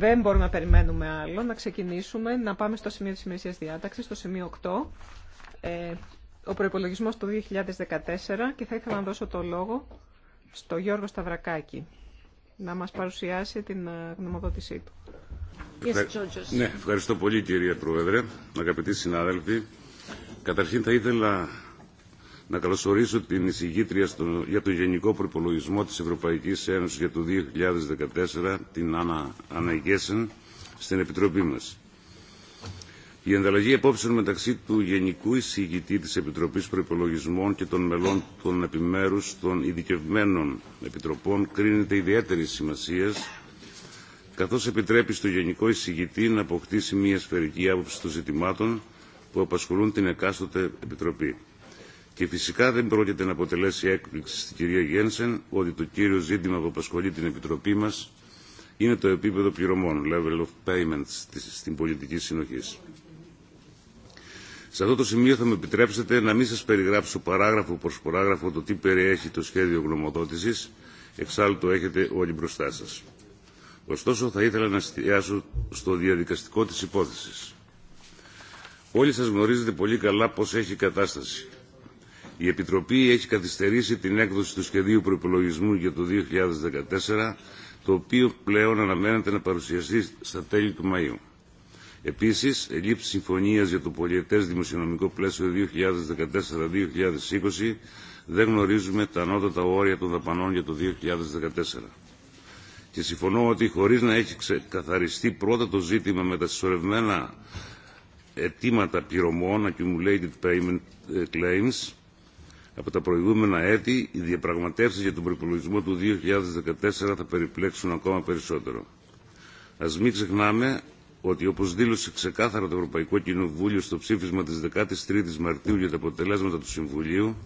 Δεν μπορούμε να περιμένουμε άλλο. Να ξεκινήσουμε, να πάμε στο σημείο της ημερησίας διάταξης, στο σημείο 8, ε, ο προϋπολογισμός του 2014 και θα ήθελα να δώσω το λόγο στο Γιώργο Σταυρακάκη να μας παρουσιάσει την ε, γνωμοδότησή του. ναι, ευχαριστώ πολύ κυρία Πρόεδρε, αγαπητοί συνάδελφοι. Καταρχήν θα ήθελα να καλωσορίσω την εισηγήτρια για το Γενικό Προπολογισμό της Ευρωπαϊκής Ένωσης για το 2014, την Άννα Αναγκέσεν, στην Επιτροπή μας. Η ανταλλαγή απόψεων μεταξύ του Γενικού Εισηγητή της Επιτροπής Προϋπολογισμών και των μελών των επιμέρους των ειδικευμένων επιτροπών κρίνεται ιδιαίτερη σημασία, καθώς επιτρέπει στο Γενικό Εισηγητή να αποκτήσει μια σφαιρική άποψη των ζητημάτων που απασχολούν την εκάστοτε Επιτροπή. Και φυσικά δεν πρόκειται να αποτελέσει έκπληξη στην κυρία Γένσεν ότι το κύριο ζήτημα που απασχολεί την Επιτροπή μα είναι το επίπεδο πληρωμών, level of payments, στην πολιτική συνοχή. Σε αυτό το σημείο θα με επιτρέψετε να μην σα περιγράψω παράγραφο προ παράγραφο το τι περιέχει το σχέδιο γνωμοδότηση, εξάλλου το έχετε όλοι μπροστά σα. Ωστόσο, θα ήθελα να εστιάσω στο διαδικαστικό τη υπόθεση. Όλοι σα γνωρίζετε πολύ καλά πώ έχει η κατάσταση η Επιτροπή έχει καθυστερήσει την έκδοση του σχεδίου προπολογισμού για το 2014, το οποίο πλέον αναμένεται να παρουσιαστεί στα τέλη του Μαΐου. Επίσης, ελλείψη συμφωνίας για το πολιετές δημοσιονομικό πλαίσιο 2014-2020 δεν γνωρίζουμε τα ανώτατα όρια των δαπανών για το 2014. Και συμφωνώ ότι χωρίς να έχει καθαριστεί πρώτα το ζήτημα με τα συσσωρευμένα αιτήματα πληρωμών, accumulated payment ε, claims, από τα προηγούμενα έτη, οι διαπραγματεύσεις για τον προπολογισμό του 2014 θα περιπλέξουν ακόμα περισσότερο. Ας μην ξεχνάμε ότι όπως δήλωσε ξεκάθαρα το Ευρωπαϊκό Κοινοβούλιο στο ψήφισμα της 13ης Μαρτίου για τα αποτελέσματα του Συμβουλίου,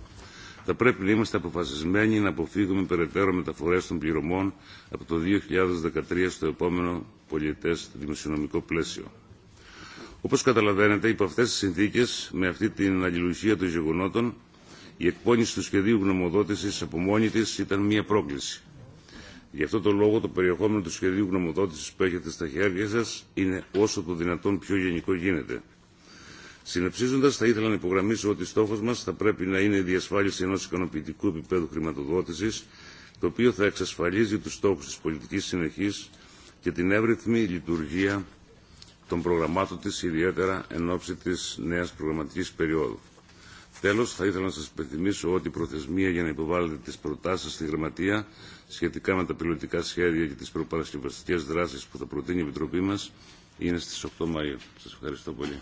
θα πρέπει να είμαστε αποφασισμένοι να αποφύγουμε περαιτέρω μεταφορές των πληρωμών από το 2013 στο επόμενο πολιτέ δημοσιονομικό πλαίσιο. Όπως καταλαβαίνετε, υπό αυτές τις συνθήκες, με αυτή την αλληλουχία των γεγονότων, η εκπόνηση του σχεδίου γνωμοδότηση από μόνη τη ήταν μια πρόκληση. Γι' αυτό το λόγο το περιεχόμενο του σχεδίου γνωμοδότησης που έχετε στα χέρια σα είναι όσο το δυνατόν πιο γενικό γίνεται. Συνεψίζοντα, θα ήθελα να υπογραμμίσω ότι στόχο μα θα πρέπει να είναι η διασφάλιση ενό ικανοποιητικού επίπεδου χρηματοδότηση, το οποίο θα εξασφαλίζει του στόχου τη πολιτική συνεχή και την εύρυθμη λειτουργία των προγραμμάτων τη, ιδιαίτερα εν ώψη τη νέα προγραμματική περίοδου. Τέλος, θα ήθελα να σας υπενθυμίσω ότι η προθεσμία για να υποβάλλετε τις προτάσεις στη Γραμματεία σχετικά με τα πιλωτικά σχέδια και τις προπαρασκευαστικές δράσεις που θα προτείνει η Επιτροπή μας είναι στις 8 Μαΐου. Σας ευχαριστώ πολύ.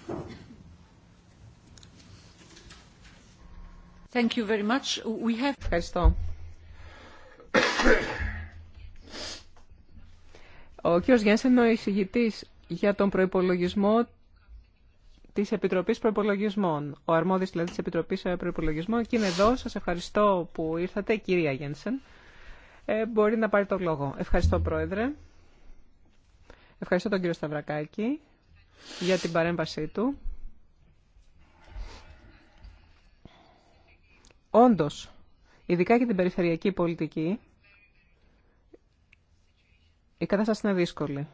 Thank you very much. We have... Ευχαριστώ. Ο κ. Γιάννης είναι ο για τον προϋπολογισμό τη Επιτροπή Προπολογισμών. Ο αρμόδιο δηλαδή τη Επιτροπή Προπολογισμών και είναι εδώ. Σα ευχαριστώ που ήρθατε, κυρία Γένσεν. Ε, μπορεί να πάρει το λόγο. Ευχαριστώ, Πρόεδρε. Ευχαριστώ τον κύριο Σταυρακάκη για την παρέμβασή του. Όντως, ειδικά για την περιφερειακή πολιτική, η κατάσταση είναι δύσκολη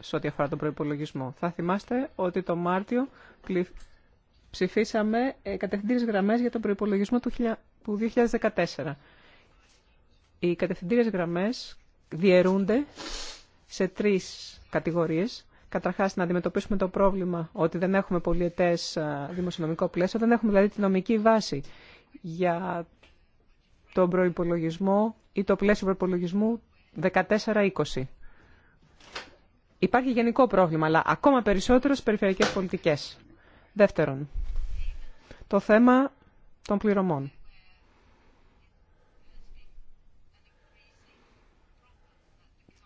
σε ό,τι αφορά τον προϋπολογισμό. Θα θυμάστε ότι το Μάρτιο ψηφίσαμε ε, κατευθυντήριε γραμμές για τον προϋπολογισμό του 2014. Οι κατευθυντήριε γραμμές διαιρούνται σε τρεις κατηγορίες. καταρχά να αντιμετωπίσουμε το πρόβλημα ότι δεν έχουμε πολιετέ δημοσιονομικό πλαίσιο, δεν έχουμε δηλαδή τη νομική βάση για τον προπολογισμό ή το πλαισιο προπολογισμου προϋπολογισμού 14-20. Υπάρχει γενικό πρόβλημα, αλλά ακόμα περισσότερο στις περιφερειακές πολιτικές. Δεύτερον, το θέμα των πληρωμών.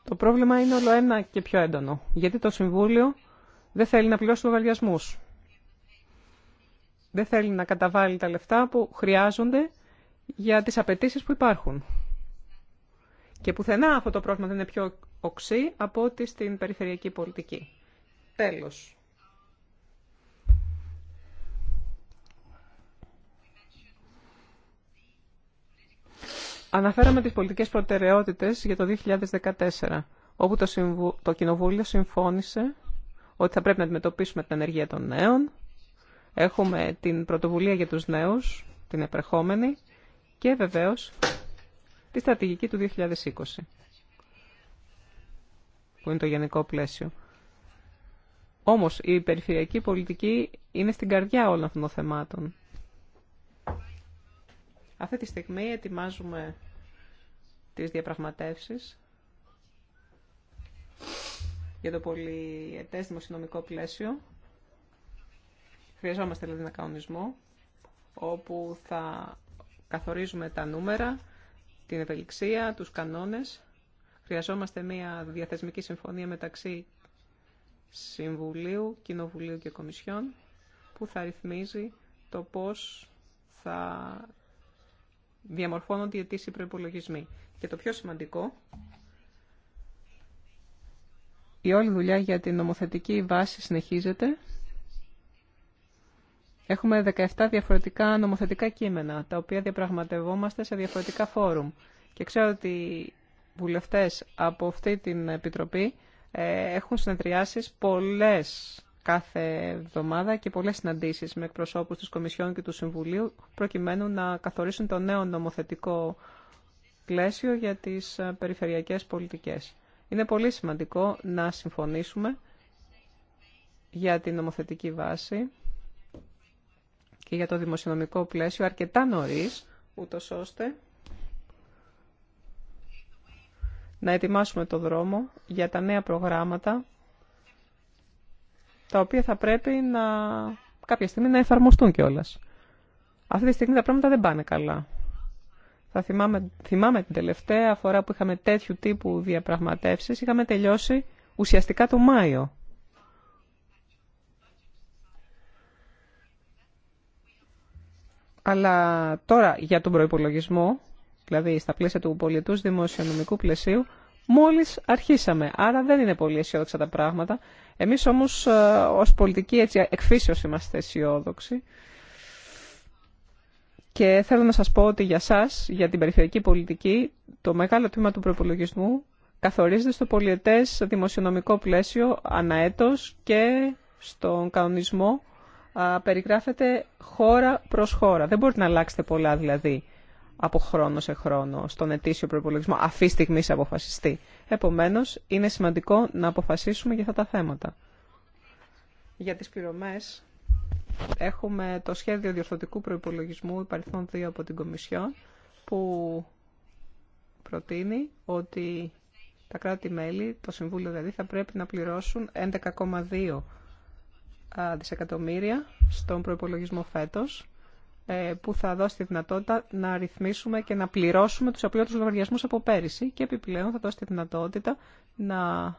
Το πρόβλημα είναι όλο ένα και πιο έντονο, γιατί το Συμβούλιο δεν θέλει να πληρώσει λογαριασμού. Δεν θέλει να καταβάλει τα λεφτά που χρειάζονται για τις απαιτήσει που υπάρχουν. Και πουθενά αυτό το πρόβλημα δεν είναι πιο οξύ από ό,τι στην περιφερειακή πολιτική. Τέλος. Αναφέραμε τις πολιτικές προτεραιότητες για το 2014, όπου το, το Κοινοβούλιο συμφώνησε ότι θα πρέπει να αντιμετωπίσουμε την ενεργεία των νέων. Έχουμε την πρωτοβουλία για τους νέους, την επερχόμενη, και βεβαίως τη στρατηγική του 2020 που είναι το γενικό πλαίσιο. Όμως η περιφερειακή πολιτική είναι στην καρδιά όλων αυτών των θεμάτων. Αυτή τη στιγμή ετοιμάζουμε τις διαπραγματεύσεις για το πολυετές δημοσιονομικό πλαίσιο. Χρειαζόμαστε δηλαδή ένα κανονισμό όπου θα καθορίζουμε τα νούμερα, την ευελιξία, τους κανόνες Χρειαζόμαστε μια διαθεσμική συμφωνία μεταξύ Συμβουλίου, Κοινοβουλίου και Κομισιόν που θα ρυθμίζει το πώς θα διαμορφώνονται οι αιτήσεις προπολογισμοί. Και το πιο σημαντικό, η όλη δουλειά για την νομοθετική βάση συνεχίζεται. Έχουμε 17 διαφορετικά νομοθετικά κείμενα, τα οποία διαπραγματευόμαστε σε διαφορετικά φόρουμ. Και ξέρω ότι βουλευτές από αυτή την Επιτροπή ε, έχουν συνεδριάσεις πολλές κάθε εβδομάδα και πολλές συναντήσεις με εκπροσώπους της Κομισιόν και του Συμβουλίου προκειμένου να καθορίσουν το νέο νομοθετικό πλαίσιο για τις ε, περιφερειακές πολιτικές. Είναι πολύ σημαντικό να συμφωνήσουμε για την νομοθετική βάση και για το δημοσιονομικό πλαίσιο αρκετά νωρίς, ούτως ώστε να ετοιμάσουμε το δρόμο για τα νέα προγράμματα, τα οποία θα πρέπει να κάποια στιγμή να εφαρμοστούν κιόλα. Αυτή τη στιγμή τα πράγματα δεν πάνε καλά. Θα θυμάμαι, θυμάμαι την τελευταία φορά που είχαμε τέτοιου τύπου διαπραγματεύσεις, είχαμε τελειώσει ουσιαστικά το Μάιο. Αλλά τώρα για τον προϋπολογισμό δηλαδή στα πλαίσια του πολιτού δημοσιονομικού πλαισίου, μόλι αρχίσαμε. Άρα δεν είναι πολύ αισιόδοξα τα πράγματα. Εμεί όμω, ε, ω πολιτικοί έτσι εκφύσεω είμαστε αισιόδοξοι. Και θέλω να σα πω ότι για εσά, για την περιφερειακή πολιτική, το μεγάλο τμήμα του προπολογισμού καθορίζεται στο πολιετέ δημοσιονομικό πλαίσιο αναέτος και στον κανονισμό περιγράφεται χώρα προς χώρα. Δεν μπορείτε να αλλάξετε πολλά δηλαδή από χρόνο σε χρόνο στον ετήσιο προπολογισμό, αυτή στιγμή αποφασιστεί. Επομένως, είναι σημαντικό να αποφασίσουμε για αυτά τα θέματα. Για τις πληρωμές έχουμε το σχέδιο διορθωτικού προπολογισμού υπαριθμών 2 από την Κομισιόν που προτείνει ότι τα κράτη-μέλη, το Συμβούλιο δηλαδή, θα πρέπει να πληρώσουν 11,2 δισεκατομμύρια στον προπολογισμό φέτος ε, που θα δώσει τη δυνατότητα να ρυθμίσουμε και να πληρώσουμε τους του λογαριασμούς από πέρυσι και επιπλέον θα δώσει τη δυνατότητα να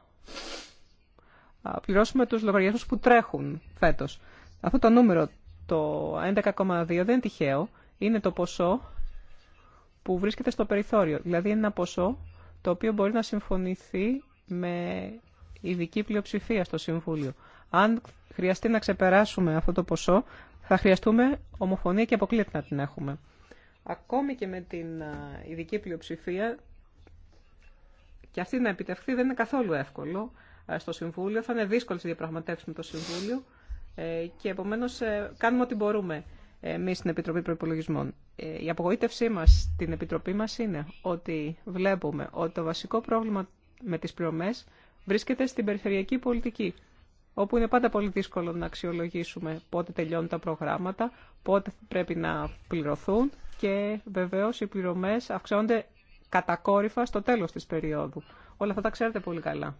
πληρώσουμε τους λογαριασμούς που τρέχουν φέτος. Αυτό το νούμερο, το 11,2, δεν είναι τυχαίο. Είναι το ποσό που βρίσκεται στο περιθώριο. Δηλαδή είναι ένα ποσό το οποίο μπορεί να συμφωνηθεί με ειδική πλειοψηφία στο Συμβούλιο. Αν χρειαστεί να ξεπεράσουμε αυτό το ποσό, θα χρειαστούμε ομοφωνία και αποκλείεται να την έχουμε. Ακόμη και με την ειδική πλειοψηφία, και αυτή να επιτευχθεί δεν είναι καθόλου εύκολο στο Συμβούλιο, θα είναι δύσκολο να διαπραγματεύσουμε το Συμβούλιο ε, και επομένω ε, κάνουμε ό,τι μπορούμε ε, εμεί στην Επιτροπή Προπολογισμών. Η απογοήτευσή μας στην Επιτροπή μα είναι ότι βλέπουμε ότι το βασικό πρόβλημα με τι πληρωμέ βρίσκεται στην περιφερειακή πολιτική όπου είναι πάντα πολύ δύσκολο να αξιολογήσουμε πότε τελειώνουν τα προγράμματα, πότε πρέπει να πληρωθούν και βεβαίως οι πληρωμές αυξάνονται κατακόρυφα στο τέλος της περίοδου. Όλα αυτά τα ξέρετε πολύ καλά.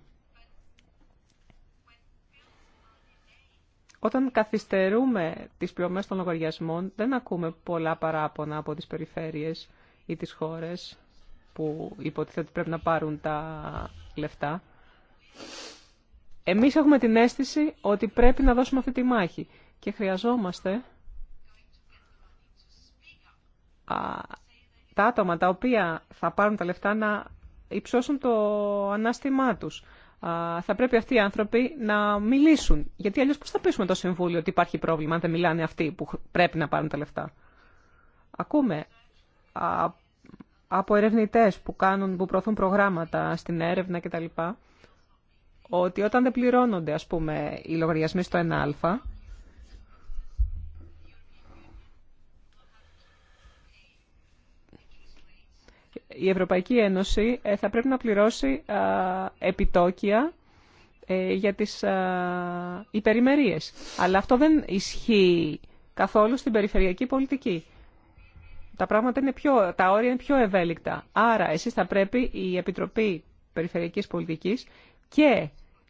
Όταν καθυστερούμε τις πληρωμές των λογαριασμών, δεν ακούμε πολλά παράπονα από τις περιφέρειες ή τις χώρες που υποτίθεται ότι πρέπει να πάρουν τα λεφτά. Εμείς έχουμε την αίσθηση ότι πρέπει να δώσουμε αυτή τη μάχη και χρειαζόμαστε τα άτομα τα οποία θα πάρουν τα λεφτά να υψώσουν το ανάστημά τους. Θα πρέπει αυτοί οι άνθρωποι να μιλήσουν. Γιατί αλλιώς πώς θα πείσουμε το Συμβούλιο ότι υπάρχει πρόβλημα αν δεν μιλάνε αυτοί που πρέπει να πάρουν τα λεφτά. Ακούμε από ερευνητέ που, που προωθούν προγράμματα στην έρευνα κτλ ότι όταν δεν πληρώνονται, ας πούμε, οι λογαριασμοί στο 1α, η Ευρωπαϊκή Ένωση ε, θα πρέπει να πληρώσει επιτόκια ε, για τις υπερημερίες. Αλλά αυτό δεν ισχύει καθόλου στην περιφερειακή πολιτική. Τα πράγματα είναι πιο, τα όρια είναι πιο ευέλικτα. Άρα, εσείς θα πρέπει η Επιτροπή Περιφερειακής Πολιτικής και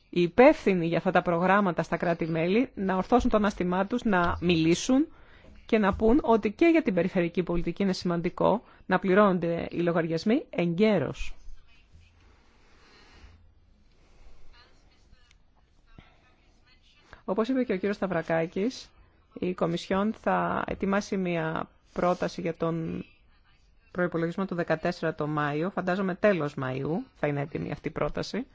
οι υπεύθυνοι για αυτά τα προγράμματα στα κράτη-μέλη να ορθώσουν το ανάστημά τους, να μιλήσουν και να πούν ότι και για την περιφερειακή πολιτική είναι σημαντικό να πληρώνονται οι λογαριασμοί εγκαίρως. Όπως είπε και ο κύριος Σταυρακάκης, η Κομισιόν θα ετοιμάσει μια πρόταση για τον προϋπολογισμό του 14 το Μάιο. Φαντάζομαι τέλος Μαΐου θα είναι έτοιμη αυτή η πρόταση.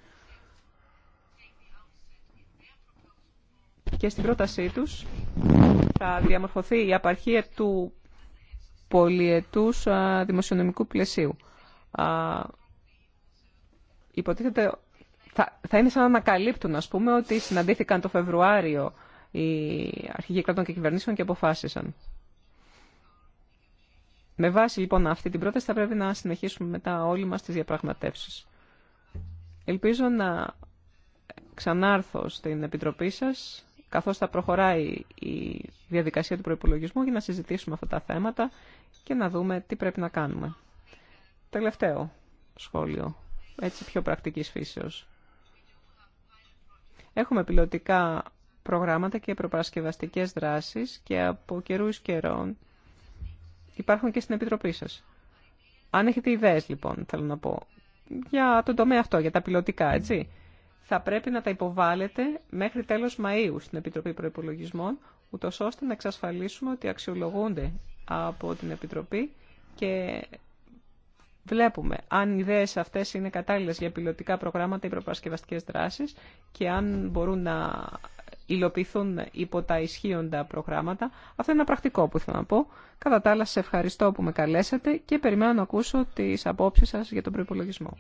και στην πρότασή τους θα διαμορφωθεί η απαρχία του πολιετούς δημοσιονομικού πλαισίου. Υποτίθεται θα, θα είναι σαν να ανακαλύπτουν, ας πούμε, ότι συναντήθηκαν το Φεβρουάριο οι αρχηγοί κρατών και κυβερνήσεων και αποφάσισαν. Με βάση λοιπόν αυτή την πρόταση θα πρέπει να συνεχίσουμε μετά όλοι μας τις διαπραγματεύσεις. Ελπίζω να ξανάρθω στην Επιτροπή σας καθώς θα προχωράει η διαδικασία του προϋπολογισμού για να συζητήσουμε αυτά τα θέματα και να δούμε τι πρέπει να κάνουμε. Τελευταίο σχόλιο, έτσι πιο πρακτικής φύσεως. Έχουμε πιλωτικά προγράμματα και προπαρασκευαστικές δράσεις και από καιρούς καιρών υπάρχουν και στην Επιτροπή σας. Αν έχετε ιδέες λοιπόν, θέλω να πω, για τον τομέα αυτό, για τα πιλωτικά, έτσι θα πρέπει να τα υποβάλλετε μέχρι τέλος Μαΐου στην Επιτροπή Προϋπολογισμών, ούτως ώστε να εξασφαλίσουμε ότι αξιολογούνται από την Επιτροπή και βλέπουμε αν οι ιδέες αυτές είναι κατάλληλες για πιλωτικά προγράμματα ή προπαρασκευαστικές δράσεις και αν μπορούν να υλοποιηθούν υπό τα ισχύοντα προγράμματα. Αυτό είναι ένα πρακτικό που ήθελα να πω. Κατά τα άλλα, σε ευχαριστώ που με καλέσατε και περιμένω να ακούσω τις απόψεις σας για τον προϋπολογισμό.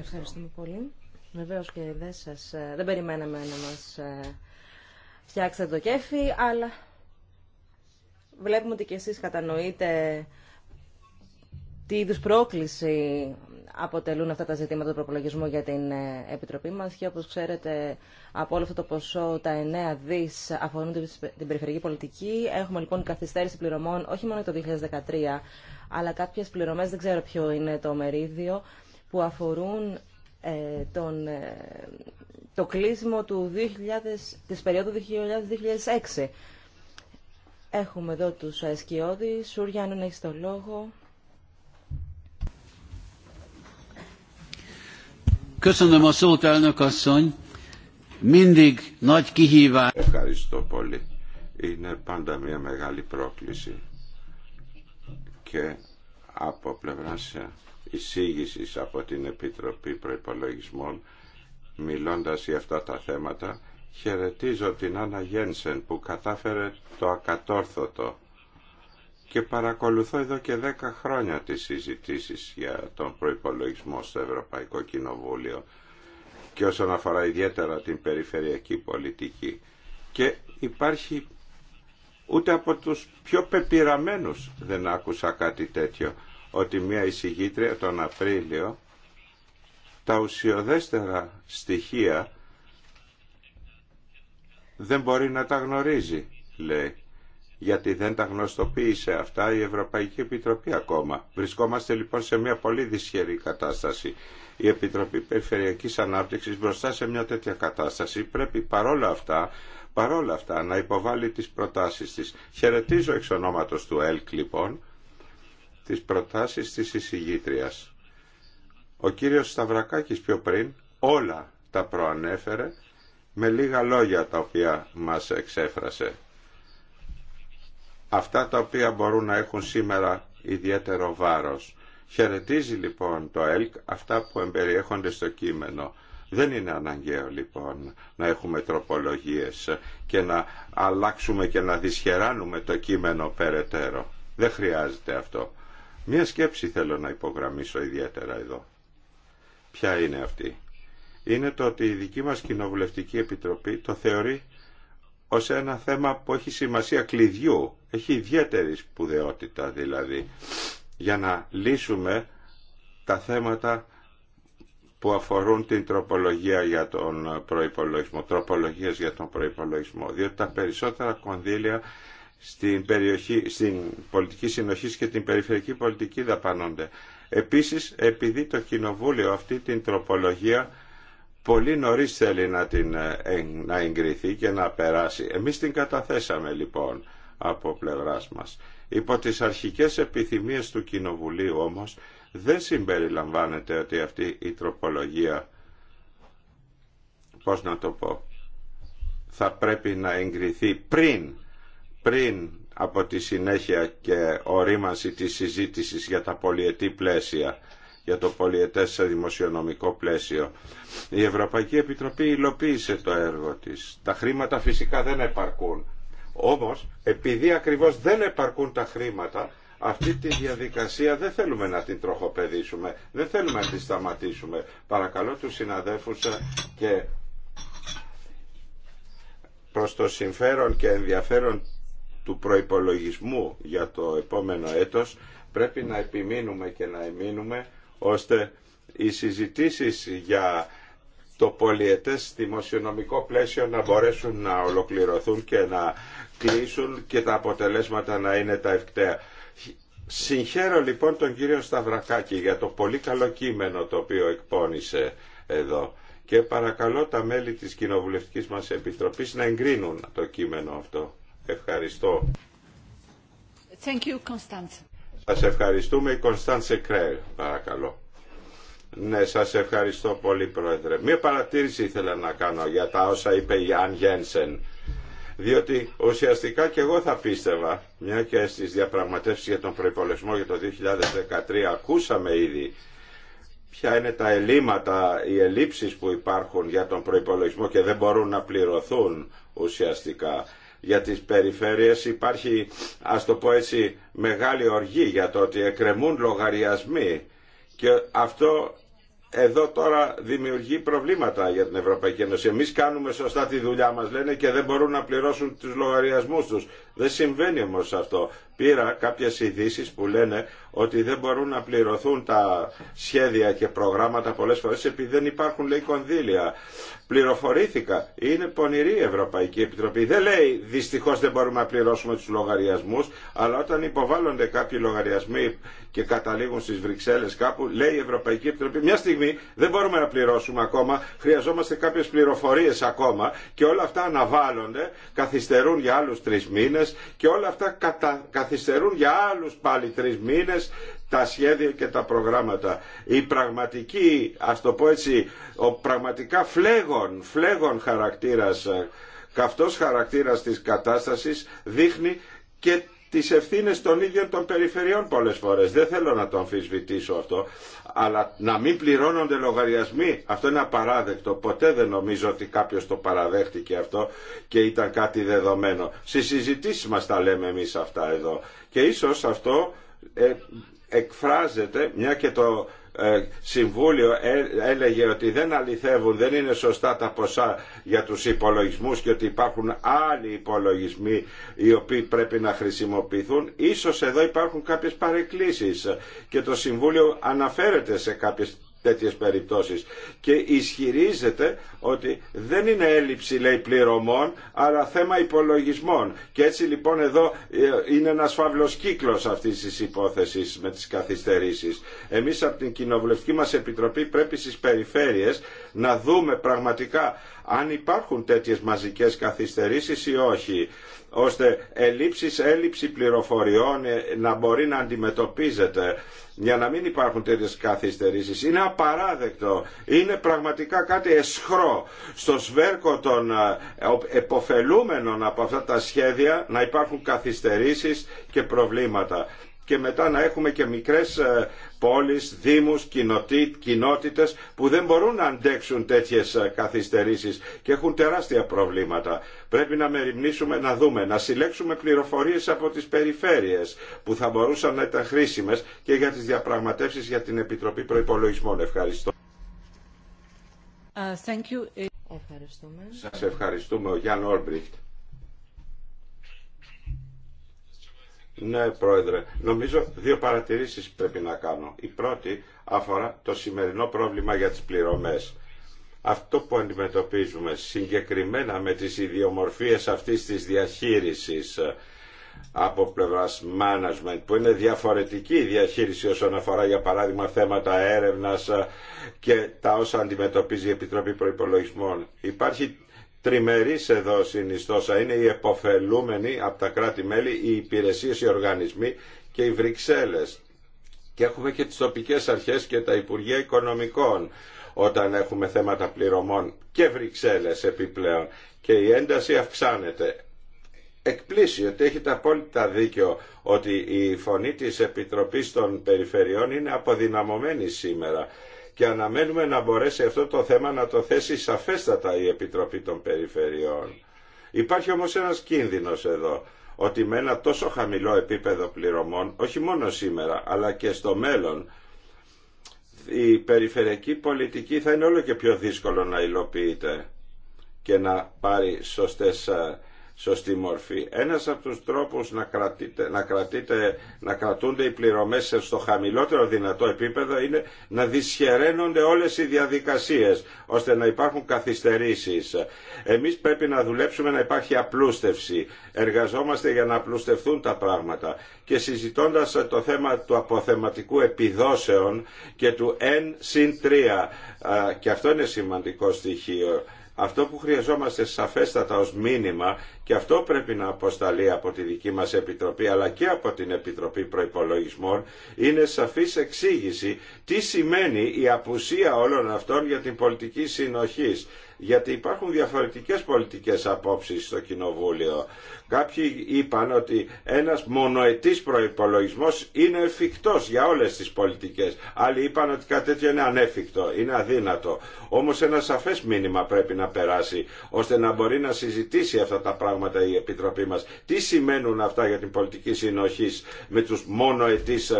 Ευχαριστούμε πολύ. Βεβαίω και δεν, σας, ε, δεν περιμέναμε να μα ε, φτιάξετε το κέφι, αλλά βλέπουμε ότι και εσεί κατανοείτε τι είδου πρόκληση αποτελούν αυτά τα ζητήματα του προπολογισμού για την ε, Επιτροπή μας και όπως ξέρετε από όλο αυτό το ποσό τα 9 δις αφορούν την περιφερειακή πολιτική. Έχουμε λοιπόν καθυστέρηση πληρωμών όχι μόνο το 2013 αλλά κάποιες πληρωμές δεν ξέρω ποιο είναι το μερίδιο που αφορούν ε, τον, ε, το κλείσιμο του της περίοδου 2000-2006. Έχουμε εδώ τους Σούριαν, να έχεις το λόγο. Ευχαριστώ πολύ. Είναι πάντα μια μεγάλη πρόκληση και από πλευράς εισήγηση από την Επιτροπή Προϋπολογισμών μιλώντας για αυτά τα θέματα χαιρετίζω την Άννα Γένσεν που κατάφερε το ακατόρθωτο και παρακολουθώ εδώ και δέκα χρόνια τις συζητήσεις για τον προϋπολογισμό στο Ευρωπαϊκό Κοινοβούλιο και όσον αφορά ιδιαίτερα την περιφερειακή πολιτική και υπάρχει ούτε από τους πιο πεπειραμένους δεν άκουσα κάτι τέτοιο ότι μια εισηγήτρια τον Απρίλιο τα ουσιοδέστερα στοιχεία δεν μπορεί να τα γνωρίζει, λέει, γιατί δεν τα γνωστοποίησε αυτά η Ευρωπαϊκή Επιτροπή ακόμα. Βρισκόμαστε λοιπόν σε μια πολύ δυσχερή κατάσταση. Η Επιτροπή Περιφερειακής Ανάπτυξης μπροστά σε μια τέτοια κατάσταση πρέπει παρόλα αυτά, παρόλα αυτά να υποβάλει τις προτάσεις της. Χαιρετίζω εξ του ΕΛΚ λοιπόν τις προτάσεις της εισηγήτριας. Ο κύριος Σταυρακάκης πιο πριν όλα τα προανέφερε με λίγα λόγια τα οποία μας εξέφρασε. Αυτά τα οποία μπορούν να έχουν σήμερα ιδιαίτερο βάρος. Χαιρετίζει λοιπόν το ΕΛΚ αυτά που εμπεριέχονται στο κείμενο. Δεν είναι αναγκαίο λοιπόν να έχουμε τροπολογίες και να αλλάξουμε και να δυσχεράνουμε το κείμενο περαιτέρω. Δεν χρειάζεται αυτό. Μία σκέψη θέλω να υπογραμμίσω ιδιαίτερα εδώ. Ποια είναι αυτή. Είναι το ότι η δική μας Κοινοβουλευτική Επιτροπή το θεωρεί ως ένα θέμα που έχει σημασία κλειδιού, έχει ιδιαίτερη σπουδαιότητα δηλαδή, για να λύσουμε τα θέματα που αφορούν την τροπολογία για τον προϋπολογισμό, τροπολογίες για τον προϋπολογισμό, διότι τα περισσότερα κονδύλια στην, περιοχή, στην πολιτική συνοχή και την περιφερειακή πολιτική δαπανώνται. Επίσης, επειδή το Κοινοβούλιο αυτή την τροπολογία πολύ νωρίς θέλει να, την, ε, να εγκριθεί και να περάσει. Εμείς την καταθέσαμε λοιπόν από πλευράς μας. Υπό τις αρχικές επιθυμίες του Κοινοβουλίου όμως δεν συμπεριλαμβάνεται ότι αυτή η τροπολογία, πώς να το πω, θα πρέπει να εγκριθεί πριν πριν από τη συνέχεια και ορίμανση της συζήτησης για τα πολιετή πλαίσια, για το πολιετές δημοσιονομικό πλαίσιο. Η Ευρωπαϊκή Επιτροπή υλοποίησε το έργο της. Τα χρήματα φυσικά δεν επαρκούν. Όμως, επειδή ακριβώς δεν επαρκούν τα χρήματα, αυτή τη διαδικασία δεν θέλουμε να την τροχοπεδίσουμε, δεν θέλουμε να τη σταματήσουμε. Παρακαλώ τους συναδέφους ε, και προς το συμφέρον και ενδιαφέρον του προϋπολογισμού για το επόμενο έτος πρέπει να επιμείνουμε και να εμείνουμε ώστε οι συζητήσεις για το πολιετές δημοσιονομικό πλαίσιο να μπορέσουν να ολοκληρωθούν και να κλείσουν και τα αποτελέσματα να είναι τα ευκταία. Συγχαίρω λοιπόν τον κύριο Σταυρακάκη για το πολύ καλό κείμενο το οποίο εκπώνησε εδώ και παρακαλώ τα μέλη της Κοινοβουλευτικής μας Επιτροπής να εγκρίνουν το κείμενο αυτό. Ευχαριστώ. Thank you, Σας ευχαριστούμε, η Κωνσταντσε Κρέλ, παρακαλώ. Ναι, σας ευχαριστώ πολύ, Πρόεδρε. Μία παρατήρηση ήθελα να κάνω για τα όσα είπε η Αν Γένσεν. Διότι ουσιαστικά και εγώ θα πίστευα, μια και στις διαπραγματεύσεις για τον προϋπολογισμό για το 2013 ακούσαμε ήδη ποια είναι τα ελλείμματα, οι ελλείψεις που υπάρχουν για τον προϋπολογισμό και δεν μπορούν να πληρωθούν ουσιαστικά για τις περιφέρειες υπάρχει ας το πω έτσι μεγάλη οργή για το ότι εκκρεμούν λογαριασμοί και αυτό εδώ τώρα δημιουργεί προβλήματα για την Ευρωπαϊκή Ένωση. Εμεί κάνουμε σωστά τη δουλειά μα, λένε, και δεν μπορούν να πληρώσουν του λογαριασμού του. Δεν συμβαίνει όμω αυτό. Πήρα κάποιε ειδήσει που λένε ότι δεν μπορούν να πληρωθούν τα σχέδια και προγράμματα πολλέ φορέ επειδή δεν υπάρχουν, λέει, κονδύλια. Πληροφορήθηκα. Είναι πονηρή η Ευρωπαϊκή Επιτροπή. Δεν λέει δυστυχώς δεν μπορούμε να πληρώσουμε τους λογαριασμούς, αλλά όταν υποβάλλονται κάποιοι λογαριασμοί και καταλήγουν στις Βρυξέλλες κάπου, λέει η Ευρωπαϊκή Επιτροπή μια στιγμή δεν μπορούμε να πληρώσουμε ακόμα, χρειαζόμαστε κάποιες πληροφορίε ακόμα και όλα αυτά αναβάλλονται, καθυστερούν για άλλους τρει μήνες, και όλα αυτά καθυστερούν για άλλους πάλι τρει μήνε τα σχέδια και τα προγράμματα. Η πραγματική, ας το πω έτσι, ο πραγματικά φλέγον, φλέγον χαρακτήρας, ε, καυτός χαρακτήρας της κατάστασης δείχνει και τις ευθύνες των ίδιων των περιφερειών πολλές φορές. Δεν θέλω να το αμφισβητήσω αυτό, αλλά να μην πληρώνονται λογαριασμοί, αυτό είναι απαράδεκτο. Ποτέ δεν νομίζω ότι κάποιος το παραδέχτηκε αυτό και ήταν κάτι δεδομένο. Στις συζητήσεις μας τα λέμε εμείς αυτά εδώ. Και ίσως αυτό ε, εκφράζεται, μια και το ε, Συμβούλιο ε, έλεγε ότι δεν αληθεύουν, δεν είναι σωστά τα ποσά για τους υπολογισμούς και ότι υπάρχουν άλλοι υπολογισμοί οι οποίοι πρέπει να χρησιμοποιηθούν. Ίσως εδώ υπάρχουν κάποιες παρεκκλήσεις και το Συμβούλιο αναφέρεται σε κάποιες τέτοιες περιπτώσεις και ισχυρίζεται ότι δεν είναι έλλειψη λέει πληρωμών αλλά θέμα υπολογισμών και έτσι λοιπόν εδώ ε, είναι ένας φαύλος κύκλος αυτής της υπόθεσης με τις καθυστερήσεις. Εμείς από την Κοινοβουλευτική μας Επιτροπή πρέπει στις περιφέρειες να δούμε πραγματικά αν υπάρχουν τέτοιες μαζικές καθυστερήσεις ή όχι ώστε ελλείψεις, έλλειψη πληροφοριών ε, να μπορεί να αντιμετωπίζεται για να μην υπάρχουν τέτοιες καθυστερήσεις. Είναι απαράδεκτο, είναι πραγματικά κάτι εσχρό στο σβέρκο των ε, εποφελούμενων από αυτά τα σχέδια να υπάρχουν καθυστερήσεις και προβλήματα και μετά να έχουμε και μικρές ε, πόλεις, δήμους, κοινότητες που δεν μπορούν να αντέξουν τέτοιες ε, καθυστερήσεις και έχουν τεράστια προβλήματα. Πρέπει να μεριμνήσουμε, να δούμε, να συλλέξουμε πληροφορίες από τις περιφέρειες που θα μπορούσαν να ήταν χρήσιμες και για τις διαπραγματεύσεις για την Επιτροπή Προϋπολογισμών. Ευχαριστώ. Uh, thank Ευχαριστούμε. Σας ευχαριστούμε ο Γιάνν Όλμπριχτ. Ναι, Πρόεδρε. Νομίζω δύο παρατηρήσεις πρέπει να κάνω. Η πρώτη αφορά το σημερινό πρόβλημα για τις πληρωμές. Αυτό που αντιμετωπίζουμε συγκεκριμένα με τις ιδιομορφίες αυτής της διαχείρισης ε, από πλευρά management που είναι διαφορετική η διαχείριση όσον αφορά για παράδειγμα θέματα έρευνας ε, και τα όσα αντιμετωπίζει η Επιτροπή Προϋπολογισμών. Υπάρχει τριμερή εδώ συνιστόσα είναι οι εποφελούμενοι από τα κράτη-μέλη, οι υπηρεσίε, οι οργανισμοί και οι Βρυξέλλε. Και έχουμε και τι τοπικέ αρχές και τα Υπουργεία Οικονομικών όταν έχουμε θέματα πληρωμών και Βρυξέλλε επιπλέον. Και η ένταση αυξάνεται. Εκπλήσει ότι έχετε απόλυτα δίκιο ότι η φωνή της Επιτροπής των Περιφερειών είναι αποδυναμωμένη σήμερα και αναμένουμε να μπορέσει αυτό το θέμα να το θέσει σαφέστατα η Επιτροπή των Περιφερειών. Υπάρχει όμως ένας κίνδυνος εδώ, ότι με ένα τόσο χαμηλό επίπεδο πληρωμών, όχι μόνο σήμερα, αλλά και στο μέλλον, η περιφερειακή πολιτική θα είναι όλο και πιο δύσκολο να υλοποιείται και να πάρει σωστές ε, σωστή μορφή. Ένας από τους τρόπους να, κρατείτε, να, κρατείτε, να κρατούνται οι πληρωμές στο χαμηλότερο δυνατό επίπεδο είναι να δυσχεραίνονται όλες οι διαδικασίες ώστε να υπάρχουν καθυστερήσεις. Εμείς πρέπει να δουλέψουμε να υπάρχει απλούστευση. Εργαζόμαστε για να απλουστευτούν τα πράγματα. Και συζητώντας το θέμα του αποθεματικού επιδόσεων και του N συν 3 και αυτό είναι σημαντικό στοιχείο αυτό που χρειαζόμαστε σαφέστατα ως μήνυμα και αυτό πρέπει να αποσταλεί από τη δική μας Επιτροπή αλλά και από την Επιτροπή Προϋπολογισμών είναι σαφής εξήγηση τι σημαίνει η απουσία όλων αυτών για την πολιτική συνοχής γιατί υπάρχουν διαφορετικές πολιτικές απόψεις στο Κοινοβούλιο. Κάποιοι είπαν ότι ένας μονοετής προϋπολογισμός είναι εφικτός για όλες τις πολιτικές. Άλλοι είπαν ότι κάτι τέτοιο είναι ανέφικτο, είναι αδύνατο. Όμως ένα σαφές μήνυμα πρέπει να περάσει, ώστε να μπορεί να συζητήσει αυτά τα πράγματα η Επιτροπή μας. Τι σημαίνουν αυτά για την πολιτική συνοχή με τους μονοετής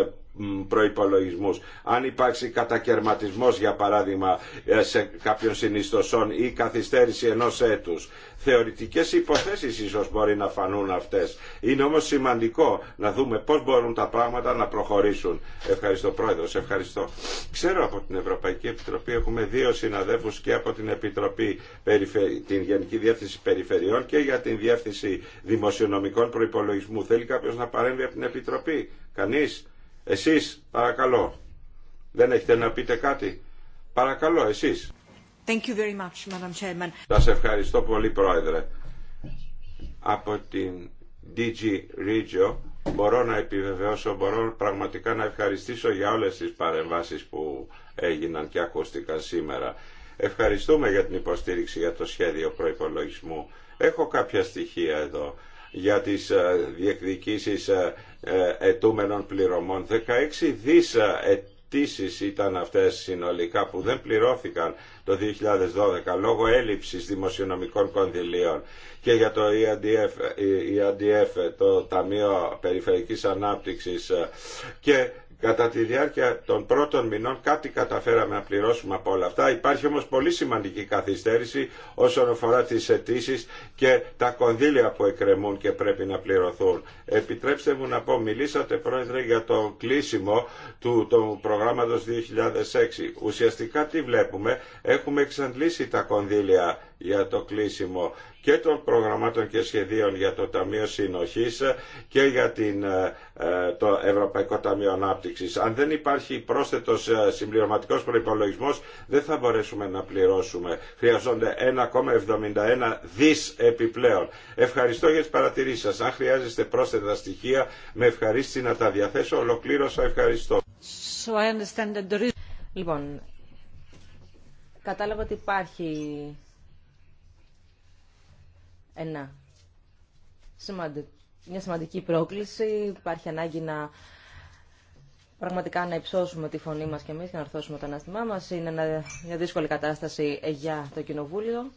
προϋπολογισμούς. Αν υπάρξει κατακαιρματισμός για παράδειγμα ε, σε κάποιον συνιστοσών ή καθυστέρηση ενός έτους. Θεωρητικές υποθέσεις ίσως μπορεί να φανούν αυτές. Είναι όμως σημαντικό να δούμε πώς μπορούν τα πράγματα να προχωρήσουν. Ευχαριστώ Πρόεδρος, ευχαριστώ. Ξέρω από την Ευρωπαϊκή Επιτροπή έχουμε δύο συναδέλφους και από την Επιτροπή την Γενική Διεύθυνση Περιφερειών και για την Διεύθυνση Δημοσιονομικών προπολογισμού. Θέλει κάποιος να παρέμβει από την Επιτροπή. Κανείς. Εσείς, παρακαλώ. Δεν έχετε να πείτε κάτι. Παρακαλώ, εσείς. Thank you very much, Madam Chairman. Σας ευχαριστώ πολύ, Πρόεδρε. Από την DG Regio μπορώ να επιβεβαιώσω, μπορώ πραγματικά να ευχαριστήσω για όλες τις παρεμβάσεις που έγιναν και ακούστηκαν σήμερα. Ευχαριστούμε για την υποστήριξη για το σχέδιο προϋπολογισμού. Έχω κάποια στοιχεία εδώ για τις ε, διεκδικήσεις ε, ε, ετούμενων πληρωμών. 16 δις ε, αιτήσεις ήταν αυτές συνολικά που δεν πληρώθηκαν το 2012 λόγω έλλειψης δημοσιονομικών κονδυλίων και για το EADF, ε, e το Ταμείο περιφερειακής Ανάπτυξης και Κατά τη διάρκεια των πρώτων μηνών κάτι καταφέραμε να πληρώσουμε από όλα αυτά. Υπάρχει όμως πολύ σημαντική καθυστέρηση όσον αφορά τις αιτήσει και τα κονδύλια που εκκρεμούν και πρέπει να πληρωθούν. Επιτρέψτε μου να πω, μιλήσατε πρόεδρε για το κλείσιμο του, του προγράμματος 2006. Ουσιαστικά τι βλέπουμε, έχουμε εξαντλήσει τα κονδύλια για το κλείσιμο και των προγραμμάτων και σχεδίων για το Ταμείο Συνοχής και για την, ε, ε, το Ευρωπαϊκό Ταμείο Ανάπτυξης. Αν δεν υπάρχει πρόσθετος ε, συμπληρωματικός προϋπολογισμός δεν θα μπορέσουμε να πληρώσουμε. Χρειαζόνται 1,71 δις επιπλέον. Ευχαριστώ για τις παρατηρήσεις σας. Αν χρειάζεστε πρόσθετα στοιχεία με ευχαρίστηση να τα διαθέσω. Ολοκλήρωσα ευχαριστώ. Λοιπόν, κατάλαβα ότι υπάρχει ένα μια σημαντική πρόκληση. Υπάρχει ανάγκη να πραγματικά να υψώσουμε τη φωνή μας και εμείς και να ορθώσουμε το ανάστημά μας. Είναι μια δύσκολη κατάσταση για το Κοινοβούλιο.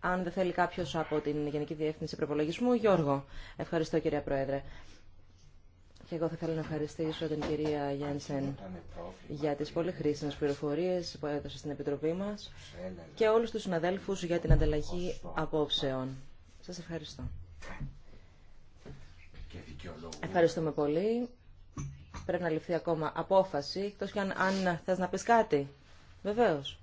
Αν δεν θέλει κάποιο από την Γενική Διεύθυνση Προπολογισμού, Γιώργο. Ευχαριστώ κυρία Πρόεδρε. Και εγώ θα ήθελα να ευχαριστήσω την κυρία Γιάνσεν για τι πολύ χρήσιμε πληροφορίε που έδωσε στην Επιτροπή μα και όλου του συναδέλφου για την ανταλλαγή απόψεων. Σας ευχαριστώ. Και Ευχαριστούμε πολύ. Πρέπει να ληφθεί ακόμα απόφαση, εκτός και αν, αν θες να πεις κάτι. Βεβαίως.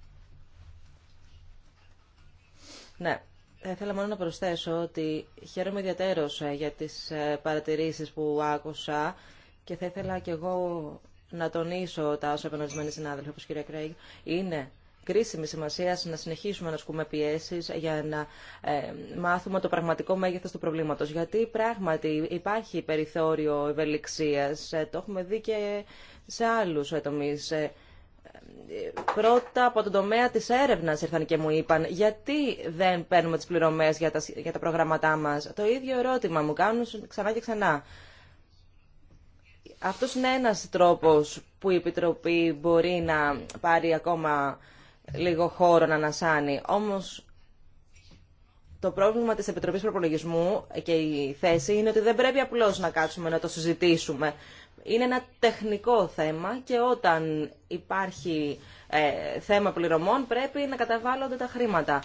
Ναι. Θα ήθελα μόνο να προσθέσω ότι χαίρομαι ιδιαίτερος ε, για τις ε, παρατηρήσεις που άκουσα και θα ήθελα κι εγώ να τονίσω τα όσα είπαν συνάδελφοι, όπως κυρία Κρέγγ είναι κρίσιμη σημασία να συνεχίσουμε να ασκούμε πιέσει για να ε, μάθουμε το πραγματικό μέγεθο του προβλήματο. Γιατί πράγματι υπάρχει περιθώριο ευελιξία. Ε, το έχουμε δει και σε άλλου τομεί. Ε, πρώτα από τον τομέα της έρευνας ήρθαν και μου είπαν γιατί δεν παίρνουμε τις πληρωμές για τα, για τα προγράμματά μας. Το ίδιο ερώτημα μου κάνουν ξανά και ξανά. Αυτός είναι ένας τρόπος που η Επιτροπή μπορεί να πάρει ακόμα λίγο χώρο να ανασάνει. Όμως το πρόβλημα της Επιτροπής Προπολογισμού και η θέση είναι ότι δεν πρέπει απλώς να κάτσουμε να το συζητήσουμε. Είναι ένα τεχνικό θέμα και όταν υπάρχει ε, θέμα πληρωμών πρέπει να καταβάλλονται τα χρήματα.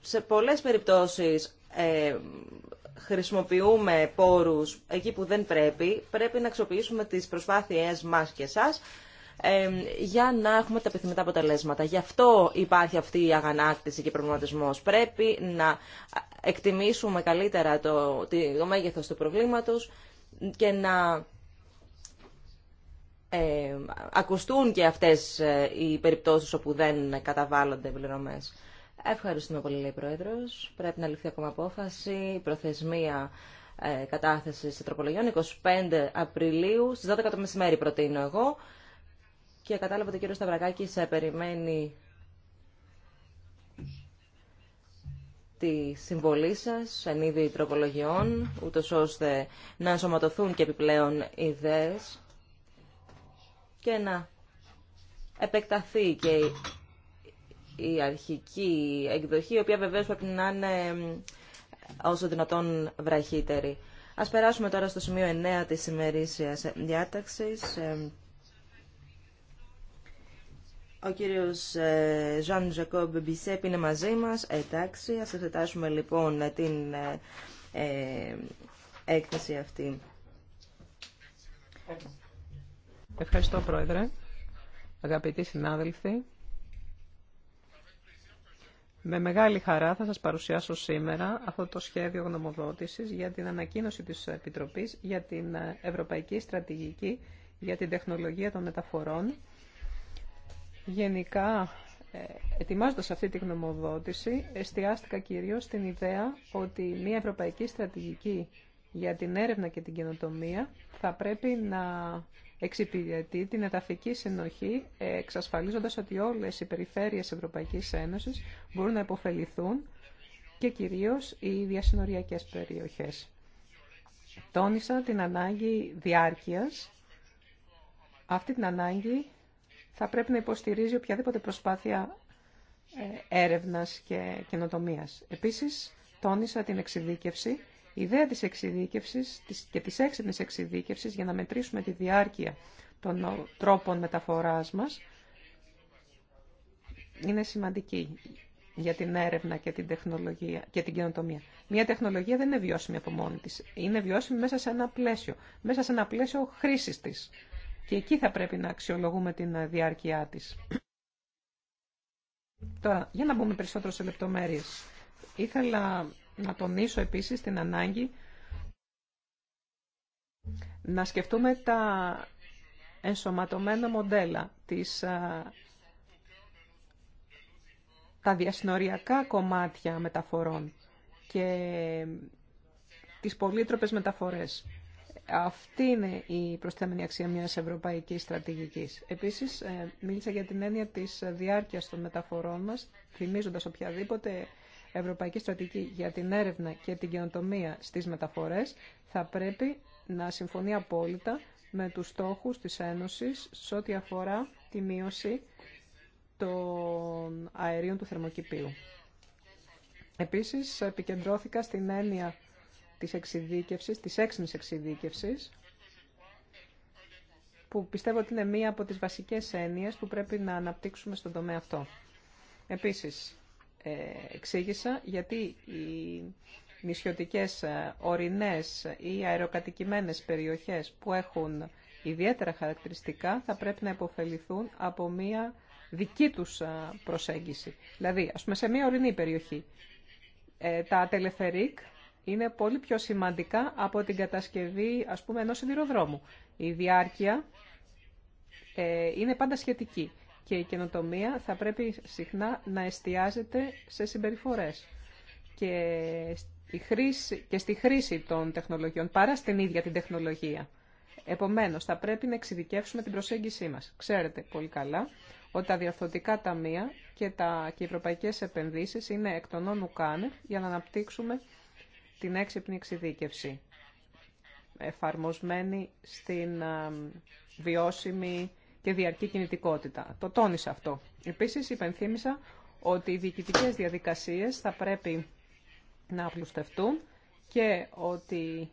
Σε πολλές περιπτώσεις ε, χρησιμοποιούμε πόρους εκεί που δεν πρέπει. Πρέπει να αξιοποιήσουμε τις προσπάθειές μας και σας για να έχουμε τα επιθυμητά αποτελέσματα. Γι' αυτό υπάρχει αυτή η αγανάκτηση και προβληματισμό. Πρέπει να εκτιμήσουμε καλύτερα το, το μέγεθος του προβλήματο και να ε, ακουστούν και αυτές ε, οι περιπτώσεις όπου δεν καταβάλλονται πληρωμές. Ευχαριστούμε πολύ, λέει Πρόεδρος. Πρέπει να ληφθεί ακόμα απόφαση. Η προθεσμία ε, κατάθεση τροπολογιών 25 Απριλίου στις 12 το μεσημέρι προτείνω εγώ και κατάλαβα ότι ο κύριος Σταυρακάκης ε, περιμένει τη συμβολή σας εν είδη τροπολογιών, ούτω ώστε να ενσωματωθούν και επιπλέον ιδέε και να επεκταθεί και η αρχική εκδοχή, η οποία βεβαίως πρέπει να είναι όσο δυνατόν βραχύτερη. Ας περάσουμε τώρα στο σημείο 9 της ημερήσιας διάταξης, ο κύριος Ζαν Ζακόμπ Μπισέπ είναι μαζί μας. Ε, εντάξει, ας εξετάσουμε λοιπόν ε, την ε, ε, έκθεση αυτή. Ευχαριστώ Πρόεδρε. Αγαπητοί συνάδελφοι, με μεγάλη χαρά θα σας παρουσιάσω σήμερα αυτό το σχέδιο γνωμοδότησης για την ανακοίνωση της Επιτροπής για την Ευρωπαϊκή Στρατηγική για την Τεχνολογία των Μεταφορών Γενικά, ε, ετοιμάζοντας αυτή τη γνωμοδότηση, εστιάστηκα κυρίως στην ιδέα ότι μια ευρωπαϊκή στρατηγική για την έρευνα και την καινοτομία θα πρέπει να εξυπηρετεί την εδαφική συνοχή, ε, εξασφαλίζοντας ότι όλες οι περιφέρειες Ευρωπαϊκής Ένωσης μπορούν να υποφεληθούν και κυρίως οι διασυνοριακές περιοχές. Τόνισα την ανάγκη διάρκειας, αυτή την ανάγκη θα πρέπει να υποστηρίζει οποιαδήποτε προσπάθεια ε, έρευνας και καινοτομίας. Επίσης, τόνισα την εξειδίκευση. Η ιδέα της εξειδίκευσης και της έξυπνης εξειδίκευσης για να μετρήσουμε τη διάρκεια των τρόπων μεταφοράς μας είναι σημαντική για την έρευνα και την, τεχνολογία, και την καινοτομία. Μια τεχνολογία δεν είναι βιώσιμη από μόνη της. Είναι βιώσιμη μέσα σε ένα πλαίσιο. Μέσα σε ένα πλαίσιο χρήσης της και εκεί θα πρέπει να αξιολογούμε την ε, διάρκεια της. Τώρα, για να μπούμε περισσότερο σε λεπτομέρειες. Ήθελα να τονίσω επίσης την ανάγκη να σκεφτούμε τα ενσωματωμένα μοντέλα, της ε, τα διασυνοριακά κομμάτια μεταφορών και τις πολύτροπες μεταφορές. Αυτή είναι η προσθέμενη αξία μιας ευρωπαϊκής στρατηγικής. Επίσης, ε, μίλησα για την έννοια της διάρκειας των μεταφορών μας, θυμίζοντας οποιαδήποτε ευρωπαϊκή στρατηγική για την έρευνα και την καινοτομία στις μεταφορές, θα πρέπει να συμφωνεί απόλυτα με τους στόχους της Ένωσης σε ό,τι αφορά τη μείωση των αερίων του θερμοκηπίου. Επίσης, επικεντρώθηκα στην έννοια της εξειδίκευσης, της έξυπνης εξειδίκευσης, που πιστεύω ότι είναι μία από τις βασικές έννοιες που πρέπει να αναπτύξουμε στον τομέα αυτό. Επίσης, ε, εξήγησα γιατί οι νησιωτικές ε, ορεινές ή αεροκατοικημένες περιοχές που έχουν ιδιαίτερα χαρακτηριστικά θα πρέπει να υποφεληθούν από μία δική τους ε, προσέγγιση. Δηλαδή, ας πούμε, σε μία ορεινή περιοχή, τα τελεφερίκ είναι πολύ πιο σημαντικά από την κατασκευή, ας πούμε, ενός σιδηροδρόμου. Η διάρκεια ε, είναι πάντα σχετική και η καινοτομία θα πρέπει συχνά να εστιάζεται σε συμπεριφορές και στη χρήση, και στη χρήση των τεχνολογιών, παρά στην ίδια την τεχνολογία. Επομένως, θα πρέπει να εξειδικεύσουμε την προσέγγισή μας. Ξέρετε πολύ καλά ότι τα διορθωτικά ταμεία και, τα, οι ευρωπαϊκές επενδύσεις είναι εκ των όνου για να αναπτύξουμε την έξυπνη εξειδίκευση εφαρμοσμένη στην βιώσιμη και διαρκή κινητικότητα. Το τόνισα αυτό. Επίσης υπενθύμησα ότι οι διοικητικές διαδικασίες θα πρέπει να απλουστευτούν και ότι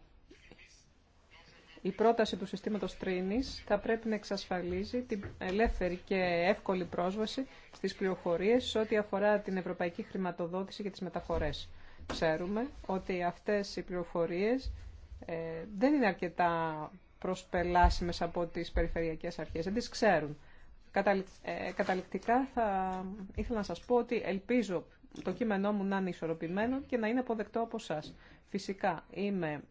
η πρόταση του συστήματος τρίνης θα πρέπει να εξασφαλίζει την ελεύθερη και εύκολη πρόσβαση στις πληροφορίες σε ό,τι αφορά την ευρωπαϊκή χρηματοδότηση και τις μεταφορές. Ξέρουμε ότι αυτές οι πληροφορίες ε, δεν είναι αρκετά προσπελάσιμες από τις περιφερειακές αρχές, δεν τις ξέρουν. Ε, καταληκτικά θα ήθελα να σας πω ότι ελπίζω το κείμενό μου να είναι ισορροπημένο και να είναι αποδεκτό από εσά. Φυσικά είμαι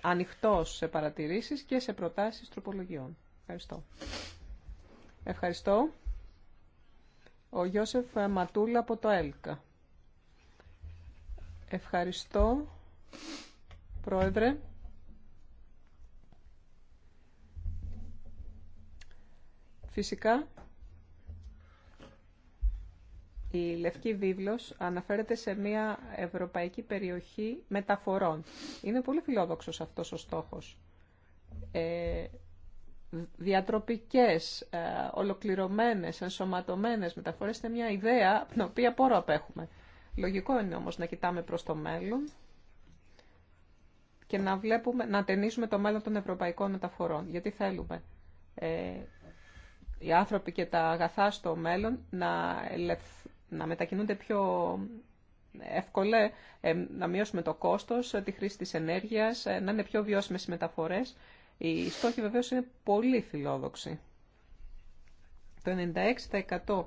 ανοιχτός σε παρατηρήσεις και σε προτάσεις τροπολογιών. Ευχαριστώ. Ευχαριστώ. Ο Γιώσεφ Ματούλα από το ΕΛΚΑ. Ευχαριστώ, Πρόεδρε. Φυσικά, η Λευκή Βίβλος αναφέρεται σε μια ευρωπαϊκή περιοχή μεταφορών. Είναι πολύ φιλόδοξος αυτός ο στόχος. Ε, διατροπικές, ε, ολοκληρωμένες, ενσωματωμένες μεταφορές είναι μια ιδέα από την οποία πόρο απέχουμε. Λογικό είναι όμως να κοιτάμε προς το μέλλον και να βλέπουμε, να ταινίζουμε το μέλλον των ευρωπαϊκών μεταφορών. Γιατί θέλουμε ε, οι άνθρωποι και τα αγαθά στο μέλλον να, να μετακινούνται πιο εύκολα, ε, να μειώσουμε το κόστος, ε, τη χρήση της ενέργειας, ε, να είναι πιο βιώσιμες οι μεταφορές. Οι στόχοι βεβαίως είναι πολύ φιλόδοξοι. Το 96%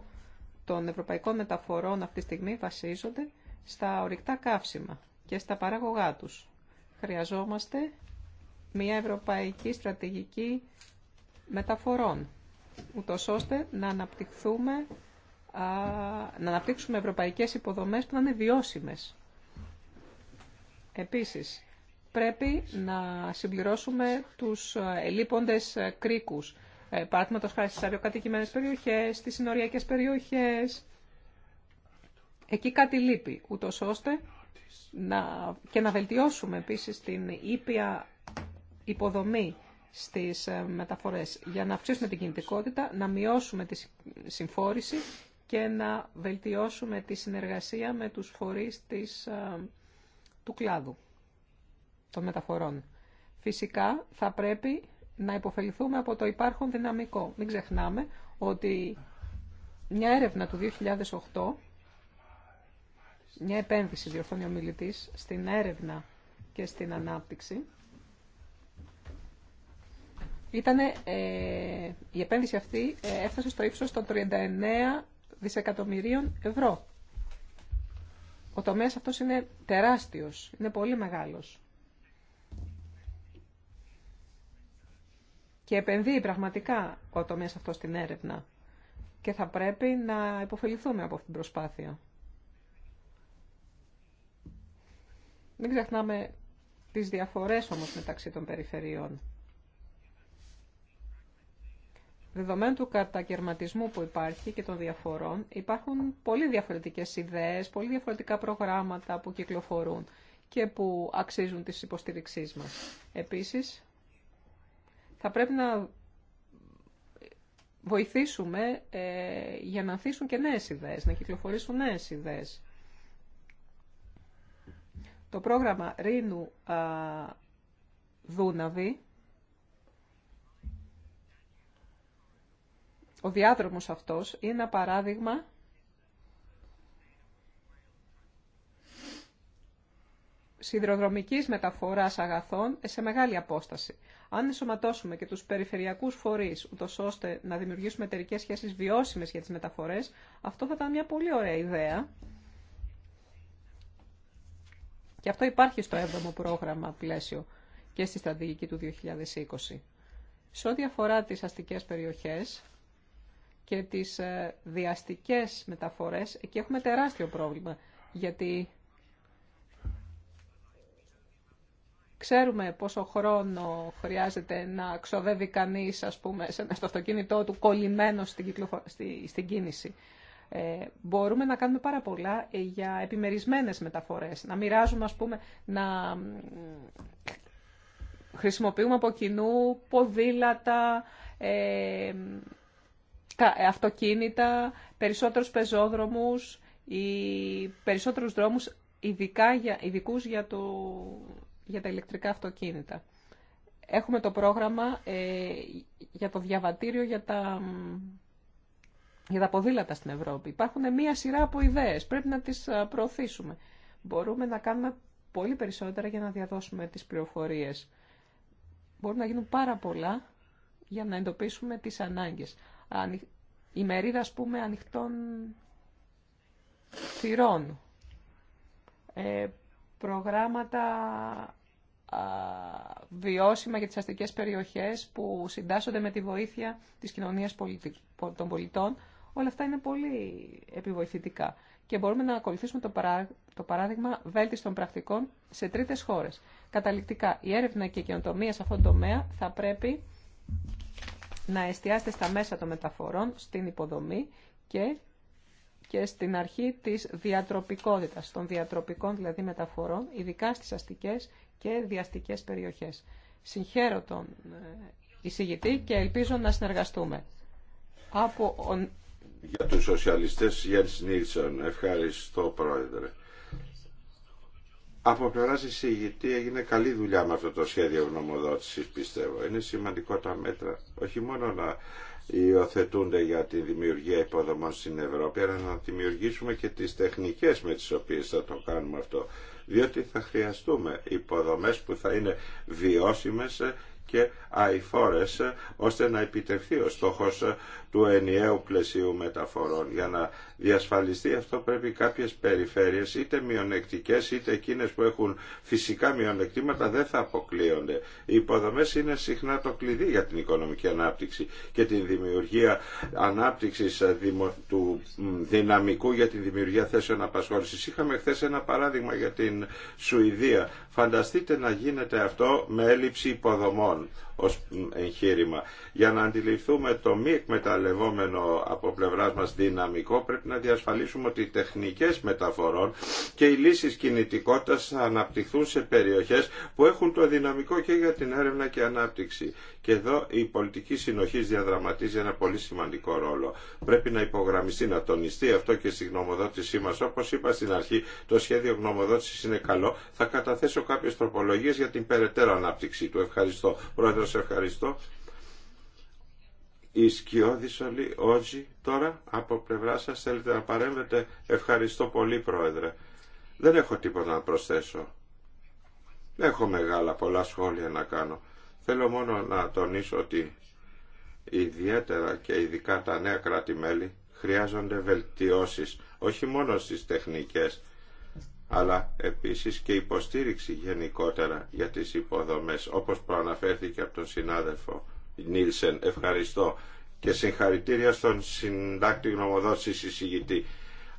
των ευρωπαϊκών μεταφορών αυτή τη στιγμή βασίζονται στα ορυκτά καύσιμα και στα παράγωγά τους. Χρειαζόμαστε μια ευρωπαϊκή στρατηγική μεταφορών, ούτω ώστε να να αναπτύξουμε ευρωπαϊκές υποδομές που να είναι βιώσιμες. Επίσης, πρέπει να συμπληρώσουμε τους ε, ελίποντες ε, κρίκους ε, Παραδείγματο χάρη στι αεροκατοικημένε περιοχέ, στι συνοριακέ περιοχέ. Εκεί κάτι λείπει, ούτω ώστε και να βελτιώσουμε επίσης την ήπια υποδομή στις ε, μεταφορές για να αυξήσουμε την κινητικότητα, να μειώσουμε τη συμφόρηση και να βελτιώσουμε τη συνεργασία με τους φορείς της, ε, του κλάδου των μεταφορών. Φυσικά θα πρέπει να υποφεληθούμε από το υπάρχον δυναμικό. Μην ξεχνάμε ότι μια έρευνα του 2008, μια επένδυση διορθώνει ο μιλητής, στην έρευνα και στην ανάπτυξη, ήταν, ε, η επένδυση αυτή ε, έφτασε στο ύψος των 39 δισεκατομμυρίων ευρώ. Ο τομέας αυτός είναι τεράστιος, είναι πολύ μεγάλος. και επενδύει πραγματικά ο τομέας αυτό στην έρευνα και θα πρέπει να υποφεληθούμε από αυτήν την προσπάθεια. Μην ξεχνάμε τις διαφορές όμως μεταξύ των περιφερειών. Δεδομένου του κατακαιρματισμού που υπάρχει και των διαφορών, υπάρχουν πολύ διαφορετικές ιδέες, πολύ διαφορετικά προγράμματα που κυκλοφορούν και που αξίζουν της υποστήριξής μας. Επίσης, θα πρέπει να βοηθήσουμε ε, για να ανθίσουν και νέες ιδέες, να κυκλοφορήσουν νέες ιδέες. Το πρόγραμμα Ρήνου Δούναβη, ο διάδρομος αυτός, είναι ένα παράδειγμα σιδηροδρομικής μεταφοράς αγαθών σε μεγάλη απόσταση. Αν ενσωματώσουμε και του περιφερειακού φορεί, ούτω ώστε να δημιουργήσουμε εταιρικέ σχέσει βιώσιμε για τι μεταφορέ, αυτό θα ήταν μια πολύ ωραία ιδέα. Και αυτό υπάρχει στο 7ο πρόγραμμα πλαίσιο και στη στρατηγική του 2020. Σε ό,τι αφορά τι αστικέ περιοχές και τις ε, διαστικές μεταφορές, εκεί έχουμε τεράστιο πρόβλημα, γιατί Ξέρουμε πόσο χρόνο χρειάζεται να ξοδεύει κανείς, ας πούμε, στο αυτοκίνητό του κολλημένο στην, κίνηση. Ε, μπορούμε να κάνουμε πάρα πολλά ε, για επιμερισμένες μεταφορές. Να μοιράζουμε, ας πούμε, να χρησιμοποιούμε από κοινού ποδήλατα, ε, αυτοκίνητα, περισσότερους πεζόδρομους ή περισσότερους δρόμους ειδικά για, ειδικούς για, το, για τα ηλεκτρικά αυτοκίνητα. Έχουμε το πρόγραμμα ε, για το διαβατήριο για τα, για τα ποδήλατα στην Ευρώπη. Υπάρχουν μία σειρά από ιδέες, πρέπει να τις προωθήσουμε. Μπορούμε να κάνουμε πολύ περισσότερα για να διαδώσουμε τις πληροφορίες. Μπορούν να γίνουν πάρα πολλά για να εντοπίσουμε τις ανάγκες. Η μερίδα, πούμε, ανοιχτών θυρών. Ε, προγράμματα βιώσιμα για τις αστικές περιοχές που συντάσσονται με τη βοήθεια της κοινωνίας των πολιτών. Όλα αυτά είναι πολύ επιβοηθητικά και μπορούμε να ακολουθήσουμε το παράδειγμα βέλτιστων πρακτικών σε τρίτες χώρες. Καταληκτικά, η έρευνα και η καινοτομία σε αυτό τον τομέα θα πρέπει να εστιάσετε στα μέσα των μεταφορών, στην υποδομή και και στην αρχή της διατροπικότητας, των διατροπικών δηλαδή μεταφορών, ειδικά στις αστικές και διαστικές περιοχές. Συγχαίρω τον ε, εισηγητή και ελπίζω να συνεργαστούμε. Από... Για τους σοσιαλιστές Γιάννης Νίλσον, ευχαριστώ πρόεδρε. Από πλευρά εισηγητή έγινε καλή δουλειά με αυτό το σχέδιο γνωμοδότησης, πιστεύω. Είναι σημαντικό τα μέτρα, όχι μόνο να υιοθετούνται για τη δημιουργία υποδομών στην Ευρώπη, αλλά να δημιουργήσουμε και τις τεχνικές με τις οποίες θα το κάνουμε αυτό. Διότι θα χρειαστούμε υποδομές που θα είναι βιώσιμες και αηφόρες ώστε να επιτευχθεί ο στόχος του ενιαίου πλαισίου μεταφορών. Για να διασφαλιστεί αυτό πρέπει κάποιες περιφέρειες είτε μειονεκτικές είτε εκείνες που έχουν φυσικά μειονεκτήματα δεν θα αποκλείονται. Οι υποδομές είναι συχνά το κλειδί για την οικονομική ανάπτυξη και την δημιουργία ανάπτυξης ε, του δυναμικού για την δημιουργία θέσεων απασχόλησης. Είχαμε χθε ένα παράδειγμα για την Σουηδία. Φανταστείτε να γίνεται αυτό με έλλειψη υποδομών ως εγχείρημα. Για να αντιληφθούμε το μη εκμεταλλευτικό εκμεταλλευόμενο από πλευρά μα δυναμικό, πρέπει να διασφαλίσουμε ότι οι τεχνικέ μεταφορών και οι λύσει κινητικότητα θα αναπτυχθούν σε περιοχέ που έχουν το δυναμικό και για την έρευνα και ανάπτυξη. Και εδώ η πολιτική συνοχή διαδραματίζει ένα πολύ σημαντικό ρόλο. Πρέπει να υπογραμμιστεί, να τονιστεί αυτό και στη γνωμοδότησή μα. Όπω είπα στην αρχή, το σχέδιο γνωμοδότηση είναι καλό. Θα καταθέσω κάποιε τροπολογίε για την περαιτέρω ανάπτυξη του. Ευχαριστώ. Πρόεδρο, ευχαριστώ. Η σκιώδη όχι τώρα από πλευρά σας θέλετε να παρέμβετε ευχαριστώ πολύ πρόεδρε δεν έχω τίποτα να προσθέσω δεν έχω μεγάλα πολλά σχόλια να κάνω θέλω μόνο να τονίσω ότι ιδιαίτερα και ειδικά τα νέα κράτη-μέλη χρειάζονται βελτιώσεις όχι μόνο στις τεχνικές αλλά επίσης και υποστήριξη γενικότερα για τις υποδομές όπως προαναφέρθηκε από τον συνάδελφο Νίλσεν. Ευχαριστώ. Και συγχαρητήρια στον συντάκτη γνωμοδότηση συζητητή.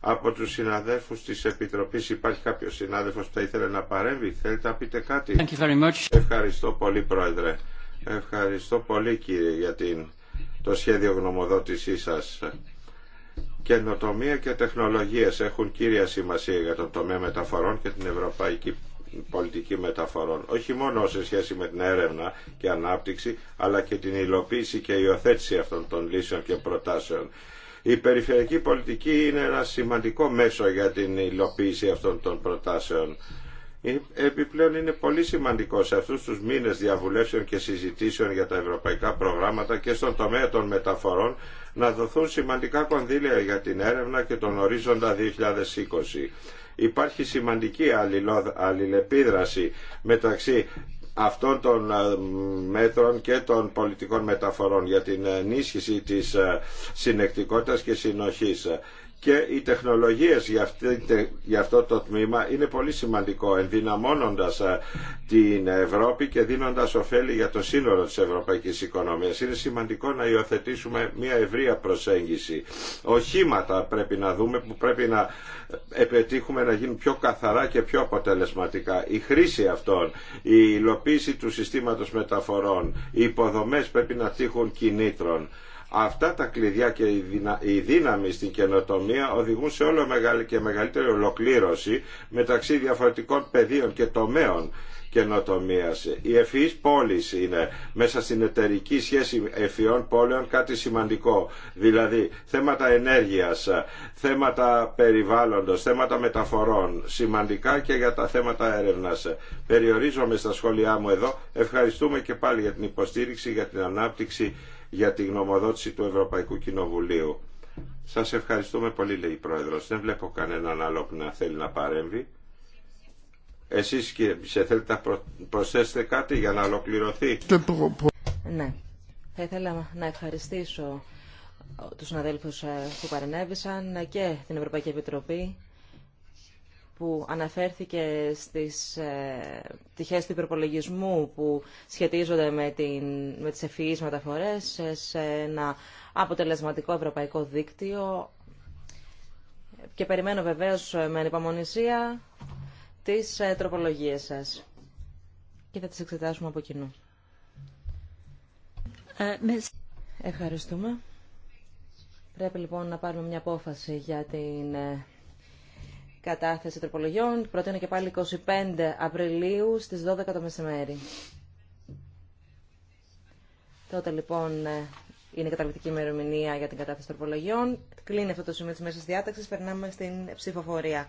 Από τους συναδέλφους της Επιτροπής υπάρχει κάποιος συνάδελφος που θα ήθελε να παρέμβει. Θέλετε να πείτε κάτι. Ευχαριστώ πολύ Πρόεδρε. Ευχαριστώ πολύ κύριε για την... το σχέδιο γνωμοδότησής σας. Καινοτομία και τεχνολογίες έχουν κύρια σημασία για τον τομέα μεταφορών και την ευρωπαϊκή πολιτική μεταφορών. Όχι μόνο σε σχέση με την έρευνα και ανάπτυξη, αλλά και την υλοποίηση και υιοθέτηση αυτών των λύσεων και προτάσεων. Η περιφερειακή πολιτική είναι ένα σημαντικό μέσο για την υλοποίηση αυτών των προτάσεων. Ε, επιπλέον είναι πολύ σημαντικό σε αυτούς τους μήνες διαβουλεύσεων και συζητήσεων για τα ευρωπαϊκά προγράμματα και στον τομέα των μεταφορών να δοθούν σημαντικά κονδύλια για την έρευνα και τον ορίζοντα 2020 υπάρχει σημαντική αλληλεπίδραση μεταξύ αυτών των ε, μέτρων και των πολιτικών μεταφορών για την ενίσχυση της ε, συνεκτικότητας και συνοχής και οι τεχνολογίες για, αυτό το τμήμα είναι πολύ σημαντικό ενδυναμώνοντας ε, την Ευρώπη και δίνοντας ωφέλη για το σύνολο της ευρωπαϊκής οικονομίας. Είναι σημαντικό να υιοθετήσουμε μια ευρεία προσέγγιση. Οχήματα πρέπει να δούμε που πρέπει να επιτύχουμε να γίνουν πιο καθαρά και πιο αποτελεσματικά. Η χρήση αυτών, η υλοποίηση του συστήματος μεταφορών, οι υποδομές πρέπει να τύχουν κινήτρων. Αυτά τα κλειδιά και η δύναμη στην καινοτομία οδηγούν σε όλο και μεγαλύτερη ολοκλήρωση μεταξύ διαφορετικών πεδίων και τομέων καινοτομίας. Η ευφυής πόλης είναι μέσα στην εταιρική σχέση ευφυών πόλεων κάτι σημαντικό. Δηλαδή θέματα ενέργειας, θέματα περιβάλλοντος, θέματα μεταφορών, σημαντικά και για τα θέματα έρευνας. Περιορίζομαι στα σχόλιά μου εδώ. Ευχαριστούμε και πάλι για την υποστήριξη, για την ανάπτυξη για τη γνωμοδότηση του Ευρωπαϊκού Κοινοβουλίου. Σας ευχαριστούμε πολύ, λέει η Πρόεδρος. Δεν βλέπω κανέναν άλλο που να θέλει να παρέμβει. Εσείς και σε θέλετε να προσθέσετε κάτι για να ολοκληρωθεί. Ναι. Θα ήθελα να ευχαριστήσω τους συναδέλφους ε, που παρενέβησαν και την Ευρωπαϊκή Επιτροπή που αναφέρθηκε στις ε, πτυχές του υπερπολογισμού που σχετίζονται με, την, με τις ευφυείς μεταφορές σε ένα αποτελεσματικό ευρωπαϊκό δίκτυο και περιμένω βεβαίως με ανυπαμονησία τις ε, τροπολογίες σας και θα τις εξετάσουμε από κοινού. Ε, Ευχαριστούμε. Πρέπει λοιπόν να πάρουμε μια απόφαση για την ε, κατάθεση τροπολογιών. Προτείνω και πάλι 25 Απριλίου στις 12 το μεσημέρι. Τότε λοιπόν ε, είναι η καταληκτική ημερομηνία για την κατάθεση τροπολογιών. Κλείνει αυτό το σημείο της μέσης διάταξης. Περνάμε στην ψηφοφορία.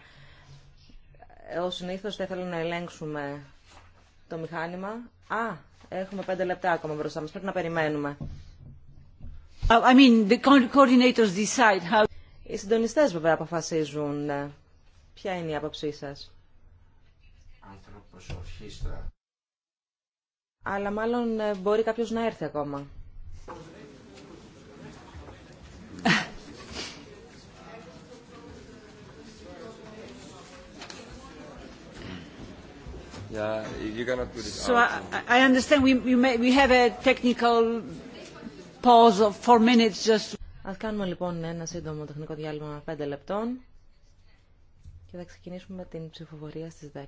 Ε, Ω συνήθω θα ήθελα να ελέγξουμε το μηχάνημα. Α, έχουμε 5 λεπτά ακόμα μπροστά μας. Πρέπει να περιμένουμε. Oh, I mean, the how... Οι συντονιστές βέβαια αποφασίζουν ε, Ποια είναι η άποψή σας. Αλλά μάλλον ε, μπορεί κάποιος να έρθει ακόμα. Yeah, you cannot put it so out. I, I understand we, we, may, we have a technical pause of four minutes just. Ας κάνουμε λοιπόν ένα σύντομο τεχνικό διάλειμμα 5 λεπτών και θα ξεκινήσουμε με την ψηφοφορία στις 10.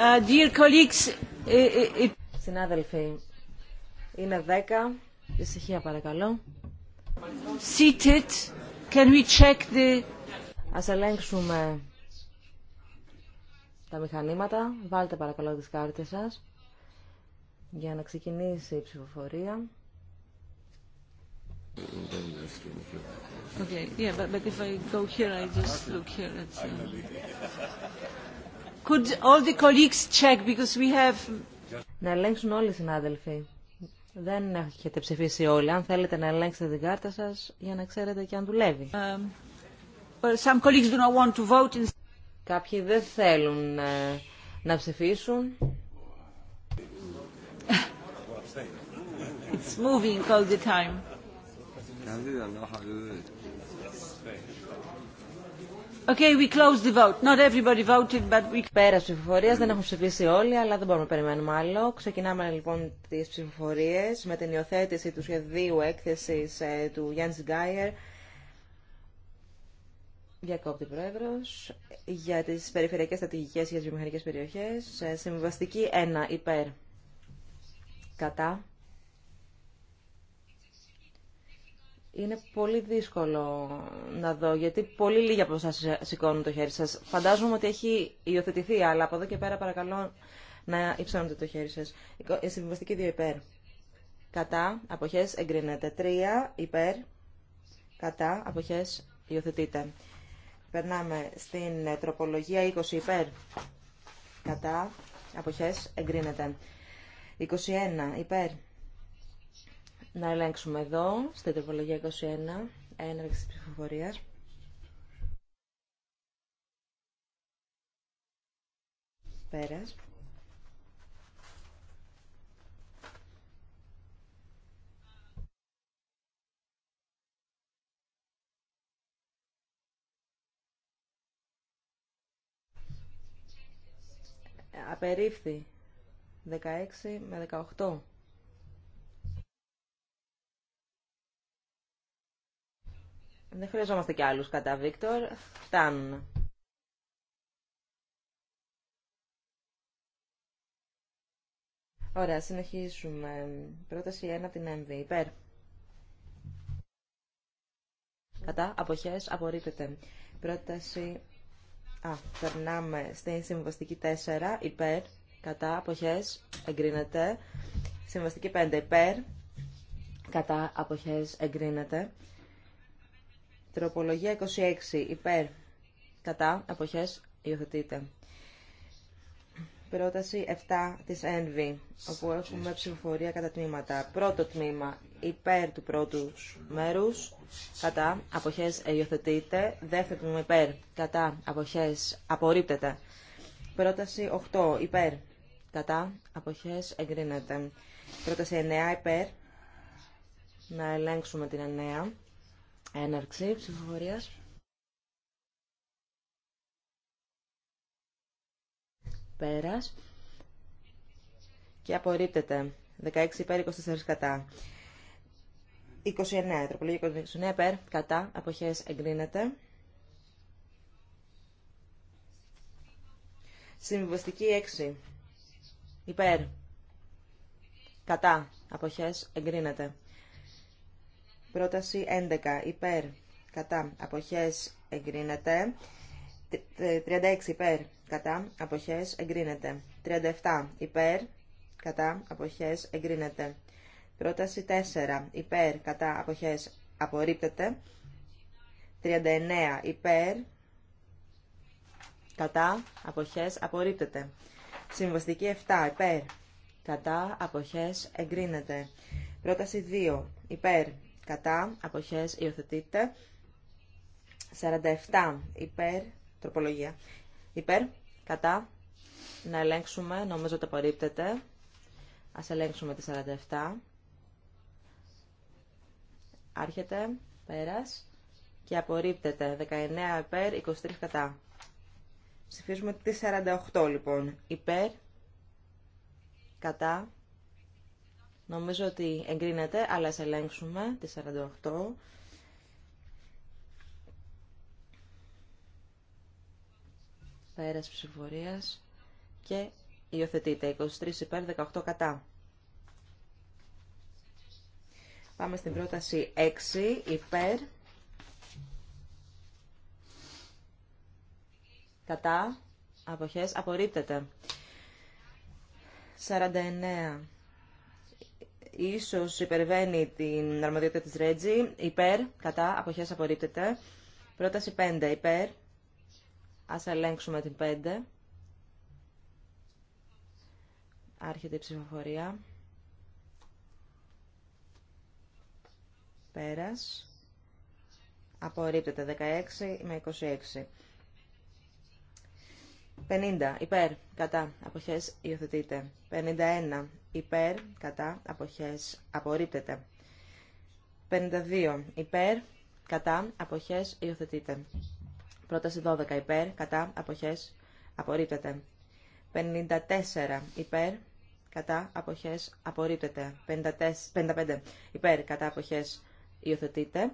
Ε, ε, ε, Συνάδελφοι, είναι 10. Ησυχία παρακαλώ. Seated. Can we check the... Ας ελέγξουμε τα μηχανήματα. Βάλτε παρακαλώ τις κάρτες σας για να ξεκινήσει η ψηφοφορία. Okay, yeah, but, but if I go here, I just look here. At, uh... Να ελέγξουν όλοι οι συνάδελφοι. Δεν έχετε ψηφίσει όλοι. Αν θέλετε να ελέγξετε την κάρτα σας για να ξέρετε και αν δουλεύει. Um, Κάποιοι δεν θέλουν ε, να ψηφίσουν. It's moving all the time. Okay, we close δεν έχουν ψηφίσει όλοι, αλλά δεν μπορούμε να περιμένουμε άλλο. Ξεκινάμε λοιπόν τι ψηφοφορίε με την υιοθέτηση του σχεδίου έκθεσης ε, του Γιάννη Γκάιερ. Διακόπτη πρόεδρο, Για τι περιφερειακέ στρατηγικές για τις βιομηχανικές περιοχές. Ε, συμβαστική 1 υπέρ. Κατά. είναι πολύ δύσκολο να δω, γιατί πολύ λίγοι από εσάς σηκώνουν το χέρι σας. Φαντάζομαι ότι έχει υιοθετηθεί, αλλά από εδώ και πέρα παρακαλώ να υψώνετε το χέρι σας. Η ε, συμβιβαστική δύο υπέρ. Κατά, αποχές, εγκρίνεται. Τρία υπέρ, κατά, αποχές, υιοθετείται. Περνάμε στην ε, τροπολογία 20 υπέρ. Κατά, αποχές, εγκρίνεται. 21 υπέρ. Να ελέγξουμε εδώ, στην τροπολογία 21, έναρξη ψηφοφορίας. Πέρας. Απερίφθη 16 με 18. Δεν χρειαζόμαστε κι άλλους κατά Βίκτορ. Φτάνουν. Ωραία, συνεχίσουμε. Πρόταση 1 από την ΕΜΒ. Υπέρ. Κατά αποχές απορρίπτεται. Πρόταση... Α, περνάμε στην συμβαστική 4. Υπέρ. Κατά αποχές εγκρίνεται. Συμβαστική 5. Υπέρ. Κατά αποχές εγκρίνεται. Τροπολογία 26 υπέρ κατά αποχές Υιοθετείτε. Πρόταση 7 της ένβη. όπου έχουμε ψηφοφορία κατά τμήματα. Πρώτο τμήμα υπέρ του πρώτου μέρους, κατά αποχές Υιοθετείτε. Δεύτερο τμήμα υπέρ, κατά αποχές απορρίπτεται. Πρόταση 8 υπέρ, κατά αποχές εγκρίνεται. Πρόταση 9 υπέρ, να ελέγξουμε την 9. Έναρξη ψηφοφορίας. Πέρας. Και απορρίπτεται. 16 υπέρ, 24 κατά. 29, τροπολογία 29 υπέρ, κατά, αποχές εγκρίνεται. Συμβιβαστική 6. Υπέρ. Κατά. Αποχές εγκρίνεται. Πρόταση 11 υπέρ κατά αποχές εγκρίνεται. 36 υπέρ κατά αποχές εγκρίνεται. 37 υπέρ κατά αποχές εγκρίνεται. Πρόταση 4 υπέρ κατά αποχές απορρίπτεται. 39 υπέρ κατά αποχές απορρίπτεται. Συμβαστική 7 υπέρ κατά αποχές εγκρίνεται. Πρόταση 2 υπέρ κατά, αποχές, υιοθετείται. 47 υπέρ, τροπολογία, υπέρ, κατά, να ελέγξουμε, νομίζω ότι απορρίπτεται. Ας ελέγξουμε τη 47. Άρχεται, πέρας και απορρίπτεται 19 υπέρ, 23 κατά. Ψηφίζουμε τη 48 λοιπόν. Υπέρ, κατά, Νομίζω ότι εγκρίνεται, αλλά ας ελέγξουμε τη 48. Πέρας ψηφορίας και υιοθετείται. 23 υπέρ, 18 κατά. Πάμε στην πρόταση 6 υπέρ. Κατά. Αποχές. Απορρίπτεται. 49 ίσως υπερβαίνει την αρμοδιότητα της Ρέτζη. Υπέρ, κατά, αποχές απορρίπτεται. Πρόταση 5, υπέρ. Ας ελέγξουμε την 5. Άρχεται η ψηφοφορία. Πέρας. Απορρίπτεται 16 με 26. 50. Υπέρ. Κατά. Αποχές. Υιοθετείται. 51 υπέρ, κατά, αποχές, απορρίπτεται. 52. Υπέρ, κατά, αποχές, υιοθετείται. Πρόταση 12. Υπέρ, κατά, αποχές, απορρίπτεται. 54. Υπέρ, κατά, αποχές, απορρίπτεται. 55. Υπέρ, κατά, αποχές, υιοθετείται.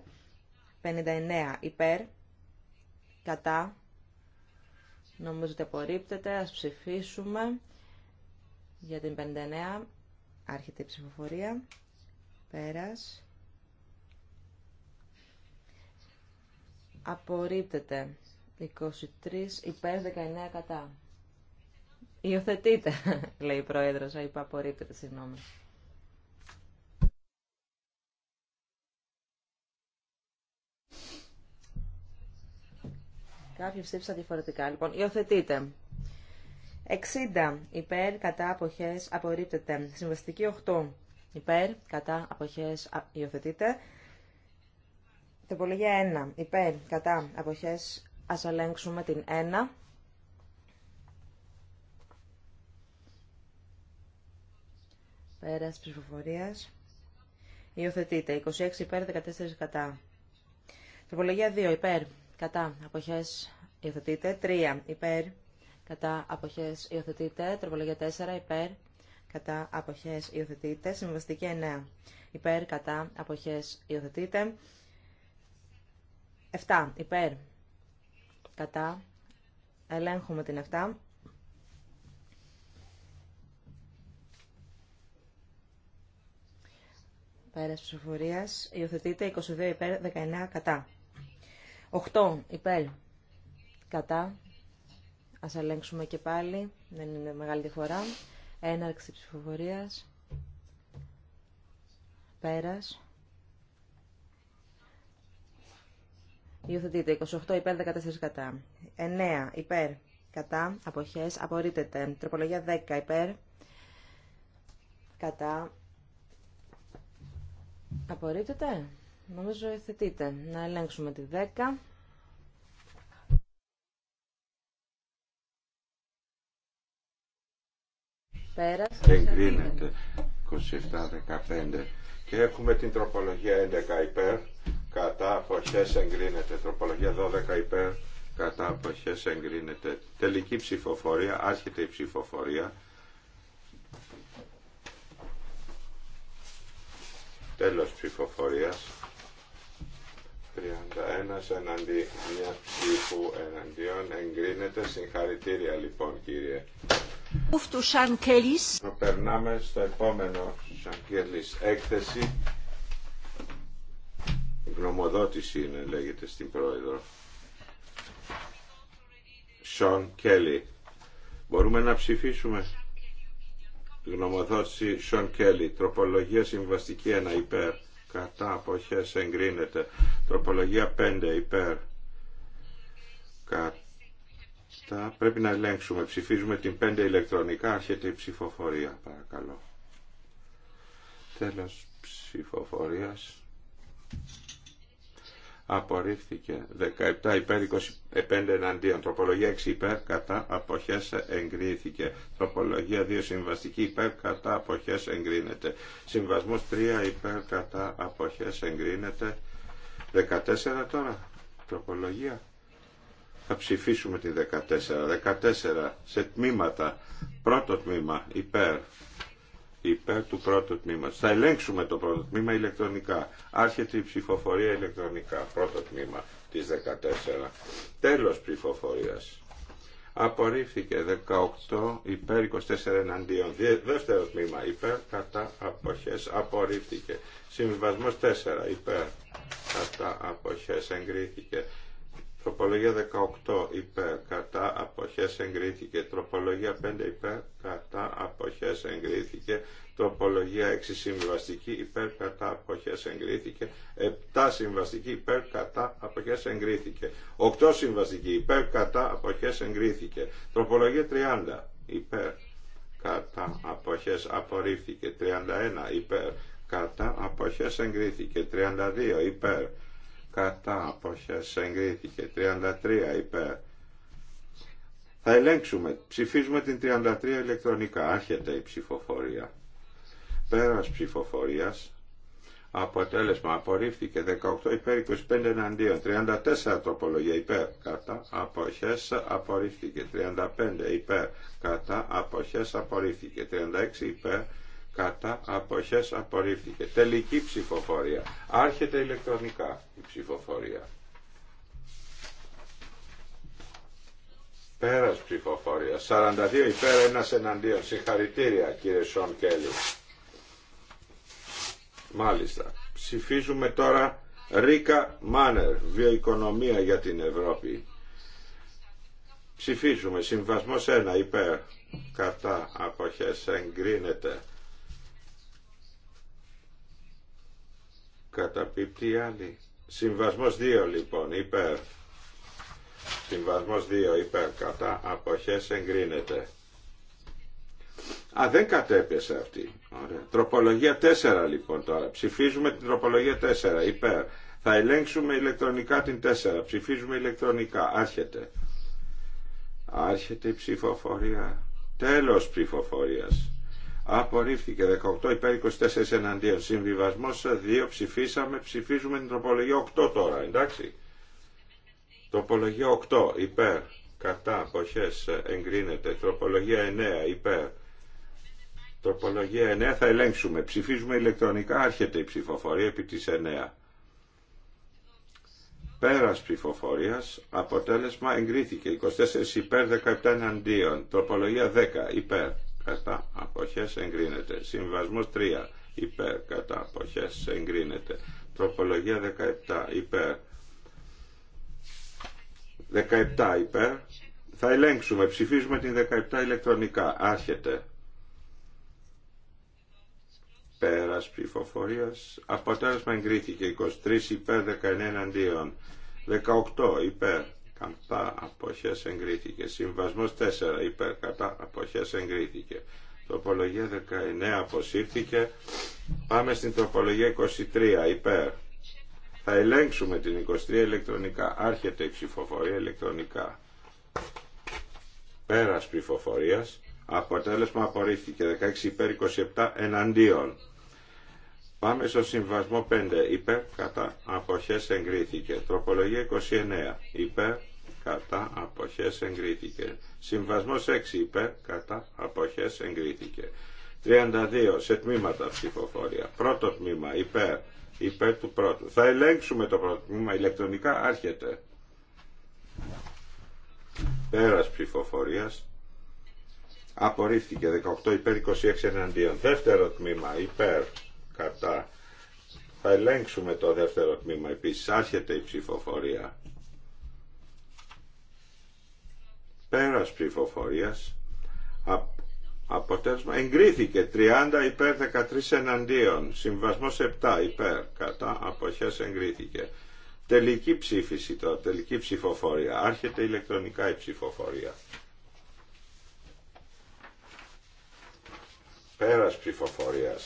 59. Υπέρ, κατά, νομίζω ότι απορρίπτεται. Ας ψηφίσουμε. Για την 59 άρχεται η ψηφοφορία. Πέρας. Απορρίπτεται. 23 υπέρ 19 κατά. Υιοθετείτε, λέει η πρόεδρος. Είπα απορρίπτεται, συγγνώμη. Κάποιοι ψήφισαν διαφορετικά. Λοιπόν, υιοθετείτε. 60 υπέρ κατά αποχές απορρίπτεται. Συμβαστική 8 υπέρ κατά αποχές υιοθετείται. Τροπολογία 1 υπέρ κατά αποχές ας ελέγξουμε την 1. τη ψηφοφορία. Υιοθετείται. 26 υπέρ, 14 κατά. Τροπολογία 2 υπέρ, κατά. Αποχέ. υιοθετείται. 3 υπέρ, κατά αποχές υιοθετείτε. Τροπολογία 4 υπέρ κατά αποχές υιοθετείτε. Συμβαστική 9 υπέρ κατά αποχές υιοθετείτε. 7 υπέρ κατά ελέγχουμε την 7. Πέρας ψηφοφορίας υιοθετείται 22 υπέρ 19 κατά. 8 υπέρ κατά Ας ελέγξουμε και πάλι. Δεν είναι μεγάλη διαφορά. Έναρξη ψηφοφορίας. Πέρας. Υιοθετείτε 28 υπέρ 14 κατά. 9 υπέρ κατά. Αποχές. Απορρίτεται. Τροπολογία 10 υπέρ. Κατά. Απορρίτεται. Νομίζω υιοθετείτε. Να ελέγξουμε τη 10. Πέρας. Εγκρίνεται. 27-15. Και έχουμε την τροπολογία 11 υπέρ. Κατά αποχές εγκρίνεται. Τροπολογία 12 υπέρ. Κατά αποχές εγκρίνεται. Τελική ψηφοφορία. Άρχεται η ψηφοφορία. Τέλος ψηφοφορίας. 31 εναντί μια ψήφου εναντίον εγκρίνεται. Συγχαρητήρια λοιπόν κύριε Περνάμε στο επόμενο Σαν Σανκέλης έκθεση. γνωμοδότηση είναι, λέγεται στην πρόεδρο. Σον Κέλλη. Μπορούμε να ψηφίσουμε. Γνωμοδότηση Σον Κέλλη. Τροπολογία συμβαστική 1 υπέρ. Κατά αποχές εγκρίνεται. Τροπολογία 5 υπέρ. Κατά πρέπει να ελέγξουμε. Ψηφίζουμε την 5 ηλεκτρονικά. Άρχεται η ψηφοφορία, παρακαλώ. Τέλος ψηφοφορίας. Απορρίφθηκε 17 υπέρ 25 ε, εναντίον. Τροπολογία 6 υπέρ κατά αποχές εγκρίθηκε. Τροπολογία 2 συμβαστική υπέρ κατά αποχές εγκρίνεται. Συμβασμός 3 υπέρ κατά αποχές εγκρίνεται. 14 τώρα. Τροπολογία. Θα ψηφίσουμε τη 14. 14 σε τμήματα. Πρώτο τμήμα υπέρ. Υπέρ του πρώτου τμήματος. Θα ελέγξουμε το πρώτο τμήμα ηλεκτρονικά. Άρχεται η ψηφοφορία ηλεκτρονικά. Πρώτο τμήμα της 14. Τέλος ψηφοφορίας. Απορρίφθηκε 18 υπέρ 24 εναντίον. Δεύτερο τμήμα υπέρ κατά αποχές. Απορρίφθηκε. Συμβιβασμός 4 υπέρ κατά αποχές. Εγκρίθηκε. Τροπολογία 18 υπέρ κατά αποχές εγκρίθηκε. Τροπολογία 5 υπέρ κατά αποχές εγκρίθηκε. Τροπολογία 6 συμβαστική υπέρ κατά αποχές εγκρίθηκε. 7 συμβαστική υπέρ κατά αποχές εγκρίθηκε. 8 συμβαστική υπέρ κατά αποχές εγκρίθηκε. Τροπολογία 30 υπέρ κατά αποχές απορρίφθηκε. 31 υπέρ κατά αποχές εγκρίθηκε. 32 υπέρ κατά αποχές εγκρίθηκε 33 υπέρ θα ελέγξουμε ψηφίζουμε την 33 ηλεκτρονικά άρχεται η ψηφοφορία πέρας ψηφοφορίας αποτέλεσμα απορρίφθηκε 18 υπέρ 25 εναντίον 34 τροπολογία υπέρ κατά αποχές απορρίφθηκε 35 υπέρ κατά αποχές απορρίφθηκε 36 υπέρ κατά αποχές απορρίφθηκε. Τελική ψηφοφορία. Άρχεται ηλεκτρονικά η ψηφοφορία. Πέρας ψηφοφορία. 42 υπέρ, ένας εναντίον. Συγχαρητήρια κύριε Σον Κέλλη. Μάλιστα. Ψηφίζουμε τώρα Ρίκα Μάνερ, βιοοικονομία για την Ευρώπη. Ψηφίζουμε. Συμβασμός 1 υπέρ. Κατά αποχές εγκρίνεται. Καταπίπτει άλλη. Συμβασμός 2 λοιπόν, υπέρ. Συμβασμός 2 υπέρ κατά αποχές εγκρίνεται. Α, δεν κατέπεσε αυτή. Ωραία. Τροπολογία 4 λοιπόν τώρα. Ψηφίζουμε την τροπολογία 4 υπέρ. Θα ελέγξουμε ηλεκτρονικά την 4. Ψηφίζουμε ηλεκτρονικά. Άρχεται. Άρχεται η ψηφοφορία. Τέλος ψηφοφορίας απορρίφθηκε 18 υπέρ 24 εναντίον. Συμβιβασμός 2 ε, ψηφίσαμε, ψηφίζουμε την τροπολογία 8 τώρα, εντάξει. Τροπολογία 8 υπέρ, κατά, αποχές, ε, εγκρίνεται. Τροπολογία 9 υπέρ. Τροπολογία 9 θα ελέγξουμε. Ψηφίζουμε ηλεκτρονικά, άρχεται η ψηφοφορία επί της 9. Πέρας ψηφοφορίας, αποτέλεσμα εγκρίθηκε. 24 υπέρ, 17 εναντίον. Τροπολογία 10 υπέρ κατά αποχές εγκρίνεται. Συμβασμός 3 υπέρ κατά αποχές εγκρίνεται. Τροπολογία 17 υπέρ. 17 υπέρ. Θα ελέγξουμε. Ψηφίζουμε την 17 ηλεκτρονικά. Άρχεται. Πέρας ψηφοφορίας. Αποτέλεσμα εγκρίθηκε. 23 υπέρ 19 αντίον. 18 υπέρ κατά αποχές εγκρίθηκε. Συμβασμός 4 υπέρ κατά αποχές εγκρίθηκε. Τοπολογία 19 αποσύρθηκε. Πάμε στην τοπολογία 23 υπέρ. Θα ελέγξουμε την 23 ηλεκτρονικά. Άρχεται η ψηφοφορία ηλεκτρονικά. Πέρας ψηφοφορία. Αποτέλεσμα απορρίφθηκε. 16 υπέρ 27 εναντίον. Πάμε στο συμβασμό 5. Υπέρ κατά αποχές εγκρίθηκε. Τροπολογία 29. Υπέρ κατά αποχές εγκρίθηκε. Συμβασμός 6 υπέρ κατά αποχές εγκρίθηκε. 32 σε τμήματα ψηφοφορία. Πρώτο τμήμα υπέρ, υπέρ του πρώτου. Θα ελέγξουμε το πρώτο τμήμα ηλεκτρονικά άρχεται. Πέρας ψηφοφορίας. Απορρίφθηκε 18 υπέρ 26 εναντίον. Δεύτερο τμήμα υπέρ κατά. Θα ελέγξουμε το δεύτερο τμήμα επίσης. Άρχεται η ψηφοφορία. Πέρας ψηφοφορίας. Αποτέλεσμα εγκρίθηκε 30 υπέρ 13 εναντίον. Συμβασμός 7 υπέρ κατά αποχές εγκρίθηκε. Τελική ψήφιση τώρα, τελική ψηφοφορία. Άρχεται ηλεκτρονικά η ψηφοφορία. Πέρας ψηφοφορίας.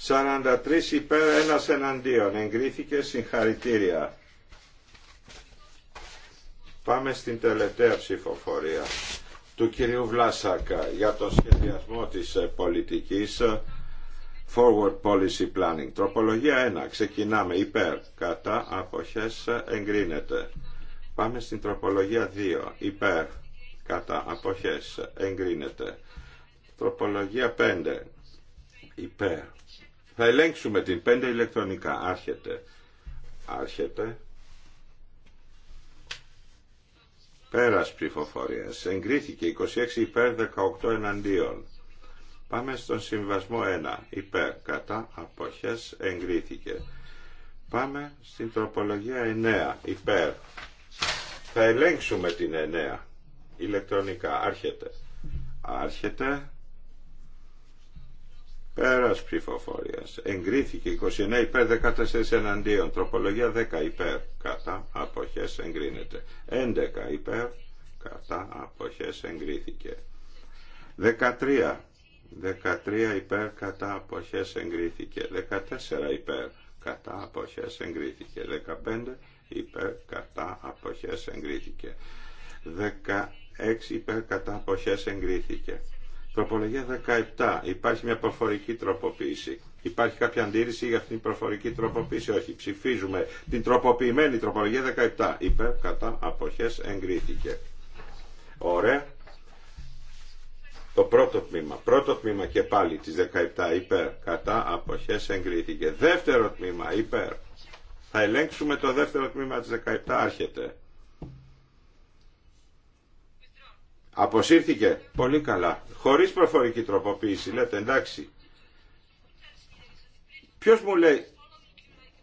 43 υπέρ 1 εναντίον. Εγκρίθηκε συγχαρητήρια. Πάμε στην τελευταία ψηφοφορία του κυρίου Βλάσακα για τον σχεδιασμό της ε, πολιτικής ε, Forward Policy Planning. Τροπολογία 1. Ξεκινάμε υπέρ. Κατά αποχές ε, εγκρίνεται. Πάμε στην τροπολογία 2. Υπέρ. Κατά αποχές εγκρίνεται. Τροπολογία 5. Υπέρ. Θα ελέγξουμε την 5 ηλεκτρονικά. Άρχεται. Άρχεται. Πέρας ψηφοφορίας. Εγκρίθηκε 26 υπέρ 18 εναντίον. Πάμε στον συμβασμό 1. Υπέρ κατά αποχές εγκρίθηκε. Πάμε στην τροπολογία 9. Υπέρ. Θα ελέγξουμε την 9. Ηλεκτρονικά. Άρχεται. Άρχεται πέρα ψηφοφορία. Εγκρίθηκε 29 υπέρ 14 εναντίον. Τροπολογία 10 υπέρ. Κατά αποχέ εγκρίνεται. 11 υπέρ. Κατά αποχέ εγκρίθηκε. 13. 13 υπέρ κατά αποχέ εγκρίθηκε. 14 υπέρ κατά αποχέ εγκρίθηκε. 15 υπέρ κατά αποχέ εγκρίθηκε. 16 υπέρ κατά αποχέ εγκρίθηκε. Τροπολογία 17. Υπάρχει μια προφορική τροποποίηση. Υπάρχει κάποια αντίρρηση για αυτήν την προφορική τροποποίηση. Όχι. Ψηφίζουμε την τροποποιημένη τροπολογία 17. Υπέρ κατά αποχές εγκρίθηκε. Ωραία. Το πρώτο τμήμα. Πρώτο τμήμα και πάλι της 17 υπέρ κατά αποχές εγκρίθηκε. Δεύτερο τμήμα υπέρ. Θα ελέγξουμε το δεύτερο τμήμα της 17. Άρχεται. Αποσύρθηκε. Πολύ καλά. Χωρίς προφορική τροποποίηση. Λέτε εντάξει. Ποιος μου λέει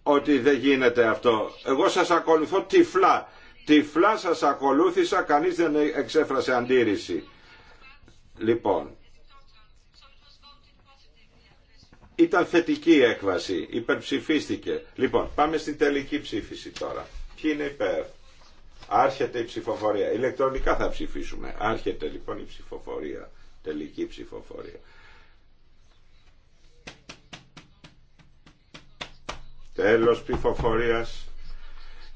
ότι δεν γίνεται αυτό. Εγώ σας ακολουθώ τυφλά. Τυφλά σας ακολούθησα. Κανείς δεν εξέφρασε αντίρρηση. Λοιπόν. Ήταν θετική η έκβαση. Υπερψηφίστηκε. Λοιπόν, πάμε στην τελική ψήφιση τώρα. Ποιοι είναι υπέρ. Άρχεται η ψηφοφορία. Ηλεκτρονικά θα ψηφίσουμε. Άρχεται λοιπόν η ψηφοφορία. Τελική ψηφοφορία. Τέλος ψηφοφορίας.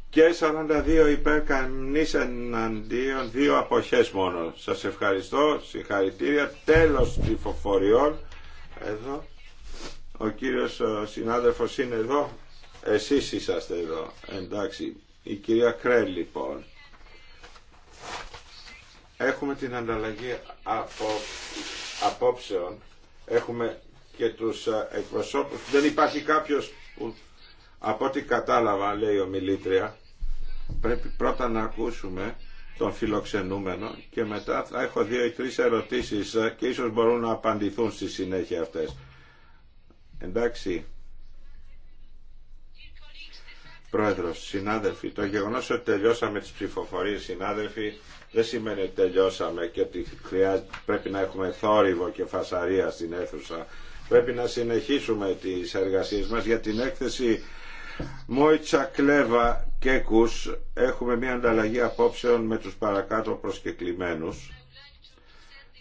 Και 42 υπέρ κανείς εναντίον, δύο αποχές μόνο. Σας ευχαριστώ, συγχαρητήρια. Τέλος ψηφοφοριών. Εδώ. Ο κύριος συνάδελφος είναι εδώ. Εσείς είσαστε εδώ. Εντάξει. Η κυρία Κρέλ λοιπόν. Έχουμε την ανταλλαγή από, απόψεων. Έχουμε και τους ε, εκπροσώπους. Δεν υπάρχει κάποιος που από ό,τι κατάλαβα λέει ο Μιλήτρια πρέπει πρώτα να ακούσουμε τον φιλοξενούμενο και μετά θα έχω δύο ή τρεις ερωτήσεις ε, και ίσως μπορούν να απαντηθούν στη συνέχεια αυτές. Εντάξει. Πρόεδρος, συνάδελφοι, το γεγονός ότι τελειώσαμε τις ψηφοφορίες, συνάδελφοι, δεν σημαίνει ότι τελειώσαμε και ότι πρέπει να έχουμε θόρυβο και φασαρία στην αίθουσα. Πρέπει να συνεχίσουμε τις εργασίες μας για την έκθεση Μόιτσα Κλέβα και Έχουμε μια ανταλλαγή απόψεων με τους παρακάτω προσκεκλημένους.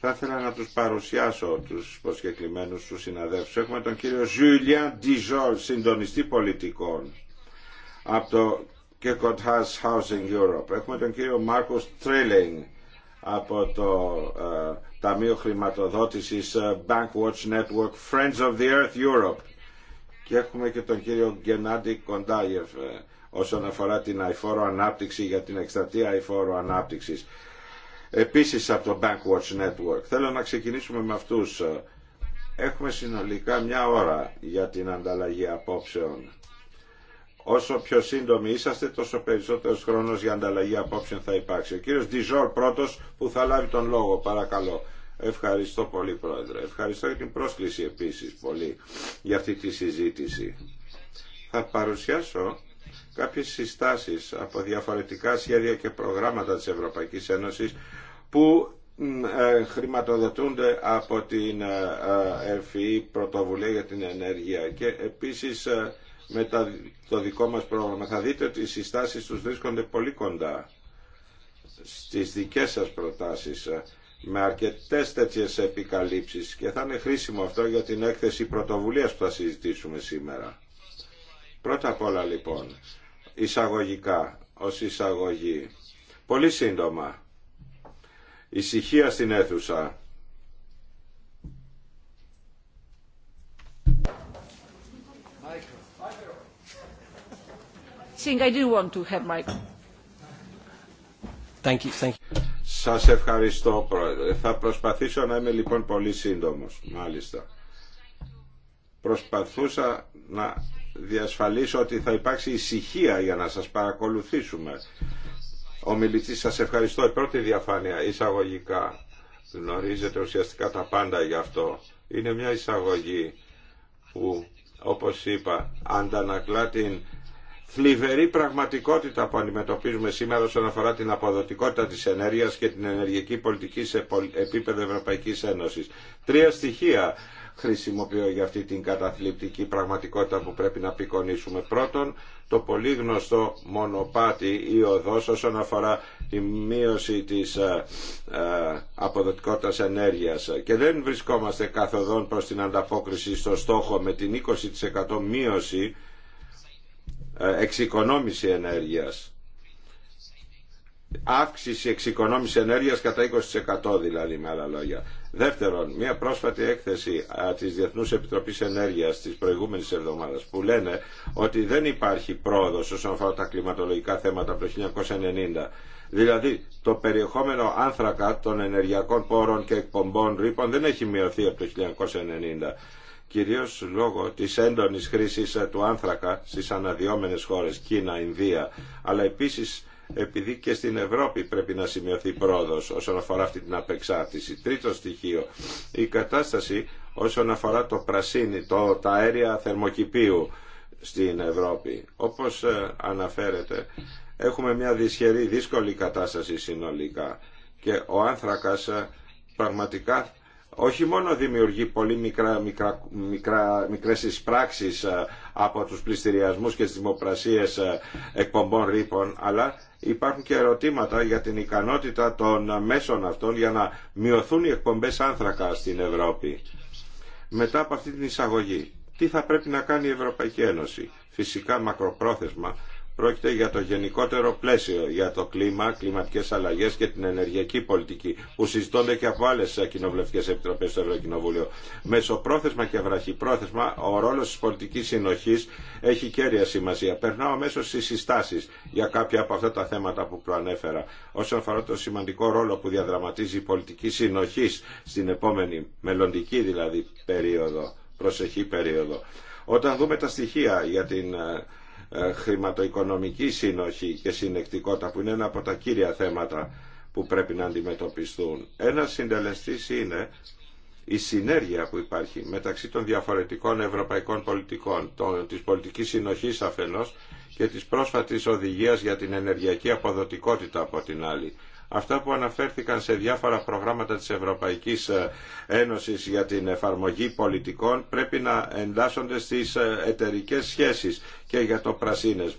Θα ήθελα να τους παρουσιάσω τους προσκεκλημένους του συναδέλφους. Έχουμε τον κύριο Ζουλιαν Ντιζόλ, συντονιστή πολιτικών από το Kirkwood Housing Europe. Έχουμε τον κύριο Μάρκο Τρίλινγκ από το uh, Ταμείο Χρηματοδότησης ε, Bankwatch Network Friends of the Earth Europe. Και έχουμε και τον κύριο Γκενάντι Κοντάγεφ uh, όσον αφορά την αηφόρο ανάπτυξη για την εκστρατεία αηφόρο ανάπτυξης. Επίσης από το Bankwatch Network. Θέλω να ξεκινήσουμε με αυτούς. Ε. Έχουμε συνολικά μια ώρα για την ανταλλαγή απόψεων Όσο πιο σύντομοι είσαστε, τόσο περισσότερο χρόνο για ανταλλαγή απόψεων θα υπάρξει. Ο κύριο Ντιζόρ πρώτο που θα λάβει τον λόγο, παρακαλώ. Ευχαριστώ πολύ, Πρόεδρε. Ευχαριστώ για την πρόσκληση επίση πολύ για αυτή τη συζήτηση. Θα παρουσιάσω κάποιες συστάσεις από διαφορετικά σχέδια και προγράμματα της Ευρωπαϊκής Ένωσης που ε, χρηματοδοτούνται από την ΕΦΗ ε, e, Πρωτοβουλία για την Ενέργεια και επίσης ε, με το δικό μας πρόγραμμα. Θα δείτε ότι οι συστάσεις τους βρίσκονται πολύ κοντά στις δικές σας προτάσεις ε, με αρκετές τέτοιες επικαλύψεις και θα είναι χρήσιμο αυτό για την έκθεση πρωτοβουλίας που θα συζητήσουμε σήμερα. Πρώτα απ' όλα λοιπόν, εισαγωγικά, ως εισαγωγή, πολύ σύντομα, ησυχία στην αίθουσα. think I do want to have Thank you, thank you. Σας ευχαριστώ Θα προσπαθήσω να είμαι λοιπόν πολύ σύντομος. Μάλιστα. Προσπαθούσα να διασφαλίσω ότι θα υπάρξει ησυχία για να σας παρακολουθήσουμε. Ο μιλητής σας ευχαριστώ. Η πρώτη διαφάνεια εισαγωγικά. Γνωρίζετε ουσιαστικά τα πάντα γι' αυτό. Είναι μια εισαγωγή που όπως είπα αντανακλά την θλιβερή πραγματικότητα που αντιμετωπίζουμε σήμερα όσον αφορά την αποδοτικότητα της ενέργειας και την ενεργειακή πολιτική σε επίπεδο Ευρωπαϊκής Ένωσης. Τρία στοιχεία χρησιμοποιώ για αυτή την καταθλιπτική πραγματικότητα που πρέπει να απεικονίσουμε. Πρώτον, το πολύ γνωστό μονοπάτι ή οδός όσον αφορά τη μείωση της ε, ε, αποδοτικότητας ενέργειας. Και δεν βρισκόμαστε καθοδόν προς την ανταπόκριση στο στόχο με την 20% μείωση ε, εξοικονόμηση ενέργειας. Αύξηση εξοικονόμηση ενέργειας κατά 20% δηλαδή με άλλα λόγια. Δεύτερον, μια πρόσφατη έκθεση της Διεθνούς Επιτροπής Ενέργειας της προηγούμενης εβδομάδας που λένε ότι δεν υπάρχει πρόοδος όσον αφορά τα κλιματολογικά θέματα από το 1990. Δηλαδή το περιεχόμενο άνθρακα των ενεργειακών πόρων και εκπομπών ρήπων δεν έχει μειωθεί από το 1990 κυρίως λόγω της έντονης χρήσης ε, του άνθρακα στις αναδυόμενες χώρες, Κίνα, Ινδία, αλλά επίσης επειδή και στην Ευρώπη πρέπει να σημειωθεί πρόοδος όσον αφορά αυτή την απεξάρτηση. Τρίτο στοιχείο, η κατάσταση όσον αφορά το πρασίνι, το, τα αέρια θερμοκηπίου στην Ευρώπη. Όπως ε, αναφέρεται, έχουμε μια δυσχερή, δύσκολη κατάσταση συνολικά και ο άνθρακας ε, πραγματικά όχι μόνο δημιουργεί πολύ μικρά, μικρά, μικρές εισπράξεις ε, από τους πληστηριασμούς και τις δημοπρασίες ε, εκπομπών ρήπων, αλλά υπάρχουν και ερωτήματα για την ικανότητα των μέσων αυτών για να μειωθούν οι εκπομπές άνθρακα στην Ευρώπη. Μετά από αυτή την εισαγωγή, τι θα πρέπει να κάνει η Ευρωπαϊκή Ένωση. Φυσικά μακροπρόθεσμα πρόκειται για το γενικότερο πλαίσιο για το κλίμα, κλιματικές αλλαγές και την ενεργειακή πολιτική που συζητώνται και από άλλες κοινοβουλευτικές επιτροπές στο Ευρωκοινοβούλιο. Μεσοπρόθεσμα και βραχυπρόθεσμα ο ρόλος της πολιτικής συνοχής έχει κέρια σημασία. Περνάω αμέσως στις συστάσεις για κάποια από αυτά τα θέματα που προανέφερα όσον αφορά το σημαντικό ρόλο που διαδραματίζει η πολιτική συνοχή στην επόμενη μελλοντική δηλαδή περίοδο, προσεχή περίοδο. Όταν δούμε τα στοιχεία για την ε, ε, χρηματοοικονομική σύνοχη και συνεκτικότητα που είναι ένα από τα κύρια θέματα που πρέπει να αντιμετωπιστούν. Ένα συντελεστή είναι η συνέργεια που υπάρχει μεταξύ των διαφορετικών ευρωπαϊκών πολιτικών, τη της πολιτικής αφενό και της πρόσφατης οδηγίας για την ενεργειακή αποδοτικότητα από την άλλη. Αυτά που αναφέρθηκαν σε διάφορα προγράμματα της Ευρωπαϊκής ε, Ένωσης για την εφαρμογή πολιτικών πρέπει να εντάσσονται στις ε, εταιρικές σχέσεις και για το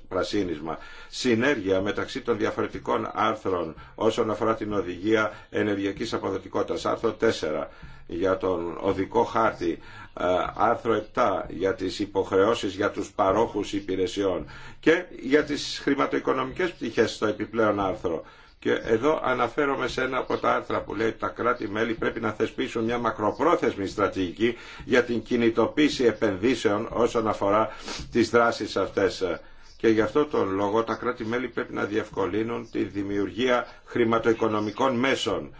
πρασίνισμα. Συνέργεια μεταξύ των διαφορετικών άρθρων όσον αφορά την οδηγία ενεργειακής αποδοτικότητας. Άρθρο 4 για τον οδικό χάρτη, ε, άρθρο 7 για τις υποχρεώσεις για τους παρόχους υπηρεσιών και για τις χρηματοοικονομικές πτυχές στο επιπλέον άρθρο και εδώ αναφέρομαι σε ένα από τα άρθρα που λέει ότι τα κράτη-μέλη πρέπει να θεσπίσουν μια μακροπρόθεσμη στρατηγική για την κινητοποίηση επενδύσεων όσον αφορά τις δράσεις αυτές. Και γι' αυτό τον λόγο τα κράτη-μέλη πρέπει να διευκολύνουν τη δημιουργία χρηματοοικονομικών μέσων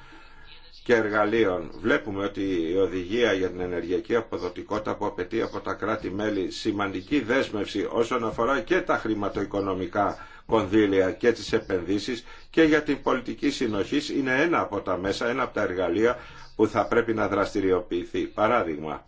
και εργαλείων. Βλέπουμε ότι η οδηγία για την ενεργειακή αποδοτικότητα που απαιτεί από τα κράτη-μέλη σημαντική δέσμευση όσον αφορά και τα χρηματοοικονομικά κονδύλια και τις επενδύσεις και για την πολιτική συνοχή είναι ένα από τα μέσα, ένα από τα εργαλεία που θα πρέπει να δραστηριοποιηθεί. Παράδειγμα,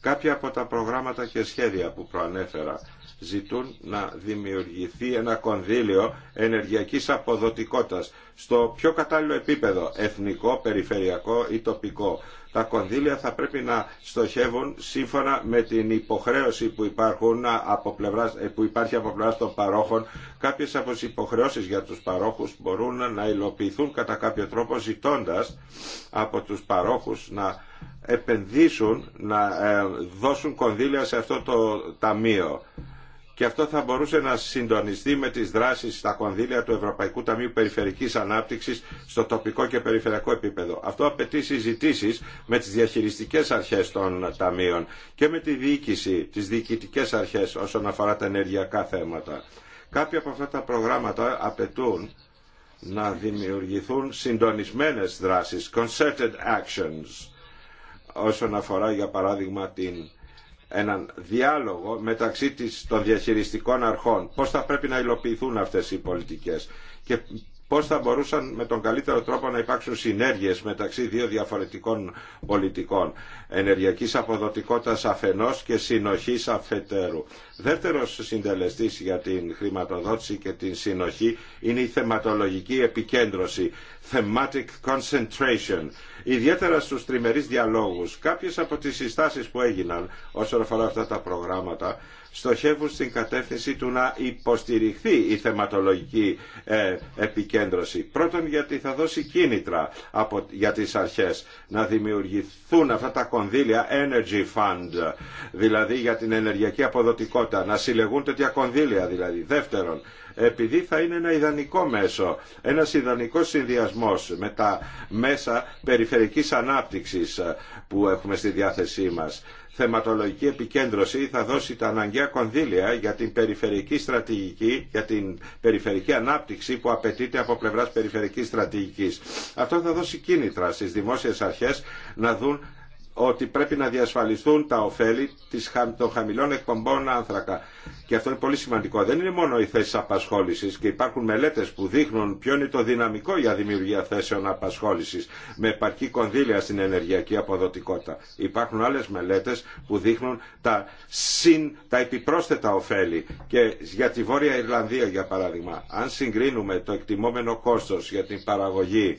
κάποια από τα προγράμματα και σχέδια που προανέφερα ζητούν να δημιουργηθεί ένα κονδύλιο ενεργειακής αποδοτικότητας στο πιο κατάλληλο επίπεδο, εθνικό, περιφερειακό ή τοπικό. Τα κονδύλια θα πρέπει να στοχεύουν σύμφωνα με την υποχρέωση που, υπάρχουν από πλευράς, που υπάρχει από πλευράς των παρόχων. Κάποιες από τις υποχρεώσεις για τους παρόχους μπορούν να υλοποιηθούν κατά κάποιο τρόπο ζητώντα από τους παρόχους να επενδύσουν, να ε, δώσουν κονδύλια σε αυτό το ταμείο. Γι' αυτό θα μπορούσε να συντονιστεί με τις δράσεις στα κονδύλια του Ευρωπαϊκού Ταμείου Περιφερικής Ανάπτυξης στο τοπικό και περιφερειακό επίπεδο. Αυτό απαιτεί συζητήσει με τις διαχειριστικές αρχές των ταμείων και με τη διοίκηση, τις διοικητικές αρχές όσον αφορά τα ενεργειακά θέματα. Κάποια από αυτά τα προγράμματα απαιτούν να δημιουργηθούν συντονισμένες δράσεις, concerted actions, όσον αφορά για παράδειγμα την έναν διάλογο μεταξύ των διαχειριστικών αρχών. Πώς θα πρέπει να υλοποιηθούν αυτές οι πολιτικές και πώς θα μπορούσαν με τον καλύτερο τρόπο να υπάρξουν συνέργειες μεταξύ δύο διαφορετικών πολιτικών. Ενεργειακής αποδοτικότητας αφενός και συνοχής αφετέρου. Δεύτερος συντελεστής για την χρηματοδότηση και την συνοχή είναι η θεματολογική επικέντρωση. Thematic concentration ιδιαίτερα στους τριμερεί διαλόγους. Κάποιες από τις συστάσεις που έγιναν όσον αφορά αυτά τα προγράμματα στοχεύουν στην κατεύθυνση του να υποστηριχθεί η θεματολογική ε, επικέντρωση. Πρώτον γιατί θα δώσει κίνητρα από, για τι αρχές να δημιουργηθούν αυτά τα κονδύλια Energy Fund, δηλαδή για την ενεργειακή αποδοτικότητα, να συλλεγούν τέτοια κονδύλια δηλαδή. Δεύτερον, επειδή θα είναι ένα ιδανικό μέσο, ένας ιδανικός συνδυασμός με τα μέσα περιφερικής ανάπτυξης ε, που έχουμε στη διάθεσή μας θεματολογική επικέντρωση θα δώσει τα αναγκαία κονδύλια για την περιφερική στρατηγική, για την περιφερική ανάπτυξη που απαιτείται από πλευράς περιφερικής στρατηγικής. Αυτό θα δώσει κίνητρα στις δημόσιες αρχές να δουν ότι πρέπει να διασφαλιστούν τα ωφέλη των χαμηλών εκπομπών άνθρακα. Και αυτό είναι πολύ σημαντικό. Δεν είναι μόνο οι θέσει απασχόληση και υπάρχουν μελέτε που δείχνουν ποιο είναι το δυναμικό για δημιουργία θέσεων απασχόληση με επαρκή κονδύλια στην ενεργειακή αποδοτικότητα. Υπάρχουν άλλε μελέτε που δείχνουν τα, συν, τα επιπρόσθετα ωφέλη. Και για τη Βόρεια Ιρλανδία, για παράδειγμα, αν συγκρίνουμε το εκτιμόμενο κόστο για την παραγωγή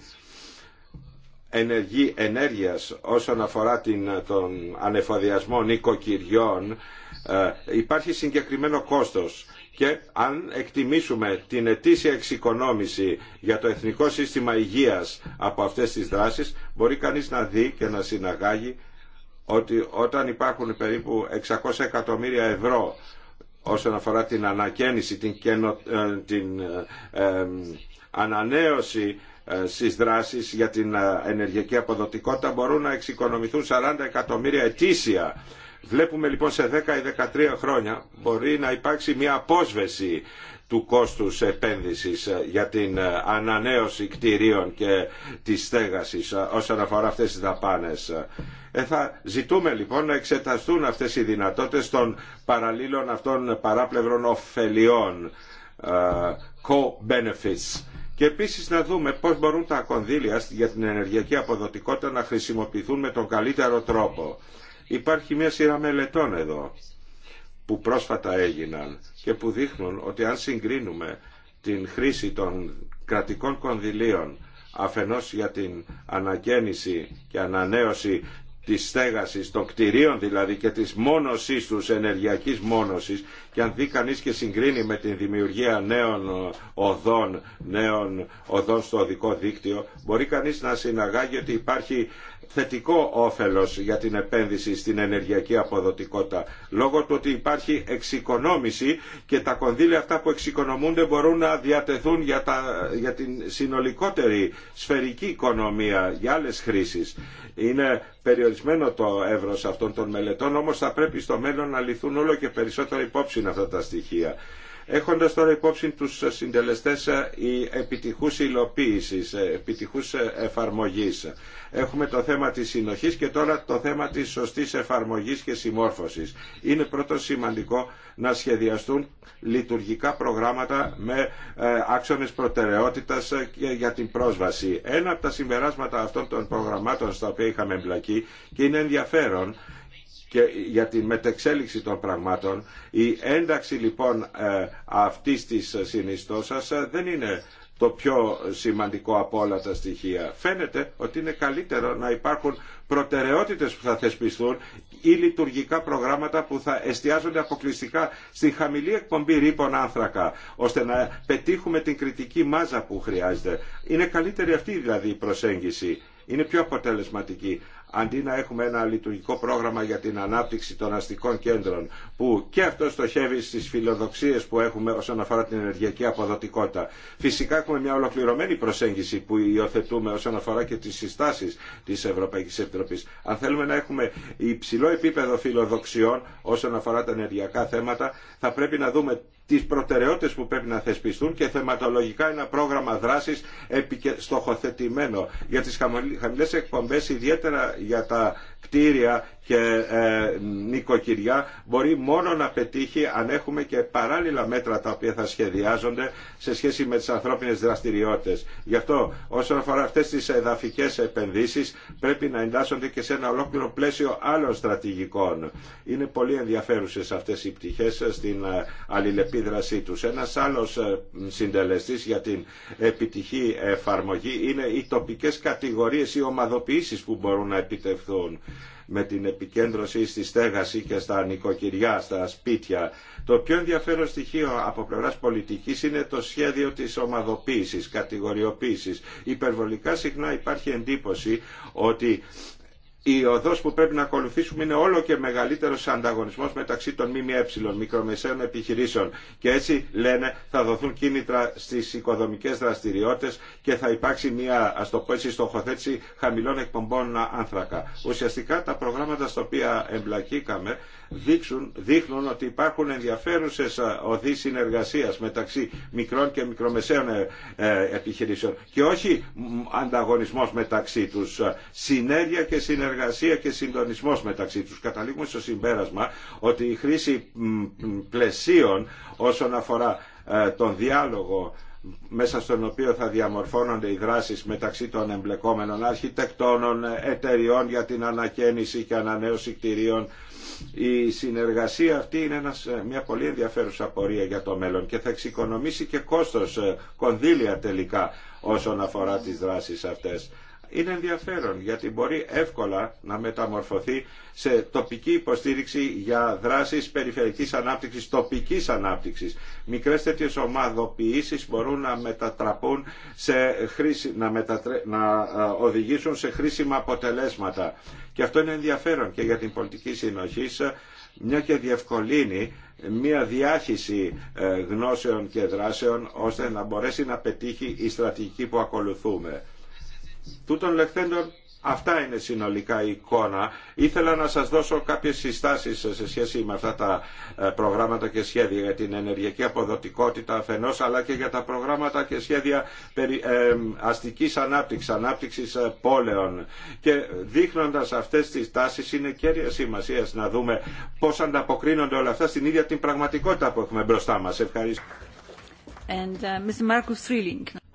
ενεργή ενέργειας όσον αφορά την, τον ανεφοδιασμό νοικοκυριών ε, υπάρχει συγκεκριμένο κόστος και αν εκτιμήσουμε την ετήσια εξοικονόμηση για το Εθνικό Σύστημα Υγείας από αυτές τις δράσεις μπορεί κανείς να δει και να συναγάγει ότι όταν υπάρχουν περίπου 600 εκατομμύρια ευρώ όσον αφορά την ανακαίνιση, την, ε, την ε, ανανέωση ε, στις δράσεις για την ε, ενεργειακή αποδοτικότητα μπορούν να εξοικονομηθούν 40 εκατομμύρια ετήσια. Βλέπουμε λοιπόν σε 10 ή 13 χρόνια μπορεί να υπάρξει μια απόσβεση του κόστους επένδυσης ε, για την ανανέωση κτηρίων και της στέγασης όσον αφορά αυτές τις δαπάνες. Ε, θα ζητούμε λοιπόν να εξεταστούν αυτές οι δυνατότητες των παραλλήλων αυτών παράπλευρων ωφελιών, co-benefits και επίση να δούμε πώς μπορούν τα κονδύλια για την ενεργειακή αποδοτικότητα να χρησιμοποιηθούν με τον καλύτερο τρόπο. Υπάρχει μια σειρά μελετών εδώ που πρόσφατα έγιναν και που δείχνουν ότι αν συγκρίνουμε την χρήση των κρατικών κονδυλίων αφενός για την αναγέννηση και ανανέωση της στέγασης, των κτηρίων δηλαδή και της μόνωσής τους, ενεργειακής μόνωσης και αν δει κανείς και συγκρίνει με την δημιουργία νέων οδών, νέων οδών στο οδικό δίκτυο, μπορεί κανείς να συναγάγει ότι υπάρχει θετικό όφελος για την επένδυση στην ενεργειακή αποδοτικότητα λόγω του ότι υπάρχει εξοικονόμηση και τα κονδύλια αυτά που εξοικονομούνται μπορούν να διατεθούν για, την συνολικότερη σφαιρική οικονομία για άλλες χρήσεις. Είναι περιορισμένο το εύρος αυτών των μελετών όμως θα πρέπει στο μέλλον να λυθούν όλο και περισσότερο υπόψη αυτά τα στοιχεία. Έχοντας τώρα υπόψη τους συντελεστές ε, η επιτυχούς υλοποίησης, ε, επιτυχούς ε, εφαρμογής. Έχουμε το θέμα της συνοχής και τώρα το θέμα της σωστής εφαρμογής και συμμόρφωσης. Είναι πρώτο σημαντικό να σχεδιαστούν λειτουργικά προγράμματα με άξονες προτεραιότητας και για την πρόσβαση. Ένα από τα συμπεράσματα αυτών των προγραμμάτων στα οποία είχαμε εμπλακεί και είναι ενδιαφέρον και για την μετεξέλιξη των πραγμάτων. Η ένταξη λοιπόν ε, αυτής της συνιστώσας ε, δεν είναι το πιο σημαντικό από όλα τα στοιχεία. Φαίνεται ότι είναι καλύτερο να υπάρχουν προτεραιότητες που θα θεσπιστούν ή λειτουργικά προγράμματα που θα εστιάζονται αποκλειστικά στη χαμηλή εκπομπή ρήπων άνθρακα, ώστε να πετύχουμε την κριτική μάζα που χρειάζεται. Είναι καλύτερη αυτή δηλαδή η προσέγγιση. Είναι πιο αποτελεσματική αντί να έχουμε ένα λειτουργικό πρόγραμμα για την ανάπτυξη των αστικών κέντρων που και αυτό στοχεύει στις φιλοδοξίες που έχουμε όσον αφορά την ενεργειακή αποδοτικότητα. Φυσικά έχουμε μια ολοκληρωμένη προσέγγιση που υιοθετούμε όσον αφορά και τι συστάσεις της Ευρωπαϊκής Επιτροπή. Αν θέλουμε να έχουμε υψηλό επίπεδο φιλοδοξιών όσον αφορά τα ενεργειακά θέματα θα πρέπει να δούμε τις προτεραιότητες που πρέπει να θεσπιστούν και θεματολογικά ένα πρόγραμμα δράσης στοχοθετημένο για τις χαμηλές εκπομπές ιδιαίτερα για τα κτίρια και ε, νοικοκυριά μπορεί μόνο να πετύχει αν έχουμε και παράλληλα μέτρα τα οποία θα σχεδιάζονται σε σχέση με τις ανθρώπινες δραστηριότητες. Γι' αυτό όσον αφορά αυτές τις εδαφικές επενδύσεις πρέπει να εντάσσονται και σε ένα ολόκληρο πλαίσιο άλλων στρατηγικών. Είναι πολύ ενδιαφέρουσες αυτές οι πτυχές στην ε, αλληλεπίδρασή τους. Ένας άλλος ε, συντελεστής για την επιτυχή εφαρμογή είναι οι τοπικές κατηγορίες ή ομαδοποιήσεις που μπορούν να επιτευχθούν με την επικέντρωση στη στέγαση και στα νοικοκυριά, στα σπίτια. Το πιο ενδιαφέρον στοιχείο από πλευρά πολιτική είναι το σχέδιο τη ομαδοποίηση, κατηγοριοποίηση. Υπερβολικά συχνά υπάρχει εντύπωση ότι η οδός που πρέπει να ακολουθήσουμε είναι όλο και μεγαλύτερος ανταγωνισμός μεταξύ των ΜΜΕ, μικρομεσαίων επιχειρήσεων. Και έτσι λένε θα δοθούν κίνητρα στις οικοδομικές δραστηριότητες και θα υπάρξει μια ας το πω έτσι στοχοθέτηση χαμηλών εκπομπών άνθρακα. Ουσιαστικά τα προγράμματα στα οποία εμπλακήκαμε δείχνουν ότι υπάρχουν ενδιαφέρουσες οδοί συνεργασίας μεταξύ μικρών και μικρομεσαίων ε, ε, επιχειρήσεων και όχι ανταγωνισμός μεταξύ τους, συνέργεια και συνεργασία και συντονισμός μεταξύ τους. Καταλήγουμε στο συμπέρασμα ότι η χρήση πλαισίων όσον αφορά ε, τον διάλογο μέσα στον οποίο θα διαμορφώνονται οι δράσεις μεταξύ των εμπλεκόμενων αρχιτεκτόνων, εταιριών για την ανακαίνιση και ανανέωση κτηρίων, η συνεργασία αυτή είναι ε, μια πολύ ενδιαφέρουσα πορεία για το μέλλον και θα εξοικονομήσει και κόστος ε, κονδύλια τελικά όσον αφορά τις δράσεις αυτές είναι ενδιαφέρον γιατί μπορεί εύκολα να μεταμορφωθεί σε τοπική υποστήριξη για δράσεις περιφερειακής ανάπτυξης, τοπικής ανάπτυξης. Μικρές τέτοιες ομαδοποιήσεις μπορούν να μετατραπούν σε χρήση, να, να οδηγήσουν σε χρήσιμα αποτελέσματα. Και αυτό είναι ενδιαφέρον και για την πολιτική συνοχή μια και διευκολύνει μια διάχυση ε, γνώσεων και δράσεων ώστε να μπορέσει να πετύχει η στρατηγική που ακολουθούμε. Τούτων λεχθέντων αυτά είναι συνολικά η εικόνα. Ήθελα να σας δώσω κάποιες συστάσεις σε σχέση με αυτά τα ε, προγράμματα και σχέδια για την ενεργειακή αποδοτικότητα αφενός, αλλά και για τα προγράμματα και σχέδια ε, αστικής ανάπτυξης, ανάπτυξης ε, πόλεων. Και δείχνοντας αυτές τις τάσεις είναι κέρια σημασία να δούμε πώς ανταποκρίνονται όλα αυτά στην ίδια την πραγματικότητα που έχουμε μπροστά μας. Ευχαριστώ.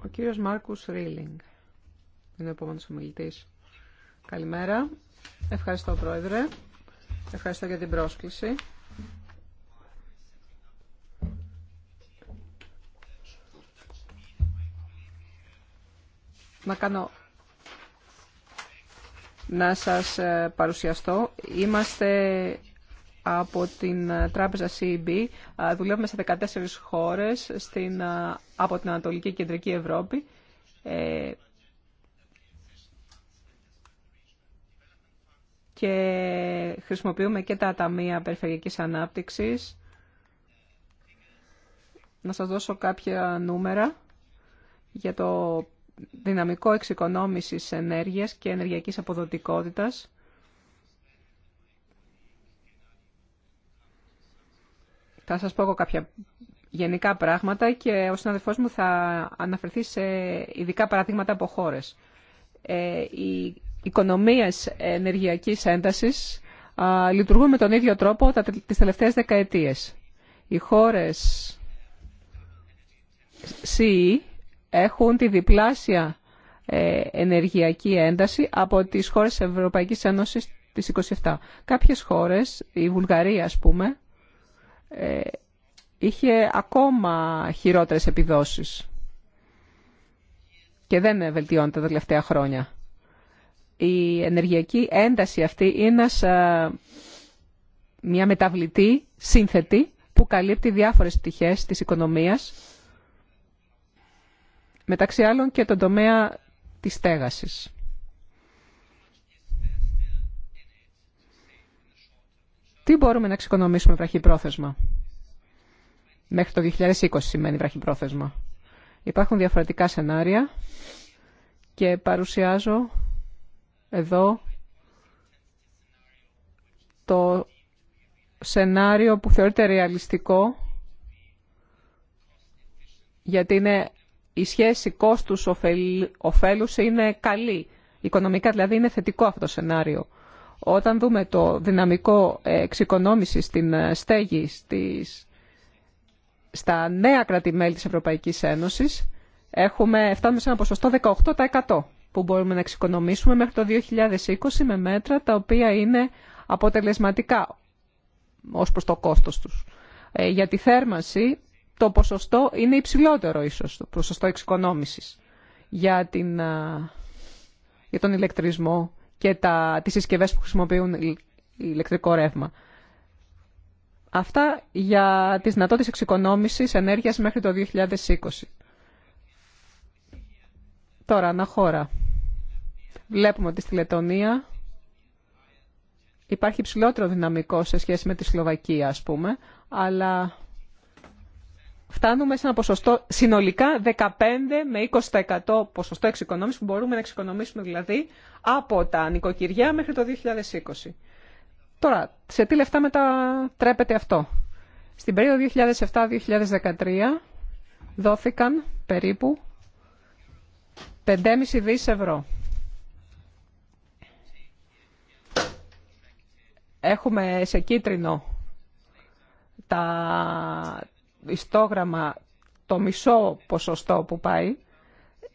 Ο κύριος Μάρκους Ρίλινγκ είναι ο επόμενο ομιλητή. Καλημέρα. Ευχαριστώ, Πρόεδρε. Ευχαριστώ για την πρόσκληση. Να κάνω να σας ε, παρουσιαστώ. Είμαστε από την ε, τράπεζα CEB. Δουλεύουμε σε 14 χώρες στην, ε, από την Ανατολική και Κεντρική Ευρώπη. και χρησιμοποιούμε και τα ταμεία περιφερειακής ανάπτυξης. Να σας δώσω κάποια νούμερα για το δυναμικό εξοικονόμησης ενέργειας και ενεργειακής αποδοτικότητας. Θα σας πω κάποια γενικά πράγματα και ο συναδελφός μου θα αναφερθεί σε ειδικά παραδείγματα από χώρες. Ε, η οικονομίες ενεργειακής έντασης λειτουργούν με τον ίδιο τρόπο τις τελευταίες δεκαετίες. Οι χώρες ΣΥΗ έχουν τη διπλάσια ε, ενεργειακή ένταση από τις χώρες της Ευρωπαϊκής Ένωσης της 27. Κάποιες χώρες, η Βουλγαρία ας πούμε, ε, είχε ακόμα χειρότερες επιδόσεις και δεν βελτιώνεται τα τελευταία χρόνια η ενεργειακή ένταση αυτή είναι ε, μια μεταβλητή, σύνθετη, που καλύπτει διάφορες πτυχές της οικονομίας, μεταξύ άλλων και τον τομέα της στέγασης. Τι μπορούμε να εξοικονομήσουμε βραχυπρόθεσμα. Μέχρι το 2020 σημαίνει βραχυπρόθεσμα. Υπάρχουν διαφορετικά σενάρια και παρουσιάζω εδώ το σενάριο που θεωρείται ρεαλιστικό γιατί είναι η σχέση κόστους ωφέλους είναι καλή. Οικονομικά δηλαδή είναι θετικό αυτό το σενάριο. Όταν δούμε το δυναμικό εξοικονόμηση στην ε, στέγη στα νέα κράτη-μέλη της Ευρωπαϊκής Ένωσης, έχουμε, φτάνουμε σε ένα ποσοστό 18% που μπορούμε να εξοικονομήσουμε μέχρι το 2020 με μέτρα τα οποία είναι αποτελεσματικά ως προς το κόστος τους. Ε, για τη θέρμανση το ποσοστό είναι υψηλότερο ίσως, το ποσοστό εξοικονόμησης για, την, για τον ηλεκτρισμό και τα, τις συσκευές που χρησιμοποιούν ηλεκτρικό ρεύμα. Αυτά για τις δυνατότητες εξοικονόμησης ενέργειας μέχρι το 2020. Τώρα, αναχώρα. Βλέπουμε ότι στη Λετωνία υπάρχει ψηλότερο δυναμικό σε σχέση με τη Σλοβακία, ας πούμε, αλλά φτάνουμε σε ένα ποσοστό συνολικά 15 με 20% ποσοστό εξοικονόμησης που μπορούμε να εξοικονομήσουμε δηλαδή από τα νοικοκυριά μέχρι το 2020. Τώρα, σε τι λεφτά μετατρέπεται αυτό. Στην περίοδο 2007-2013 δόθηκαν περίπου 5,5 δις ευρώ. Έχουμε σε κίτρινο τα ιστόγραμμα το μισό ποσοστό που πάει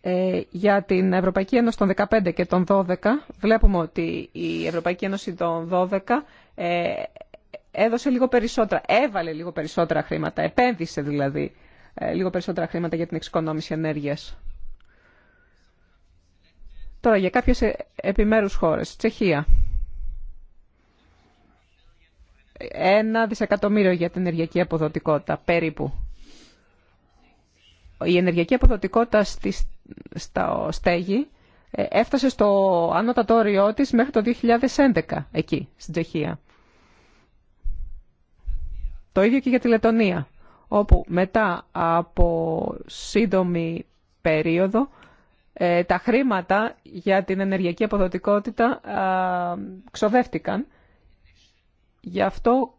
ε, για την Ευρωπαϊκή Ένωση των 15 και των 12. Βλέπουμε ότι η Ευρωπαϊκή Ένωση των 12 ε, έδωσε λίγο περισσότερα, έβαλε λίγο περισσότερα χρήματα, επένδυσε δηλαδή ε, λίγο περισσότερα χρήματα για την εξοικονόμηση ενέργειας. Τώρα για κάποιες ε, επιμέρους χώρες. Τσεχία. Ένα δισεκατομμύριο για την ενεργειακή αποδοτικότητα, περίπου. Η ενεργειακή αποδοτικότητα στη, στα στέγη ε, έφτασε στο ανώτατο όριό της μέχρι το 2011, εκεί, στην Τσεχία. Το ίδιο και για τη Λετωνία, όπου μετά από σύντομη περίοδο ε, τα χρήματα για την ενεργειακή αποδοτικότητα ξοδεύτηκαν. Γι' αυτό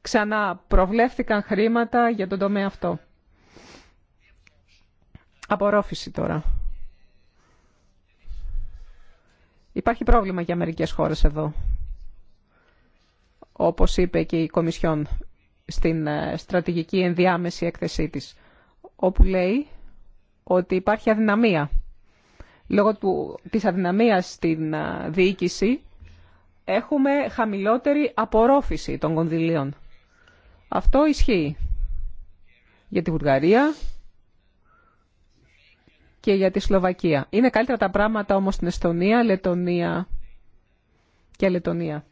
ξανά προβλέφθηκαν χρήματα για τον τομέα αυτό. Απορρόφηση τώρα. Υπάρχει πρόβλημα για μερικές χώρες εδώ. Όπως είπε και η Κομισιόν στην ε, στρατηγική ενδιάμεση έκθεσή της, όπου λέει ότι υπάρχει αδυναμία. Λόγω του, της αδυναμίας στην διοίκηση έχουμε χαμηλότερη απορρόφηση των κονδυλίων. Αυτό ισχύει για τη Βουλγαρία και για τη Σλοβακία. Είναι καλύτερα τα πράγματα όμως στην Εστονία, Λετωνία και Λετωνία.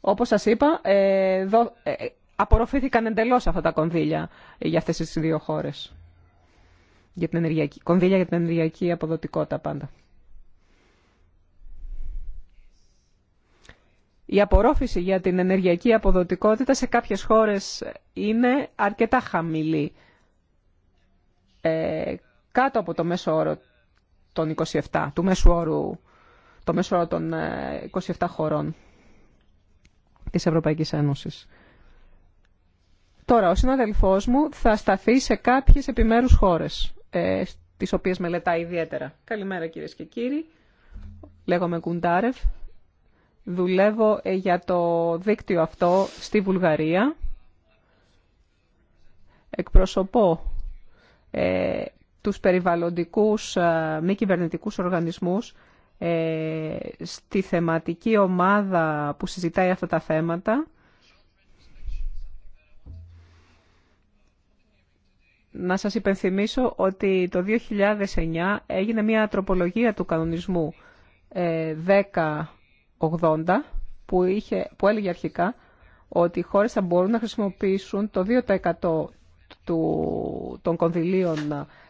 Όπως σας είπα, ε, ε απορροφήθηκαν εντελώς αυτά τα κονδύλια για αυτές τις δύο χώρες για την ενεργειακή, κονδύλια για την ενεργειακή αποδοτικότητα πάντα. Η απορρόφηση για την ενεργειακή αποδοτικότητα σε κάποιες χώρες είναι αρκετά χαμηλή, ε, κάτω από το μέσο όρο των 27, του μέσου όρου, το μέσο όρο των 27 ε, χωρών της Ευρωπαϊκής Ένωσης. Τώρα, ο συναδελφός μου θα σταθεί σε κάποιες επιμέρους χώρες. Ε, τις οποίες μελετά ιδιαίτερα. Καλημέρα κυρίες και κύριοι. Λέγομαι Κουντάρεφ. Δουλεύω ε, για το δίκτυο αυτό στη Βουλγαρία. Εκπροσωπώ ε, τους περιβαλλοντικούς ε, μη κυβερνητικούς οργανισμούς στη θεματική ομάδα που συζητάει αυτά τα θέματα να σας υπενθυμίσω ότι το 2009 έγινε μια τροπολογία του κανονισμού 1080 ε, που, είχε, που έλεγε αρχικά ότι οι χώρες θα μπορούν να χρησιμοποιήσουν το 2% των κονδυλίων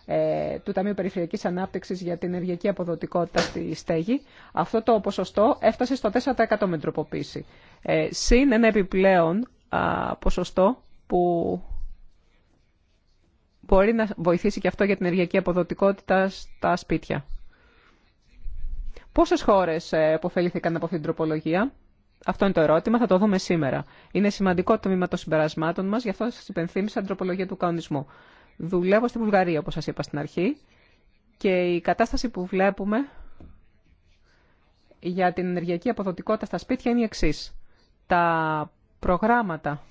ε, του Ταμείου Περιφερειακής Ανάπτυξης για την ενεργειακή αποδοτικότητα στη στέγη. Αυτό το ποσοστό έφτασε στο 4% με τροποποίηση. Ε, συν ένα επιπλέον ποσοστό που μπορεί να βοηθήσει και αυτό για την ενεργειακή αποδοτικότητα στα σπίτια. Πόσες χώρες ε, επωφελήθηκαν από αυτήν την τροπολογία? Αυτό είναι το ερώτημα, θα το δούμε σήμερα. Είναι σημαντικό το τμήμα των συμπερασμάτων μας, γι' αυτό σας υπενθύμισα την τροπολογία του κανονισμού. Δουλεύω στη Βουλγαρία, όπως σας είπα στην αρχή, και η κατάσταση που βλέπουμε για την ενεργειακή αποδοτικότητα στα σπίτια είναι η εξή. Τα προγράμματα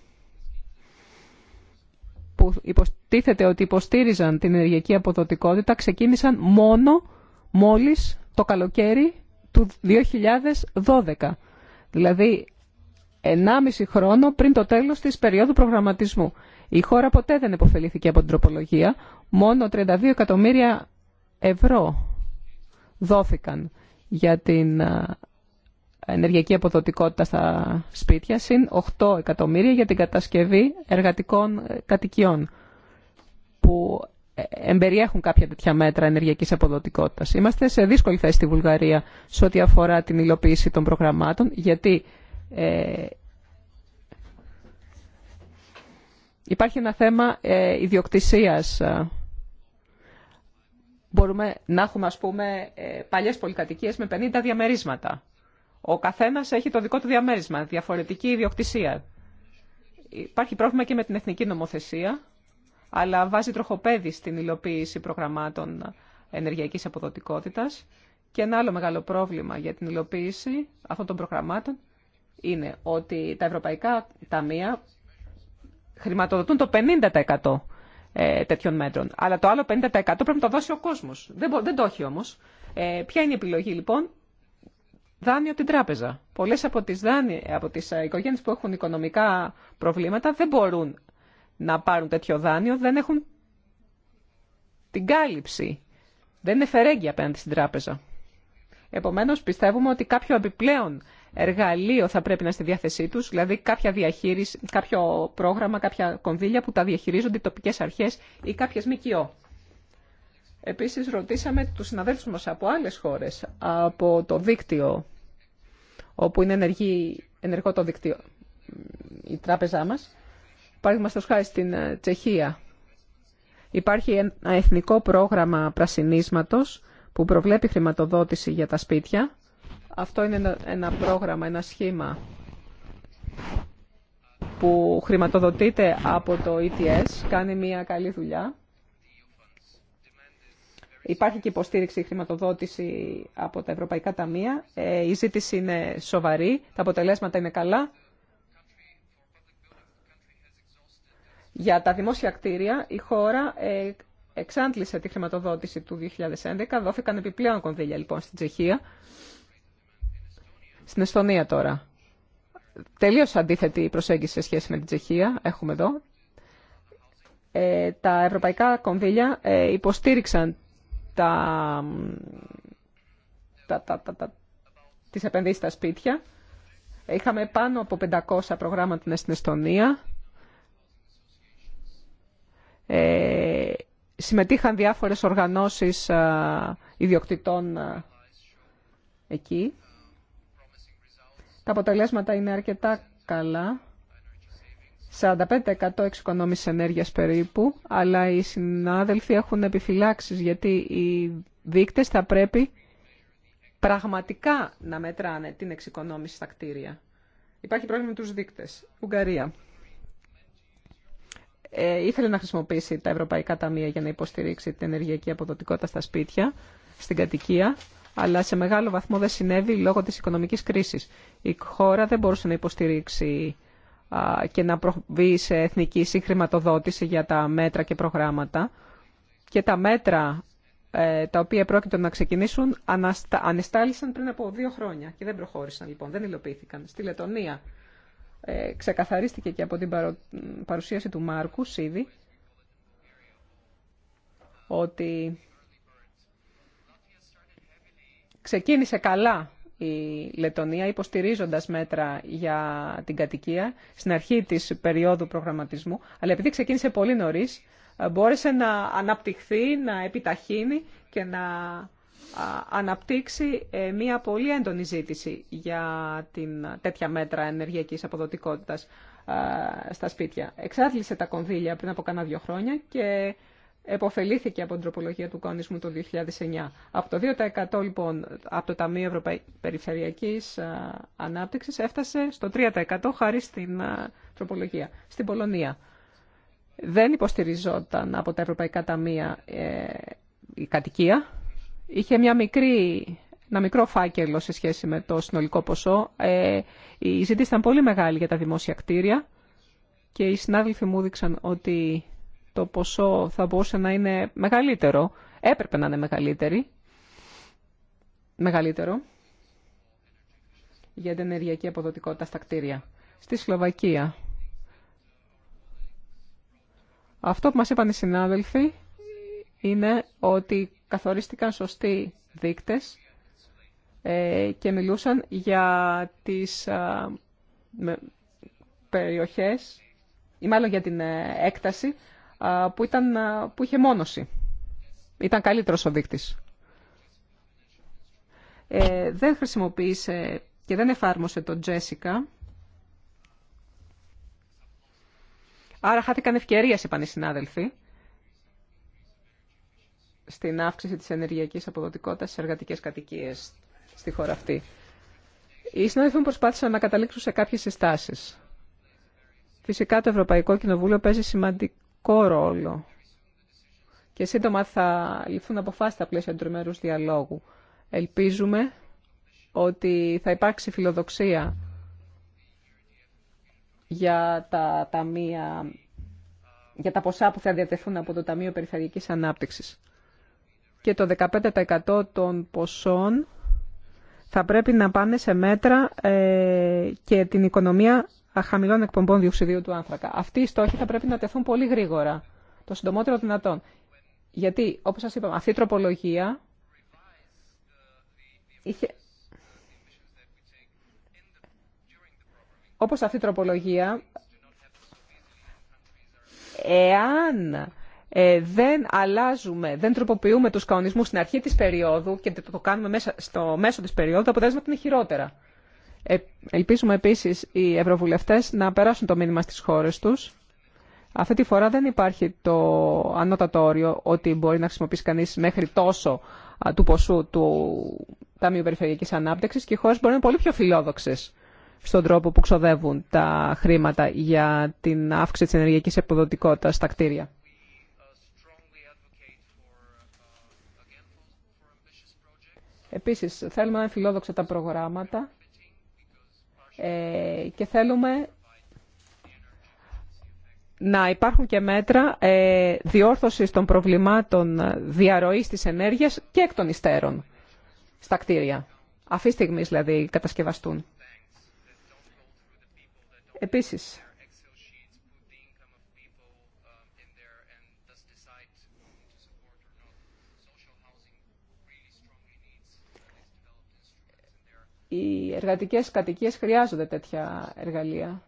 που υποστήθεται ότι υποστήριζαν την ενεργειακή αποδοτικότητα ξεκίνησαν μόνο μόλις το καλοκαίρι του 2012. Δηλαδή 1,5 χρόνο πριν το τέλος της περίοδου προγραμματισμού. Η χώρα ποτέ δεν επωφελήθηκε από την τροπολογία, μόνο 32 εκατομμύρια ευρώ δόθηκαν για την ενεργειακή αποδοτικότητα στα σπίτια, συν 8 εκατομμύρια για την κατασκευή εργατικών ε, κατοικιών που ε, εμπεριέχουν κάποια τέτοια μέτρα ενεργειακής αποδοτικότητας. Είμαστε σε δύσκολη θέση στη Βουλγαρία σε ό,τι αφορά την υλοποίηση των προγραμμάτων, γιατί ε, υπάρχει ένα θέμα ε, ιδιοκτησίας. Μπορούμε να έχουμε, ας πούμε, παλιές πολυκατοικίες με 50 διαμερίσματα. Ο καθένα έχει το δικό του διαμέρισμα, διαφορετική ιδιοκτησία. Υπάρχει πρόβλημα και με την εθνική νομοθεσία, αλλά βάζει τροχοπέδι στην υλοποίηση προγραμμάτων ενεργειακή αποδοτικότητα Και ένα άλλο μεγάλο πρόβλημα για την υλοποίηση αυτών των προγραμμάτων είναι ότι τα ευρωπαϊκά ταμεία χρηματοδοτούν το 50% ε, τέτοιων μέτρων. Αλλά το άλλο 50% πρέπει να το δώσει ο κόσμο. Δεν, το έχει όμω. Ε, ποια είναι η επιλογή λοιπόν, δάνειο την τράπεζα. Πολλές από τις, δάνει, από τις ε, οικογένειες που έχουν οικονομικά προβλήματα δεν μπορούν να πάρουν τέτοιο δάνειο, δεν έχουν την κάλυψη. Δεν είναι φερέγγι απέναντι στην τράπεζα. Επομένως, πιστεύουμε ότι κάποιο επιπλέον εργαλείο θα πρέπει να είναι στη διάθεσή τους, δηλαδή κάποια διαχείριση, κάποιο πρόγραμμα, κάποια κονδύλια που τα διαχειρίζονται οι τοπικές αρχές ή κάποιες ΜΚΟ. Επίσης, ρωτήσαμε τους συναδέλφους μας από άλλες χώρες, από το δίκτυο όπου είναι ενεργή, ενεργό το δικτύο, η τράπεζά μας. Παράδειγμα στο χάρη στην ε, Τσεχία. Υπάρχει ένα εθνικό πρόγραμμα πρασινίσματος που προβλέπει χρηματοδότηση για τα σπίτια. Αυτό είναι ένα πρόγραμμα, ένα σχήμα που χρηματοδοτείται από το ETS, κάνει μια καλή δουλειά Υπάρχει και υποστήριξη χρηματοδότηση από τα Ευρωπαϊκά Ταμεία. Ε, η ζήτηση είναι σοβαρή, τα αποτελέσματα είναι καλά. Για τα δημόσια κτίρια, η χώρα ε, εξάντλησε τη χρηματοδότηση του 2011. Δόθηκαν επιπλέον κονδύλια, λοιπόν, στην Τσεχία. Στην Εστονία τώρα. Τελείως αντίθετη η προσέγγιση σε σχέση με την Τσεχία. Έχουμε εδώ. Ε, τα ευρωπαϊκά κονδύλια υποστήριξαν τα, τα, τα, τα, τα τις επενδύσεις στα σπίτια. Είχαμε πάνω από 500 προγράμματα στην Εστονία. Ε, συμμετείχαν διάφορες οργανώσεις ε, ιδιοκτητών ε, εκεί. Τα αποτελέσματα είναι αρκετά καλά. 45% εξοικονόμηση ενέργειας περίπου, αλλά οι συνάδελφοι έχουν επιφυλάξεις γιατί οι δείκτες θα πρέπει πραγματικά να μετράνε την εξοικονόμηση στα κτίρια. Υπάρχει πρόβλημα με τους δείκτες. Ουγγαρία. Ε, ήθελε να χρησιμοποιήσει τα ευρωπαϊκά ταμεία για να υποστηρίξει την ενεργειακή αποδοτικότητα στα σπίτια, στην κατοικία, αλλά σε μεγάλο βαθμό δεν συνέβη λόγω της οικονομικής κρίσης. Η χώρα δεν μπορούσε να υποστηρίξει και να προβεί σε εθνική συγχρηματοδότηση για τα μέτρα και προγράμματα και τα μέτρα ε, τα οποία πρόκειται να ξεκινήσουν ανεστάλησαν πριν από δύο χρόνια και δεν προχώρησαν λοιπόν, δεν υλοποιήθηκαν. Στη Λετωνία ε, ξεκαθαρίστηκε και από την παρουσίαση του Μάρκου ήδη ότι ξεκίνησε καλά η Λετωνία υποστηρίζοντας μέτρα για την κατοικία στην αρχή της περίοδου προγραμματισμού, αλλά επειδή ξεκίνησε πολύ νωρίς, μπόρεσε να αναπτυχθεί, να επιταχύνει και να αναπτύξει ε, μια πολύ έντονη ζήτηση για την τέτοια μέτρα ενεργειακής αποδοτικότητας στα σπίτια. Εξάντλησε τα κονδύλια πριν από κάνα δύο χρόνια και εποφελήθηκε από την τροπολογία του κονισμού το 2009. Από το 2% λοιπόν από το Ταμείο Ευρωπαϊκής Περιφερειακής Ανάπτυξης έφτασε στο 3% χάρη στην τροπολογία, στην Πολωνία. Δεν υποστηριζόταν από τα Ευρωπαϊκά Ταμεία ε, η κατοικία. Είχε μια μικρή, ένα μικρό φάκελο σε σχέση με το συνολικό ποσό. Ε, η ζήτηση ήταν πολύ μεγάλη για τα δημόσια κτίρια και οι συνάδελφοι μου έδειξαν ότι το ποσό θα μπορούσε να είναι μεγαλύτερο. Έπρεπε να είναι μεγαλύτερη. Μεγαλύτερο για την ενεργειακή αποδοτικότητα στα κτίρια. Στη Σλοβακία. Αυτό που μας είπαν οι συνάδελφοι είναι ότι καθορίστηκαν σωστοί δείκτες ε, και μιλούσαν για τις περιοχές ή μάλλον για την ε, έκταση που, ήταν, που είχε μόνωση. Ήταν καλύτερος ο δείκτης. Ε, δεν χρησιμοποίησε και δεν εφάρμοσε τον Τζέσικα. Άρα χάθηκαν ευκαιρίες, είπαν οι συνάδελφοι, στην αύξηση της ενεργειακής αποδοτικότητας στις εργατικές κατοικίες στη χώρα αυτή. Οι συνάδελφοι μου προσπάθησαν να καταλήξουν σε κάποιες συστάσεις. Φυσικά το Ευρωπαϊκό Κοινοβούλιο παίζει σημαντικό και σύντομα θα ληφθούν αποφάσεις στα πλαίσια του διαλόγου. Ελπίζουμε ότι θα υπάρξει φιλοδοξία για τα, για τα ποσά που θα διατεθούν από το Ταμείο Περιφερειακής Ανάπτυξης. Και το 15% των ποσών θα πρέπει να πάνε σε μέτρα ε, και την οικονομία χαμηλών εκπομπών διοξιδίου του άνθρακα. Αυτοί οι στόχοι θα πρέπει να τεθούν πολύ γρήγορα, το συντομότερο δυνατόν. Γιατί, όπως σας είπαμε, αυτή η τροπολογία είχε... Όπως αυτή η τροπολογία, εάν ε, δεν αλλάζουμε, δεν τροποποιούμε τους κανονισμούς στην αρχή της περίοδου και το κάνουμε μέσα, στο μέσο της περίοδου, τα αποτέλεσμα είναι χειρότερα. Ε, ελπίζουμε επίσης οι ευρωβουλευτές να περάσουν το μήνυμα στις χώρες τους. Αυτή τη φορά δεν υπάρχει το ανώτατο όριο ότι μπορεί να χρησιμοποιήσει κανείς μέχρι τόσο του ποσού του Ταμείου Περιφερειακής Ανάπτυξης και οι χώρες μπορεί να είναι πολύ πιο φιλόδοξες στον τρόπο που ξοδεύουν τα χρήματα για την αύξηση της ενεργειακής επιδοτικότητας στα κτίρια. Επίσης, θέλουμε να είναι φιλόδοξα τα προγράμματα ε, και θέλουμε να υπάρχουν και μέτρα ε, διόρθωσης των προβλημάτων διαρροής της ενέργειας και εκ των υστέρων στα κτίρια. Αυτή τη στιγμή δηλαδή κατασκευαστούν. Επίσης, οι εργατικές κατοικίες χρειάζονται τέτοια εργαλεία.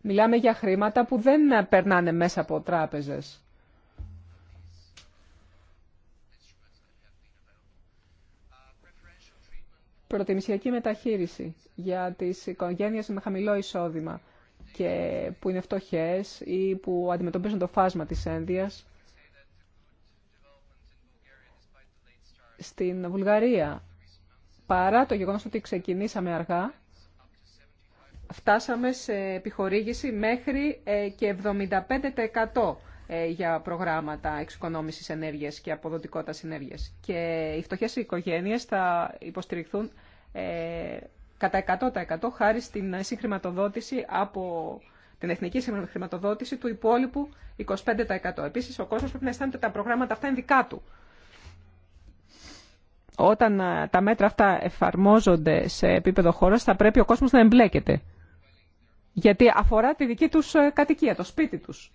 Μιλάμε για χρήματα που δεν περνάνε μέσα από τράπεζες. Προτιμησιακή μεταχείριση για τις οικογένειες με χαμηλό εισόδημα και που είναι φτωχές ή που αντιμετωπίζουν το φάσμα της ένδυας. Στην Βουλγαρία παρά το γεγονός ότι ξεκινήσαμε αργά, φτάσαμε σε επιχορήγηση μέχρι ε, και 75% ε, για προγράμματα εξοικονόμησης ενέργειας και αποδοτικότητας ενέργειας. Και οι φτωχές οικογένειες θα υποστηριχθούν ε, κατά 100% χάρη στην συγχρηματοδότηση από την εθνική χρηματοδότηση του υπόλοιπου 25%. Επίσης, ο κόσμος πρέπει να αισθάνεται ότι τα προγράμματα αυτά είναι δικά του όταν ε, τα μέτρα αυτά εφαρμόζονται σε επίπεδο χώρας θα πρέπει ο κόσμος να εμπλέκεται. Γιατί αφορά τη δική τους ε, κατοικία, το σπίτι τους.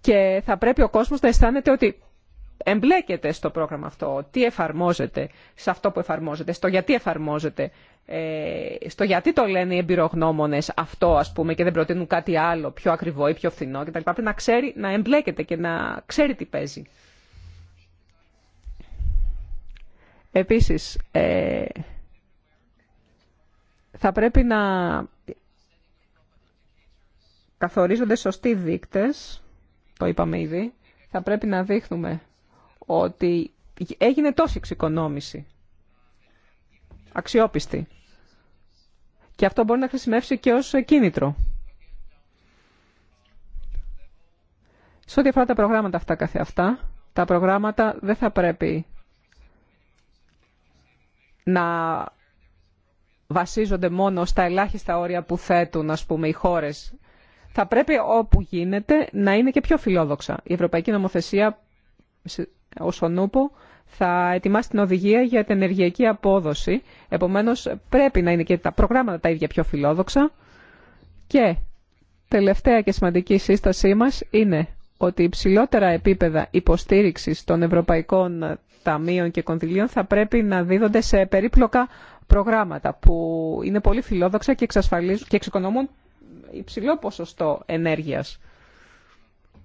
Και θα πρέπει ο κόσμος να αισθάνεται ότι εμπλέκεται στο πρόγραμμα αυτό, τι εφαρμόζεται, σε αυτό που εφαρμόζεται, στο γιατί εφαρμόζεται, ε, στο γιατί το λένε οι εμπειρογνώμονες αυτό ας πούμε και δεν προτείνουν κάτι άλλο πιο ακριβό ή πιο φθηνό κτλ. Πρέπει να να εμπλέκεται και να ξέρει τι παίζει. Επίσης, ε, θα πρέπει να καθορίζονται σωστοί δείκτες, το είπαμε ήδη, θα πρέπει να δείχνουμε ότι έγινε τόση εξοικονόμηση, αξιόπιστη. Και αυτό μπορεί να χρησιμεύσει και ως κίνητρο. Σε ό,τι αφορά τα προγράμματα αυτά καθεαυτά, τα προγράμματα δεν θα πρέπει να βασίζονται μόνο στα ελάχιστα όρια που θέτουν ας πούμε, οι χώρες. Θα πρέπει όπου γίνεται να είναι και πιο φιλόδοξα. Η Ευρωπαϊκή Νομοθεσία, όσον νουπο, θα ετοιμάσει την οδηγία για την ενεργειακή απόδοση. Επομένως, πρέπει να είναι και τα προγράμματα τα ίδια πιο φιλόδοξα. Και τελευταία και σημαντική σύστασή μας είναι ότι υψηλότερα επίπεδα υποστήριξης των ευρωπαϊκών ταμείων και κονδυλίων θα πρέπει να δίδονται σε περίπλοκα προγράμματα που είναι πολύ φιλόδοξα και, εξασφαλίζουν και εξοικονομούν υψηλό ποσοστό ενέργειας.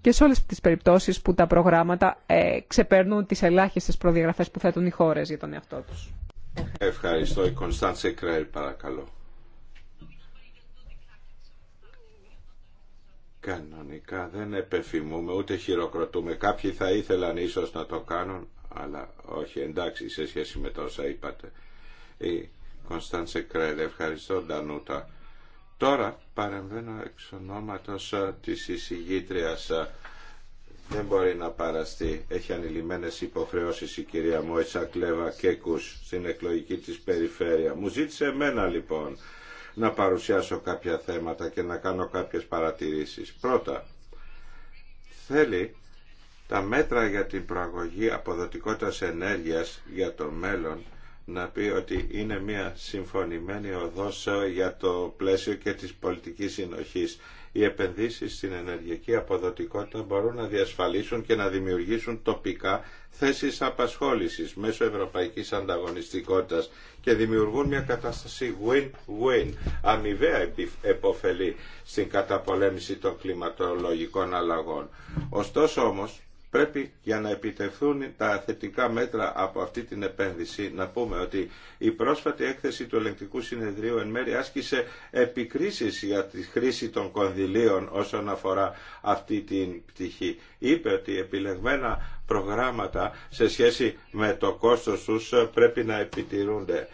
Και σε όλες τις περιπτώσεις που τα προγράμματα ε, ξεπέρνουν τις ελάχιστες προδιαγραφές που θέτουν οι χώρες για τον εαυτό τους. Ευχαριστώ. Η Κωνσταντσε Κρέλ, παρακαλώ. Κανονικά δεν επεφημούμε ούτε χειροκροτούμε. Κάποιοι θα ήθελαν ίσως να το κάνουν, αλλά όχι εντάξει σε σχέση με τόσα όσα είπατε. Η Κωνσταντσε Κρέλ, ευχαριστώ Ντανούτα. Τώρα παρεμβαίνω εξ ονόματος ε, της εισηγήτριας. Ε. Δεν μπορεί να παραστεί. Έχει ανηλυμένες υποχρεώσεις η κυρία Μόιτσα Κλέβα Κέκους στην εκλογική της περιφέρεια. Μου ζήτησε εμένα λοιπόν να παρουσιάσω κάποια θέματα και να κάνω κάποιες παρατηρήσεις. Πρώτα, θέλει τα μέτρα για την προαγωγή αποδοτικότητας ενέργειας για το μέλλον να πει ότι είναι μια συμφωνημένη οδός για το πλαίσιο και της πολιτικής συνοχής. Οι επενδύσεις στην ενεργειακή αποδοτικότητα μπορούν να διασφαλίσουν και να δημιουργήσουν τοπικά θέσεις απασχόλησης μέσω ευρωπαϊκής ανταγωνιστικότητας και δημιουργούν μια κατάσταση win-win, αμοιβαία επωφελή στην καταπολέμηση των κλιματολογικών αλλαγών. Ωστόσο όμως, πρέπει για να επιτευχθούν τα θετικά μέτρα από αυτή την επένδυση να πούμε ότι η πρόσφατη έκθεση του ελεγκτικού συνεδρίου εν μέρει άσκησε επικρίσεις για τη χρήση των κονδυλίων όσον αφορά αυτή την πτυχή. Είπε ότι επιλεγμένα προγράμματα σε σχέση με το κόστος τους πρέπει να επιτηρούνται.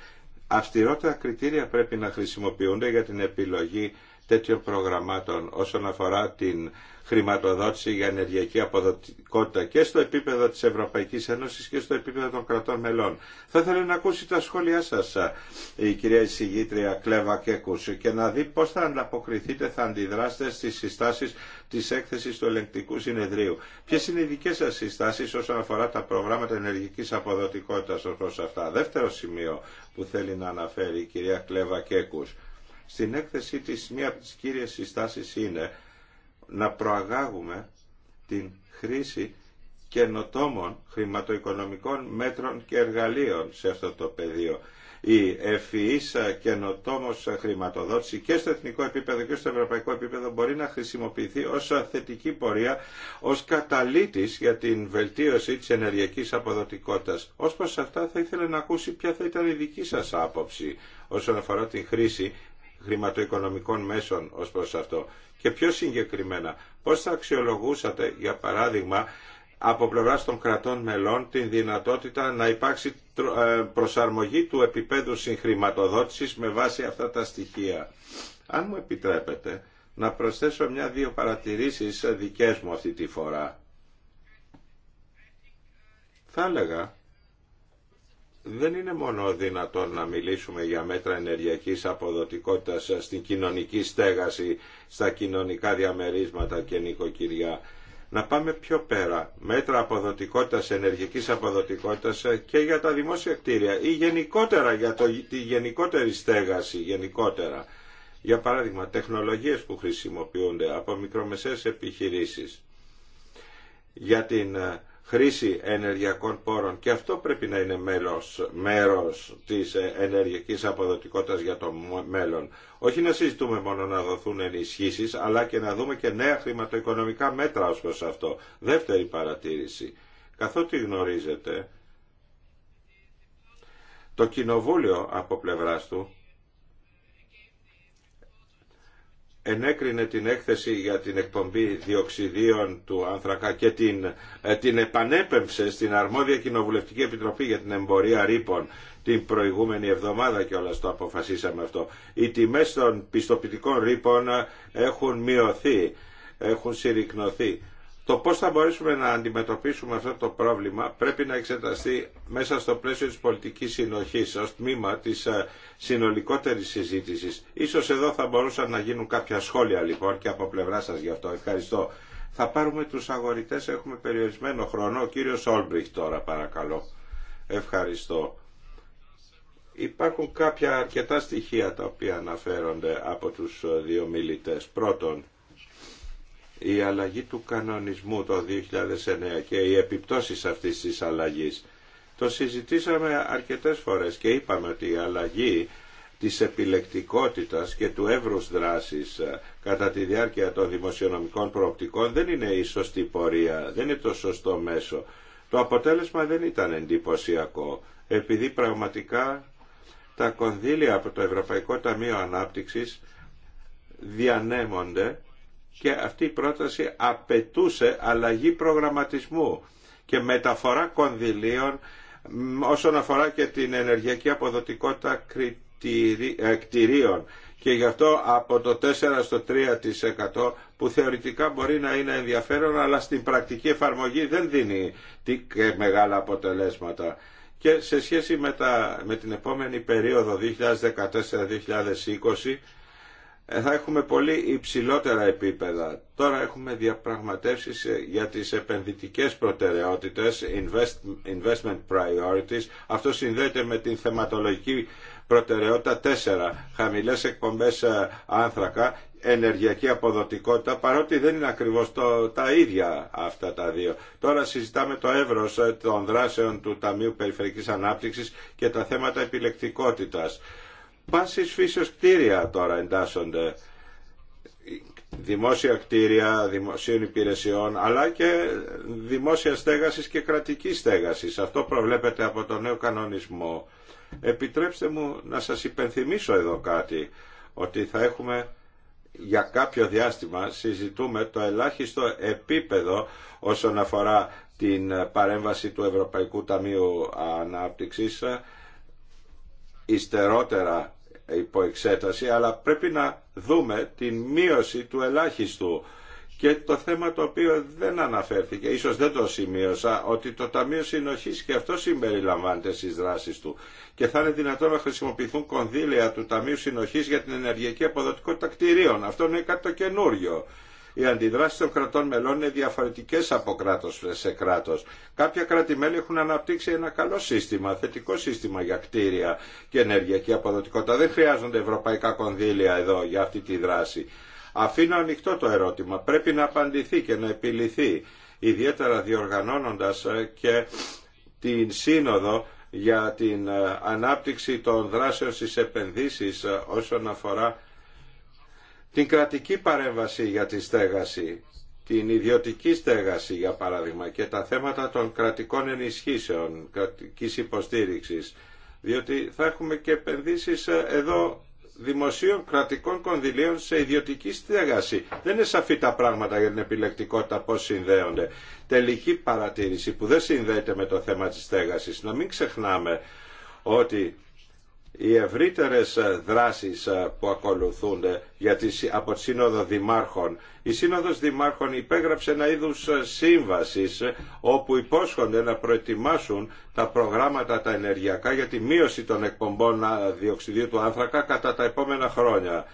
Αυστηρότερα κριτήρια πρέπει να χρησιμοποιούνται για την επιλογή τέτοιων προγραμμάτων όσον αφορά την χρηματοδότηση για ενεργειακή αποδοτικότητα και στο επίπεδο της Ευρωπαϊκής Ένωσης και στο επίπεδο των κρατών μελών. Θα ήθελα να ακούσει τα σχόλιά σας η κυρία εισηγήτρια Κλέβα και και να δει πώς θα ανταποκριθείτε, θα αντιδράσετε στις συστάσεις της έκθεσης του ελεγκτικού συνεδρίου. Ποιες είναι οι δικές σας συστάσεις όσον αφορά τα προγράμματα ενεργειακής αποδοτικότητας ως προς αυτά. Δεύτερο σημείο που θέλει να αναφέρει η κυρία Κλέβα Κέκους. Στην έκθεσή της μία από τις κύριες συστάσεις είναι να προαγάγουμε την χρήση καινοτόμων χρηματοοικονομικών μέτρων και εργαλείων σε αυτό το πεδίο. Η ευφυής καινοτόμος χρηματοδότηση και στο εθνικό επίπεδο και στο ευρωπαϊκό επίπεδο μπορεί να χρησιμοποιηθεί ως θετική πορεία, ως καταλήτης για την βελτίωση της ενεργειακής αποδοτικότητας. Ως προς αυτά θα ήθελα να ακούσει ποια θα ήταν η δική σας άποψη όσον αφορά την χρήση χρηματοοικονομικών μέσων ως προς αυτό. Και πιο συγκεκριμένα, πώς θα αξιολογούσατε, για παράδειγμα, από πλευρά των κρατών μελών την δυνατότητα να υπάρξει ε, προσαρμογή του επίπεδου συγχρηματοδότησης με βάση αυτά τα στοιχεία. Αν μου επιτρέπετε, να προσθέσω μια-δύο παρατηρήσεις δικές μου αυτή τη φορά. Θα έλεγα δεν είναι μόνο δυνατόν να μιλήσουμε για μέτρα ενεργειακής αποδοτικότητας στην κοινωνική στέγαση, στα κοινωνικά διαμερίσματα και νοικοκυριά. Να πάμε πιο πέρα. Μέτρα αποδοτικότητας, ενεργειακής αποδοτικότητας και για τα δημόσια κτίρια ή γενικότερα για το, τη γενικότερη στέγαση, γενικότερα. Για παράδειγμα, τεχνολογίες που χρησιμοποιούνται από μικρομεσαίες επιχειρήσεις για την ε, χρήση ενεργειακών πόρων και αυτό πρέπει να είναι μέλος, μέρος της ε, ενεργειακής αποδοτικότητας για το μέλλον. Όχι να συζητούμε μόνο να δοθούν ενισχύσεις, αλλά και να δούμε και νέα χρηματοοικονομικά μέτρα ως προς αυτό. Δεύτερη παρατήρηση. Καθότι γνωρίζετε, το Κοινοβούλιο από πλευράς του ενέκρινε την έκθεση για την εκπομπή διοξιδίων του άνθρακα και την, ε, την επανέπεμψε στην αρμόδια κοινοβουλευτική επιτροπή για την εμπορία ρήπων την προηγούμενη εβδομάδα και όλα το αποφασίσαμε αυτό. Οι τιμές των πιστοποιητικών ρήπων έχουν μειωθεί, έχουν συρρυκνωθεί το πώς θα μπορέσουμε να αντιμετωπίσουμε αυτό το πρόβλημα πρέπει να εξεταστεί μέσα στο πλαίσιο της πολιτικής συνοχής ως τμήμα της ε, συνολικότερη συζήτησης. Ίσως εδώ θα μπορούσαν να γίνουν κάποια σχόλια λοιπόν και από πλευρά σας γι' αυτό. Ευχαριστώ. Θα πάρουμε τους αγορητές, έχουμε περιορισμένο χρόνο. Ο κύριος Όλμπριχτ τώρα παρακαλώ. Ευχαριστώ. Υπάρχουν κάποια αρκετά στοιχεία τα οποία αναφέρονται από τους ε, δύο μιλητές. Πρώτον, η αλλαγή του κανονισμού το 2009 και οι επιπτώσεις αυτής της αλλαγής. Το συζητήσαμε αρκετές φορές και είπαμε ότι η αλλαγή της επιλεκτικότητας και του εύρους δράσης ε, κατά τη διάρκεια των δημοσιονομικών προοπτικών δεν είναι η σωστή πορεία, δεν είναι το σωστό μέσο. Το αποτέλεσμα δεν ήταν εντυπωσιακό, επειδή πραγματικά τα κονδύλια από το Ευρωπαϊκό Ταμείο Ανάπτυξης διανέμονται και αυτή η πρόταση απαιτούσε αλλαγή προγραμματισμού και μεταφορά κονδυλίων όσον αφορά και την ενεργειακή αποδοτικότητα ε, κτηρίων και γι' αυτό από το 4% στο 3% που θεωρητικά μπορεί να είναι ενδιαφέρον αλλά στην πρακτική εφαρμογή δεν δίνει και μεγάλα αποτελέσματα. Και σε σχέση με, τα, με την επόμενη περίοδο 2014-2020 ε, θα έχουμε πολύ υψηλότερα επίπεδα. Τώρα έχουμε διαπραγματεύσεις ε, για τις επενδυτικές προτεραιότητες, investment priorities. Αυτό συνδέεται με την θεματολογική προτεραιότητα 4, χαμηλές εκπομπές ε, άνθρακα, ενεργειακή αποδοτικότητα, παρότι δεν είναι ακριβώς τα ίδια αυτά τα δύο. Τώρα συζητάμε το εύρος των δράσεων του Ταμείου Περιφερικής Ανάπτυξης και τα θέματα επιλεκτικότητας πάσης φύσεως κτίρια τώρα εντάσσονται δημόσια κτίρια, δημοσίων υπηρεσιών, αλλά και δημόσια στέγασης και κρατική στέγασης. Αυτό προβλέπεται από τον νέο κανονισμό. Επιτρέψτε μου να σας υπενθυμίσω εδώ κάτι, ότι θα έχουμε για κάποιο διάστημα συζητούμε το ελάχιστο επίπεδο όσον αφορά την παρέμβαση του Ευρωπαϊκού Ταμείου Ανάπτυξης, ιστερότερα υπό εξέταση, αλλά πρέπει να δούμε την μείωση του ελάχιστου. Και το θέμα το οποίο δεν αναφέρθηκε, ίσως δεν το σημείωσα, ότι το Ταμείο Συνοχής και αυτό συμπεριλαμβάνεται στις δράσεις του. Και θα είναι δυνατόν να χρησιμοποιηθούν κονδύλια του Ταμείου Συνοχής για την ενεργειακή αποδοτικότητα κτηρίων. Αυτό είναι κάτι το καινούριο. Οι αντιδράσει των κρατών μελών είναι διαφορετικέ από κράτο σε κράτο. Κάποια κράτη-μέλη έχουν αναπτύξει ένα καλό σύστημα, θετικό σύστημα για κτίρια και ενεργειακή αποδοτικότητα. Δεν χρειάζονται ευρωπαϊκά κονδύλια εδώ για αυτή τη δράση. Αφήνω ανοιχτό το ερώτημα. Πρέπει να απαντηθεί και να επιληθεί, ιδιαίτερα διοργανώνοντας ε, και την σύνοδο για την ε, ανάπτυξη των δράσεων στις επενδύσεις ε, όσον αφορά την κρατική παρέμβαση για τη στέγαση, την ιδιωτική στέγαση για παράδειγμα και τα θέματα των κρατικών ενισχύσεων, κρατικής υποστήριξης, διότι θα έχουμε και επενδύσεις ε, εδώ δημοσίων κρατικών κονδυλίων σε ιδιωτική στέγαση. Δεν είναι σαφή τα πράγματα για την επιλεκτικότητα πώς συνδέονται. Τελική παρατήρηση που δεν συνδέεται με το θέμα της στέγασης. Να μην ξεχνάμε ότι οι ευρύτερε ε, δράσεις ε, που ακολουθούνται από τη Σύνοδο Δημάρχων. Η Σύνοδος Δημάρχων υπέγραψε ένα είδους ε, σύμβασης όπου υπόσχονται να προετοιμάσουν τα προγράμματα τα ενεργειακά για τη μείωση των εκπομπών διοξιδίου του άνθρακα κατά τα επόμενα χρόνια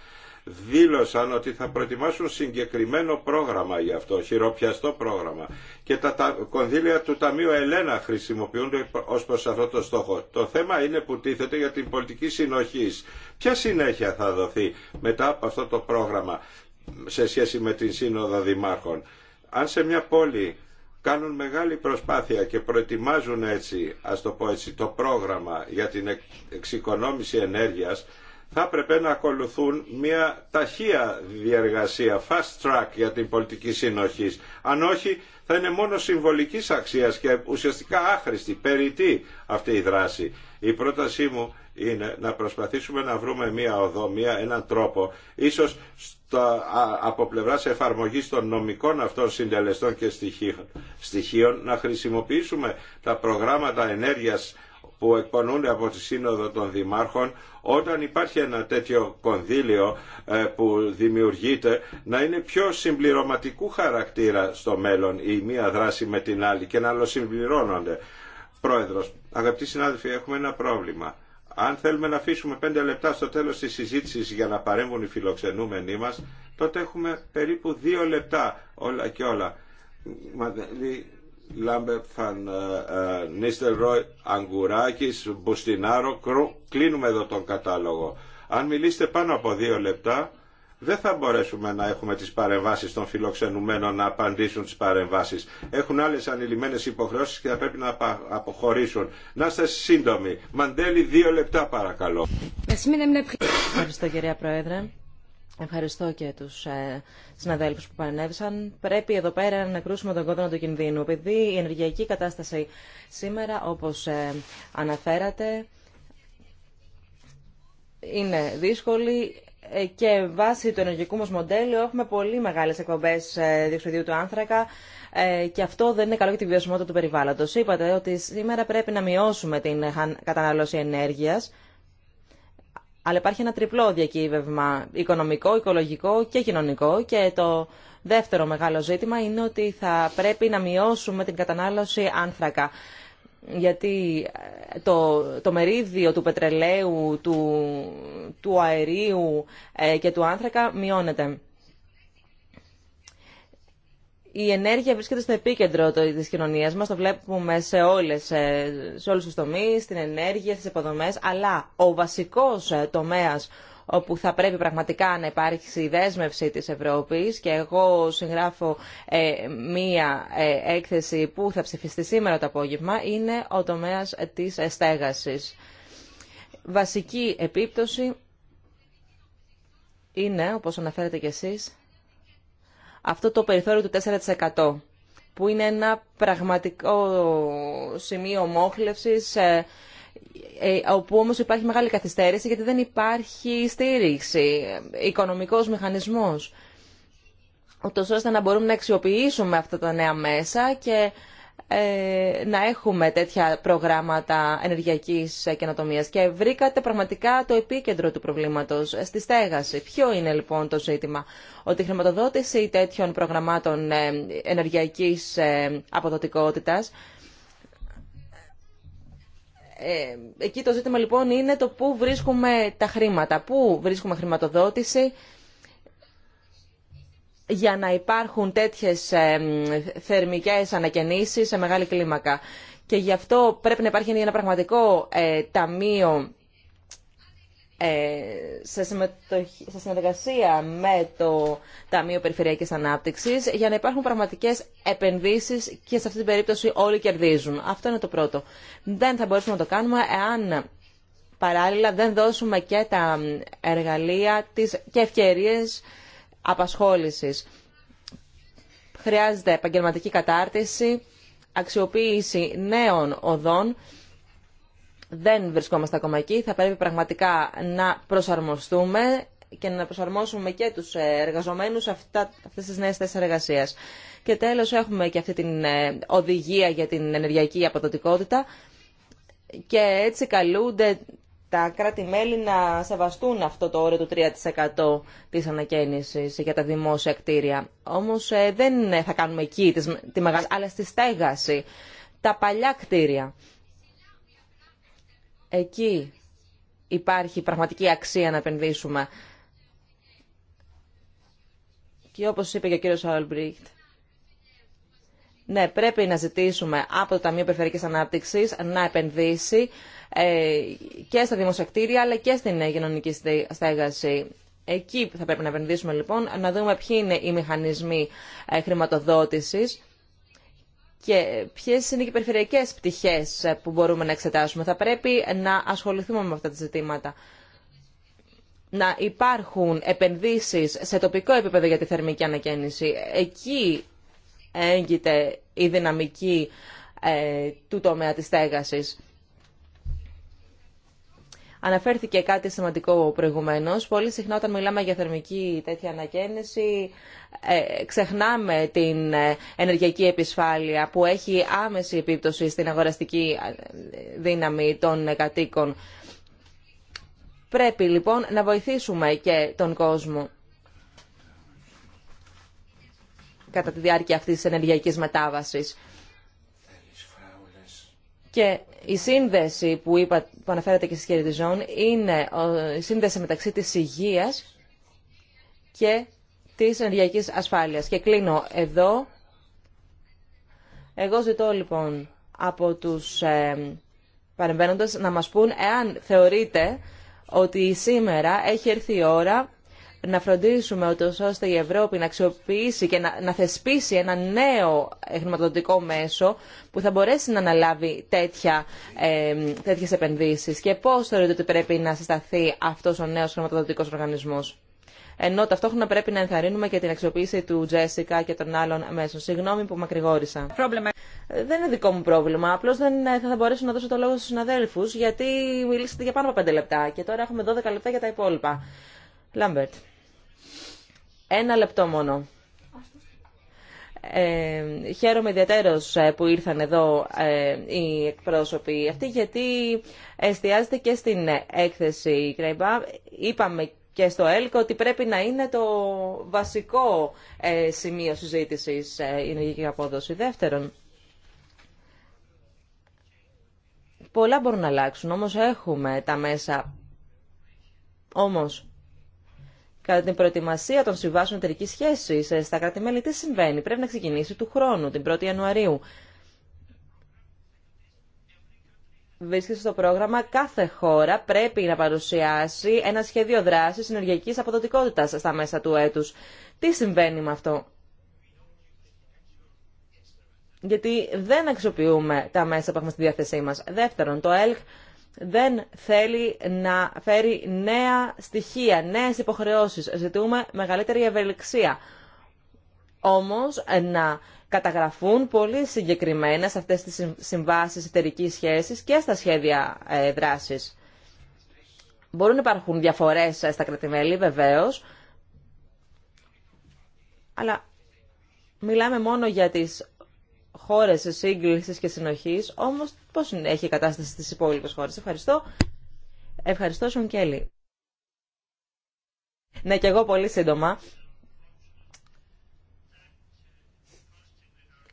δήλωσαν ότι θα προετοιμάσουν συγκεκριμένο πρόγραμμα για αυτό, χειροπιαστό πρόγραμμα. Και τα κονδύλια του Ταμείου Ελένα χρησιμοποιούνται ως προς αυτό το στόχο. Το θέμα είναι που τίθεται για την πολιτική συνοχής. Ποια συνέχεια θα δοθεί μετά από αυτό το πρόγραμμα σε σχέση με την Σύνοδο Δημάρχων. Αν σε μια πόλη κάνουν μεγάλη προσπάθεια και προετοιμάζουν έτσι, ας το πω έτσι, το πρόγραμμα για την εξοικονόμηση ενέργειας, θα έπρεπε να ακολουθούν μια ταχεία διεργασία, fast track για την πολιτική συνοχή. Αν όχι, θα είναι μόνο συμβολικής αξίας και ουσιαστικά άχρηστη, περιττή αυτή η δράση. Η πρότασή μου είναι να προσπαθήσουμε να βρούμε μία οδό, μία, έναν τρόπο, ίσως από πλευράς εφαρμογή των νομικών αυτών συντελεστών και στοιχείων, να χρησιμοποιήσουμε τα προγράμματα ενέργεια που εκπονούνται από τη Σύνοδο των Δημάρχων όταν υπάρχει ένα τέτοιο κονδύλιο ε, που δημιουργείται να είναι πιο συμπληρωματικού χαρακτήρα στο μέλλον η μία δράση με την άλλη και να αλλοσυμπληρώνονται. Πρόεδρος, αγαπητοί συνάδελφοι, έχουμε ένα πρόβλημα. Αν θέλουμε να αφήσουμε πέντε λεπτά στο τέλος της συζήτησης για να παρέμβουν οι φιλοξενούμενοι μας, τότε έχουμε περίπου δύο λεπτά όλα και όλα. Δηλαδή, Λάμπερ, Φαν ε, ε, Νίστερ Ρόι, Αγκουράκης, Μπουστινάρο, κλείνουμε εδώ τον κατάλογο. Αν μιλήσετε πάνω από δύο λεπτά, δεν θα μπορέσουμε να έχουμε τις παρεμβάσεις των φιλοξενουμένων να απαντήσουν τις παρεμβάσεις. Έχουν άλλες ανηλυμένες υποχρεώσεις και θα πρέπει να αποχωρήσουν. Να είστε σύντομοι. Μαντέλη, δύο λεπτά παρακαλώ. Ευχαριστώ κυρία Πρόεδρε. Ευχαριστώ και του ε, συναδέλφου που παρενέβησαν. Πρέπει εδώ πέρα να κρούσουμε τον κόδωνα του κινδύνου. Επειδή η ενεργειακή κατάσταση σήμερα, όπω ε, αναφέρατε, είναι δύσκολη ε, και βάσει του ενεργειακού μα μοντέλου έχουμε πολύ μεγάλε εκπομπέ ε, διοξιδίου του άνθρακα και αυτό δεν είναι καλό για τη βιωσιμότητα του περιβάλλοντο. Είπατε ότι σήμερα πρέπει να μειώσουμε την κατανάλωση ενέργεια αλλά υπάρχει ένα τριπλό διακύβευμα, οικονομικό, οικολογικό και κοινωνικό και το δεύτερο μεγάλο ζήτημα είναι ότι θα πρέπει να μειώσουμε την κατανάλωση άνθρακα. Γιατί ε, το, το μερίδιο του πετρελαίου, του, του αερίου ε, και του άνθρακα μειώνεται η ενέργεια βρίσκεται στο επίκεντρο τη κοινωνία μας, το βλέπουμε σε, όλες, σε όλους τους τομείς, στην ενέργεια, στι υποδομέ, αλλά ο βασικός ε, τομέας όπου θα πρέπει πραγματικά να υπάρξει η δέσμευση της Ευρώπης και εγώ συγγράφω ε, μία ε, έκθεση που θα ψηφιστεί σήμερα το απόγευμα, είναι ο τομέας της εστέγασης. Βασική επίπτωση είναι, όπως αναφέρετε κι εσείς, αυτό το περιθώριο του 4% που είναι ένα πραγματικό σημείο μόχλευσης ε, ε, όπου όμως υπάρχει μεγάλη καθυστέρηση γιατί δεν υπάρχει στήριξη, ε, οικονομικός μηχανισμός ούτως ώστε να μπορούμε να αξιοποιήσουμε αυτά τα νέα μέσα και ε, να έχουμε τέτοια προγράμματα ενεργειακής καινοτομία. Και βρήκατε πραγματικά το επίκεντρο του προβλήματος στη στέγαση. Ποιο είναι λοιπόν το ζήτημα. Ότι η χρηματοδότηση τέτοιων προγραμμάτων ε, ενεργειακής ε, αποδοτικότητας Εκεί το ζήτημα λοιπόν είναι το πού βρίσκουμε τα χρήματα, πού βρίσκουμε χρηματοδότηση για να υπάρχουν τέτοιες θερμικές ανακαινήσεις σε μεγάλη κλίμακα. Και γι' αυτό πρέπει να υπάρχει ένα πραγματικό ε, ταμείο ε, σε, συνεργασία με το Ταμείο Περιφερειακής Ανάπτυξης για να υπάρχουν πραγματικές επενδύσεις και σε αυτή την περίπτωση όλοι κερδίζουν. Αυτό είναι το πρώτο. Δεν θα μπορέσουμε να το κάνουμε εάν παράλληλα δεν δώσουμε και τα εργαλεία τις, και ευκαιρίες απασχόλησης. Χρειάζεται επαγγελματική κατάρτιση, αξιοποίηση νέων οδών. Δεν βρισκόμαστε ακόμα εκεί. Θα πρέπει πραγματικά να προσαρμοστούμε και να προσαρμόσουμε και τους ε, εργαζομένους αυτά, αυτές τις νέες θέσεις εργασίας. Και τέλος έχουμε και αυτή την ε, οδηγία για την ενεργειακή αποδοτικότητα και έτσι καλούνται τα κράτη-μέλη να σεβαστούν αυτό το όριο του 3% της ανακαίνησης για τα δημόσια κτίρια. Όμως ε, δεν ε, θα κάνουμε εκεί τη μεγάλη, αλλά στη στέγαση, τα παλιά κτίρια. Εκεί υπάρχει πραγματική αξία να επενδύσουμε. Και όπως είπε και ο κύριος Αλμπρίχτ, ναι, πρέπει να ζητήσουμε από το Ταμείο Περιφερειακής Ανάπτυξης να επενδύσει ε, και στα δημοσιακτήρια αλλά και στην ε, κοινωνική στέγαση. Εκεί θα πρέπει να επενδύσουμε λοιπόν, να δούμε ποιοι είναι οι μηχανισμοί ε, χρηματοδότησης και ποιε είναι οι περιφερειακέ πτυχέ που μπορούμε να εξετάσουμε. Θα πρέπει να ασχοληθούμε με αυτά τα ζητήματα. Να υπάρχουν επενδύσεις σε τοπικό επίπεδο για τη θερμική ανακαίνιση. Εκεί έγκυται η δυναμική του τομέα τη στέγασης. Αναφέρθηκε κάτι σημαντικό προηγουμένω. Πολύ συχνά όταν μιλάμε για θερμική τέτοια ανακαίνιση ε, ξεχνάμε την ε, ενεργειακή επισφάλεια που έχει άμεση επίπτωση στην αγοραστική ε, δύναμη των κατοίκων. Πρέπει λοιπόν να βοηθήσουμε και τον κόσμο κατά τη διάρκεια αυτής της ενεργειακής μετάβασης. Και η σύνδεση που, είπα, που αναφέρατε και στις είναι ε, η σύνδεση μεταξύ της υγείας και της ενεργειακής ασφάλειας. Και κλείνω εδώ. Εγώ ζητώ λοιπόν από τους ε, να μας πούν εάν θεωρείτε ότι σήμερα έχει έρθει η ώρα να φροντίσουμε ούτως ώστε η Ευρώπη να αξιοποιήσει και να, θεσπίσει ένα νέο χρηματοδοτικό μέσο που θα μπορέσει να αναλάβει τέτοια, ε, τέτοιες επενδύσεις και πώς θεωρείτε ότι πρέπει να συσταθεί αυτός ο νέος χρηματοδοτικός οργανισμός. Ενώ ταυτόχρονα πρέπει να ενθαρρύνουμε και την αξιοποίηση του Τζέσικα και των άλλων μέσων. Συγγνώμη που μακρηγόρησα. Πρόβλημα. Δεν είναι δικό μου πρόβλημα. Απλώ δεν ε, θα μπορέσω να δώσω το λόγο στου συναδέλφου, γιατί μιλήσατε για πάνω από 5 λεπτά και τώρα έχουμε 12 λεπτά για τα υπόλοιπα. Λάμπερτ. Ένα λεπτό μόνο. Ε, χαίρομαι ιδιαίτερως ε, που ήρθαν εδώ ε, οι εκπρόσωποι αυτοί γιατί εστιάζεται και στην έκθεση Κρέμπα. Είπαμε και στο έλκο ότι πρέπει να είναι το βασικό ε, σημείο συζήτησης η ενεργική απόδοση. Δεύτερον, πολλά μπορούν να αλλάξουν, όμως έχουμε τα μέσα. Όμως, κατά την προετοιμασία των συμβάσεων εταιρική σχέση ε, στα κράτη-μέλη. Τι συμβαίνει, πρέπει να ξεκινήσει του χρόνου, την 1η Ιανουαρίου. Βρίσκεται στο πρόγραμμα κάθε χώρα πρέπει να παρουσιάσει ένα σχέδιο δράση συνεργειακή αποδοτικότητα στα μέσα του έτου. Τι συμβαίνει με αυτό, Γιατί δεν αξιοποιούμε τα μέσα που έχουμε στη διάθεσή μα. Δεύτερον, το ΕΛΚ δεν θέλει να φέρει νέα στοιχεία, νέες υποχρεώσεις. Ζητούμε μεγαλύτερη ευελιξία. Όμως να καταγραφούν πολύ συγκεκριμένα σε αυτές τις συμβάσεις εταιρική σχέσης και στα σχέδια ε, δράσης. Μπορούν να υπάρχουν διαφορές ε, στα κρατημέλη βεβαίως, αλλά μιλάμε μόνο για τις χώρε σύγκληση και συνοχή όμω πώ έχει η κατάσταση στι υπόλοιπε χώρε. Ευχαριστώ. Ευχαριστώ, Σον Κέλλη. Ναι, και εγώ πολύ σύντομα.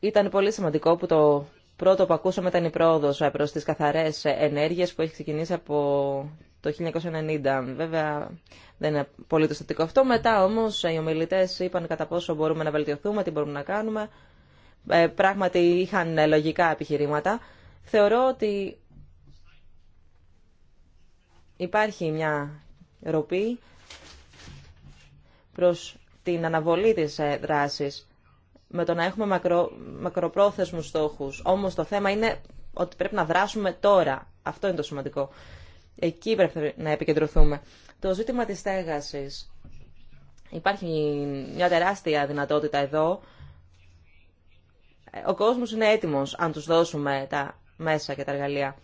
Ήταν πολύ σημαντικό που το πρώτο που ακούσαμε ήταν η πρόοδο προ τι καθαρέ ενέργειε που έχει ξεκινήσει από το 1990. Βέβαια, δεν είναι πολύ το αυτό. Μετά όμω οι ομιλητέ είπαν κατά πόσο μπορούμε να βελτιωθούμε, τι μπορούμε να κάνουμε. Ε, πράγματι είχαν ε, λογικά επιχειρήματα. Θεωρώ ότι υπάρχει μια ροπή προς την αναβολή της ε, δράσης με το να έχουμε μακρο, μακροπρόθεσμους στόχους. Όμως το θέμα είναι ότι πρέπει να δράσουμε τώρα. Αυτό είναι το σημαντικό. Εκεί πρέπει να επικεντρωθούμε. Το ζήτημα της στέγασης. Υπάρχει μια τεράστια δυνατότητα εδώ ο κόσμος είναι έτοιμος αν τους δώσουμε τα μέσα και τα εργαλεία.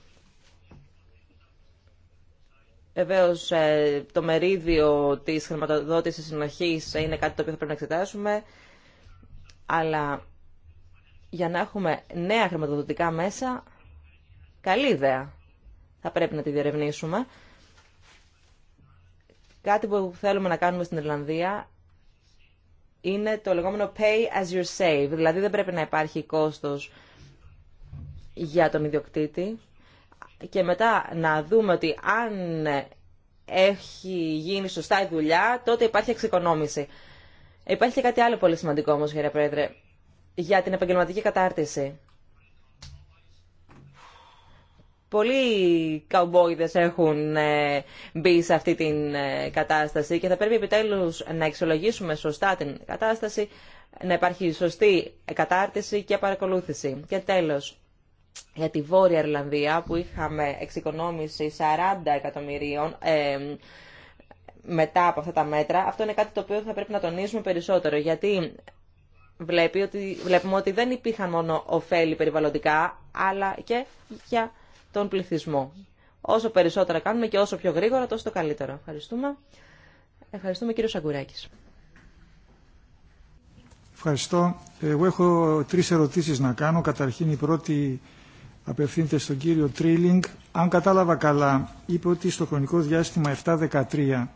Βεβαίω, ε, το μερίδιο της χρηματοδότησης συνοχής είναι κάτι το οποίο θα πρέπει να εξετάσουμε, αλλά για να έχουμε νέα χρηματοδοτικά μέσα, καλή ιδέα θα πρέπει να τη διερευνήσουμε. Κάτι που θέλουμε να κάνουμε στην Ιρλανδία είναι το λεγόμενο pay as you save, δηλαδή δεν πρέπει να υπάρχει κόστος για τον ιδιοκτήτη και μετά να δούμε ότι αν έχει γίνει σωστά η δουλειά, τότε υπάρχει εξοικονόμηση. Υπάρχει και κάτι άλλο πολύ σημαντικό όμως, κύριε Πρόεδρε, για την επαγγελματική κατάρτιση. Πολλοί καουμπόιδες έχουν ε, μπει σε αυτή την ε, κατάσταση και θα πρέπει επιτέλους να εξολογήσουμε σωστά την κατάσταση, να υπάρχει σωστή κατάρτιση και παρακολούθηση. Και τέλος, για τη Βόρεια Ιρλανδία που είχαμε εξοικονόμηση 40 εκατομμυρίων ε, μετά από αυτά τα μέτρα, αυτό είναι κάτι το οποίο θα πρέπει να τονίσουμε περισσότερο, γιατί ότι, βλέπουμε ότι δεν υπήρχαν μόνο ωφέλη περιβαλλοντικά, αλλά και για τον πληθυσμό. Όσο περισσότερα κάνουμε και όσο πιο γρήγορα, τόσο το καλύτερο. Ευχαριστούμε. Ευχαριστούμε κύριο Σαγκουράκης. Ευχαριστώ. Εγώ έχω τρεις ερωτήσεις να κάνω. Καταρχήν η πρώτη απευθύνεται στον κύριο Τρίλινγκ. Αν κατάλαβα καλά, είπε ότι στο χρονικό διάστημα 7-13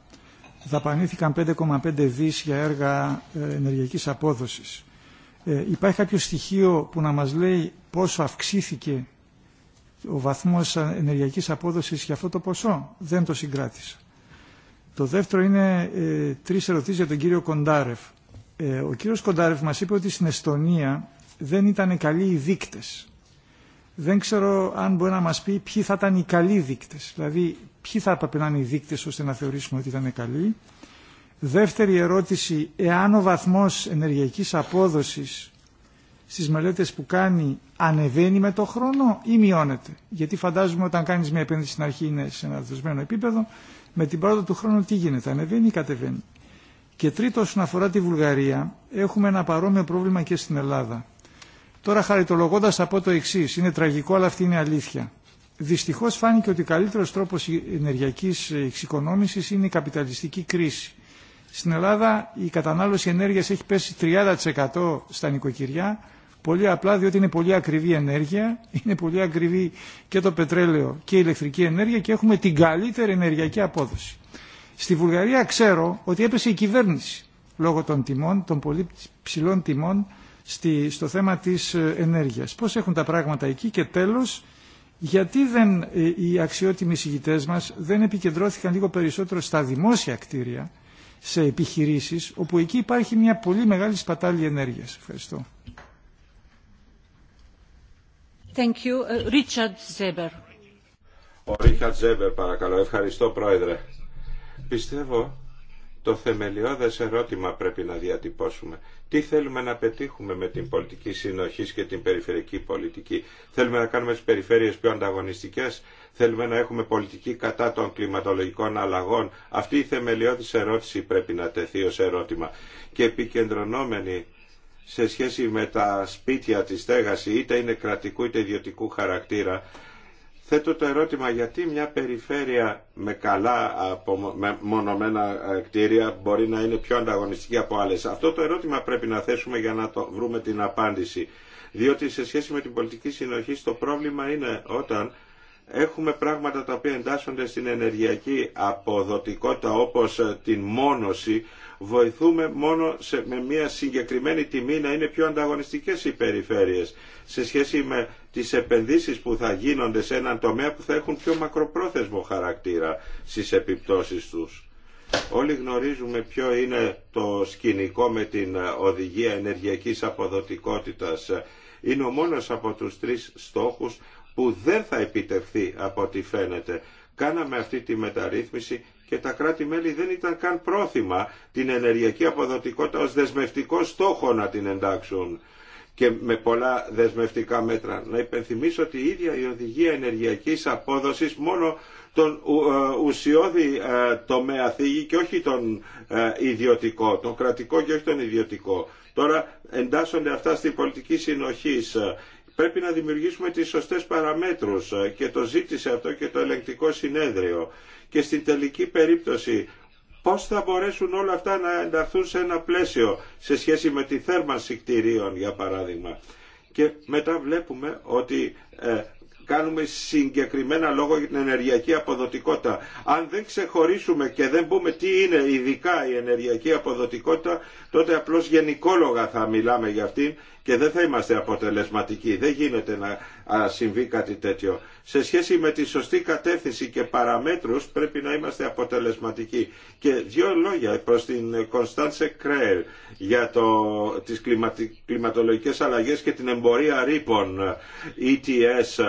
δαπανήθηκαν 5,5 δις για έργα ε, ενεργειακής απόδοσης. Ε, υπάρχει κάποιο στοιχείο που να μας λέει πόσο αυξήθηκε ο βαθμός ενεργειακής απόδοσης για αυτό το ποσό. Δεν το συγκράτησα. Το δεύτερο είναι ε, τρεις ερωτήσεις για τον κύριο Κοντάρεφ. Ε, ο κύριος Κοντάρεφ μας είπε ότι στην Εστονία δεν ήταν καλοί οι δείκτες. Δεν ξέρω αν μπορεί να μας πει ποιοι θα ήταν οι καλοί δείκτες. Δηλαδή ποιοι θα έπρεπε να είναι οι δείκτες ώστε να θεωρήσουμε ότι ήταν καλοί. Δεύτερη ερώτηση, εάν ο βαθμός ενεργειακής απόδοσης στις μελέτες που κάνει ανεβαίνει με το χρόνο ή μειώνεται. Γιατί φαντάζομαι όταν κάνεις μια επένδυση στην αρχή είναι σε ένα δεσμένο επίπεδο, με την πάροδο του χρόνου τι γίνεται, ανεβαίνει ή κατεβαίνει. Και τρίτο, όσον αφορά τη Βουλγαρία, έχουμε ένα παρόμοιο πρόβλημα και στην Ελλάδα. Τώρα, χαριτολογώντας από το εξή. Είναι τραγικό, αλλά αυτή είναι αλήθεια. Δυστυχώ φάνηκε ότι ο καλύτερο τρόπο ενεργειακή εξοικονόμηση είναι η καπιταλιστική κρίση. Στην Ελλάδα η κατανάλωση ενέργειας έχει πέσει 30% στα νοικοκυριά Πολύ απλά διότι είναι πολύ ακριβή ενέργεια, είναι πολύ ακριβή και το πετρέλαιο και η ηλεκτρική ενέργεια και έχουμε την καλύτερη ενεργειακή απόδοση. Στη Βουλγαρία ξέρω ότι έπεσε η κυβέρνηση λόγω των τιμών, των πολύ ψηλών τιμών στη, στο θέμα της ε, ενέργειας. Πώς έχουν τα πράγματα εκεί και τέλος, γιατί δεν, ε, οι αξιότιμοι συγητές μας δεν επικεντρώθηκαν λίγο περισσότερο στα δημόσια κτίρια, σε επιχειρήσεις, όπου εκεί υπάρχει μια πολύ μεγάλη σπατάλη ενέργειας. Ευχαριστώ. Thank uh, παρακαλώ. Ευχαριστώ πρόεδρε. Πιστεύω το θεμελιώδες ερώτημα πρέπει να διατυπώσουμε. Τι θέλουμε να πετύχουμε με την πολιτική συνοχή και την περιφερειακή πολιτική. Θέλουμε να κάνουμε τις περιφέρειες πιο ανταγωνιστικές. Θέλουμε να έχουμε πολιτική κατά των κλιματολογικών αλλαγών. Αυτή η θεμελιώδης ερώτηση πρέπει να τεθεί ως ερώτημα. Και επικεντρωνόμενη σε σχέση με τα σπίτια της στέγαση είτε είναι κρατικού είτε ιδιωτικού χαρακτήρα θέτω το ερώτημα γιατί μια περιφέρεια με καλά μονομένα ε, κτίρια μπορεί να είναι πιο ανταγωνιστική από άλλες. Αυτό το ερώτημα πρέπει να θέσουμε για να το βρούμε την απάντηση. Διότι σε σχέση με την πολιτική συνοχή το πρόβλημα είναι όταν έχουμε πράγματα τα οποία εντάσσονται στην ενεργειακή αποδοτικότητα όπως ε, την μόνωση βοηθούμε μόνο με μια συγκεκριμένη τιμή να είναι πιο ανταγωνιστικές οι περιφέρειες σε σχέση με τις επενδύσεις που θα γίνονται σε έναν τομέα που θα έχουν πιο μακροπρόθεσμο χαρακτήρα στις επιπτώσεις τους. Όλοι γνωρίζουμε ποιο είναι το σκηνικό με την οδηγία ενεργειακής αποδοτικότητας. Είναι ο μόνος από τους τρεις στόχους που δεν θα επιτευχθεί από ό,τι φαίνεται. Κάναμε αυτή τη μεταρρύθμιση και τα κράτη-μέλη δεν ήταν καν πρόθυμα την ενεργειακή αποδοτικότητα ως δεσμευτικό στόχο να την εντάξουν και με πολλά δεσμευτικά μέτρα. Να υπενθυμίσω ότι η ίδια η οδηγία ενεργειακής απόδοσης μόνο τον ε, ουσιώδη ε, τομέα θίγει και όχι τον ε, ιδιωτικό, τον κρατικό και όχι τον ιδιωτικό. Τώρα εντάσσονται αυτά στην πολιτική συνοχής Πρέπει να δημιουργήσουμε τις σωστές παραμέτρους ε, και το ζήτησε αυτό και το ελεγκτικό συνέδριο. Και στην τελική περίπτωση πώς θα μπορέσουν όλα αυτά να ενταχθούν σε ένα πλαίσιο σε σχέση με τη θέρμανση κτηρίων για παράδειγμα. Και μετά βλέπουμε ότι ε, κάνουμε συγκεκριμένα λόγο για την ενεργειακή αποδοτικότητα. Αν δεν ξεχωρίσουμε και δεν πούμε τι είναι ειδικά η ενεργειακή αποδοτικότητα, τότε απλώς γενικόλογα θα μιλάμε για αυτήν και δεν θα είμαστε αποτελεσματικοί. Δεν γίνεται να συμβεί κάτι τέτοιο. Σε σχέση με τη σωστή κατεύθυνση και παραμέτρους πρέπει να είμαστε αποτελεσματικοί. Και δύο λόγια προς την Κωνσταντσε Κρέλ για το, τις κλιματολογικές αλλαγές και την εμπορία ρήπων ETS.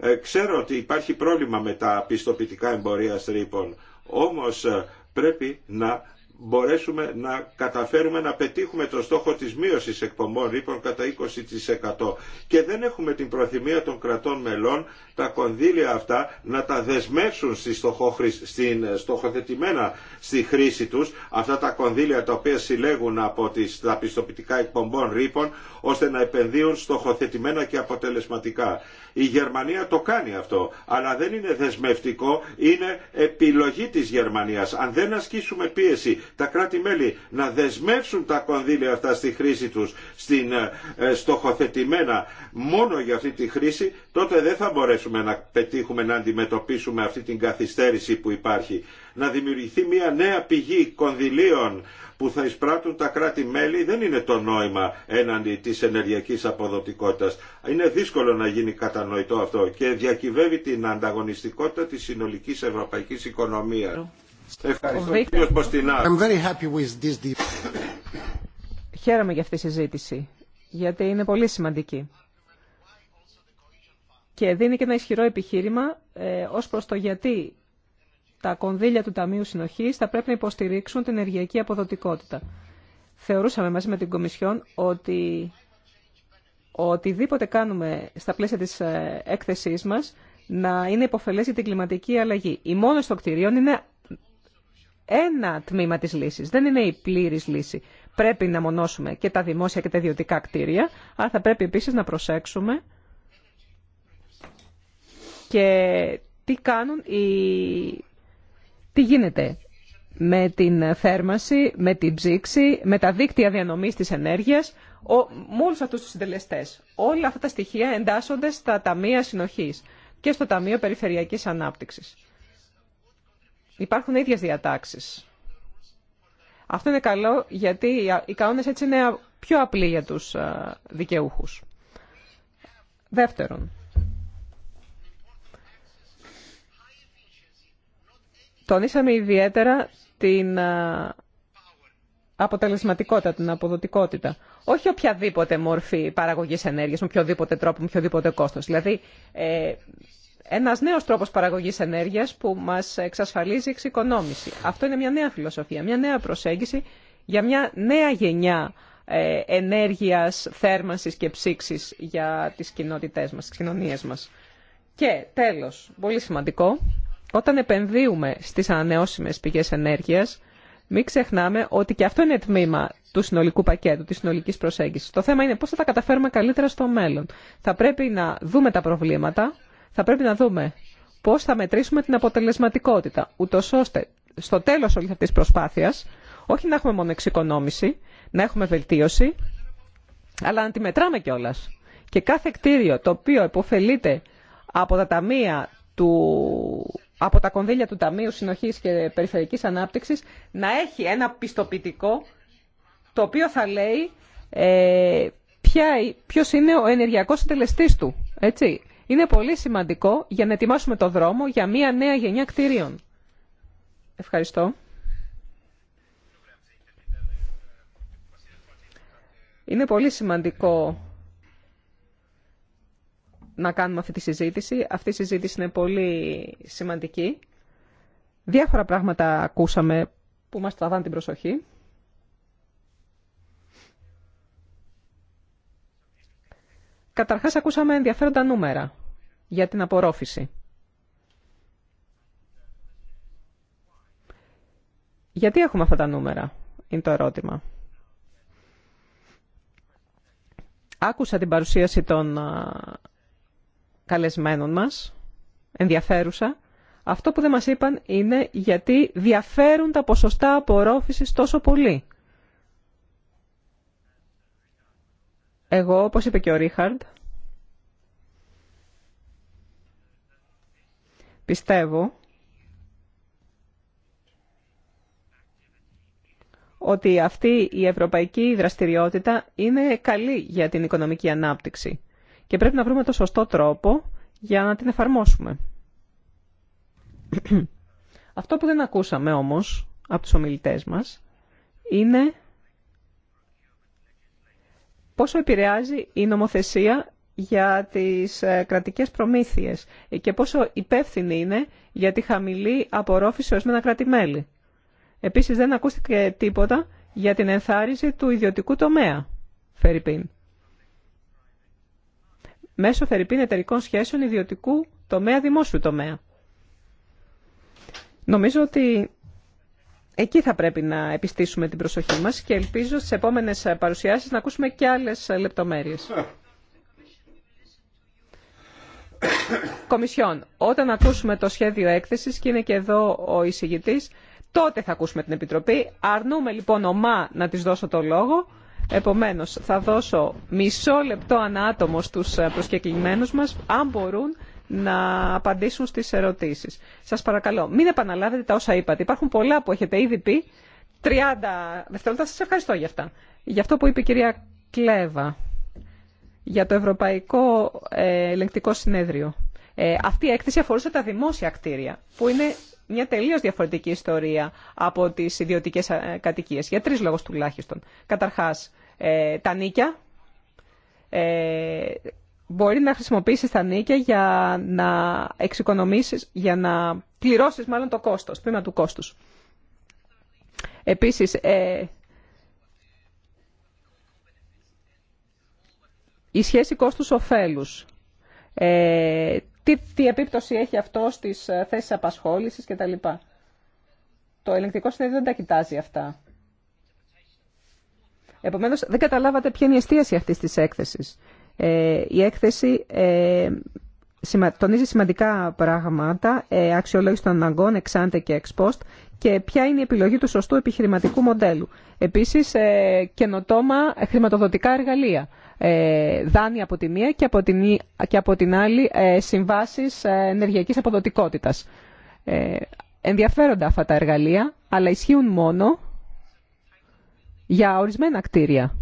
Ε, ξέρω ότι υπάρχει πρόβλημα με τα πιστοποιητικά εμπορία ρήπων, όμως ε, πρέπει να μπορέσουμε να καταφέρουμε να πετύχουμε το στόχο της μείωσης εκπομπών ρήπων λοιπόν, κατά 20% και δεν έχουμε την προθυμία των κρατών μελών τα κονδύλια αυτά να τα δεσμεύσουν στη στην στοχοθετημένα στη χρήση τους αυτά τα κονδύλια τα οποία συλλέγουν από τις, τα πιστοποιητικά εκπομπών ρήπων ώστε να επενδύουν στοχοθετημένα και αποτελεσματικά. Η Γερμανία το κάνει αυτό, αλλά δεν είναι δεσμευτικό, είναι επιλογή της Γερμανίας. Αν δεν ασκήσουμε πίεση τα κράτη-μέλη να δεσμεύσουν τα κονδύλια αυτά στη χρήση τους στην, ε, ε, στοχοθετημένα μόνο για αυτή τη χρήση τότε δεν θα μπορέσουμε να πετύχουμε να αντιμετωπίσουμε αυτή την καθυστέρηση που υπάρχει. Να δημιουργηθεί μια νέα πηγή κονδυλίων που θα εισπράττουν τα κράτη-μέλη δεν είναι το νόημα έναντι της ενεργειακής αποδοτικότητας. Είναι δύσκολο να γίνει κατανοητό αυτό και διακυβεύει την ανταγωνιστικότητα της συνολικής ευρωπαϊκής οικονομίας. Χαίρομαι για αυτή τη συζήτηση, γιατί είναι πολύ σημαντική. Και δίνει και ένα ισχυρό επιχείρημα ε, ως προς το γιατί τα κονδύλια του Ταμείου Συνοχής θα πρέπει να υποστηρίξουν την ενεργειακή αποδοτικότητα. Θεωρούσαμε μαζί με την Κομισιόν ότι οτιδήποτε κάνουμε στα πλαίσια της ε, έκθεσής μας να είναι υποφελές για την κλιματική αλλαγή. Οι μόνες των κτηρίων είναι ένα τμήμα της λύσης. Δεν είναι η πλήρης λύση. Πρέπει να μονώσουμε και τα δημόσια και τα ιδιωτικά κτίρια, αλλά θα πρέπει επίσης να προσέξουμε και τι κάνουν οι... τι γίνεται με την θέρμανση, με την ψήξη, με τα δίκτυα διανομής της ενέργειας, ο, με όλους αυτούς τους συντελεστές. Όλα αυτά τα στοιχεία εντάσσονται στα Ταμεία Συνοχής και στο Ταμείο Περιφερειακής Ανάπτυξης υπάρχουν ίδιε διατάξει. Αυτό είναι καλό γιατί οι κανόνε έτσι είναι πιο απλοί για τους ε, δικαιούχου. Δεύτερον, τονίσαμε ιδιαίτερα την ε, αποτελεσματικότητα, την αποδοτικότητα. Όχι οποιαδήποτε μορφή παραγωγής ενέργειας, με οποιοδήποτε τρόπο, με οποιοδήποτε κόστος. Δηλαδή, ε, ένας νέος τρόπος παραγωγής ενέργειας που μας εξασφαλίζει εξοικονόμηση. Αυτό είναι μια νέα φιλοσοφία, μια νέα προσέγγιση για μια νέα γενιά ε, ενέργειας, θέρμανσης και ψήξης για τις κοινότητές μας, τις κοινωνίες μας. Και τέλος, πολύ σημαντικό, όταν επενδύουμε στις ανανεώσιμες πηγές ενέργειας, μην ξεχνάμε ότι και αυτό είναι τμήμα του συνολικού πακέτου, της συνολικής προσέγγισης. Το θέμα είναι πώς θα τα καταφέρουμε καλύτερα στο μέλλον. Θα πρέπει να δούμε τα προβλήματα, θα πρέπει να δούμε πώς θα μετρήσουμε την αποτελεσματικότητα, ούτω ώστε στο τέλος όλη αυτής της προσπάθειας όχι να έχουμε μόνο εξοικονόμηση, να έχουμε βελτίωση, αλλά να τη μετράμε κιόλα. Και κάθε κτίριο το οποίο υποφελείται από τα ταμεία του από τα κονδύλια του Ταμείου Συνοχής και Περιφερειακής Ανάπτυξης να έχει ένα πιστοποιητικό το οποίο θα λέει ε, ποιος είναι ο ενεργειακός συντελεστής του. Έτσι είναι πολύ σημαντικό για να ετοιμάσουμε το δρόμο για μια νέα γενιά κτηρίων. Ευχαριστώ. Είναι πολύ σημαντικό να κάνουμε αυτή τη συζήτηση. Αυτή η συζήτηση είναι πολύ σημαντική. Διάφορα πράγματα ακούσαμε που μας τραβάνε την προσοχή. Καταρχάς ακούσαμε ενδιαφέροντα νούμερα για την απορρόφηση. Γιατί έχουμε αυτά τα νούμερα, είναι το ερώτημα. Άκουσα την παρουσίαση των καλεσμένων μας, ενδιαφέρουσα. Αυτό που δεν μας είπαν είναι γιατί διαφέρουν τα ποσοστά απορρόφησης τόσο πολύ. Εγώ, όπως είπε και ο Ρίχαρντ, Πιστεύω ότι αυτή η ευρωπαϊκή δραστηριότητα είναι καλή για την οικονομική ανάπτυξη και πρέπει να βρούμε το σωστό τρόπο για να την εφαρμόσουμε. Αυτό που δεν ακούσαμε όμως από τους ομιλητές μας είναι πόσο επηρεάζει η νομοθεσία για τις ε, κρατικές προμήθειες και πόσο υπεύθυνη είναι για τη χαμηλή ως ορισμένα κράτη-μέλη. Επίσης δεν ακούστηκε τίποτα για την ενθάρρυνση του ιδιωτικού τομέα, Φερρυπίν. Μέσω Φερρυπίν εταιρικών σχέσεων ιδιωτικού τομέα, δημόσιου τομέα. Νομίζω ότι εκεί θα πρέπει να επιστήσουμε την προσοχή μας και ελπίζω στις επόμενες παρουσιάσεις να ακούσουμε και άλλες λεπτομέρειες. Κομισιόν, όταν ακούσουμε το σχέδιο έκθεσης και είναι και εδώ ο εισηγητής, τότε θα ακούσουμε την Επιτροπή. Αρνούμε λοιπόν ομά να της δώσω το λόγο. Επομένως, θα δώσω μισό λεπτό ανά άτομο στους ε, προσκεκλημένους μας, αν μπορούν να απαντήσουν στις ερωτήσεις. Σας παρακαλώ, μην επαναλάβετε τα όσα είπατε. Υπάρχουν πολλά που έχετε ήδη πει. 30 δευτερόλεπτα. Σας ευχαριστώ για αυτά. Γι' αυτό που είπε η κυρία Κλέβα για το Ευρωπαϊκό ε, Ελεκτικό Συνέδριο. Ε, αυτή η έκθεση αφορούσε τα δημόσια κτίρια, που είναι μια τελείως διαφορετική ιστορία από τις ιδιωτικές ε, κατοικίες, για τρεις λόγους τουλάχιστον. Καταρχάς, τα νίκια, μπορεί να χρησιμοποιήσεις τα νίκια για να εξοικονομήσεις, για να πληρώσεις μάλλον το κόστος, τμήμα του κόστου. Επίσης, ε, η σχέση κόστους-οφέλους. Ε, τι, τι επίπτωση έχει αυτό στις ε, θέσεις απασχόλησης λοιπά; Το ελεγκτικό συνέδριο δεν τα κοιτάζει αυτά. Επομένως, δεν καταλάβατε ποια είναι η αιστίαση αυτής της έκθεσης. Ε, η έκθεση ε, τονίζει σημαντικά πράγματα, ε, αξιολόγηση των αναγκών, εξάντε και εξπόστ και ποια είναι η επιλογή του σωστού επιχειρηματικού μοντέλου. Επίσης, ε, καινοτόμα χρηματοδοτικά εργαλεία, ε, δάνεια από τη μία και από την άλλη συμβάσεις ενεργειακής αποδοτικότητας. Ενδιαφέροντα αυτά τα εργαλεία, αλλά ισχύουν μόνο για ορισμένα κτίρια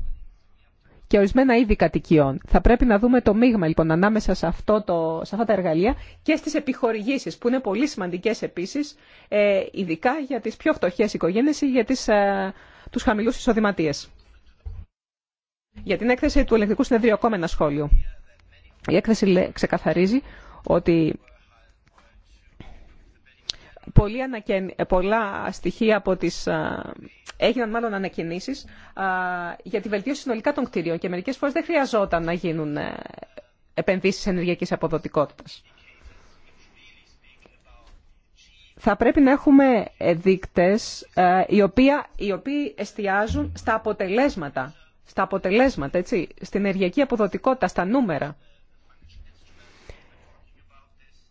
και ορισμένα είδη κατοικιών. Θα πρέπει να δούμε το μείγμα λοιπόν ανάμεσα σε, αυτό το, σε αυτά τα εργαλεία και στις επιχορηγήσεις που είναι πολύ σημαντικές επίσης ε, ειδικά για τις πιο φτωχές οικογένειες ή για τις, ε, τους χαμηλούς εισοδηματίες. Για την έκθεση του ηλεκτρικού συνεδρίου ακόμα ένα σχόλιο. Η έκθεση ξεκαθαρίζει ότι πολλά στοιχεία από τις, έγιναν μάλλον ανακοινήσεις για τη βελτίωση συνολικά των κτίριων και μερικές φορές δεν χρειαζόταν να γίνουν ε, επενδύσεις ενεργειακής αποδοτικότητας. Θα πρέπει να έχουμε δείκτες ε, οι, οποία, οι οποίοι εστιάζουν στα αποτελέσματα, στα αποτελέσματα, έτσι, στην ενεργειακή αποδοτικότητα, στα νούμερα.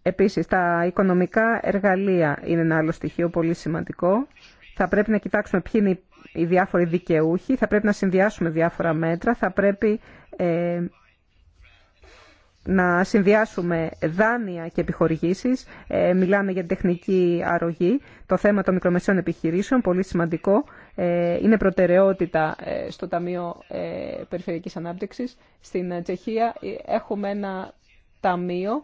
Επίσης, τα οικονομικά εργαλεία είναι ένα άλλο στοιχείο πολύ σημαντικό. Θα πρέπει να κοιτάξουμε ποιοι είναι οι διάφοροι δικαιούχοι, θα πρέπει να συνδυάσουμε διάφορα μέτρα, θα πρέπει ε, να συνδυάσουμε δάνεια και επιχορηγήσεις. Ε, μιλάμε για τεχνική αρρωγή. Το θέμα των μικρομεσαίων επιχειρήσεων, πολύ σημαντικό, ε, είναι προτεραιότητα στο Ταμείο Περιφερειακής Ανάπτυξης. Στην Τσεχία έχουμε ένα ταμείο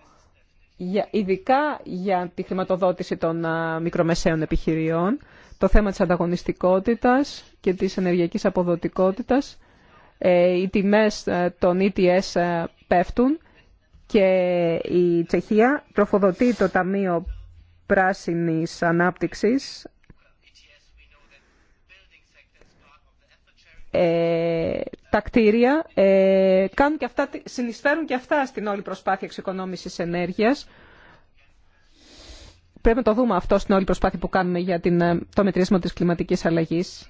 ειδικά για τη χρηματοδότηση των μικρομεσαίων επιχειριών, το θέμα της ανταγωνιστικότητας και της ενεργειακής αποδοτικότητας. Ε, οι τιμές ε, των ETS ε, πέφτουν και η Τσεχία τροφοδοτεί το Ταμείο Πράσινης Ανάπτυξης Ε, τα κτίρια ε, κάνουν και αυτά, συνεισφέρουν και αυτά στην όλη προσπάθεια εξοικονόμησης ενέργειας. Πρέπει να το δούμε αυτό στην όλη προσπάθεια που κάνουμε για την, ε, το μετρήσιμο της κλιματικής αλλαγής.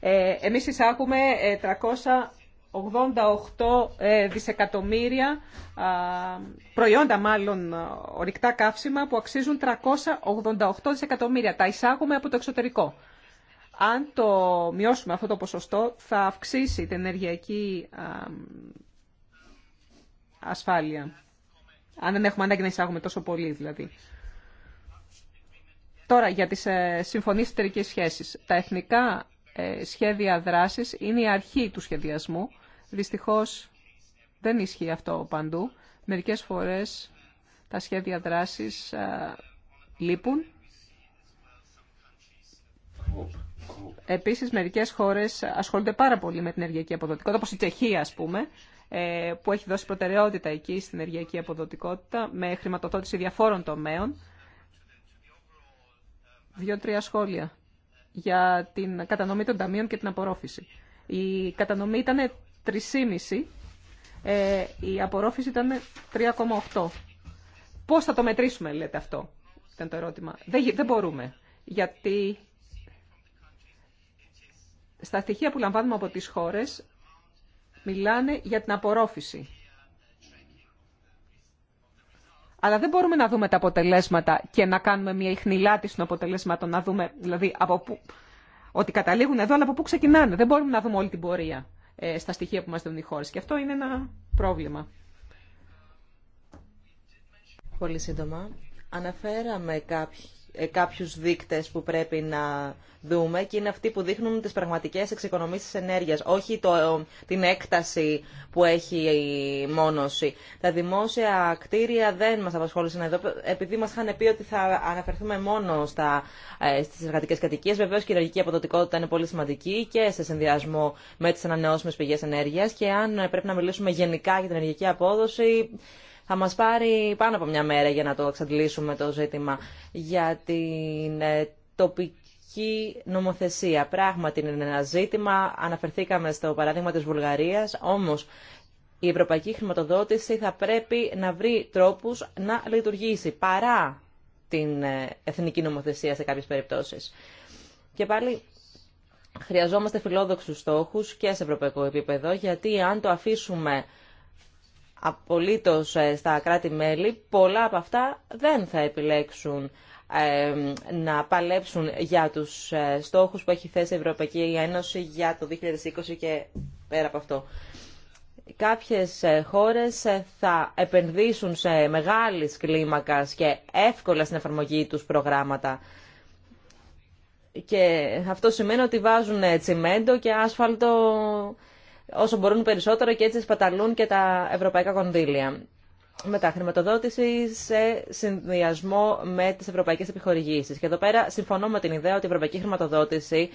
Ε, εμείς εισάγουμε 300 88 ε, δισεκατομμύρια προϊόντα μάλλον ε, ορυκτά καύσιμα που αξίζουν 388 δισεκατομμύρια. Τα εισάγουμε από το εξωτερικό. Αν το μειώσουμε αυτό το ποσοστό θα αυξήσει την ενεργειακή ασφάλεια. Αν δεν έχουμε ανάγκη να εισάγουμε τόσο πολύ δηλαδή. Τώρα για τις ε, συμφωνίες εταιρικής σχέσης. Τα εθνικά σχέδια δράσης είναι η αρχή του σχεδιασμού Δυστυχώς δεν ισχύει αυτό παντού. Μερικές φορές τα σχέδια δράσης λείπουν. Επίσης, μερικές χώρες ασχολούνται πάρα πολύ με την ενεργειακή αποδοτικότητα, όπως η Τσεχία, ας πούμε, ε, που έχει δώσει προτεραιότητα εκεί στην ενεργειακή αποδοτικότητα με χρηματοδότηση διαφόρων τομέων. Δύο-τρία σχόλια για την κατανομή των ταμείων και την απορρόφηση. Η κατανομή ήταν 3,5 ε, η απορρόφηση ήταν 3,8. Πώς θα το μετρήσουμε, λέτε αυτό, ήταν το ερώτημα. Δεν, δεν μπορούμε, γιατί στα στοιχεία που λαμβάνουμε από τις χώρες μιλάνε για την απορρόφηση. Αλλά δεν μπορούμε να δούμε τα αποτελέσματα και να κάνουμε μια ηχνηλάτηση των αποτελέσματων, να δούμε δηλαδή από που, ότι καταλήγουν εδώ, αλλά από πού ξεκινάνε. Δεν μπορούμε να δούμε όλη την πορεία. Ε, στα στοιχεία που μας δίνουν οι χώρες. Και αυτό είναι ένα πρόβλημα. Πολύ σύντομα. Αναφέραμε κάποιοι ε, κάποιους δείκτες που πρέπει να δούμε και είναι αυτοί που δείχνουν τις πραγματικές εξοικονομήσεις ενέργειας, όχι το, την έκταση που έχει η μόνωση. Τα δημόσια κτίρια δεν μας απασχόλησαν εδώ, επειδή μας είχαν πει ότι θα αναφερθούμε μόνο στα, ε, στις εργατικές κατοικίες. Βεβαίως και η ενεργική αποδοτικότητα είναι πολύ σημαντική και σε συνδυασμό με τις ανανεώσιμες πηγές ενέργειας και αν ε, πρέπει να μιλήσουμε γενικά για την ενεργειακή απόδοση, θα μας πάρει πάνω από μια μέρα για να το εξαντλήσουμε το ζήτημα για την ε, τοπική νομοθεσία. Πράγματι είναι ένα ζήτημα, αναφερθήκαμε στο παράδειγμα της Βουλγαρίας, όμως η ευρωπαϊκή χρηματοδότηση θα πρέπει να βρει τρόπους να λειτουργήσει παρά την ε, εθνική νομοθεσία σε κάποιες περιπτώσεις. Και πάλι χρειαζόμαστε φιλόδοξους στόχους και σε ευρωπαϊκό επίπεδο, γιατί αν το αφήσουμε απολύτως ε, στα κράτη-μέλη, πολλά από αυτά δεν θα επιλέξουν ε, να παλέψουν για τους ε, στόχους που έχει θέσει η Ευρωπαϊκή Ένωση για το 2020 και πέρα από αυτό. Κάποιες χώρες θα επενδύσουν σε μεγάλης κλίμακας και εύκολα στην εφαρμογή τους προγράμματα. Και αυτό σημαίνει ότι βάζουν τσιμέντο και άσφαλτο όσο μπορούν περισσότερο και έτσι σπαταλούν και τα ευρωπαϊκά κονδύλια. Μετά, χρηματοδότηση σε συνδυασμό με τις ευρωπαϊκές επιχορηγήσεις. Και εδώ πέρα συμφωνώ με την ιδέα ότι η ευρωπαϊκή χρηματοδότηση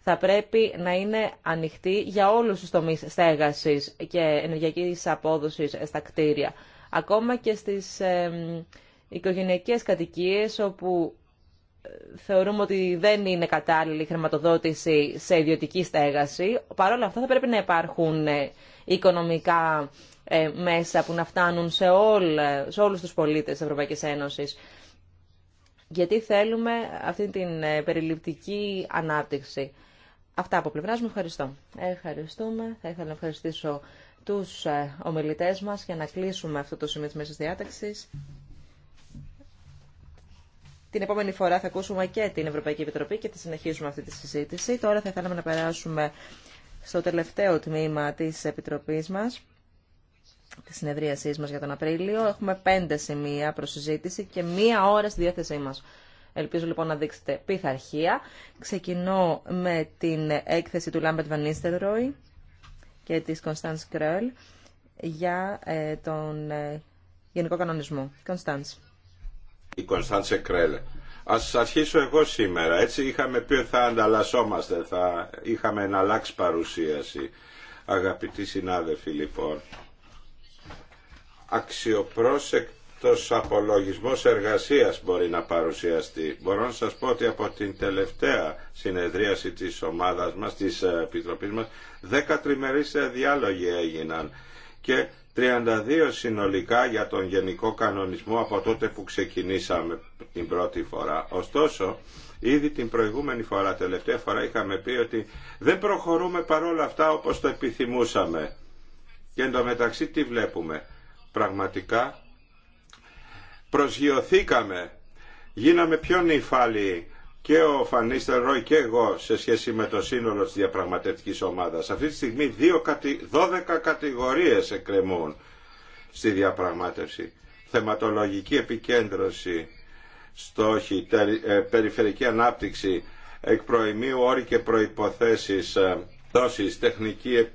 θα πρέπει να είναι ανοιχτή για όλους τους τομείς στέγασης και ενεργειακής απόδοση στα κτίρια. Ακόμα και στις οικογενειακές κατοικίες όπου θεωρούμε ότι δεν είναι κατάλληλη χρηματοδότηση σε ιδιωτική στέγαση. Παρ' όλα αυτά θα πρέπει να υπάρχουν ε, οικονομικά ε, μέσα που να φτάνουν σε, όλ, ε, σε όλους τους πολίτες της Ευρωπαϊκής Ένωσης. Γιατί θέλουμε αυτή την περιληπτική ανάπτυξη. Αυτά από πλευράς μου. Ευχαριστώ. Ευχαριστούμε. Θα ήθελα να ευχαριστήσω τους ομιλητές μας για να κλείσουμε αυτό το σημείο της μέσης διάταξης. Την επόμενη φορά θα ακούσουμε και την Ευρωπαϊκή Επιτροπή και θα συνεχίσουμε αυτή τη συζήτηση. Τώρα θα θέλαμε να περάσουμε στο τελευταίο τμήμα της Επιτροπής μας, της συνεδρίασής μας για τον Απρίλιο. Έχουμε πέντε σημεία προς συζήτηση και μία ώρα στη διάθεσή μας. Ελπίζω λοιπόν να δείξετε πειθαρχία. Ξεκινώ με την έκθεση του Λάμπερτ Βανίστερροι και της Κωνσταντς Κρέλ για ε, τον ε, Γενικό Κανονισμό. Κωνσταντς. Η Κωνσταντσε Κρέλε. Ας αρχίσω εγώ σήμερα. Έτσι είχαμε πει ότι θα ανταλλασσόμαστε, θα είχαμε εναλλάξει παρουσίαση. Αγαπητοί συνάδελφοι λοιπόν, αξιοπρόσεκτος απολογισμός εργασίας μπορεί να παρουσιαστεί. Μπορώ να σας πω ότι από την τελευταία συνεδρίαση της ομάδας μας, της Επιτροπής μας, δέκα τριμερίσια διάλογοι έγιναν και 32 συνολικά για τον γενικό κανονισμό από τότε που ξεκινήσαμε την πρώτη φορά. Ωστόσο, ήδη την προηγούμενη φορά, τελευταία φορά είχαμε πει ότι δεν προχωρούμε παρόλα αυτά όπως το επιθυμούσαμε. Και εντωμεταξύ τι βλέπουμε. Πραγματικά προσγειωθήκαμε, γίναμε πιο νυφάλιοι και ο Φανίστερ Ρόι και εγώ σε σχέση με το σύνολο της διαπραγματευτικής ομάδας. Αυτή τη στιγμή 12 κατηγορίες εκκρεμούν στη διαπραγμάτευση. Θεματολογική επικέντρωση, στόχοι, ε, περιφερική ανάπτυξη, εκπροημίου όροι και προϋποθέσεις, ε, δόσεις, τεχνική ε,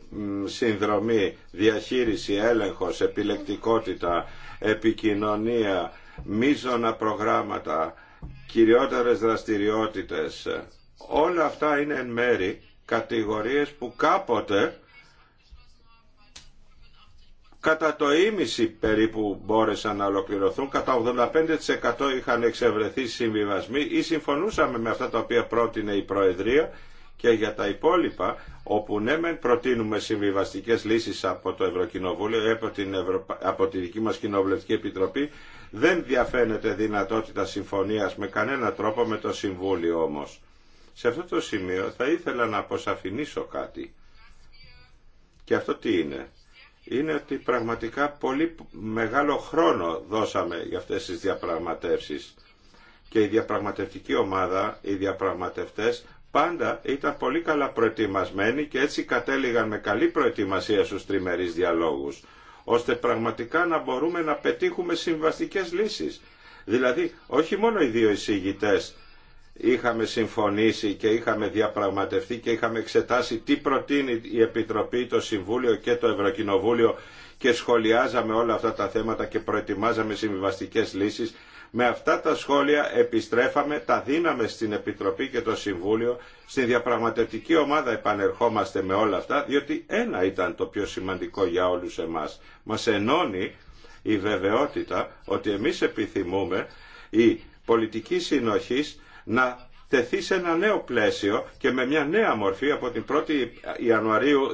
συνδρομή, διαχείριση, έλεγχος, επιλεκτικότητα, επικοινωνία, μείζωνα προγράμματα, κυριότερες δραστηριότητες. Όλα αυτά είναι εν μέρη κατηγορίες που κάποτε κατά το ίμιση περίπου μπόρεσαν να ολοκληρωθούν, κατά 85% είχαν εξευρεθεί συμβιβασμοί ή συμφωνούσαμε με αυτά τα οποία πρότεινε η Προεδρία και για τα υπόλοιπα όπου ναι μεν προτείνουμε συμβιβαστικές λύσεις από το Ευρωκοινοβούλιο ή ε, από, την τη δική μας Κοινοβουλευτική Επιτροπή, δεν διαφαίνεται δυνατότητα συμφωνίας με κανένα τρόπο με το Συμβούλιο όμως. Σε αυτό το σημείο θα ήθελα να αποσαφηνίσω κάτι. Και αυτό τι είναι. Είναι ότι πραγματικά πολύ μεγάλο χρόνο δώσαμε για αυτές τις διαπραγματεύσεις. Και η διαπραγματευτική ομάδα, οι διαπραγματευτές πάντα ήταν πολύ καλά προετοιμασμένοι και έτσι κατέληγαν με καλή προετοιμασία στους τριμερείς διαλόγους, ώστε πραγματικά να μπορούμε να πετύχουμε συμβαστικές λύσεις. Δηλαδή, όχι μόνο οι δύο εισηγητές είχαμε συμφωνήσει και είχαμε διαπραγματευτεί και είχαμε εξετάσει τι προτείνει η Επιτροπή, το Συμβούλιο και το Ευρωκοινοβούλιο και σχολιάζαμε όλα αυτά τα θέματα και προετοιμάζαμε συμβιβαστικές λύσεις με αυτά τα σχόλια επιστρέφαμε, τα δίναμε στην Επιτροπή και το Συμβούλιο. Στην διαπραγματευτική ομάδα επανερχόμαστε με όλα αυτά, διότι ένα ήταν το πιο σημαντικό για όλους εμάς. Μας ενώνει η βεβαιότητα ότι εμείς επιθυμούμε η πολιτική συνοχής να τεθεί σε ένα νέο πλαίσιο και με μια νέα μορφή από την 1η Ιανουαρίου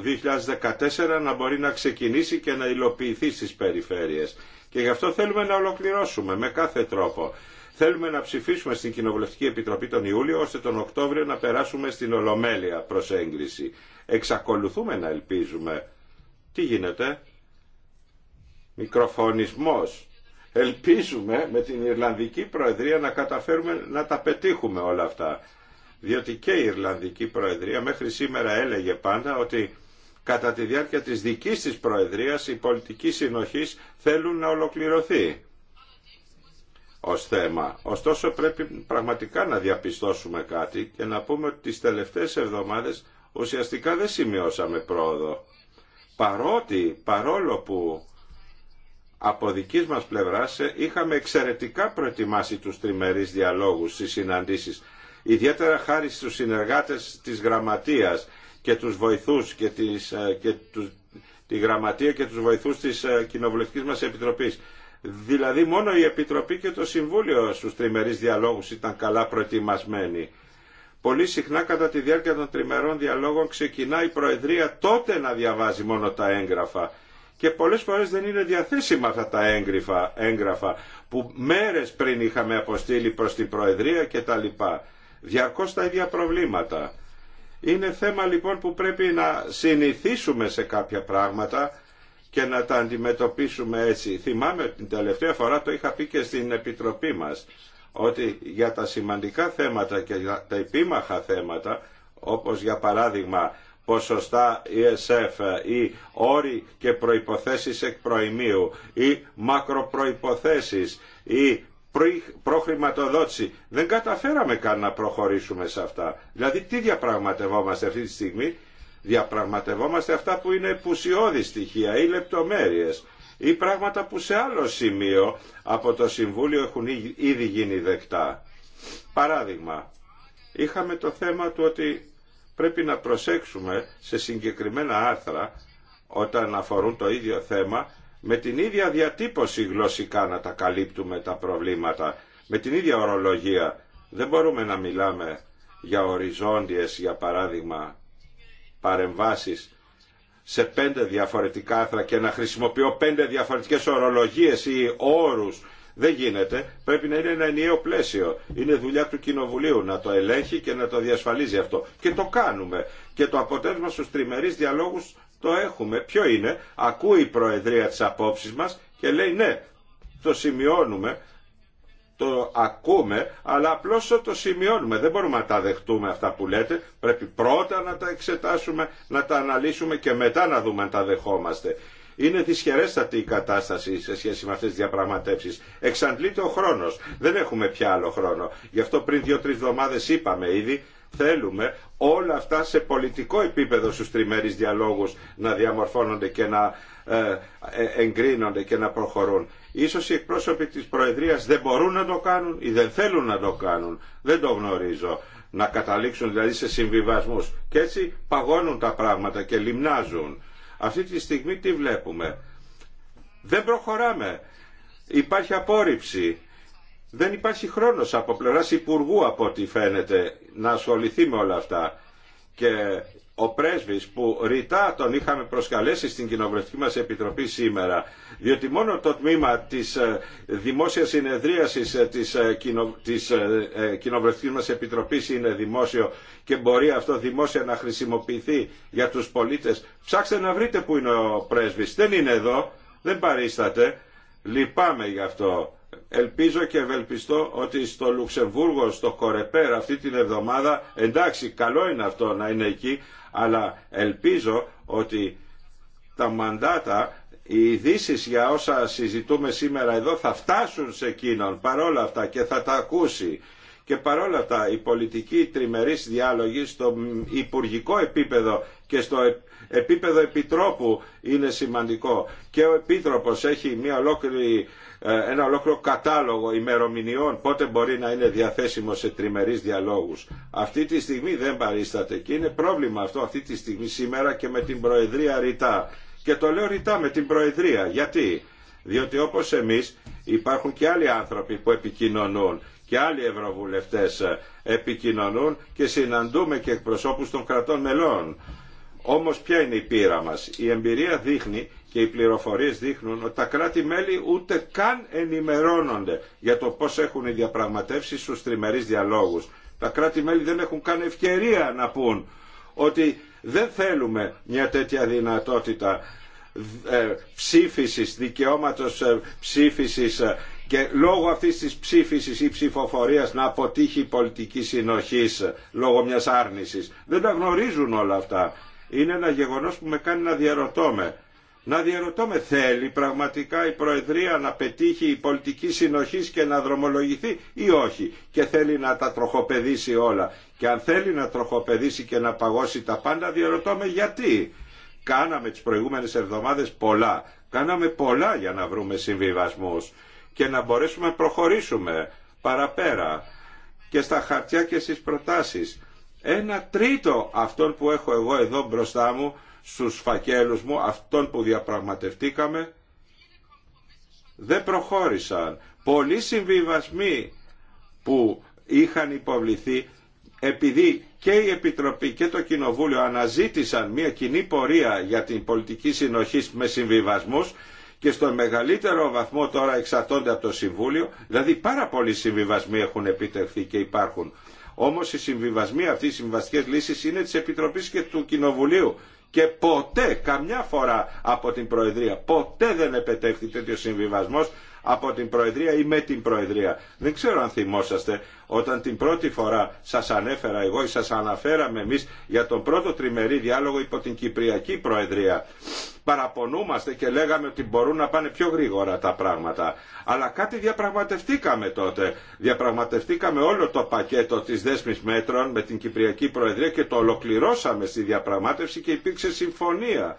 2014 να μπορεί να ξεκινήσει και να υλοποιηθεί στις περιφέρειες. Και γι' αυτό θέλουμε να ολοκληρώσουμε με κάθε τρόπο. Θέλουμε να ψηφίσουμε στην Κοινοβουλευτική Επιτροπή τον Ιούλιο, ώστε τον Οκτώβριο να περάσουμε στην Ολομέλεια προς έγκριση. Εξακολουθούμε να ελπίζουμε. Τι γίνεται? Μικροφωνισμός. Ελπίζουμε με την Ιρλανδική Προεδρία να καταφέρουμε να τα πετύχουμε όλα αυτά. Διότι και η Ιρλανδική Προεδρία μέχρι σήμερα έλεγε πάντα ότι κατά τη διάρκεια της δικής της Προεδρίας η πολιτική συνοχής θέλουν να ολοκληρωθεί ως θέμα. Ωστόσο πρέπει πραγματικά να διαπιστώσουμε κάτι και να πούμε ότι τις τελευταίες εβδομάδες ουσιαστικά δεν σημειώσαμε πρόοδο. Παρότι, παρόλο που από δική μας πλευράς ε, είχαμε εξαιρετικά προετοιμάσει τους τριμερείς διαλόγους στις συναντήσεις, ιδιαίτερα χάρη στους συνεργάτες της Γραμματείας και τους βοηθούς και, τις, ε, και τους, τη γραμματεία και τους βοηθούς της ε, κοινοβουλευτικής μας επιτροπής. Δηλαδή μόνο η Επιτροπή και το Συμβούλιο στους τριμερείς διαλόγους ήταν καλά προετοιμασμένοι. Πολύ συχνά κατά τη διάρκεια των τριμερών διαλόγων ξεκινά η Προεδρία τότε να διαβάζει μόνο τα έγγραφα και πολλές φορές δεν είναι διαθέσιμα αυτά τα έγγραφα, έγγραφα που μέρες πριν είχαμε αποστείλει προς την Προεδρία κτλ. Διαρκώς τα ίδια προβλήματα. Είναι θέμα λοιπόν που πρέπει να συνηθίσουμε σε κάποια πράγματα και να τα αντιμετωπίσουμε έτσι. Θυμάμαι την τελευταία φορά το είχα πει και στην Επιτροπή μας ότι για τα σημαντικά θέματα και για τα επίμαχα θέματα όπως για παράδειγμα ποσοστά ESF ή όροι και προϋποθέσεις εκ προημίου ή μακροπροϋποθέσεις ή προχρηματοδότηση. Δεν καταφέραμε καν να προχωρήσουμε σε αυτά. Δηλαδή τι διαπραγματευόμαστε αυτή τη στιγμή. Διαπραγματευόμαστε αυτά που είναι πουσιώδη στοιχεία ή λεπτομέρειες ή πράγματα που σε άλλο σημείο από το Συμβούλιο έχουν ήδη γίνει δεκτά. Παράδειγμα, είχαμε το θέμα του ότι πρέπει να προσέξουμε σε συγκεκριμένα άρθρα όταν αφορούν το ίδιο θέμα με την ίδια διατύπωση γλωσσικά να τα καλύπτουμε τα προβλήματα, με την ίδια ορολογία. Δεν μπορούμε να μιλάμε για οριζόντιες, για παράδειγμα, παρεμβάσεις σε πέντε διαφορετικά άθρα και να χρησιμοποιώ πέντε διαφορετικές ορολογίες ή όρους δεν γίνεται. Πρέπει να είναι ένα ενιαίο πλαίσιο. Είναι δουλειά του Κοινοβουλίου να το ελέγχει και να το διασφαλίζει αυτό. Και το κάνουμε. Και το αποτέλεσμα στους τριμερείς διαλόγους το έχουμε. Ποιο είναι. Ακούει η Προεδρία τις απόψεις μας και λέει ναι, το σημειώνουμε το ακούμε, αλλά απλώ το σημειώνουμε. Δεν μπορούμε να τα δεχτούμε αυτά που λέτε. Πρέπει πρώτα να τα εξετάσουμε, να τα αναλύσουμε και μετά να δούμε αν τα δεχόμαστε. Είναι δυσχερέστατη η κατάσταση σε σχέση με αυτέ τι διαπραγματεύσει. Εξαντλείται ο χρόνο. Δεν έχουμε πια άλλο χρόνο. Γι' αυτό πριν δύο-τρει εβδομάδε είπαμε ήδη θέλουμε όλα αυτά σε πολιτικό επίπεδο στους τριμερείς διαλόγους να διαμορφώνονται και να ε, ε, εγκρίνονται και να προχωρούν. Ίσως οι εκπρόσωποι της Προεδρίας δεν μπορούν να το κάνουν ή δεν θέλουν να το κάνουν. Δεν το γνωρίζω. Να καταλήξουν δηλαδή σε συμβιβασμούς. Και έτσι παγώνουν τα πράγματα και λιμνάζουν. Αυτή τη στιγμή τι βλέπουμε. Δεν προχωράμε. Υπάρχει απόρριψη. Δεν υπάρχει χρόνος από πλευράς Υπουργού από ό,τι φαίνεται να ασχοληθεί με όλα αυτά. Και ο πρέσβης που ρητά τον είχαμε προσκαλέσει στην κοινοβουλευτική μας επιτροπή σήμερα διότι μόνο το τμήμα της ε, δημόσιας συνεδρίασης ε, της, ε, κοινο, της κοινοβουλευτικής μας επιτροπής είναι δημόσιο και μπορεί αυτό δημόσια να χρησιμοποιηθεί για τους πολίτες. Ψάξτε να βρείτε που είναι ο πρέσβης. Δεν είναι εδώ, δεν παρίσταται. Λυπάμαι γι' αυτό. Ελπίζω και ευελπιστώ ότι στο Λουξεμβούργο, στο Κορεπέρ αυτή την εβδομάδα, εντάξει καλό είναι αυτό να είναι εκεί, αλλά ελπίζω ότι τα μαντάτα οι ειδήσει για όσα συζητούμε σήμερα εδώ θα φτάσουν σε εκείνον παρόλα αυτά και θα τα ακούσει. Και παρόλα αυτά η πολιτική τριμερής διάλογη στο υπουργικό επίπεδο και στο επίπεδο επιτρόπου είναι σημαντικό. Και ο Επίτροπος έχει μια ολόκληρη ε, ένα ολόκληρο κατάλογο ημερομηνιών πότε μπορεί να είναι διαθέσιμο σε τριμερείς διαλόγους. Αυτή τη στιγμή δεν παρίσταται και είναι πρόβλημα αυτό αυτή τη στιγμή σήμερα και με την Προεδρία ρητά. Και το λέω ρητά με την Προεδρία. Γιατί? Διότι όπως εμείς υπάρχουν και άλλοι άνθρωποι που επικοινωνούν και άλλοι ευρωβουλευτές ε, επικοινωνούν και συναντούμε και εκπροσώπους των κρατών μελών. Όμως ποια είναι η πείρα μας. Η εμπειρία δείχνει και οι πληροφορίες δείχνουν ότι τα κράτη-μέλη ούτε καν ενημερώνονται για το πώς έχουν οι διαπραγματεύσεις στους τριμερείς διαλόγους. Τα κράτη-μέλη δεν έχουν καν ευκαιρία να πούν ότι δεν θέλουμε μια τέτοια δυνατότητα ε, ψήφισης, δικαιώματος ε, ψήφισης ε, και λόγω αυτής της ψήφισης ή ψηφοφορίας να αποτύχει η πολιτική συνοχής λόγω μιας άρνησης. Δεν τα γνωρίζουν όλα αυτά. Είναι ένα γεγονός που με κάνει να διαρωτώ με να διαρωτώ με θέλει πραγματικά η Προεδρία να πετύχει η πολιτική συνοχή και να δρομολογηθεί ή όχι και θέλει να τα τροχοπεδίσει όλα. Και αν θέλει να τροχοπεδίσει και να παγώσει τα πάντα διαρωτώ με γιατί. Κάναμε τις προηγούμενες εβδομάδες πολλά. Κάναμε πολλά για να βρούμε συμβιβασμούς και να μπορέσουμε να προχωρήσουμε παραπέρα και στα χαρτιά και στις προτάσεις. Ένα τρίτο αυτών που έχω εγώ εδώ μπροστά μου στους φακέλους μου αυτών που διαπραγματευτήκαμε δεν προχώρησαν. Πολλοί συμβιβασμοί που είχαν υποβληθεί επειδή και η Επιτροπή και το Κοινοβούλιο αναζήτησαν μια κοινή πορεία για την πολιτική συνοχή με συμβιβασμούς και στο μεγαλύτερο βαθμό τώρα εξαρτώνται από το Συμβούλιο, δηλαδή πάρα πολλοί συμβιβασμοί έχουν επιτευχθεί και υπάρχουν. Όμως οι συμβιβασμοί αυτοί, οι συμβαστικές λύσεις είναι της Επιτροπής και του Κοινοβουλίου και ποτέ, καμιά φορά από την Προεδρία, ποτέ δεν επετέχθη τέτοιο συμβιβασμός από την Προεδρία ή με την Προεδρία. Δεν ξέρω αν θυμόσαστε όταν την πρώτη φορά σας ανέφερα εγώ ή σας αναφέραμε εμείς για τον πρώτο τριμερή διάλογο υπό την Κυπριακή Προεδρία. Παραπονούμαστε και λέγαμε ότι μπορούν να πάνε πιο γρήγορα τα πράγματα. Αλλά κάτι διαπραγματευτήκαμε τότε. Διαπραγματευτήκαμε όλο το πακέτο της δέσμης μέτρων με την Κυπριακή Προεδρία και το ολοκληρώσαμε στη διαπραγμάτευση και υπήρξε συμφωνία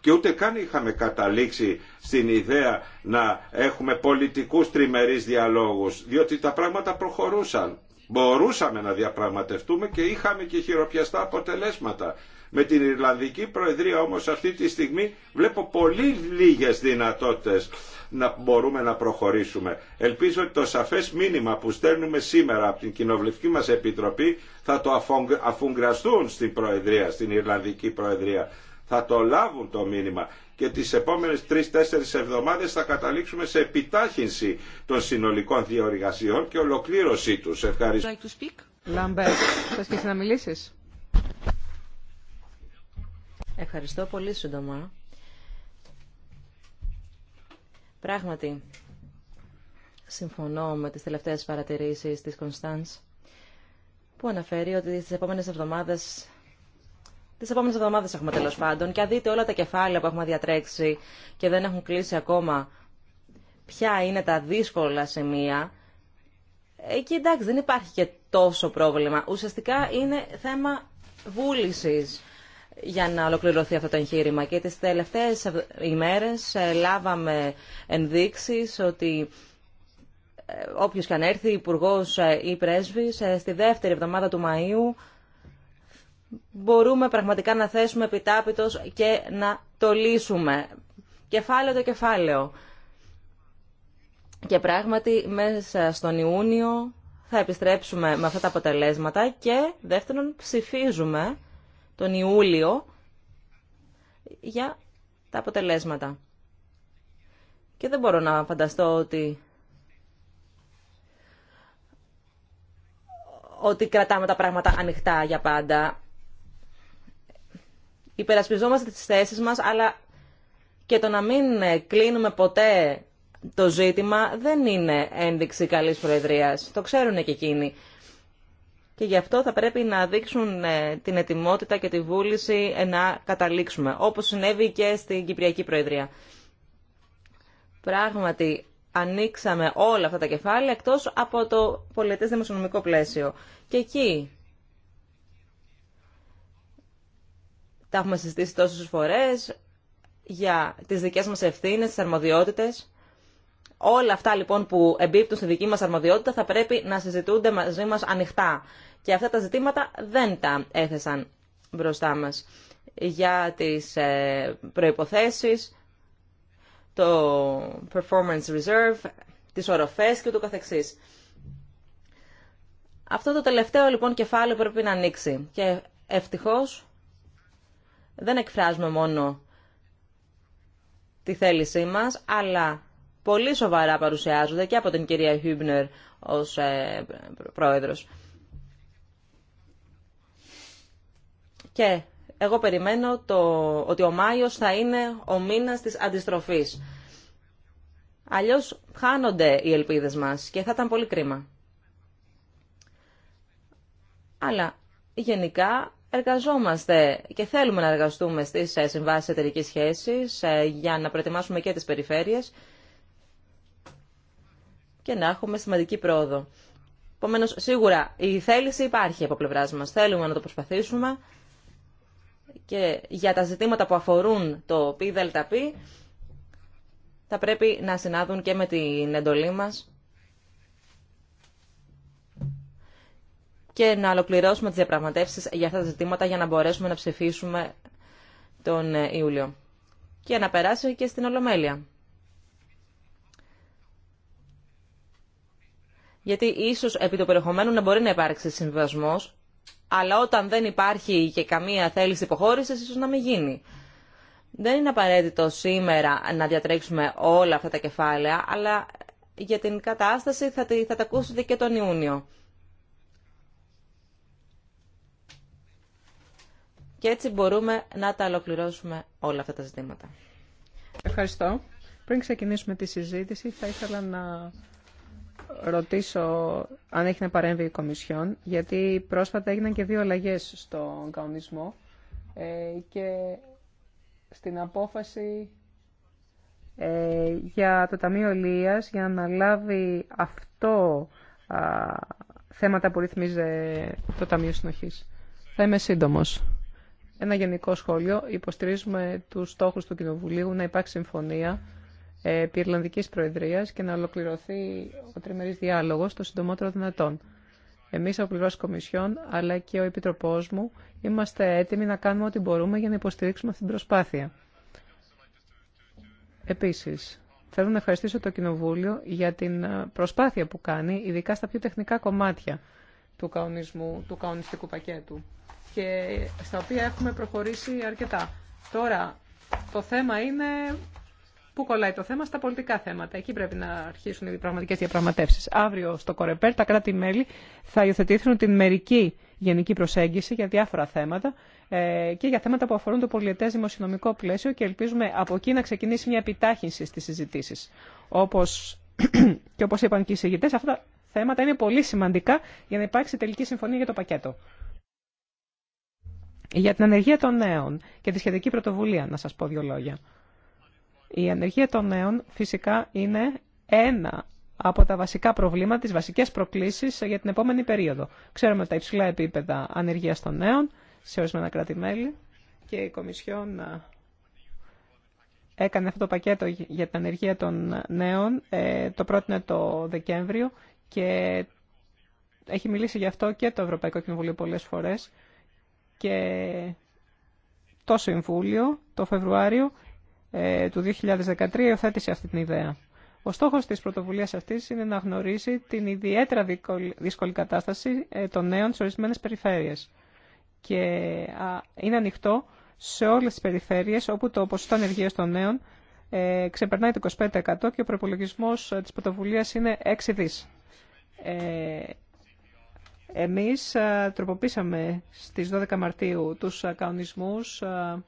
και ούτε καν είχαμε καταλήξει στην ιδέα να έχουμε πολιτικούς τριμερείς διαλόγους, διότι τα πράγματα προχωρούσαν. Μπορούσαμε να διαπραγματευτούμε και είχαμε και χειροπιαστά αποτελέσματα. Με την Ιρλανδική Προεδρία όμως αυτή τη στιγμή βλέπω πολύ λίγες δυνατότητες να μπορούμε να προχωρήσουμε. Ελπίζω ότι το σαφές μήνυμα που στέλνουμε σήμερα από την Κοινοβουλευτική μας Επιτροπή θα το αφουγκραστούν στην Προεδρία, στην Ιρλανδική Προεδρία θα το λάβουν το μήνυμα και τις επόμενες τρεις-τέσσερις εβδομάδες θα καταλήξουμε σε επιτάχυνση των συνολικών διοργασιών και ολοκλήρωσή τους. Ευχαριστώ. Ευχαριστώ πολύ σύντομα. Πράγματι, συμφωνώ με τις τελευταίες παρατηρήσεις της Κωνσταντς που αναφέρει ότι στις επόμενες εβδομάδες τι επόμενε εβδομάδε έχουμε τέλο πάντων. Και αν δείτε όλα τα κεφάλαια που έχουμε διατρέξει και δεν έχουν κλείσει ακόμα, ποια είναι τα δύσκολα σημεία. Εκεί εντάξει δεν υπάρχει και τόσο πρόβλημα. Ουσιαστικά είναι θέμα βούληση για να ολοκληρωθεί αυτό το εγχείρημα. Και τις τελευταίες ημέρες ε, λάβαμε ενδείξεις ότι ε, όποιος και αν έρθει, υπουργό ε, ή πρέσβης, στη δεύτερη εβδομάδα του Μαΐου μπορούμε πραγματικά να θέσουμε επιτάπητος και να το λύσουμε. Κεφάλαιο το κεφάλαιο. Και πράγματι μέσα στον Ιούνιο θα επιστρέψουμε με αυτά τα αποτελέσματα και δεύτερον ψηφίζουμε τον Ιούλιο για τα αποτελέσματα. Και δεν μπορώ να φανταστώ ότι ότι κρατάμε τα πράγματα ανοιχτά για πάντα υπερασπιζόμαστε τις θέσεις μας, αλλά και το να μην ε, κλείνουμε ποτέ το ζήτημα δεν είναι ένδειξη καλής προεδρίας. Το ξέρουν και εκείνοι. Και γι' αυτό θα πρέπει να δείξουν ε, την ετοιμότητα και τη βούληση ε, να καταλήξουμε, όπως συνέβη και στην Κυπριακή Προεδρία. Πράγματι, ανοίξαμε όλα αυτά τα κεφάλαια, εκτός από το πολιτές δημοσιονομικό πλαίσιο. Και εκεί Τα έχουμε συζητήσει τόσε φορές για τις δικές μας ευθύνε, τι αρμοδιότητες. Όλα αυτά λοιπόν που εμπίπτουν στη δική μας αρμοδιότητα θα πρέπει να συζητούνται μαζί μας ανοιχτά. Και αυτά τα ζητήματα δεν τα έθεσαν μπροστά μας. Για τις ε, προϋποθέσεις, το performance reserve, τις οροφές και ούτω καθεξής. Αυτό το τελευταίο λοιπόν κεφάλαιο πρέπει να ανοίξει και ευτυχώς δεν εκφράζουμε μόνο τη θέλησή μας, αλλά πολύ σοβαρά παρουσιάζονται και από την κυρία Χιούμπνερ ως ε, πρόεδρος. Και εγώ περιμένω το, ότι ο Μάιος θα είναι ο μήνας της αντιστροφής. Αλλιώς χάνονται οι ελπίδες μας και θα ήταν πολύ κρίμα. Αλλά γενικά εργαζόμαστε και θέλουμε να εργαστούμε στις ε, συμβάσει εταιρικής σχέση ε, για να προετοιμάσουμε και τι περιφέρειες και να έχουμε σημαντική πρόοδο. Επομένω, σίγουρα η θέληση υπάρχει από πλευρά μα. Θέλουμε να το προσπαθήσουμε και για τα ζητήματα που αφορούν το ΠΔΠ θα πρέπει να συνάδουν και με την εντολή μας και να ολοκληρώσουμε τις διαπραγματεύσεις για αυτά τα ζητήματα για να μπορέσουμε να ψηφίσουμε τον ε, Ιούλιο και να περάσει και στην Ολομέλεια. Γιατί ίσως επί του περιεχομένου να μπορεί να υπάρξει συμβασμός, αλλά όταν δεν υπάρχει και καμία θέληση υποχώρηση, ίσως να μην γίνει. Δεν είναι απαραίτητο σήμερα να διατρέξουμε όλα αυτά τα κεφάλαια, αλλά για την κατάσταση θα τα ακούσετε και τον Ιούνιο. και έτσι μπορούμε να τα ολοκληρώσουμε όλα αυτά τα ζητήματα. Ευχαριστώ. Πριν ξεκινήσουμε τη συζήτηση, θα ήθελα να ρωτήσω αν έχει να παρέμβει η Κομισιόν, γιατί πρόσφατα έγιναν και δύο αλλαγέ στον κανονισμό ε, και στην απόφαση ε, για το Ταμείο Ηλίας για να λάβει αυτό θέματα που ρυθμίζει το Ταμείο Συνοχής. Θα είμαι σύντομος. Ένα γενικό σχόλιο. Υποστηρίζουμε τους στόχους του Κοινοβουλίου να υπάρξει συμφωνία ε, επί Ιρλανδικής Προεδρίας και να ολοκληρωθεί ο τριμερής διάλογος το συντομότερο δυνατόν. Εμείς ο πλευράς Κομισιόν αλλά και ο Επιτροπός μου είμαστε έτοιμοι να κάνουμε ό,τι μπορούμε για να υποστηρίξουμε αυτή την προσπάθεια. Επίσης, θέλω να ευχαριστήσω το Κοινοβούλιο για την ε, προσπάθεια που κάνει, ειδικά στα πιο τεχνικά κομμάτια του, καονισμού, του καονιστικού πακέτου και στα οποία έχουμε προχωρήσει αρκετά. Τώρα, το θέμα είναι πού κολλάει το θέμα στα πολιτικά θέματα. Εκεί πρέπει να αρχίσουν οι πραγματικέ διαπραγματεύσει. Αύριο στο Κορεπέρ τα κράτη-μέλη θα υιοθετήσουν την μερική γενική προσέγγιση για διάφορα θέματα ε, και για θέματα που αφορούν το πολιετέ δημοσιονομικό πλαίσιο και ελπίζουμε από εκεί να ξεκινήσει μια επιτάχυνση στι συζητήσει. Όπως και όπω είπαν και οι συγητέ, αυτά τα θέματα είναι πολύ σημαντικά για να υπάρξει τελική συμφωνία για το πακέτο. Για την ανεργία των νέων και τη σχετική πρωτοβουλία, να σας πω δύο λόγια. Η ανεργία των νέων φυσικά είναι ένα από τα βασικά προβλήματα, τις βασικές προκλήσεις για την επόμενη περίοδο. Ξέρουμε τα υψηλά επίπεδα ανεργίας των νέων σε ορισμένα κράτη-μέλη και η Κομισιόν ε, έκανε αυτό το πακέτο για την ανεργία των νέων, ε, το πρότεινε το Δεκέμβριο και έχει μιλήσει γι' αυτό και το Ευρωπαϊκό Κοινοβουλίο πολλές φορές και το Συμβούλιο το Φεβρουάριο ε, του 2013 υιοθέτησε αυτή την ιδέα. Ο στόχος της πρωτοβουλίας αυτής είναι να γνωρίσει την ιδιαίτερα δύσκολη κατάσταση ε, των νέων σε ορισμένε περιφέρειες και είναι ανοιχτό σε όλες τις περιφέρειες όπου το ποσοστό ανεργίας των νέων ε, ξεπερνάει το 25% και ο προπολογισμό ε, της πρωτοβουλία είναι 6 δις. Ε, εμείς ε, τροποποίησαμε στις 12 Μαρτίου τους ε, κανονισμούς ε,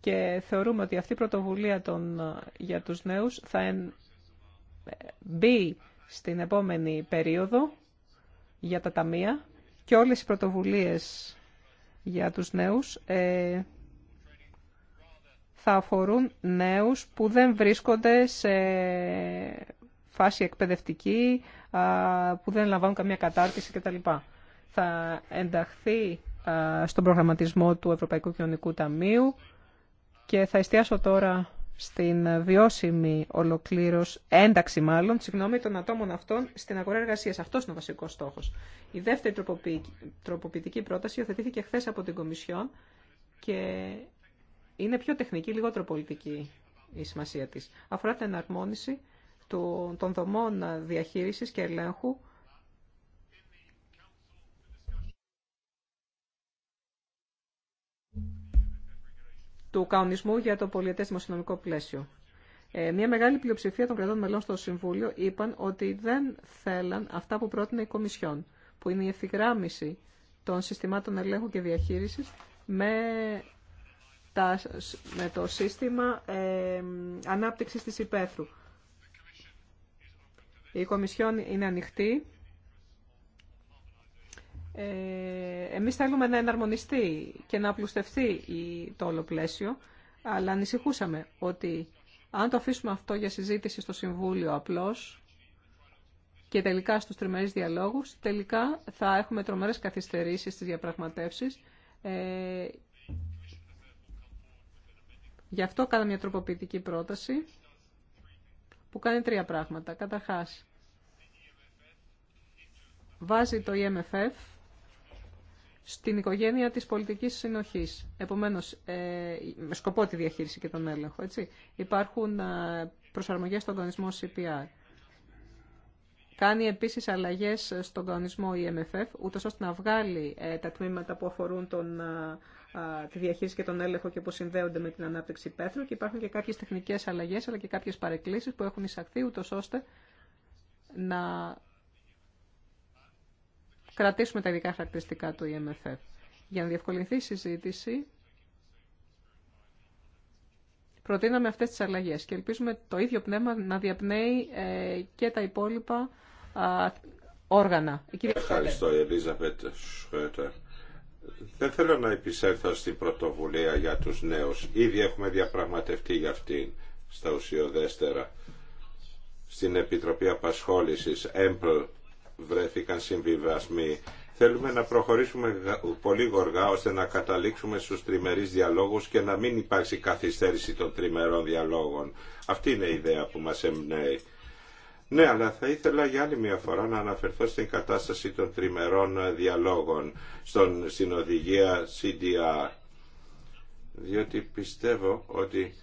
και θεωρούμε ότι αυτή η πρωτοβουλία για τους νέους θα εν, μπει στην επόμενη περίοδο για τα ταμεία και όλες οι πρωτοβουλίες για τους νέους θα αφορούν νέους που δεν βρίσκονται σε φάση εκπαιδευτική, που δεν λαμβάνουν καμία κατάρτιση κτλ. Θα ενταχθεί στον προγραμματισμό του Ευρωπαϊκού Κοινωνικού Ταμείου και θα εστιάσω τώρα στην βιώσιμη ολοκλήρωση, ένταξη μάλλον, συγγνώμη, των ατόμων αυτών στην αγορά εργασία. Αυτό είναι ο βασικό στόχο. Η δεύτερη τροποποιητική πρόταση υιοθετήθηκε χθε από την Κομισιόν και είναι πιο τεχνική, λιγότερο πολιτική η σημασία της. Αφορά την εναρμόνιση των δομών διαχείρισης και ελέγχου του καονισμού για το πολιετές δημοσιονομικό πλαίσιο. Ε, μια μεγάλη πλειοψηφία των κρατών μελών στο Συμβούλιο είπαν ότι δεν θέλαν αυτά που πρότεινε η Κομισιόν, που είναι η ευθυγράμμιση των συστημάτων ελέγχου και διαχείρισης με, τα, με το σύστημα ε, ανάπτυξης της υπαίθρου. Η Κομισιόν είναι ανοιχτή. Ε, εμείς θέλουμε να εναρμονιστεί και να απλουστευτεί το όλο πλαίσιο, αλλά ανησυχούσαμε ότι αν το αφήσουμε αυτό για συζήτηση στο Συμβούλιο απλώς και τελικά στους τριμερείς διαλόγους, τελικά θα έχουμε τρομερές καθυστερήσεις στις διαπραγματεύσεις. Ε, γι' αυτό κάναμε μια τροποποιητική πρόταση που κάνει τρία πράγματα. Καταρχάς, βάζει το EMFF στην οικογένεια της πολιτικής συνοχής. Επομένως, ε, με σκοπό τη διαχείριση και τον έλεγχο. Έτσι. Υπάρχουν ε, προσαρμογές στον κανονισμό CPR. Κάνει επίσης αλλαγές στον κανονισμό EMFF, ούτως ώστε να βγάλει ε, τα τμήματα που αφορούν τον τη διαχείριση και τον έλεγχο και που συνδέονται με την ανάπτυξη πέθρου και υπάρχουν και κάποιες τεχνικές αλλαγές αλλά και κάποιες παρεκκλήσει που έχουν εισαχθεί ούτω ώστε να κρατήσουμε τα ειδικά χαρακτηριστικά του EMFF. Για να διευκολυνθεί η συζήτηση, προτείναμε αυτές τις αλλαγές και ελπίζουμε το ίδιο πνεύμα να διαπνέει ε, και τα υπόλοιπα όργανα. Ευχαριστώ, Ελίζα δεν θέλω να επισέλθω στην πρωτοβουλία για τους νέους. Ήδη έχουμε διαπραγματευτεί για αυτήν στα ουσιοδέστερα. Στην Επιτροπή Απασχόλησης, ΕΜΠΛ, βρέθηκαν συμβιβασμοί. Θέλουμε να προχωρήσουμε πολύ γοργά ώστε να καταλήξουμε στους τριμερείς διαλόγους και να μην υπάρξει καθυστέρηση των τριμερών διαλόγων. Αυτή είναι η ιδέα που μας εμπνέει. Ναι, αλλά θα ήθελα για άλλη μια φορά να αναφερθώ στην κατάσταση των τριμερών διαλόγων στον, στην οδηγία CDR. Διότι πιστεύω ότι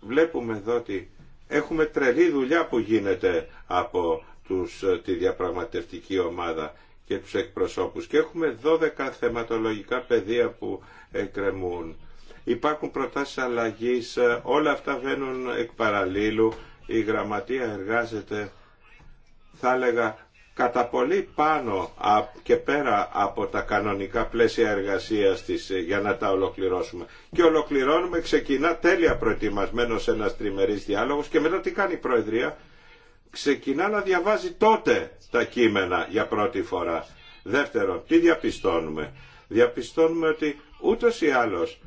βλέπουμε εδώ ότι έχουμε τρελή δουλειά που γίνεται από τους, τη διαπραγματευτική ομάδα και τους εκπροσώπους και έχουμε 12 θεματολογικά πεδία που εκκρεμούν. Υπάρχουν προτάσεις αλλαγής, όλα αυτά βαίνουν εκ παραλίλου, η γραμματεία εργάζεται θα έλεγα κατά πολύ πάνω και πέρα από τα κανονικά πλαίσια εργασίας της ε, για να τα ολοκληρώσουμε. Και ολοκληρώνουμε, ξεκινά τέλεια προετοιμασμένος ένας τριμερής διάλογος και μετά τι κάνει η Προεδρία. Ξεκινά να διαβάζει τότε τα κείμενα για πρώτη φορά. Δεύτερον, τι διαπιστώνουμε. Διαπιστώνουμε ότι ούτως ή άλλως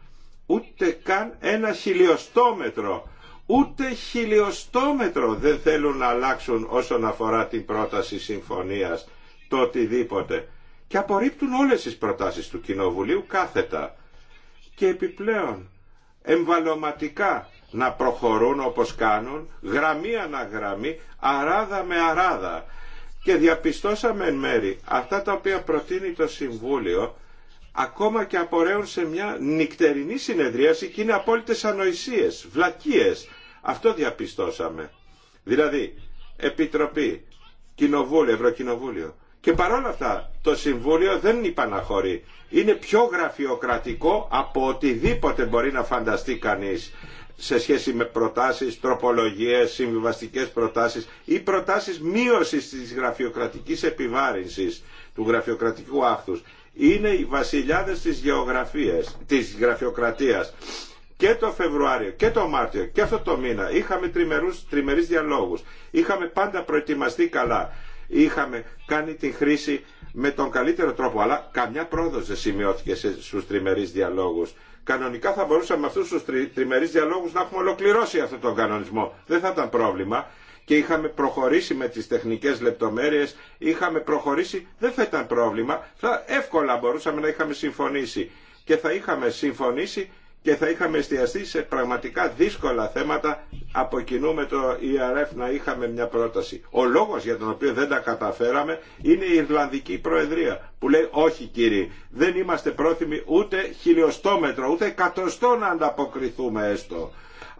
ούτε καν ένα χιλιοστόμετρο ούτε χιλιοστόμετρο δεν θέλουν να αλλάξουν όσον αφορά την πρόταση συμφωνίας το οτιδήποτε και απορρίπτουν όλες τις προτάσεις του Κοινοβουλίου κάθετα και επιπλέον εμβαλωματικά να προχωρούν όπως κάνουν γραμμή ανά γραμμή, αράδα με αράδα και διαπιστώσαμε εν μέρη αυτά τα οποία προτείνει το Συμβούλιο ακόμα και απορρέουν σε μια νυχτερινή συνεδρίαση και είναι απόλυτες ανοησίες, βλακίες αυτό διαπιστώσαμε. Δηλαδή, Επιτροπή, Κοινοβούλιο, Ευρωκοινοβούλιο. Και παρόλα αυτά το Συμβούλιο δεν υπαναχωρεί. Είναι πιο γραφειοκρατικό από οτιδήποτε μπορεί να φανταστεί κανείς σε σχέση με προτάσεις, τροπολογίες, συμβιβαστικές προτάσεις ή προτάσεις μείωσης της γραφειοκρατικής επιβάρυνσης του γραφειοκρατικού άχθους. Είναι οι βασιλιάδες της, γεωγραφίας, της γραφειοκρατίας και το Φεβρουάριο και το Μάρτιο και αυτό το μήνα είχαμε τριμερούς, τριμερείς διαλόγους. Είχαμε πάντα προετοιμαστεί καλά. Είχαμε κάνει την χρήση με τον καλύτερο τρόπο, αλλά καμιά πρόοδος δεν σημειώθηκε στους τριμερείς διαλόγους. Κανονικά θα μπορούσαμε αυτούς τους τρι, τριμερείς διαλόγους να έχουμε ολοκληρώσει αυτόν τον κανονισμό. Δεν θα ήταν πρόβλημα και είχαμε προχωρήσει με τις τεχνικές λεπτομέρειες, είχαμε προχωρήσει, δεν θα ήταν πρόβλημα, θα εύκολα μπορούσαμε να είχαμε συμφωνήσει και θα είχαμε συμφωνήσει και θα είχαμε εστιαστεί σε πραγματικά δύσκολα θέματα από κοινού με το ERF να είχαμε μια πρόταση. Ο λόγος για τον οποίο δεν τα καταφέραμε είναι η Ιρλανδική Προεδρία που λέει όχι κύριοι δεν είμαστε πρόθυμοι ούτε χιλιοστόμετρο ούτε εκατοστό να ανταποκριθούμε έστω.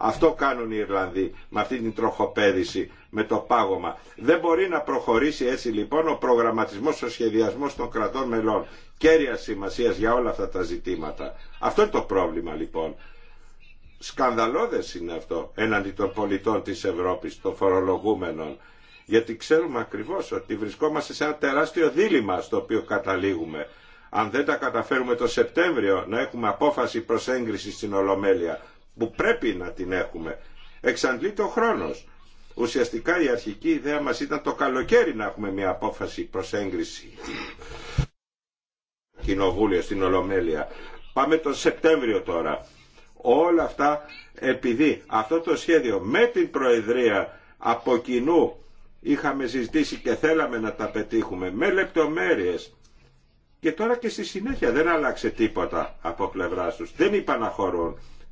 Αυτό κάνουν οι Ιρλανδοί με αυτή την τροχοπέδηση, με το πάγωμα. Δεν μπορεί να προχωρήσει έτσι λοιπόν ο προγραμματισμός, ο σχεδιασμός των κρατών μελών κέρια σημασίας για όλα αυτά τα ζητήματα. Αυτό είναι το πρόβλημα λοιπόν. Σκανδαλώδες είναι αυτό έναντι των πολιτών της Ευρώπης, των φορολογούμενων. Γιατί ξέρουμε ακριβώς ότι βρισκόμαστε σε ένα τεράστιο δίλημα στο οποίο καταλήγουμε. Αν δεν τα καταφέρουμε το Σεπτέμβριο να έχουμε απόφαση προς έγκριση στην Ολομέλεια, που πρέπει να την έχουμε, εξαντλείται ο χρόνος. Ουσιαστικά η αρχική ιδέα μας ήταν το καλοκαίρι να έχουμε μια απόφαση προς έγκριση κοινοβούλιο, στην Ολομέλεια. Πάμε τον Σεπτέμβριο τώρα. Όλα αυτά επειδή αυτό το σχέδιο με την Προεδρία από κοινού είχαμε συζητήσει και θέλαμε να τα πετύχουμε με λεπτομέρειες και τώρα και στη συνέχεια δεν άλλαξε τίποτα από πλευρά του. Δεν είπαν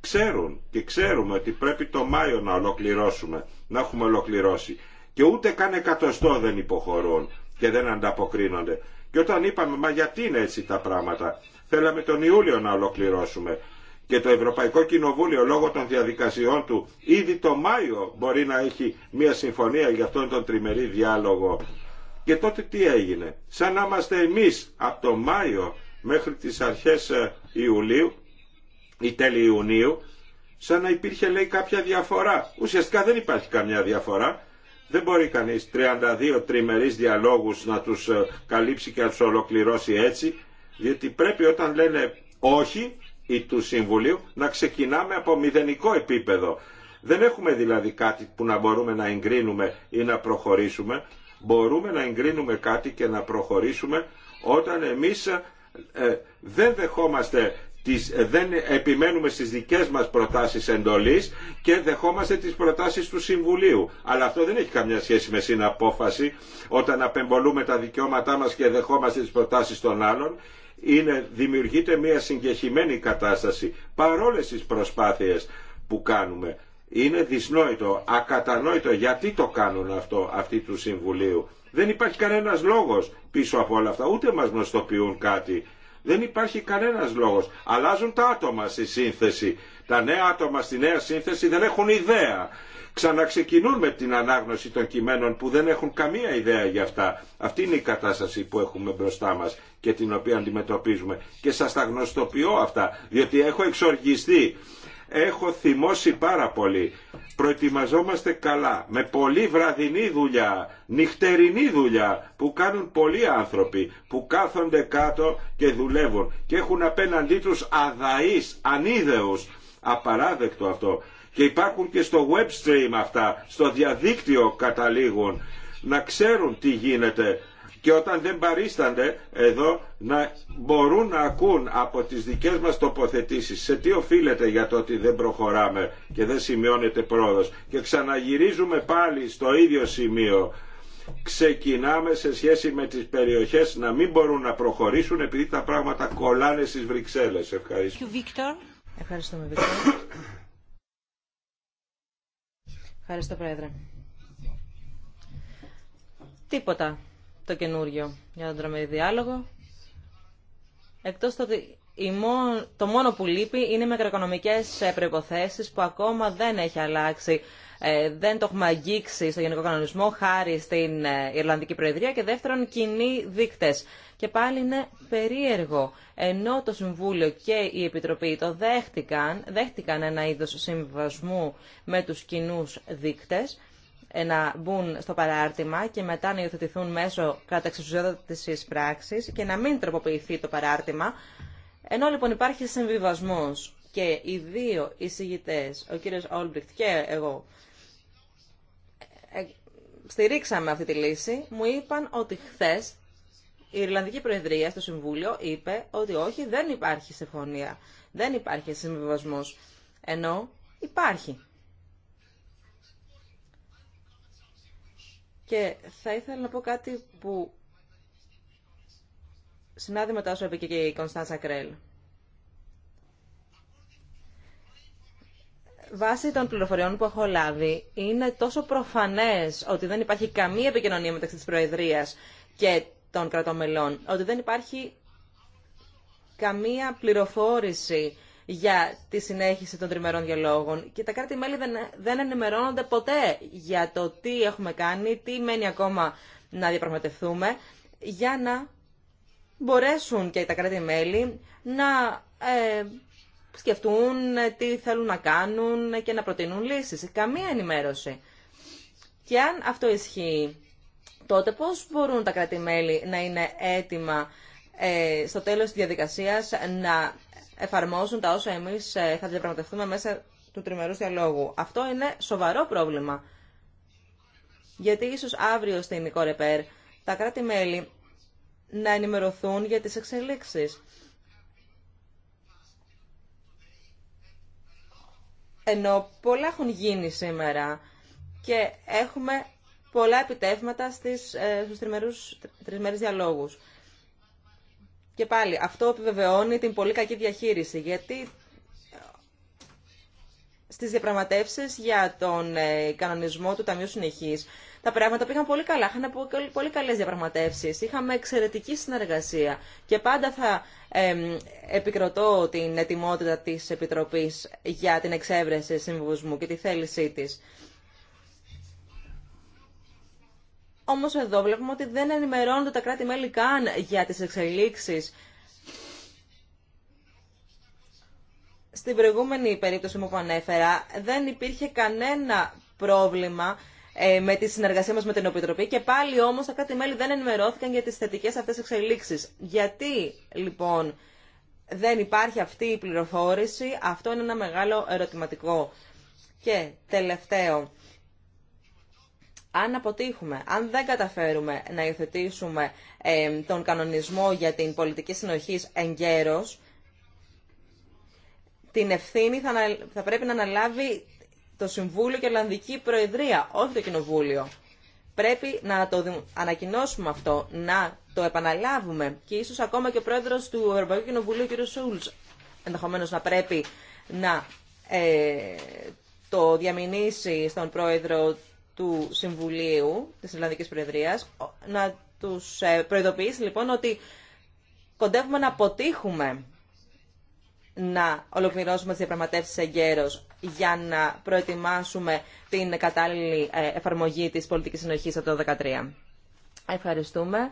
Ξέρουν και ξέρουμε ότι πρέπει το Μάιο να ολοκληρώσουμε, να έχουμε ολοκληρώσει. Και ούτε καν εκατοστό δεν υποχωρούν και δεν ανταποκρίνονται. Και όταν είπαμε, μα γιατί είναι έτσι τα πράγματα, θέλαμε τον Ιούλιο να ολοκληρώσουμε. Και το Ευρωπαϊκό Κοινοβούλιο λόγω των διαδικασιών του ήδη το Μάιο μπορεί να έχει μια συμφωνία για αυτόν τον τριμερή διάλογο. Και τότε τι έγινε. Σαν να είμαστε εμείς από το Μάιο μέχρι τις αρχές ε, Ιουλίου ή τέλη Ιουνίου σαν να υπήρχε λέει κάποια διαφορά. Ουσιαστικά δεν υπάρχει καμιά διαφορά δεν μπορεί κανείς 32 τριμερείς διαλόγους να τους ε, καλύψει και να τους ολοκληρώσει έτσι, διότι πρέπει όταν λένε όχι ή του Συμβουλίου να ξεκινάμε από μηδενικό επίπεδο. Δεν έχουμε δηλαδή κάτι που να μπορούμε να εγκρίνουμε ή να προχωρήσουμε. Μπορούμε να εγκρίνουμε κάτι και να προχωρήσουμε όταν εμείς ε, ε, δεν δεχόμαστε ε, δεν επιμένουμε στις δικές μας προτάσεις εντολής και δεχόμαστε τις προτάσεις του Συμβουλίου. Αλλά αυτό δεν έχει καμιά σχέση με συναπόφαση όταν απεμπολούμε τα δικαιώματά μας και δεχόμαστε τις προτάσεις των άλλων. Είναι, δημιουργείται μια συγκεχημένη κατάσταση παρόλες τις προσπάθειες που κάνουμε. Είναι δυσνόητο, ακατανόητο γιατί το κάνουν αυτό αυτοί του Συμβουλίου. Δεν υπάρχει κανένας λόγος πίσω από όλα αυτά, ούτε μας γνωστοποιούν κάτι δεν υπάρχει κανένας λόγος. Αλλάζουν τα άτομα στη σύνθεση. Τα νέα άτομα στη νέα σύνθεση δεν έχουν ιδέα. Ξαναξεκινούν με την ανάγνωση των κειμένων που δεν έχουν καμία ιδέα για αυτά. Αυτή είναι η κατάσταση που έχουμε μπροστά μας και την οποία αντιμετωπίζουμε. Και σας τα γνωστοποιώ αυτά, διότι έχω εξοργιστεί έχω θυμώσει πάρα πολύ. Προετοιμαζόμαστε καλά, με πολλή βραδινή δουλειά, νυχτερινή δουλειά που κάνουν πολλοί άνθρωποι που κάθονται κάτω και δουλεύουν και έχουν απέναντί τους αδαείς, ανίδεους. Απαράδεκτο αυτό. Και υπάρχουν και στο web stream αυτά, στο διαδίκτυο καταλήγουν να ξέρουν τι γίνεται και όταν δεν παρίστανται εδώ να μπορούν να ακούν από τις δικές μας τοποθετήσεις σε τι οφείλεται για το ότι δεν προχωράμε και δεν σημειώνεται πρόοδος και ξαναγυρίζουμε πάλι στο ίδιο σημείο ξεκινάμε σε σχέση με τις περιοχές να μην μπορούν να προχωρήσουν επειδή τα πράγματα κολλάνε στις Βρυξέλλες. Ευχαριστώ. Ευχαριστούμε, Ευχαριστώ, Πρόεδρε. Τίποτα το καινούριο για τον τρομερή διάλογο. Εκτός το ότι το μόνο που λείπει είναι οι μακροοικονομικές ε, που ακόμα δεν έχει αλλάξει. Ε, δεν το έχουμε αγγίξει στο Γενικό Κανονισμό χάρη στην ε, Ιρλανδική Προεδρία και δεύτερον κοινοί δείκτες. Και πάλι είναι περίεργο. Ενώ το Συμβούλιο και η Επιτροπή το δέχτηκαν, δέχτηκαν ένα είδος συμβασμού με τους κοινού δείκτες, ε, να μπουν στο παράρτημα και μετά να υιοθετηθούν μέσω κατά εξουσιοδότησης πράξης και να μην τροποποιηθεί το παράρτημα. Ενώ λοιπόν υπάρχει συμβιβασμός και οι δύο εισηγητές, ο κύριος Όλμπριχτ και εγώ, ε, ε, στηρίξαμε αυτή τη λύση, μου είπαν ότι χθε η Ιρλανδική Προεδρία στο Συμβούλιο είπε ότι όχι, δεν υπάρχει συμφωνία, δεν υπάρχει συμβιβασμός, ενώ υπάρχει. Και θα ήθελα να πω κάτι που συνάδει μετά σου και η Κωνσταντσα Κρέλ. Βάσει των πληροφοριών που έχω λάβει, είναι τόσο προφανές ότι δεν υπάρχει καμία επικοινωνία μεταξύ της Προεδρίας και των κρατομελών, ότι δεν υπάρχει καμία πληροφόρηση για τη συνέχιση των τριμερών διαλόγων. Και τα κράτη-μέλη δεν, δεν ενημερώνονται ποτέ για το τι έχουμε κάνει, τι μένει ακόμα να διαπραγματευτούμε, για να μπορέσουν και τα κράτη-μέλη να ε, σκεφτούν τι θέλουν να κάνουν και να προτείνουν λύσεις. Καμία ενημέρωση. Και αν αυτό ισχύει, τότε πώς μπορούν τα κράτη-μέλη να είναι έτοιμα ε, στο τέλος της διαδικασίας να εφαρμόζουν τα όσα εμείς ε, θα διαπραγματευτούμε μέσα του τριμερούς διαλόγου. Αυτό είναι σοβαρό πρόβλημα. Γιατί ίσως αύριο στην ΕΚΟΡΕΠΕΡ τα κράτη-μέλη να ενημερωθούν για τις εξελίξεις. Ενώ πολλά έχουν γίνει σήμερα και έχουμε πολλά επιτεύγματα στις, ε, στους τριμερούς, διαλόγους. Και πάλι, αυτό επιβεβαιώνει την πολύ κακή διαχείριση, γιατί στις διαπραγματεύσεις για τον ε, κανονισμό του Ταμείου Συνεχής, τα πράγματα πήγαν πολύ καλά. Είχαν πολύ καλές διαπραγματεύσεις. Είχαμε εξαιρετική συνεργασία. Και πάντα θα επικροτώ την ετοιμότητα της Επιτροπής για την εξέβρεση συμβουσμού και τη θέλησή της. Όμω εδώ βλέπουμε ότι δεν ενημερώνονται τα κράτη-μέλη καν για τις εξελίξει. Στην προηγούμενη περίπτωση που ανέφερα, δεν υπήρχε κανένα πρόβλημα ε, με τη συνεργασία μας με την Επιτροπή και πάλι όμως τα κράτη-μέλη δεν ενημερώθηκαν για τις θετικές αυτές εξελίξεις. Γιατί λοιπόν δεν υπάρχει αυτή η πληροφόρηση, αυτό είναι ένα μεγάλο ερωτηματικό. Και τελευταίο, αν αποτύχουμε, αν δεν καταφέρουμε να υιοθετήσουμε τον κανονισμό για την πολιτική συνοχή εγκαίρως, την ευθύνη θα, πρέπει να αναλάβει το Συμβούλιο και η Ολλανδική Προεδρία, όχι το Κοινοβούλιο. Πρέπει να το ανακοινώσουμε αυτό, να το επαναλάβουμε και ίσως ακόμα και ο Πρόεδρος του Ευρωπαϊκού Κοινοβουλίου, κ. Σούλτς, ενδεχομένως να πρέπει να ε, το διαμηνήσει στον Πρόεδρο του Συμβουλίου της Ελληνικής Προεδρίας να τους ε, προειδοποιήσει λοιπόν ότι κοντεύουμε να αποτύχουμε να ολοκληρώσουμε τις διαπραγματεύσεις εγκαίρως για να προετοιμάσουμε την κατάλληλη ε, εφαρμογή της πολιτικής συνοχής από το 2013. Ευχαριστούμε.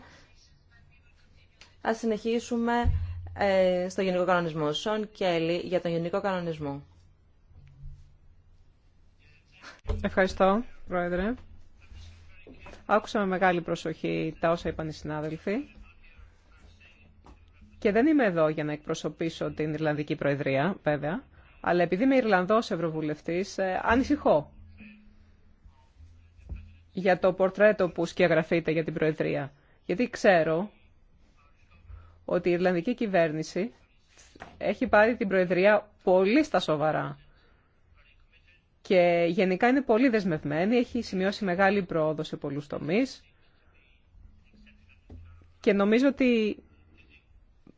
Ας συνεχίσουμε ε, στο Γενικό Κανονισμό. Σον Κέλλη για τον Γενικό Κανονισμό. Ευχαριστώ. Πρόεδρε. Άκουσα με μεγάλη προσοχή τα όσα είπαν οι συνάδελφοι. Και δεν είμαι εδώ για να εκπροσωπήσω την Ιρλανδική Προεδρία, βέβαια. Αλλά επειδή είμαι Ιρλανδός Ευρωβουλευτής, ε, ανησυχώ για το πορτρέτο που σκιαγραφείται για την Προεδρία. Γιατί ξέρω ότι η Ιρλανδική κυβέρνηση έχει πάρει την Προεδρία πολύ στα σοβαρά και γενικά είναι πολύ δεσμευμένη, έχει σημειώσει μεγάλη πρόοδο σε πολλούς τομείς και νομίζω ότι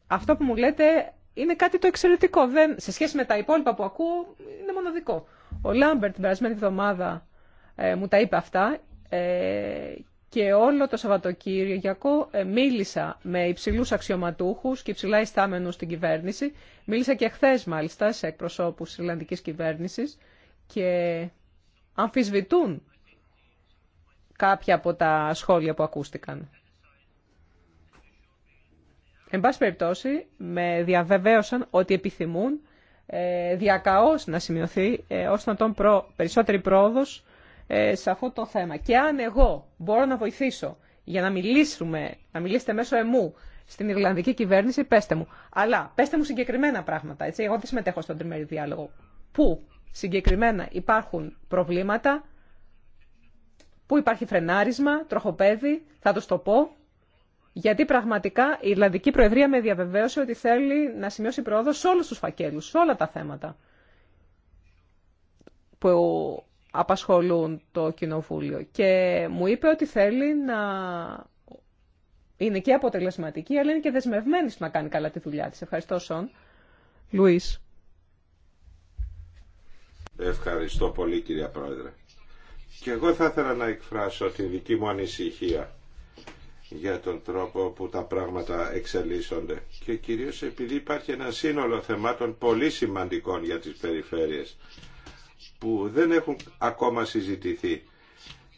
αυτό που μου λέτε είναι κάτι το εξαιρετικό. Δεν, σε σχέση με τα υπόλοιπα που ακούω, είναι μοναδικό. Ο Λάμπερτ την περασμένη εβδομάδα ε, μου τα είπε αυτά ε, και όλο το Σαββατοκύριακο ε, μίλησα με υψηλού αξιωματούχου και υψηλά ιστάμενους στην κυβέρνηση. Μίλησα και χθε, μάλιστα, σε εκπροσώπους τη Ιρλανδικής κυβέρνηση και αμφισβητούν κάποια από τα σχόλια που ακούστηκαν. Εν πάση περιπτώσει, με διαβεβαίωσαν ότι επιθυμούν ε, διακαώς να σημειωθεί ε, ώστε να τον προ, περισσότερη πρόοδος ε, σε αυτό το θέμα. Και αν εγώ μπορώ να βοηθήσω για να μιλήσουμε, να μιλήσετε μέσω εμού στην Ιρλανδική κυβέρνηση, πέστε μου. Αλλά πέστε μου συγκεκριμένα πράγματα, έτσι. Εγώ δεν συμμετέχω στον τριμερή διάλογο. Πού συγκεκριμένα υπάρχουν προβλήματα, που υπάρχει φρενάρισμα, τροχοπέδι, θα το πω, γιατί πραγματικά η Ιρλανδική Προεδρία με διαβεβαίωσε ότι θέλει να σημειώσει πρόοδο σε όλους τους φακέλους, σε όλα τα θέματα που απασχολούν το Κοινοβούλιο. Και μου είπε ότι θέλει να είναι και αποτελεσματική, αλλά είναι και δεσμευμένη να κάνει καλά τη δουλειά της. Ευχαριστώ, Σον. Λουίς. Ευχαριστώ πολύ κυρία Πρόεδρε. Και εγώ θα ήθελα να εκφράσω τη δική μου ανησυχία για τον τρόπο που τα πράγματα εξελίσσονται και κυρίως επειδή υπάρχει ένα σύνολο θεμάτων πολύ σημαντικών για τις περιφέρειες που δεν έχουν ακόμα συζητηθεί.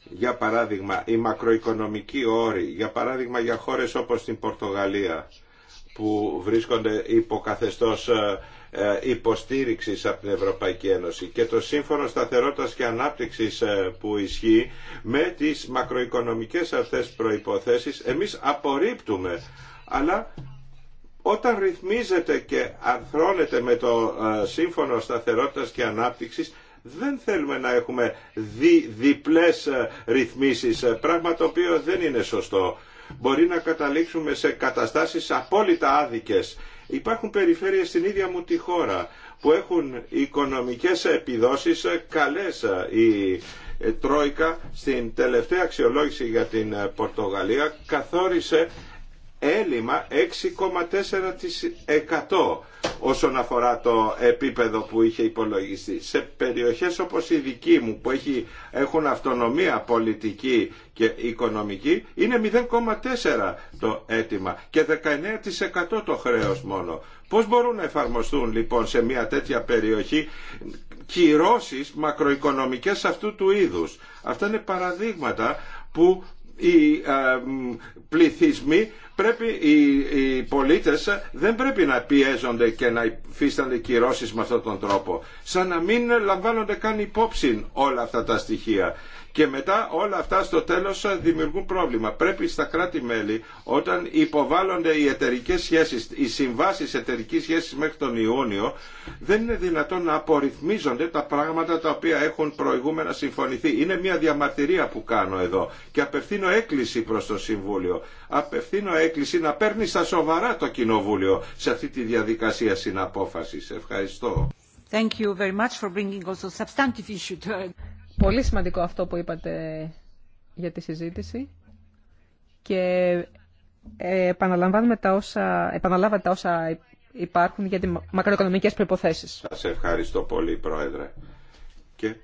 Για παράδειγμα, οι μακροοικονομικοί όροι, για παράδειγμα για χώρες όπως την Πορτογαλία που βρίσκονται υποκαθεστώς ε, ε, υποστήριξη από την Ευρωπαϊκή Ένωση και το Σύμφωνο Σταθερότητας και Ανάπτυξης ε, που ισχύει με τις μακροοικονομικές αυτές προϋποθέσεις εμείς απορρίπτουμε αλλά όταν ρυθμίζεται και αρθρώνεται με το ε, Σύμφωνο Σταθερότητας και Ανάπτυξης δεν θέλουμε να έχουμε δι, διπλές ρυθμίσεις, πράγμα το οποίο δεν είναι σωστό. Μπορεί να καταλήξουμε σε καταστάσεις απόλυτα άδικες Υπάρχουν περιφέρειες στην ίδια μου τη χώρα που έχουν οικονομικές επιδόσεις καλές η ε, Τρόικα στην τελευταία αξιολόγηση για την ε, Πορτογαλία καθόρισε έλλειμμα 6,4% όσον αφορά το επίπεδο που είχε υπολογιστεί. Σε περιοχές όπως η δική μου που έχει, έχουν αυτονομία πολιτική και οικονομική είναι 0,4 το αίτημα και 19% το χρέος μόνο. Πώς μπορούν να εφαρμοστούν λοιπόν σε μια τέτοια περιοχή κυρώσεις μακροοικονομικές αυτού του είδους. Αυτά είναι παραδείγματα που οι ε, πληθυσμοί πρέπει οι, οι πολίτες δεν πρέπει να πιέζονται και να υφίστανται κυρώσεις με αυτόν τον τρόπο. Σαν να μην λαμβάνονται καν υπόψη όλα αυτά τα στοιχεία και μετά όλα αυτά στο τέλος δημιουργούν πρόβλημα. Πρέπει στα κράτη-μέλη όταν υποβάλλονται οι εταιρικέ σχέσεις, οι συμβάσεις εταιρική σχέσης μέχρι τον Ιούνιο δεν είναι δυνατόν να απορριθμίζονται τα πράγματα τα οποία έχουν προηγούμενα συμφωνηθεί. Είναι μια διαμαρτυρία που κάνω εδώ και απευθύνω έκκληση προς το Συμβούλιο. Απευθύνω έκκληση να παίρνει στα σοβαρά το Κοινοβούλιο σε αυτή τη διαδικασία συναπόφασης. Ευχαριστώ. Thank you very much for bringing also substantive issue to... Πολύ σημαντικό αυτό που είπατε για τη συζήτηση και ε, επαναλαμβάνουμε τα όσα, επαναλάβατε τα όσα υπάρχουν για τις μακροοικονομικές προϋποθέσεις. Σας ευχαριστώ πολύ Πρόεδρε και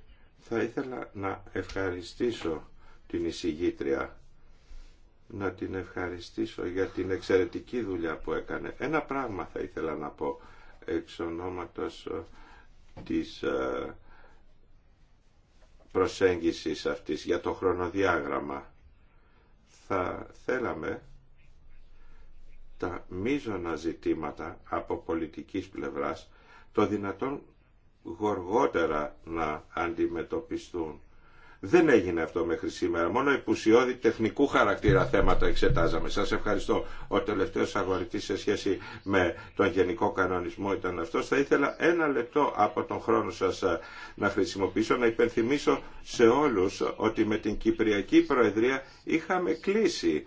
θα ήθελα να ευχαριστήσω την εισηγήτρια να την ευχαριστήσω για την εξαιρετική δουλειά που έκανε. Ένα πράγμα θα ήθελα να πω εξ ονόματος ε, της ε, προσέγγισης αυτής, για το χρονοδιάγραμμα. Θα θέλαμε τα μείζωνα ζητήματα από πολιτικής πλευράς το δυνατόν γοργότερα να αντιμετωπιστούν δεν έγινε αυτό μέχρι σήμερα. Μόνο υπουσιώδη τεχνικού χαρακτήρα θέματα εξετάζαμε. Σας ευχαριστώ. Ο τελευταίος αγορητής σε σχέση με τον γενικό κανονισμό ήταν αυτός. Θα ήθελα ένα λεπτό από τον χρόνο σας ε, να χρησιμοποιήσω, να υπενθυμίσω σε όλους ότι με την Κυπριακή Προεδρία είχαμε κλείσει.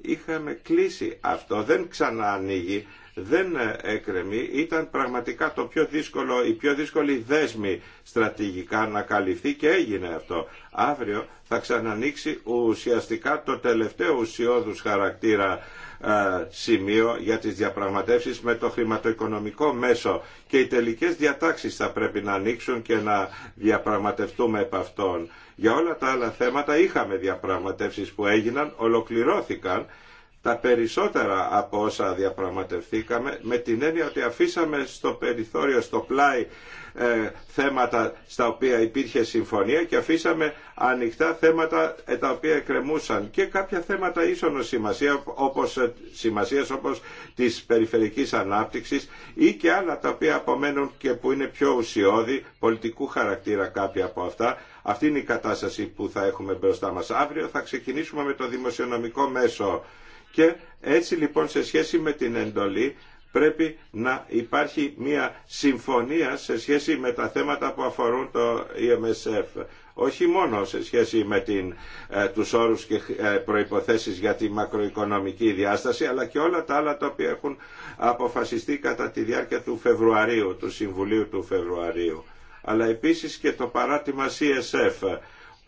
Είχαμε κλείσει αυτό. Δεν ξανά ανοίγει δεν έκρεμει ήταν πραγματικά το πιο δύσκολο, η πιο δύσκολη δέσμη στρατηγικά να καλυφθεί και έγινε αυτό. Αύριο θα ξανανοίξει ουσιαστικά το τελευταίο ουσιώδους χαρακτήρα ε, σημείο για τις διαπραγματεύσεις με το χρηματοοικονομικό μέσο και οι τελικές διατάξεις θα πρέπει να ανοίξουν και να διαπραγματευτούμε επ' αυτών. Για όλα τα άλλα θέματα είχαμε διαπραγματεύσεις που έγιναν, ολοκληρώθηκαν τα περισσότερα από όσα διαπραγματευθήκαμε με την έννοια ότι αφήσαμε στο περιθώριο, στο πλάι ε, θέματα στα οποία υπήρχε συμφωνία και αφήσαμε ανοιχτά θέματα ε, τα οποία εκκρεμούσαν και κάποια θέματα ίσονος σημασία, όπως, ε, σημασίας όπως της περιφερικής ανάπτυξης ή και άλλα τα οποία απομένουν και που είναι πιο ουσιώδη πολιτικού χαρακτήρα κάποια από αυτά αυτή είναι η κατάσταση που θα έχουμε μπροστά μας. Αύριο θα ξεκινήσουμε με το δημοσιονομικό μέσο και έτσι λοιπόν σε σχέση με την εντολή πρέπει να υπάρχει μια συμφωνία σε σχέση με τα θέματα που αφορούν το EMSF. Όχι μόνο σε σχέση με την, ε, τους όρους και ε, προϋποθέσεις για τη μακροοικονομική διάσταση, αλλά και όλα τα άλλα τα οποία έχουν αποφασιστεί κατά τη διάρκεια του Φεβρουαρίου, του Συμβουλίου του Φεβρουαρίου. Αλλά επίσης και το παράτημα CSF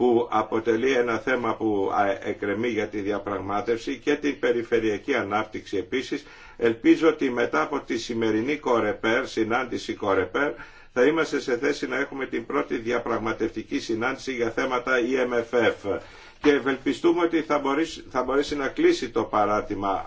που αποτελεί ένα θέμα που εκρεμεί για τη διαπραγμάτευση και την περιφερειακή ανάπτυξη επίσης. Ελπίζω ότι μετά από τη σημερινή Κορεπέρ, συνάντηση Κορεπέρ, θα είμαστε σε θέση να έχουμε την πρώτη διαπραγματευτική συνάντηση για θέματα EMFF και ευελπιστούμε ότι θα μπορέσει, θα μπορέσει να κλείσει το παράτημα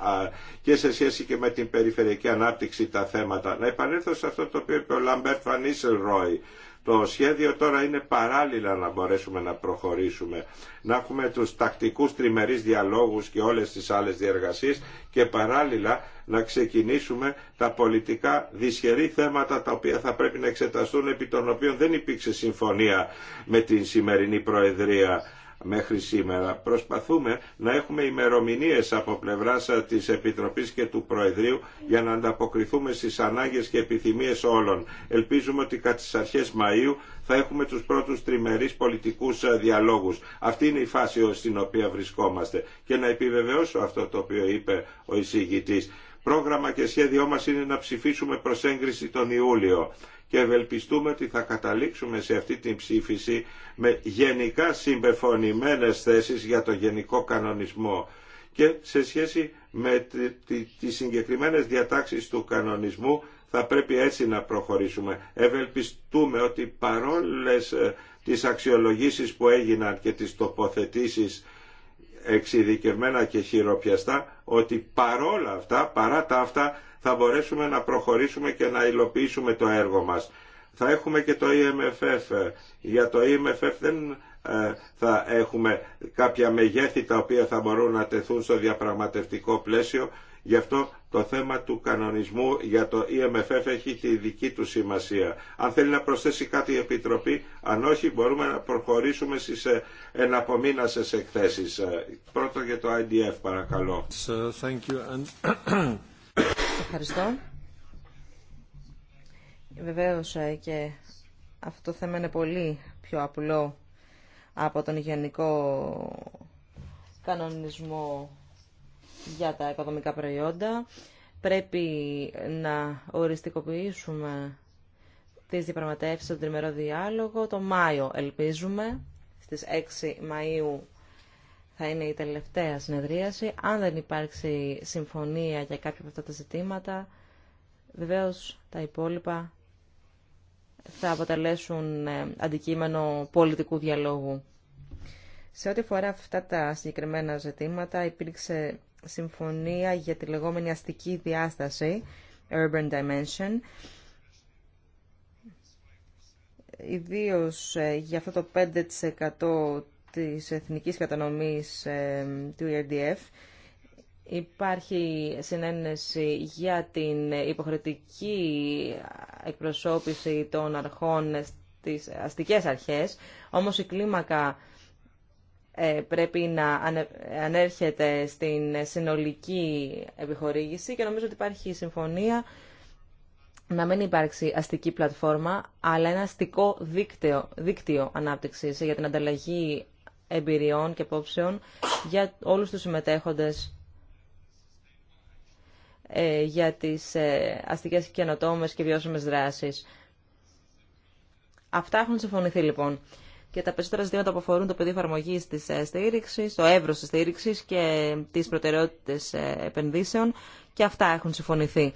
και σε σχέση και με την περιφερειακή ανάπτυξη τα θέματα. Να επανέλθω σε αυτό το οποίο είπε ο Λαμπέρτ Φανίσελ Ρόι το σχέδιο τώρα είναι παράλληλα να μπορέσουμε να προχωρήσουμε, να έχουμε τους τακτικούς τριμερείς διαλόγους και όλες τις άλλες διεργασίες και παράλληλα να ξεκινήσουμε τα πολιτικά δυσχερή θέματα τα οποία θα πρέπει να εξεταστούν επί των οποίων δεν υπήρξε συμφωνία με την σημερινή Προεδρία μέχρι σήμερα. Προσπαθούμε να έχουμε ημερομηνίες από πλευράς της Επιτροπής και του Προεδρείου για να ανταποκριθούμε στις ανάγκες και επιθυμίες όλων. Ελπίζουμε ότι κατά τι αρχές Μαΐου θα έχουμε τους πρώτους τριμερείς πολιτικούς διαλόγους. Αυτή είναι η φάση στην οποία βρισκόμαστε. Και να επιβεβαιώσω αυτό το οποίο είπε ο εισηγητής. Πρόγραμμα και σχέδιό μα είναι να ψηφίσουμε προς έγκριση τον Ιούλιο και ευελπιστούμε ότι θα καταλήξουμε σε αυτή την ψήφιση με γενικά συμπεφωνημένες θέσεις για το γενικό κανονισμό και σε σχέση με τις συγκεκριμένες διατάξεις του κανονισμού θα πρέπει έτσι να προχωρήσουμε. Ευελπιστούμε ότι παρόλες ε, τις αξιολογήσεις που έγιναν και τις τοποθετήσεις εξειδικευμένα και χειροπιαστά, ότι παρόλα αυτά, παρά τα αυτά, θα μπορέσουμε να προχωρήσουμε και να υλοποιήσουμε το έργο μας. Θα έχουμε και το EMFF. Για το EMFF δεν ε, θα έχουμε κάποια μεγέθη τα οποία θα μπορούν να τεθούν στο διαπραγματευτικό πλαίσιο. Γι' αυτό το θέμα του κανονισμού για το EMFF έχει τη δική του σημασία. Αν θέλει να προσθέσει κάτι η Επιτροπή, αν όχι μπορούμε να προχωρήσουμε στις ε, εναπομείνασες εκθέσεις. Ε, πρώτο για το IDF παρακαλώ. Ευχαριστώ. Βεβαίως ε, και αυτό το θέμα είναι πολύ πιο απλό από τον γενικό κανονισμό για τα οικοδομικά προϊόντα. Πρέπει να οριστικοποιήσουμε τις διαπραγματεύσεις στον τριμερό διάλογο. Το Μάιο ελπίζουμε, στις 6 Μαΐου θα είναι η τελευταία συνεδρίαση. Αν δεν υπάρξει συμφωνία για κάποια από αυτά τα ζητήματα, βεβαίως τα υπόλοιπα θα αποτελέσουν ε, αντικείμενο πολιτικού διαλόγου. Σε ό,τι αφορά αυτά τα συγκεκριμένα ζητήματα, υπήρξε συμφωνία για τη λεγόμενη αστική διάσταση, Urban Dimension, ιδίως ε, για αυτό το 5% της εθνικής κατανομής ε, του ERDF. Υπάρχει συνένεση για την υποχρεωτική εκπροσώπηση των αρχών στις αστικές αρχές, όμως η κλίμακα ε, πρέπει να ανέρχεται στην συνολική επιχορήγηση και νομίζω ότι υπάρχει συμφωνία να μην υπάρξει αστική πλατφόρμα, αλλά ένα αστικό δίκτυο, δίκτυο ανάπτυξης για την ανταλλαγή εμπειριών και απόψεων για όλους τους συμμετέχοντες ε, για τις ε, αστικές καινοτόμες και βιώσιμες δράσεις. Αυτά έχουν συμφωνηθεί λοιπόν. Και τα περισσότερα ζητήματα που αφορούν το πεδίο εφαρμογή τη ε, στήριξη, το εύρο τη στήριξη και τι προτεραιότητε επενδύσεων και αυτά έχουν συμφωνηθεί.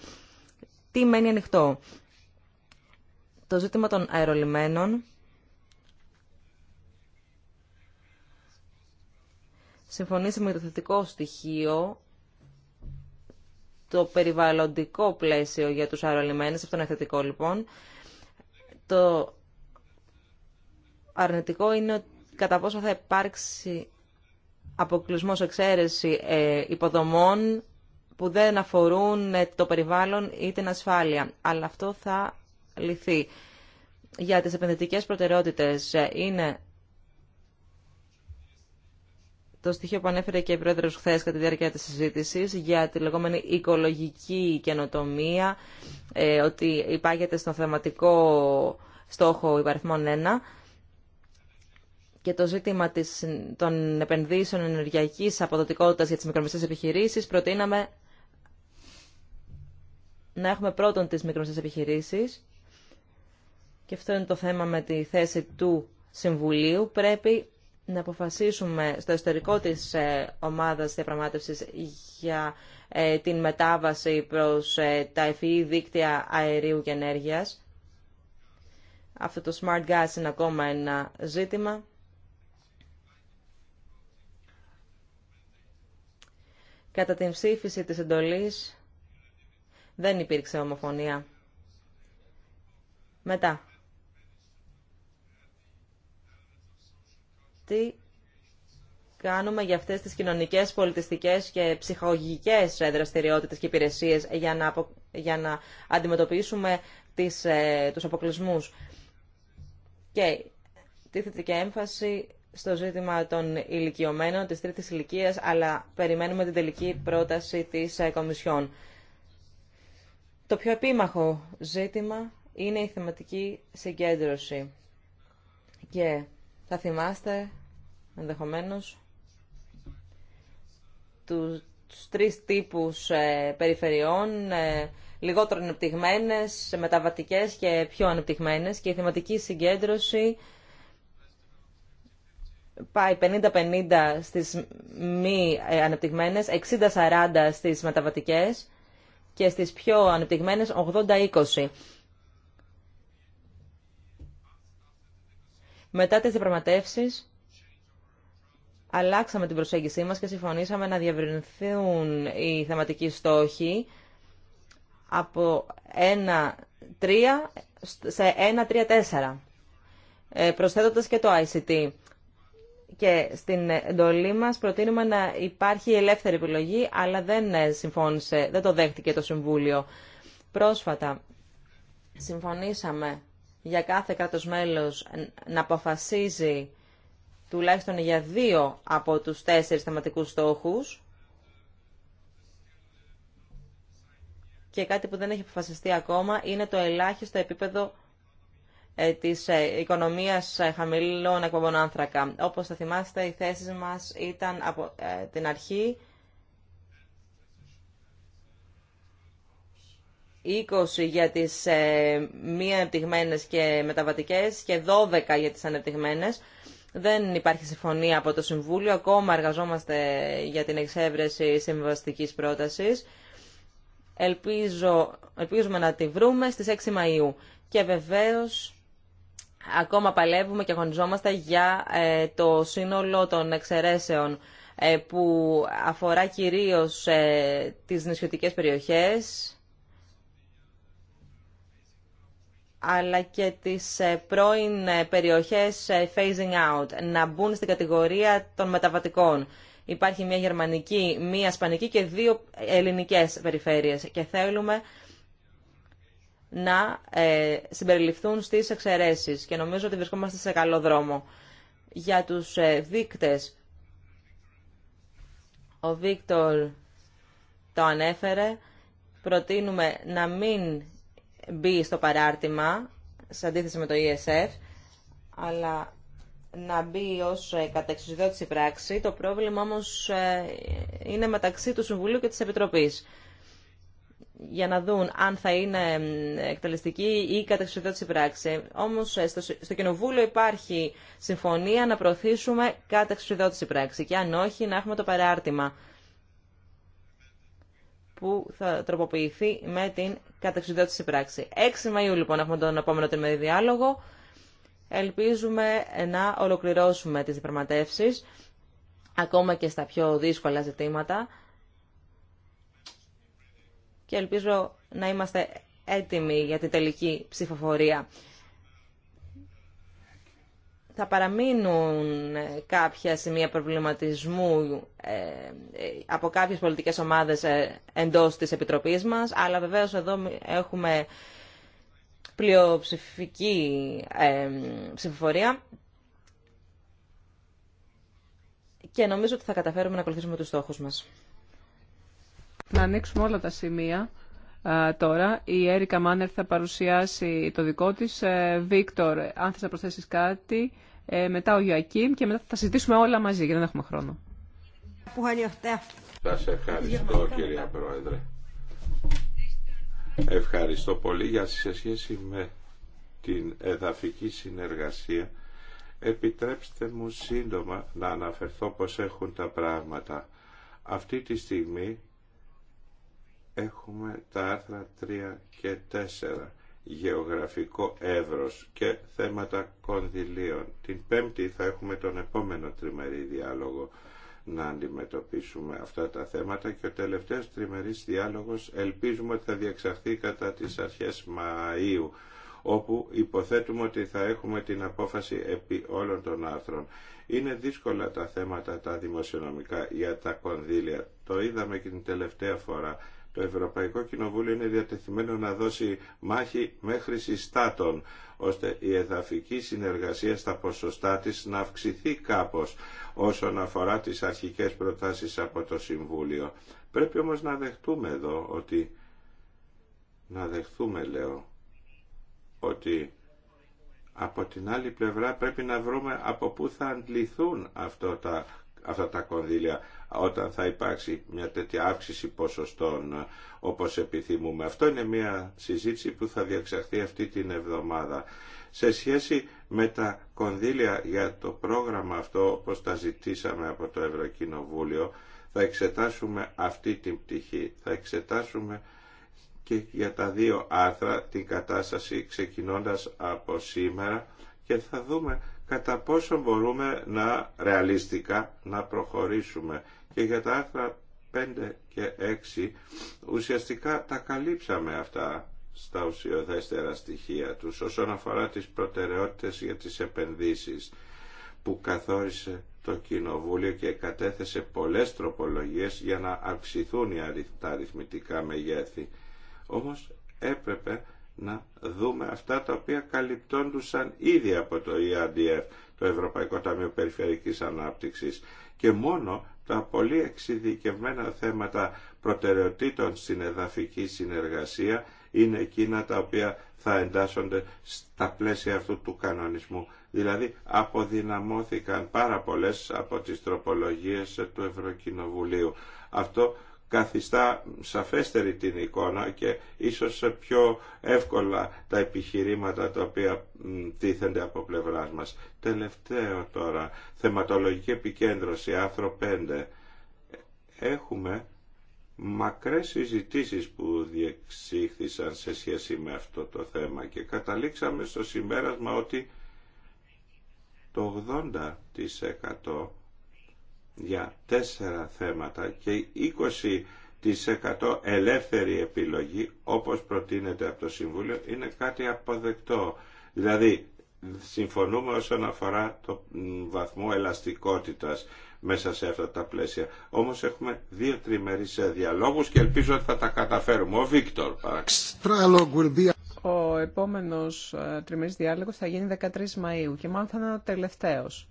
Τι μένει ανοιχτό. Το ζήτημα των αερολιμένων συμφωνήσαμε με το θετικό στοιχείο, το περιβαλλοντικό πλαίσιο για τους αερολιμένες, αυτό είναι θετικό λοιπόν. Το αρνητικό είναι κατά πόσο θα υπάρξει αποκλεισμό εξαίρεση ε, υποδομών που δεν αφορούν ε, το περιβάλλον ή την ασφάλεια. Αλλά αυτό θα λυθεί. Για τις επενδυτικές προτεραιότητες ε, είναι το στοιχείο που ανέφερε και η Πρόεδρος χθε κατά τη διάρκεια της συζήτησης για τη λεγόμενη οικολογική καινοτομία, ε, ότι υπάγεται στον θεματικό στόχο υπαριθμών 1 και το ζήτημα της, των επενδύσεων ενεργειακής αποδοτικότητας για τις μικρομεσαίες επιχειρήσεις, προτείναμε να έχουμε πρώτον τις μικρομεσαίες επιχειρήσεις και αυτό είναι το θέμα με τη θέση του Συμβουλίου. Πρέπει να αποφασίσουμε στο εσωτερικό της ε, ομάδας διαπραγμάτευσης για ε, την μετάβαση προς ε, τα ευφυή e δίκτυα αερίου και ενέργειας. Αυτό το smart gas είναι ακόμα ένα ζήτημα. Κατά την ψήφιση της εντολής δεν υπήρξε ομοφωνία. Μετά, τι κάνουμε για αυτές τις κοινωνικές, πολιτιστικές και ψυχαγωγικές δραστηριότητες και υπηρεσίες για να, για να αντιμετωπίσουμε τις, ε, τους αποκλεισμούς. Και τίθεται και έμφαση στο ζήτημα των ηλικιωμένων της τρίτης ηλικίας, αλλά περιμένουμε την τελική πρόταση της ε, Κομισιόν. Το πιο επίμαχο ζήτημα είναι η θεματική συγκέντρωση. Και θα θυμάστε ενδεχομένως τους, τρεις τύπους ε, περιφερειών, ε, λιγότερο ανεπτυγμένες, μεταβατικές και πιο ανεπτυγμένες και η θεματική συγκέντρωση πάει 50-50 στις μη ε, ανεπτυγμένες, 60-40 στις μεταβατικές και στις πιο ανεπτυγμένες 80-20. Μετά τις διαπραγματεύσεις, αλλάξαμε την προσέγγισή μας και συμφωνήσαμε να διαβρινθούν οι θεματικοί στόχοι από 1-3 σε 1-3-4, ε, προσθέτοντας και το ICT. Και στην εντολή μας προτείνουμε να υπάρχει ελεύθερη επιλογή, αλλά δεν ε, συμφώνησε, δεν το δέχτηκε το Συμβούλιο. Πρόσφατα συμφωνήσαμε για κάθε κράτος μέλος να αποφασίζει τουλάχιστον για δύο από τους τέσσερις θεματικούς στόχους και κάτι που δεν έχει αποφασιστεί ακόμα είναι το ελάχιστο επίπεδο ε, της ε, οικονομίας ε, χαμηλών εκπομπών άνθρακα. Όπως θα θυμάστε, οι θέσεις μας ήταν από την αρχή 20 για τις ε, μη και μεταβατικές και 12 για τις ανεπτυγμένες. Δεν υπάρχει συμφωνία από το Συμβούλιο. Ακόμα εργαζόμαστε για την εξέβρεση συμβαστικής πρότασης. Ελπίζω, ελπίζουμε να τη βρούμε στις 6 Μαΐου. Και βεβαίως ακόμα παλεύουμε και αγωνιζόμαστε για ε, το σύνολο των εξαιρέσεων ε, που αφορά κυρίως ε, τις νησιωτικές περιοχές αλλά και τις ε, πρώην ε, περιοχές ε, phasing out να μπουν στην κατηγορία των μεταβατικών. Υπάρχει μια γερμανική, μια σπανική και δύο ελληνικές περιφέρειες και θέλουμε να συμπεριληφθούν στις εξαιρέσεις και νομίζω ότι βρισκόμαστε σε καλό δρόμο. Για τους δείκτες, ο Βίκτορ το ανέφερε, προτείνουμε να μην μπει στο παράρτημα, σε αντίθεση με το ESF, αλλά να μπει ως ε, κατεξουσιοδότηση πράξη. Το πρόβλημα όμως ε, είναι μεταξύ του Συμβουλίου και της Επιτροπής για να δουν αν θα είναι εκτελεστική ή κατεξουσιοδότηση πράξη. Όμως ε, στο, Κοινοβούλιο υπάρχει συμφωνία να προωθήσουμε κατεξουσιοδότηση πράξη και αν όχι να έχουμε το παράρτημα που θα τροποποιηθεί με την σε πράξη. 6 Μαΐου λοιπόν έχουμε τον επόμενο τριμερή διάλογο. Ελπίζουμε να ολοκληρώσουμε τις διαπραγματεύσεις, ακόμα και στα πιο δύσκολα ζητήματα. Και ελπίζω να είμαστε έτοιμοι για την τελική ψηφοφορία θα παραμείνουν κάποια σημεία προβληματισμού ε, ε, από κάποιες πολιτικές ομάδες ε, εντός της Επιτροπής μας, αλλά βεβαίως εδώ έχουμε πλειοψηφική ψηφοφορία και νομίζω ότι θα καταφέρουμε να ακολουθήσουμε τους στόχους μας. Να ανοίξουμε όλα τα σημεία τώρα. Η Έρικα Μάνερ θα παρουσιάσει το δικό της. Ε, Βίκτορ, αν θες να προσθέσεις κάτι. Ε, μετά ο Ιωακίμ και μετά θα συζητήσουμε όλα μαζί, γιατί δεν έχουμε χρόνο. Σας ευχαριστώ κυρία Πρόεδρε. Ευχαριστώ πολύ για σε σχέση με την εδαφική συνεργασία. Επιτρέψτε μου σύντομα να αναφερθώ πως έχουν τα πράγματα. Αυτή τη στιγμή έχουμε τα άρθρα 3 και 4 γεωγραφικό εύρος και θέματα κονδυλίων. Την πέμπτη θα έχουμε τον επόμενο τριμερή διάλογο να αντιμετωπίσουμε αυτά τα θέματα και ο τελευταίος τριμερής διάλογος ελπίζουμε ότι θα διεξαχθεί κατά τις αρχές Μαΐου όπου υποθέτουμε ότι θα έχουμε την απόφαση επί όλων των άρθρων. Είναι δύσκολα τα θέματα τα δημοσιονομικά για τα κονδύλια. Το είδαμε και την τελευταία φορά το Ευρωπαϊκό Κοινοβούλιο είναι διατεθειμένο να δώσει μάχη μέχρι συστάτων, ώστε η εδαφική συνεργασία στα ποσοστά της να αυξηθεί κάπως όσον αφορά τις αρχικές προτάσεις από το Συμβούλιο. Πρέπει όμως να δεχτούμε εδώ ότι... Να δεχτούμε λέω, ότι από την άλλη πλευρά πρέπει να βρούμε από πού θα αντληθούν τα, αυτά τα κονδύλια όταν θα υπάρξει μια τέτοια αύξηση ποσοστών ε, όπως επιθυμούμε. Αυτό είναι μια συζήτηση που θα διεξαχθεί αυτή την εβδομάδα. Σε σχέση με τα κονδύλια για το πρόγραμμα αυτό όπως τα ζητήσαμε από το Ευρωκοινοβούλιο θα εξετάσουμε αυτή την πτυχή. Θα εξετάσουμε και για τα δύο άρθρα την κατάσταση ξεκινώντας από σήμερα και θα δούμε κατά πόσο μπορούμε να ρεαλιστικά να προχωρήσουμε και για τα άρθρα 5 και 6 ουσιαστικά τα καλύψαμε αυτά στα ουσιοδέστερα στοιχεία τους όσον αφορά τις προτεραιότητες για τις επενδύσεις που καθόρισε το Κοινοβούλιο και κατέθεσε πολλές τροπολογίες για να αυξηθούν τα αριθμητικά μεγέθη. Όμως έπρεπε να δούμε αυτά τα οποία καλυπτόντουσαν ήδη από το ERDF, το Ευρωπαϊκό Ταμείο Περιφερειακής Ανάπτυξης και μόνο τα πολύ εξειδικευμένα θέματα προτεραιοτήτων στην εδαφική συνεργασία είναι εκείνα τα οποία θα εντάσσονται στα πλαίσια αυτού του κανονισμού. Δηλαδή αποδυναμώθηκαν πάρα πολλές από τις τροπολογίες του Ευρωκοινοβουλίου. Αυτό καθιστά σαφέστερη την εικόνα και ίσως πιο εύκολα τα επιχειρήματα τα οποία τίθενται από πλευράς μας. Τελευταίο τώρα, θεματολογική επικέντρωση, άρθρο 5. Έχουμε μακρές συζητήσεις που διεξήχθησαν σε σχέση με αυτό το θέμα και καταλήξαμε στο συμπέρασμα ότι το 80% για τέσσερα θέματα και 20% ελεύθερη επιλογή όπως προτείνεται από το Συμβούλιο είναι κάτι αποδεκτό. Δηλαδή συμφωνούμε όσον αφορά το βαθμό ελαστικότητας μέσα σε αυτά τα πλαίσια. Όμως έχουμε δύο τριμερείς ε, διαλόγους και ελπίζω ότι θα τα καταφέρουμε. Ο Βίκτορ παρακαλώ. Ο επόμενος ε, τριμερής διάλογος θα γίνει 13 Μαΐου και μάλλον θα είναι ο τελευταίος.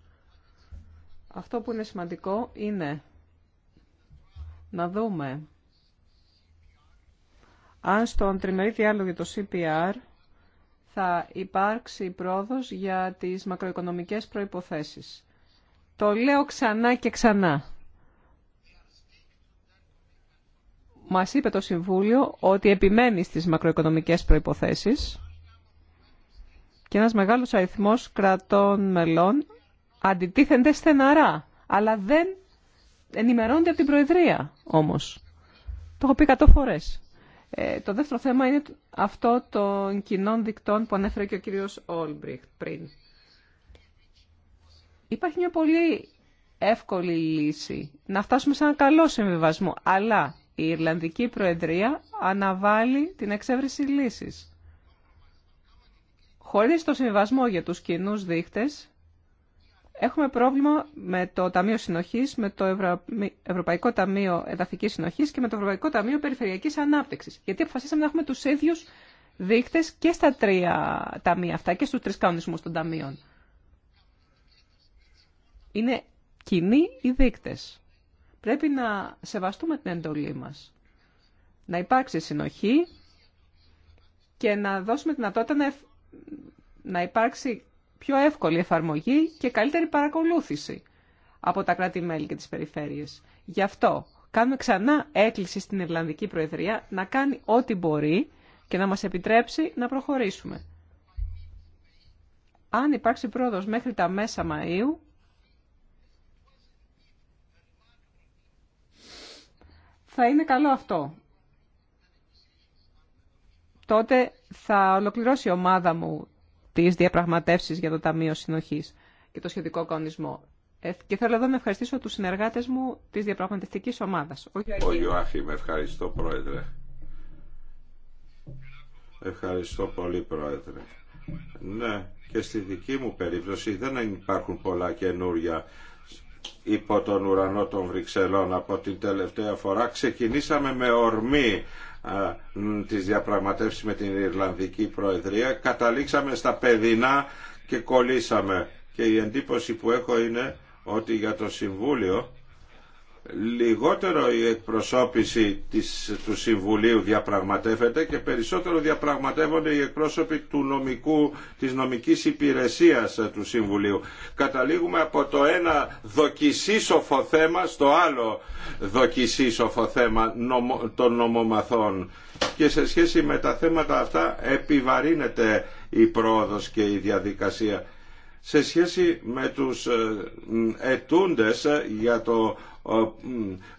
Αυτό που είναι σημαντικό είναι να δούμε αν στον τριμερή διάλογο το CPR θα υπάρξει πρόοδος για τις μακροοικονομικές προϋποθέσεις. Το λέω ξανά και ξανά. Μας είπε το Συμβούλιο ότι επιμένει στις μακροοικονομικές προϋποθέσεις και ένας μεγάλος αριθμός κρατών μελών αντιτίθενται στεναρά, αλλά δεν ενημερώνονται από την Προεδρία όμως. Το έχω πει 100 φορές. Ε, το δεύτερο θέμα είναι αυτό των κοινών δικτών που ανέφερε και ο κύριος Όλμπριχτ πριν. Υπάρχει μια πολύ εύκολη λύση να φτάσουμε σε ένα καλό συμβιβασμό, αλλά η Ιρλανδική Προεδρία αναβάλει την εξέβριση λύσης. Χωρίς το συμβιβασμό για τους κοινούς δείχτες, Έχουμε πρόβλημα με το Ταμείο Συνοχής, με το Ευρωπαϊκό Ταμείο Εδαφικής Συνοχής και με το Ευρωπαϊκό Ταμείο Περιφερειακής Ανάπτυξης. Γιατί αποφασίσαμε να έχουμε τους ίδιου δείκτες και στα τρία ταμεία αυτά και στους τρεις κανονισμούς των ταμείων. Είναι κοινοί οι δείκτες. Πρέπει να σεβαστούμε την εντολή μα. Να υπάρξει συνοχή και να δώσουμε δυνατότητα να υπάρξει πιο εύκολη εφαρμογή και καλύτερη παρακολούθηση από τα κράτη-μέλη και τις περιφέρειες. Γι' αυτό κάνουμε ξανά έκκληση στην Ιρλανδική Προεδρία να κάνει ό,τι μπορεί και να μας επιτρέψει να προχωρήσουμε. Αν υπάρξει πρόοδος μέχρι τα μέσα Μαΐου, θα είναι καλό αυτό. Τότε θα ολοκληρώσει η ομάδα μου τις διαπραγματεύσεις για το Ταμείο Συνοχής και το σχετικό κανονισμό. Ε, και θέλω εδώ να ευχαριστήσω τους συνεργάτες μου της διαπραγματευτικής ομάδας. Ο Γιώργη, με ευχαριστώ πρόεδρε. Ευχαριστώ πολύ πρόεδρε. Ναι, και στη δική μου περίπτωση δεν υπάρχουν πολλά καινούρια υπό τον ουρανό των Βρυξελών από την τελευταία φορά. Ξεκινήσαμε με ορμή τις διαπραγματεύσεις με την Ιρλανδική Προεδρία καταλήξαμε στα παιδινά και κολλήσαμε και η εντύπωση που έχω είναι ότι για το Συμβούλιο λιγότερο η εκπροσώπηση της, του Συμβουλίου διαπραγματεύεται και περισσότερο διαπραγματεύονται οι εκπρόσωποι του νομικού, της νομικής υπηρεσίας του Συμβουλίου. Καταλήγουμε από το ένα δοκισίσοφο θέμα στο άλλο δοκισίσοφο θέμα των νομομαθών. Και σε σχέση με τα θέματα αυτά επιβαρύνεται η πρόοδος και η διαδικασία. Σε σχέση με τους ε, ετούντες για το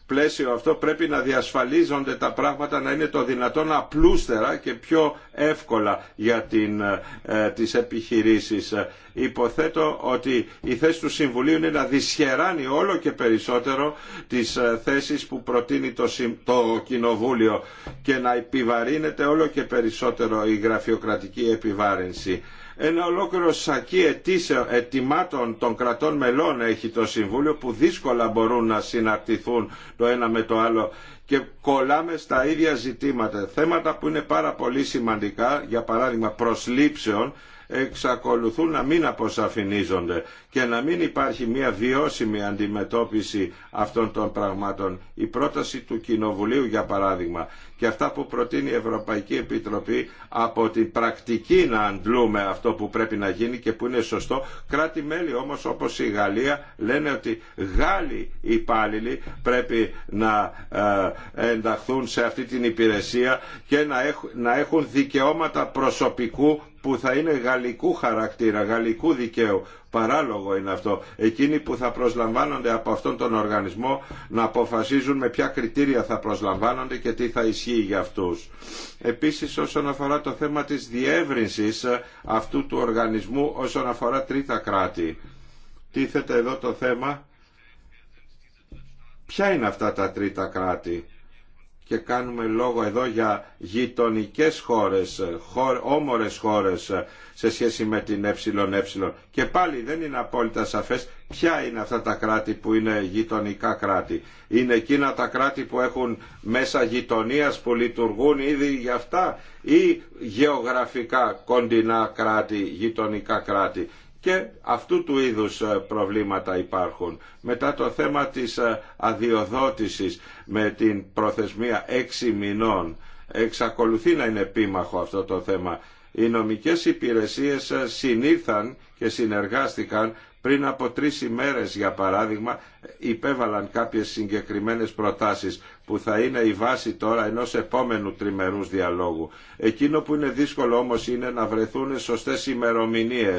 πλαίσιο αυτό πρέπει να διασφαλίζονται τα πράγματα να είναι το δυνατόν απλούστερα και πιο εύκολα για την, επιχειρήσει. τις επιχειρήσεις. Υποθέτω ότι η θέση του Συμβουλίου είναι να δυσχεράνει όλο και περισσότερο τις ε, θέσεις που προτείνει το, το Κοινοβούλιο και να επιβαρύνεται όλο και περισσότερο η γραφειοκρατική επιβάρυνση. Ένα ολόκληρο σακί ετοιμάτων των κρατών μελών έχει το Συμβούλιο που δύσκολα μπορούν να συναρτηθούν το ένα με το άλλο και κολλάμε στα ίδια ζητήματα. Θέματα που είναι πάρα πολύ σημαντικά, για παράδειγμα προσλήψεων, εξακολουθούν να μην αποσαφηνίζονται και να μην υπάρχει μια βιώσιμη αντιμετώπιση αυτών των πραγμάτων. Η πρόταση του Κοινοβουλίου για παράδειγμα και αυτά που προτείνει η Ευρωπαϊκή Επιτροπή από την πρακτική να αντλούμε αυτό που πρέπει να γίνει και που είναι σωστό. Κράτη-μέλη όμως όπως η Γαλλία λένε ότι Γάλλοι υπάλληλοι πρέπει να ε, ενταχθούν σε αυτή την υπηρεσία και να έχουν δικαιώματα προσωπικού που θα είναι γαλλικού χαρακτήρα, γαλλικού δικαίου. Παράλογο είναι αυτό. Εκείνοι που θα προσλαμβάνονται από αυτόν τον οργανισμό να αποφασίζουν με ποια κριτήρια θα προσλαμβάνονται και τι θα ισχύει για αυτούς. Επίσης όσον αφορά το θέμα της διεύρυνσης ε, αυτού του οργανισμού όσον αφορά τρίτα κράτη. Τίθεται εδώ το θέμα ποια είναι αυτά τα τρίτα κράτη και κάνουμε λόγο εδώ για γειτονικέ χώρες, όμορε όμορες χώρες ε, σε σχέση με την ΕΕ. Και πάλι δεν είναι απόλυτα σαφές ποια είναι αυτά τα κράτη που είναι γειτονικά κράτη. Είναι εκείνα τα κράτη που έχουν μέσα γειτονίας που λειτουργούν ήδη για αυτά ή γεωγραφικά κοντινά κράτη, γειτονικά κράτη και αυτού του είδους ε, προβλήματα υπάρχουν. Μετά το θέμα της ε, αδειοδότησης με την προθεσμία έξι μηνών εξακολουθεί να είναι επίμαχο αυτό το θέμα. Οι νομικές υπηρεσίες ε, συνήθαν και συνεργάστηκαν πριν από τρεις ημέρες για παράδειγμα υπέβαλαν κάποιες συγκεκριμένες προτάσεις που θα είναι η βάση τώρα ενός επόμενου τριμερούς διαλόγου. Εκείνο που είναι δύσκολο όμως είναι να βρεθούν σωστές ημερομηνίε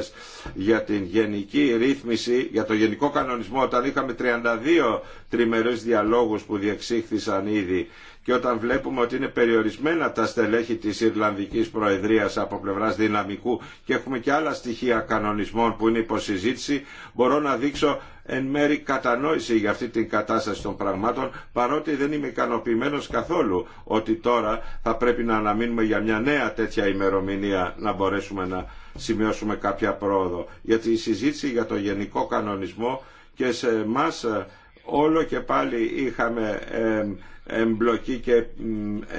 για την γενική ρύθμιση, για το γενικό κανονισμό όταν είχαμε 32 τριμερούς διαλόγους που διεξήχθησαν ήδη και όταν βλέπουμε ότι είναι περιορισμένα τα στελέχη της Ιρλανδικής Προεδρίας από πλευράς δυναμικού και έχουμε και άλλα στοιχεία κανονισμών που είναι υποσυζήτηση, μπορώ να δείξω εν μέρη κατανόηση για αυτή την κατάσταση των πραγμάτων παρότι δεν είμαι ικανοποιημένος καθόλου ότι τώρα θα πρέπει να αναμείνουμε για μια νέα τέτοια ημερομηνία να μπορέσουμε να σημειώσουμε κάποια πρόοδο. Γιατί η συζήτηση για το γενικό κανονισμό και σε εμάς όλο και πάλι είχαμε εμπλοκή και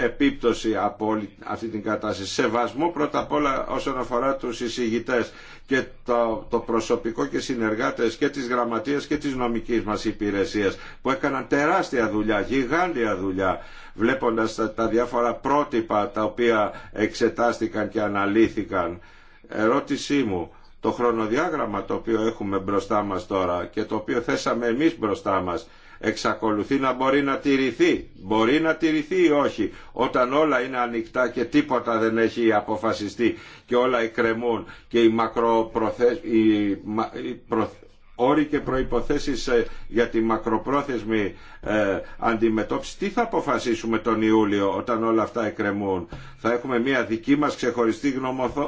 επίπτωση από αυτή την κατάσταση. Σεβασμό πρώτα απ' όλα όσον αφορά τους εισηγητές και το, το προσωπικό και συνεργάτες και της γραμματείας και της νομικής μας υπηρεσίας που έκαναν τεράστια δουλειά, γιγάντια δουλειά βλέποντας τα, τα διάφορα πρότυπα τα οποία εξετάστηκαν και αναλύθηκαν. Ερώτησή μου, το χρονοδιάγραμμα το οποίο έχουμε μπροστά μας τώρα και το οποίο θέσαμε εμείς μπροστά μας εξακολουθεί να μπορεί να τηρηθεί. Μπορεί να τηρηθεί ή όχι όταν όλα είναι ανοιχτά και τίποτα δεν έχει αποφασιστεί και όλα εκκρεμούν και οι, μακροπροθε... οι προ όροι και προϋποθέσεις ε, για τη μακροπρόθεσμη ε, αντιμετώπιση. Τι θα αποφασίσουμε τον Ιούλιο όταν όλα αυτά εκκρεμούν. Θα έχουμε μια δική μας ξεχωριστή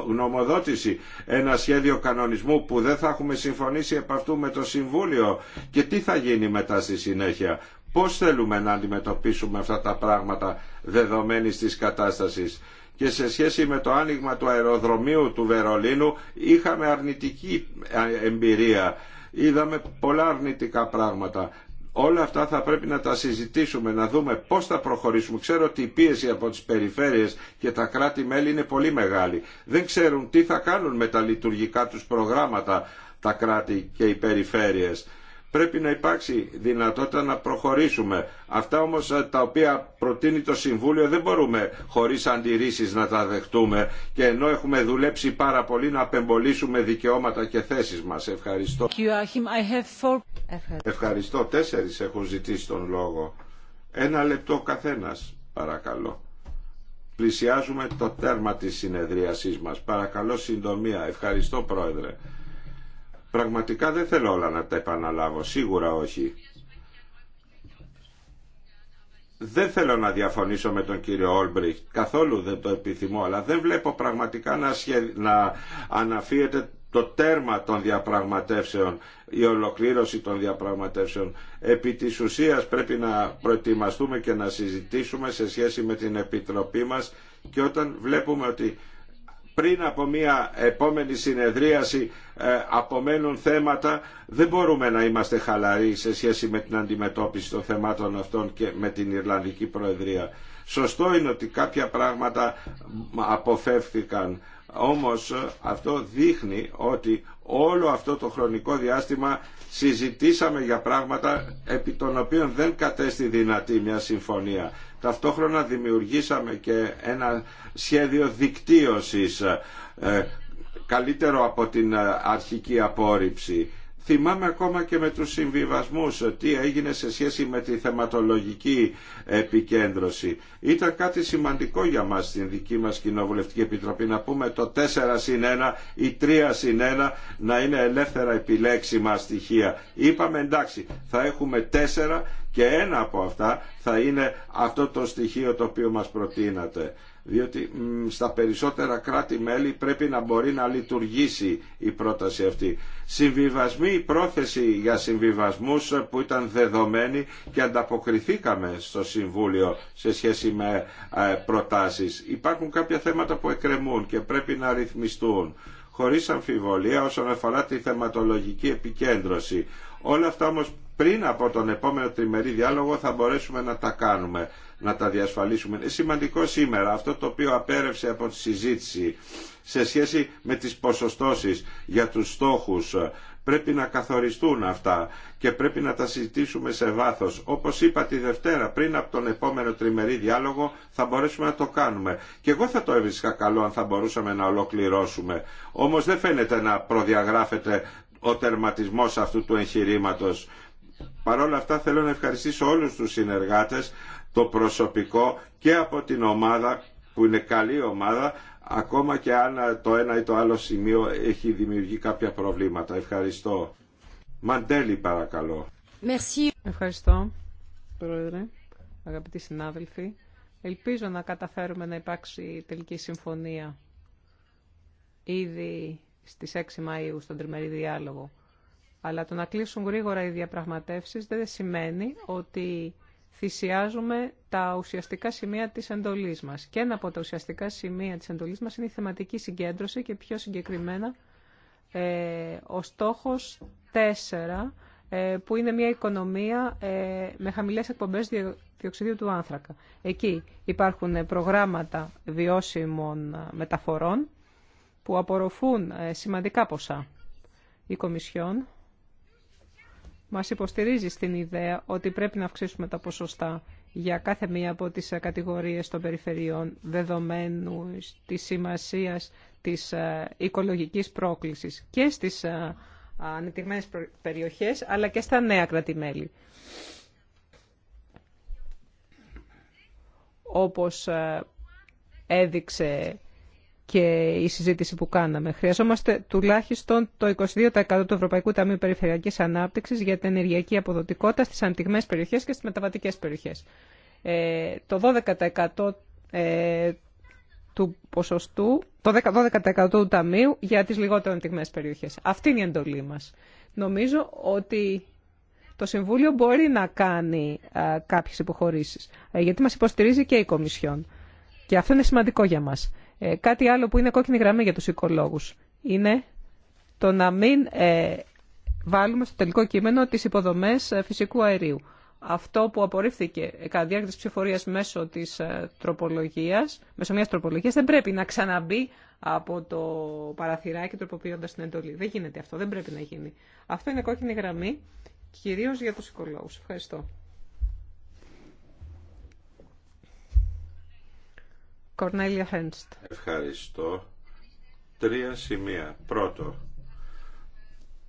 γνωμοδότηση, ένα σχέδιο κανονισμού που δεν θα έχουμε συμφωνήσει επ' αυτού με το Συμβούλιο και τι θα γίνει μετά στη συνέχεια. Πώς θέλουμε να αντιμετωπίσουμε αυτά τα πράγματα δεδομένης της κατάστασης και σε σχέση με το άνοιγμα του αεροδρομίου του Βερολίνου είχαμε αρνητική ε, εμπειρία είδαμε πολλά αρνητικά πράγματα. Όλα αυτά θα πρέπει να τα συζητήσουμε, να δούμε πώς θα προχωρήσουμε. Ξέρω ότι η πίεση από τις περιφέρειες και τα κράτη-μέλη είναι πολύ μεγάλη. Δεν ξέρουν τι θα κάνουν με τα λειτουργικά τους προγράμματα τα κράτη και οι περιφέρειες πρέπει να υπάρξει δυνατότητα να προχωρήσουμε. Αυτά όμως ε, τα οποία προτείνει το Συμβούλιο δεν μπορούμε χωρίς αντιρρήσεις να τα δεχτούμε και ενώ έχουμε δουλέψει πάρα πολύ να απεμπολίσουμε δικαιώματα και θέσεις μας. Ευχαριστώ. Ευχαριστώ. Τέσσερις έχουν ζητήσει τον λόγο. Ένα λεπτό καθένας παρακαλώ. Πλησιάζουμε το τέρμα της συνεδρίασής μας. Παρακαλώ συντομία. Ευχαριστώ Πρόεδρε. Πραγματικά δεν θέλω όλα να τα επαναλάβω, σίγουρα όχι. Δεν θέλω να διαφωνήσω με τον κύριο Όλμπριχτ, καθόλου δεν το επιθυμώ, αλλά δεν βλέπω πραγματικά να, να αναφύεται το τέρμα των διαπραγματεύσεων, η ολοκλήρωση των διαπραγματεύσεων. Επί της ουσίας πρέπει να προετοιμαστούμε και να συζητήσουμε σε σχέση με την Επιτροπή μας και όταν βλέπουμε ότι πριν από μια επόμενη συνεδρίαση ε, απομένουν θέματα δεν μπορούμε να είμαστε χαλαροί σε σχέση με την αντιμετώπιση των θεμάτων αυτών και με την Ιρλανδική Προεδρία. Σωστό είναι ότι κάποια πράγματα αποφεύθηκαν όμως ε, αυτό δείχνει ότι όλο αυτό το χρονικό διάστημα συζητήσαμε για πράγματα επί των οποίων δεν κατέστη δυνατή μια συμφωνία. Ταυτόχρονα δημιουργήσαμε και ένα σχέδιο δικτύωσης, ε, καλύτερο από την αρχική απόρριψη Θυμάμαι ακόμα και με τους συμβιβασμούς τι έγινε σε σχέση με τη θεματολογική επικέντρωση. Ήταν κάτι σημαντικό για μας στην δική μας Κοινοβουλευτική Επιτροπή να πούμε το 4 συν 1 ή 3 συν 1 να είναι ελεύθερα επιλέξιμα στοιχεία. Είπαμε εντάξει θα έχουμε 4 και ένα από αυτά θα είναι αυτό το στοιχείο το οποίο μας προτείνατε διότι στα περισσότερα κράτη-μέλη πρέπει να μπορεί να λειτουργήσει η πρόταση αυτή. Συμβιβασμοί, η πρόθεση για συμβιβασμούς που ήταν δεδομένη και ανταποκριθήκαμε στο Συμβούλιο σε σχέση με ε, προτάσεις. Υπάρχουν κάποια θέματα που εκκρεμούν και πρέπει να ρυθμιστούν χωρίς αμφιβολία όσον αφορά τη θεματολογική επικέντρωση. Όλα αυτά όμως πριν από τον επόμενο τριμερή διάλογο θα μπορέσουμε να τα κάνουμε να τα διασφαλίσουμε. Είναι σημαντικό σήμερα αυτό το οποίο απέρευσε από τη συζήτηση σε σχέση με τις ποσοστώσεις για τους στόχους πρέπει να καθοριστούν αυτά και πρέπει να τα συζητήσουμε σε βάθος. Όπως είπα τη Δευτέρα πριν από τον επόμενο τριμερή διάλογο θα μπορέσουμε να το κάνουμε. Και εγώ θα το έβρισκα καλό αν θα μπορούσαμε να ολοκληρώσουμε. Όμως δεν φαίνεται να προδιαγράφεται ο τερματισμός αυτού του εγχειρήματο. Παρ' όλα αυτά θέλω να ευχαριστήσω όλους τους συνεργάτες το προσωπικό και από την ομάδα που είναι καλή ομάδα ακόμα και αν το ένα ή το άλλο σημείο έχει δημιουργεί κάποια προβλήματα. Ευχαριστώ. Μαντέλη παρακαλώ. Ευχαριστώ, Πρόεδρε, αγαπητοί συνάδελφοι. Ελπίζω να καταφέρουμε να υπάρξει τελική συμφωνία ήδη στις 6 Μαΐου στον τριμερή διάλογο. Αλλά το να κλείσουν γρήγορα οι διαπραγματεύσεις δεν σημαίνει ότι θυσιάζουμε τα ουσιαστικά σημεία της εντολής μας. Και ένα από τα ουσιαστικά σημεία της εντολής μας είναι η θεματική συγκέντρωση και πιο συγκεκριμένα ε, ο στόχος 4, ε, που είναι μια οικονομία ε, με χαμηλές εκπομπές διοξιδίου του άνθρακα. Εκεί υπάρχουν προγράμματα βιώσιμων μεταφορών που απορροφούν σημαντικά ποσά. Η Κομισιόν μας υποστηρίζει στην ιδέα ότι πρέπει να αυξήσουμε τα ποσοστά για κάθε μία από τις ε, κατηγορίες των περιφερειών δεδομένου της σημασίας της ε, οικολογικής πρόκλησης και στις ε, ανεπτυγμένες περιοχές αλλά και στα νέα κρατημέλη. Όπως έδειξε και η συζήτηση που κάναμε. Χρειαζόμαστε τουλάχιστον το 22% του Ευρωπαϊκού Ταμείου Περιφερειακής Ανάπτυξης για την ενεργειακή αποδοτικότητα στις αντιγμές περιοχές και στις μεταβατικές περιοχές. Ε, το 12% ε, του ποσοστού, το 12% του ταμείου για τις λιγότερο αντιγμές περιοχές. Αυτή είναι η εντολή μας. Νομίζω ότι το Συμβούλιο μπορεί να κάνει α, κάποιες υποχωρήσεις, ε, γιατί μας υποστηρίζει και η Κομισιόν. Και αυτό είναι σημαντικό για μας. Ε, κάτι άλλο που είναι κόκκινη γραμμή για τους οικολόγους είναι το να μην ε, βάλουμε στο τελικό κείμενο τις υποδομές ε, φυσικού αερίου. Αυτό που απορρίφθηκε κατά διάρκεια της ψηφορίας μέσω της τροπολογίας, μέσω μιας τροπολογίας, δεν πρέπει να ξαναμπεί από το παραθυράκι τροποποιώντας την εντολή. Δεν γίνεται αυτό, δεν πρέπει να γίνει. Αυτό είναι κόκκινη γραμμή, κυρίως για τους οικολόγους. Ευχαριστώ. Κορνέλια Χένστ. Ευχαριστώ. Τρία σημεία. Πρώτο,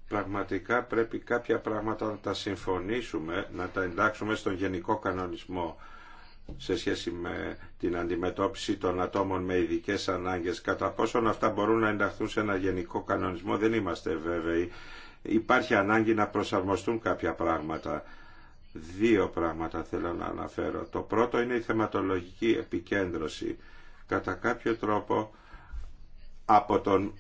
πραγματικά πρέπει κάποια πράγματα να τα συμφωνήσουμε, να τα εντάξουμε στον γενικό κανονισμό σε σχέση με την αντιμετώπιση των ατόμων με ειδικέ ανάγκες. Κατά πόσον αυτά μπορούν να ενταχθούν σε ένα γενικό κανονισμό δεν είμαστε βέβαιοι. Υπάρχει ανάγκη να προσαρμοστούν κάποια πράγματα. Δύο πράγματα θέλω να αναφέρω. Το πρώτο είναι η θεματολογική επικέντρωση κατά κάποιο τρόπο από τον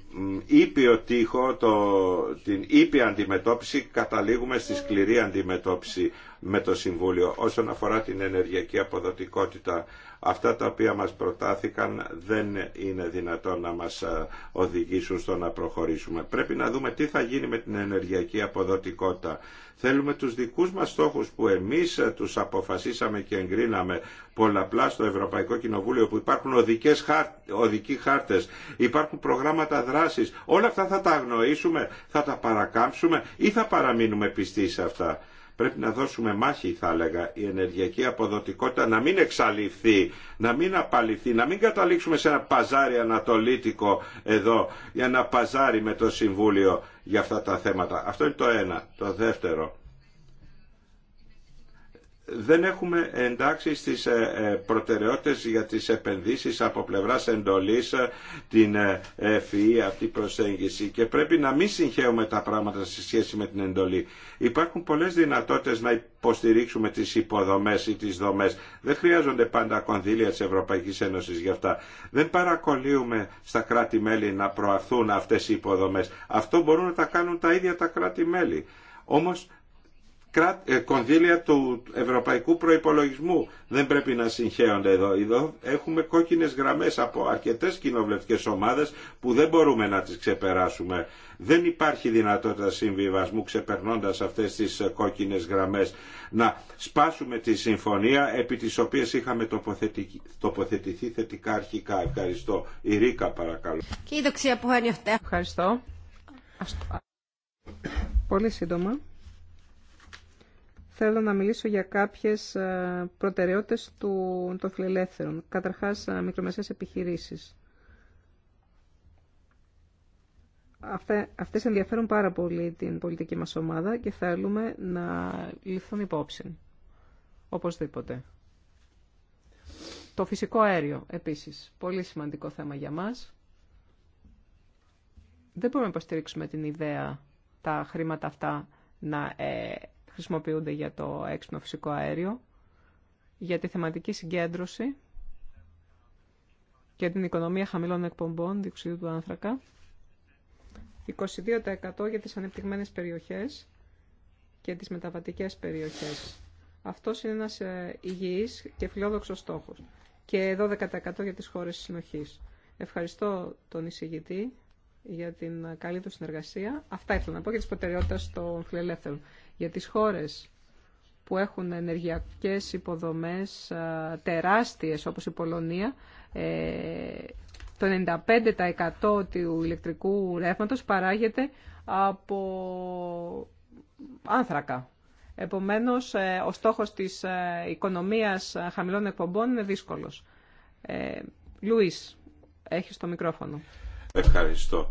ήπιο τείχο, το, την ήπια αντιμετώπιση, καταλήγουμε στη σκληρή αντιμετώπιση με το Συμβούλιο όσον αφορά την ενεργειακή αποδοτικότητα αυτά τα οποία μας προτάθηκαν δεν είναι δυνατόν να μας ε, οδηγήσουν στο να προχωρήσουμε. Πρέπει να δούμε τι θα γίνει με την ενεργειακή αποδοτικότητα. Θέλουμε τους δικούς μας στόχους που εμείς ε, τους αποφασίσαμε και εγκρίναμε πολλαπλά στο Ευρωπαϊκό Κοινοβούλιο που υπάρχουν οδικές οδικοί χάρτες, υπάρχουν προγράμματα δράσης. Όλα αυτά θα τα αγνοήσουμε, θα τα παρακάμψουμε ή θα παραμείνουμε πιστοί σε αυτά. Πρέπει να δώσουμε μάχη, θα έλεγα, η ενεργειακή αποδοτικότητα να μην εξαλειφθεί, να μην απαλληφθεί, να μην καταλήξουμε σε ένα παζάρι ανατολίτικο εδώ, για ένα παζάρι με το Συμβούλιο για αυτά τα θέματα. Αυτό είναι το ένα. Το δεύτερο δεν έχουμε εντάξει στις ε, ε, προτεραιότητες για τις επενδύσεις από πλευράς εντολής ε, την FEE, αυτή προσέγγιση και πρέπει να μην συγχαίουμε τα πράγματα σε σχέση με την εντολή. Υπάρχουν πολλές δυνατότητες να υποστηρίξουμε τις υποδομές ή τις δομές. Δεν χρειάζονται πάντα κονδύλια της Ευρωπαϊκής Ένωσης για αυτά. Δεν παρακολύουμε στα κράτη-μέλη να προαθούν αυτές οι υποδομές. Αυτό μπορούν να τα κάνουν τα ίδια τα κράτη-μέλη. Όμως ε, κονδύλια του ευρωπαϊκού προϋπολογισμού δεν πρέπει να συγχέονται εδώ. εδώ έχουμε κόκκινες γραμμές από αρκετές κοινοβουλευτικές ομάδες που δεν μπορούμε να τις ξεπεράσουμε. Δεν υπάρχει δυνατότητα συμβιβασμού ξεπερνώντας αυτές τις ε, κόκκινες γραμμές να σπάσουμε τη συμφωνία επί της οποίας είχαμε τοποθετηθεί θετικά αρχικά. Ευχαριστώ. Η Ρίκα παρακαλώ. Ευχαριστώ. Πολύ σύντομα θέλω να μιλήσω για κάποιες ε, προτεραιότητες του, των φιλελεύθερων. Καταρχάς, ε, μικρομεσαίες επιχειρήσεις. Αυτέ αυτές ενδιαφέρουν πάρα πολύ την πολιτική μας ομάδα και θέλουμε να ληφθούν υπόψη. Οπωσδήποτε. Το φυσικό αέριο, επίσης, πολύ σημαντικό θέμα για μας. Δεν μπορούμε να υποστηρίξουμε την ιδέα τα χρήματα αυτά να ε, χρησιμοποιούνται για το έξυπνο φυσικό αέριο, για τη θεματική συγκέντρωση και την οικονομία χαμηλών εκπομπών διοξιδίου του άνθρακα, 22% για τις ανεπτυγμένες περιοχές και τις μεταβατικές περιοχές. Αυτό είναι ένας ε, υγιής και φιλόδοξος στόχος και 12% για τις χώρες συνοχής. Ευχαριστώ τον εισηγητή για την καλή του συνεργασία. Αυτά ήθελα να πω για τις προτεραιότητε των φιλελεύθερων. Για τις χώρες που έχουν ενεργειακές υποδομές τεράστιες όπως η Πολωνία, ε, το 95% του ηλεκτρικού ρεύματος παράγεται από άνθρακα. Επομένως, ε, ο στόχος της ε, οικονομίας χαμηλών εκπομπών είναι δύσκολος. Λουίς, έχει το μικρόφωνο. Ευχαριστώ.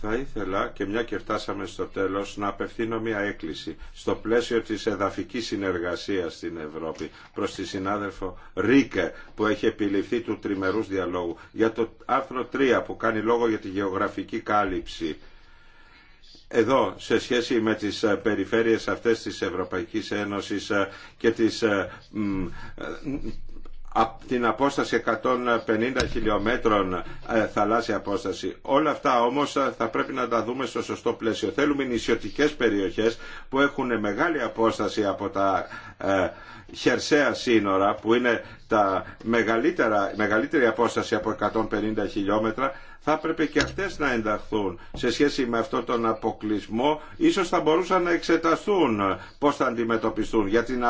Θα ήθελα και μια και φτάσαμε στο τέλος να απευθύνω μια έκκληση στο πλαίσιο της εδαφικής συνεργασίας στην Ευρώπη προς τη συνάδελφο Ρίκε που έχει επιληφθεί του τριμερούς διαλόγου για το άρθρο 3 που κάνει λόγο για τη γεωγραφική κάλυψη. Εδώ, σε σχέση με τις ε, περιφέρειες αυτές της Ευρωπαϊκής Ένωσης ε, και της... Ε, από την απόσταση 150 χιλιόμετρων ε, θαλάσσια απόσταση. Όλα αυτά όμως ε, θα πρέπει να τα δούμε στο σωστό πλαίσιο. Θέλουμε νησιωτικές περιοχές που έχουν μεγάλη απόσταση από τα ε, χερσαία σύνορα που είναι τα μεγαλύτερα, μεγαλύτερη απόσταση από 150 χιλιόμετρα θα έπρεπε και αυτές να ενταχθούν σε σχέση με αυτόν τον αποκλεισμό. Ίσως θα μπορούσαν να εξεταστούν πώς θα αντιμετωπιστούν για την,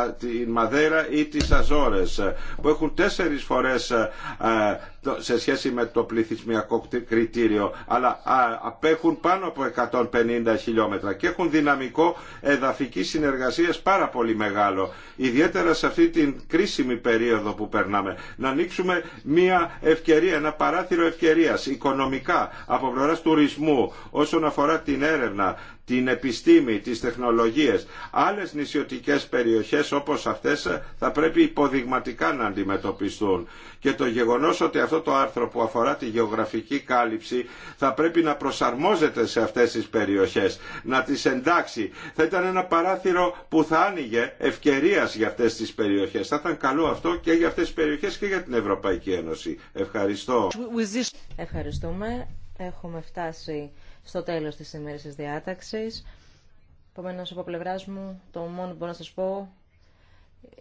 Μαδέρα ή τις Αζόρες που έχουν τέσσερις φορές σε σχέση με το πληθυσμιακό κριτήριο αλλά απέχουν πάνω από 150 χιλιόμετρα και έχουν δυναμικό εδαφικής συνεργασίας πάρα πολύ μεγάλο ιδιαίτερα σε αυτή την κρίσιμη περίοδο που περνάμε να ανοίξουμε μια ευκαιρία, ένα παράθυρο ευκαιρίας οικονομικά από πλευρά τουρισμού όσον αφορά την έρευνα την επιστήμη, τις τεχνολογίες. Άλλες νησιωτικές περιοχές όπως αυτές θα πρέπει υποδειγματικά να αντιμετωπιστούν. Και το γεγονός ότι αυτό το άρθρο που αφορά τη γεωγραφική κάλυψη θα πρέπει να προσαρμόζεται σε αυτές τις περιοχές, να τις εντάξει. Θα ήταν ένα παράθυρο που θα άνοιγε ευκαιρία για αυτές τις περιοχές. Θα ήταν καλό αυτό και για αυτές τις περιοχές και για την Ευρωπαϊκή Ένωση. Ευχαριστώ. Ευχαριστούμε στο τέλος της ημέρας της διάταξης. Επομένω, από πλευρά μου, το μόνο που μπορώ να σας πω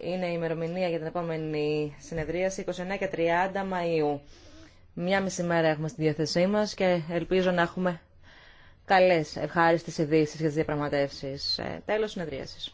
είναι η ημερομηνία για την επόμενη συνεδρίαση 29 και 30 Μαΐου. Μια μισή μέρα έχουμε στη διάθεσή μας και ελπίζω να έχουμε καλές ευχάριστες ειδήσει για τις διαπραγματεύσεις. Ε, τέλος συνεδρίασης.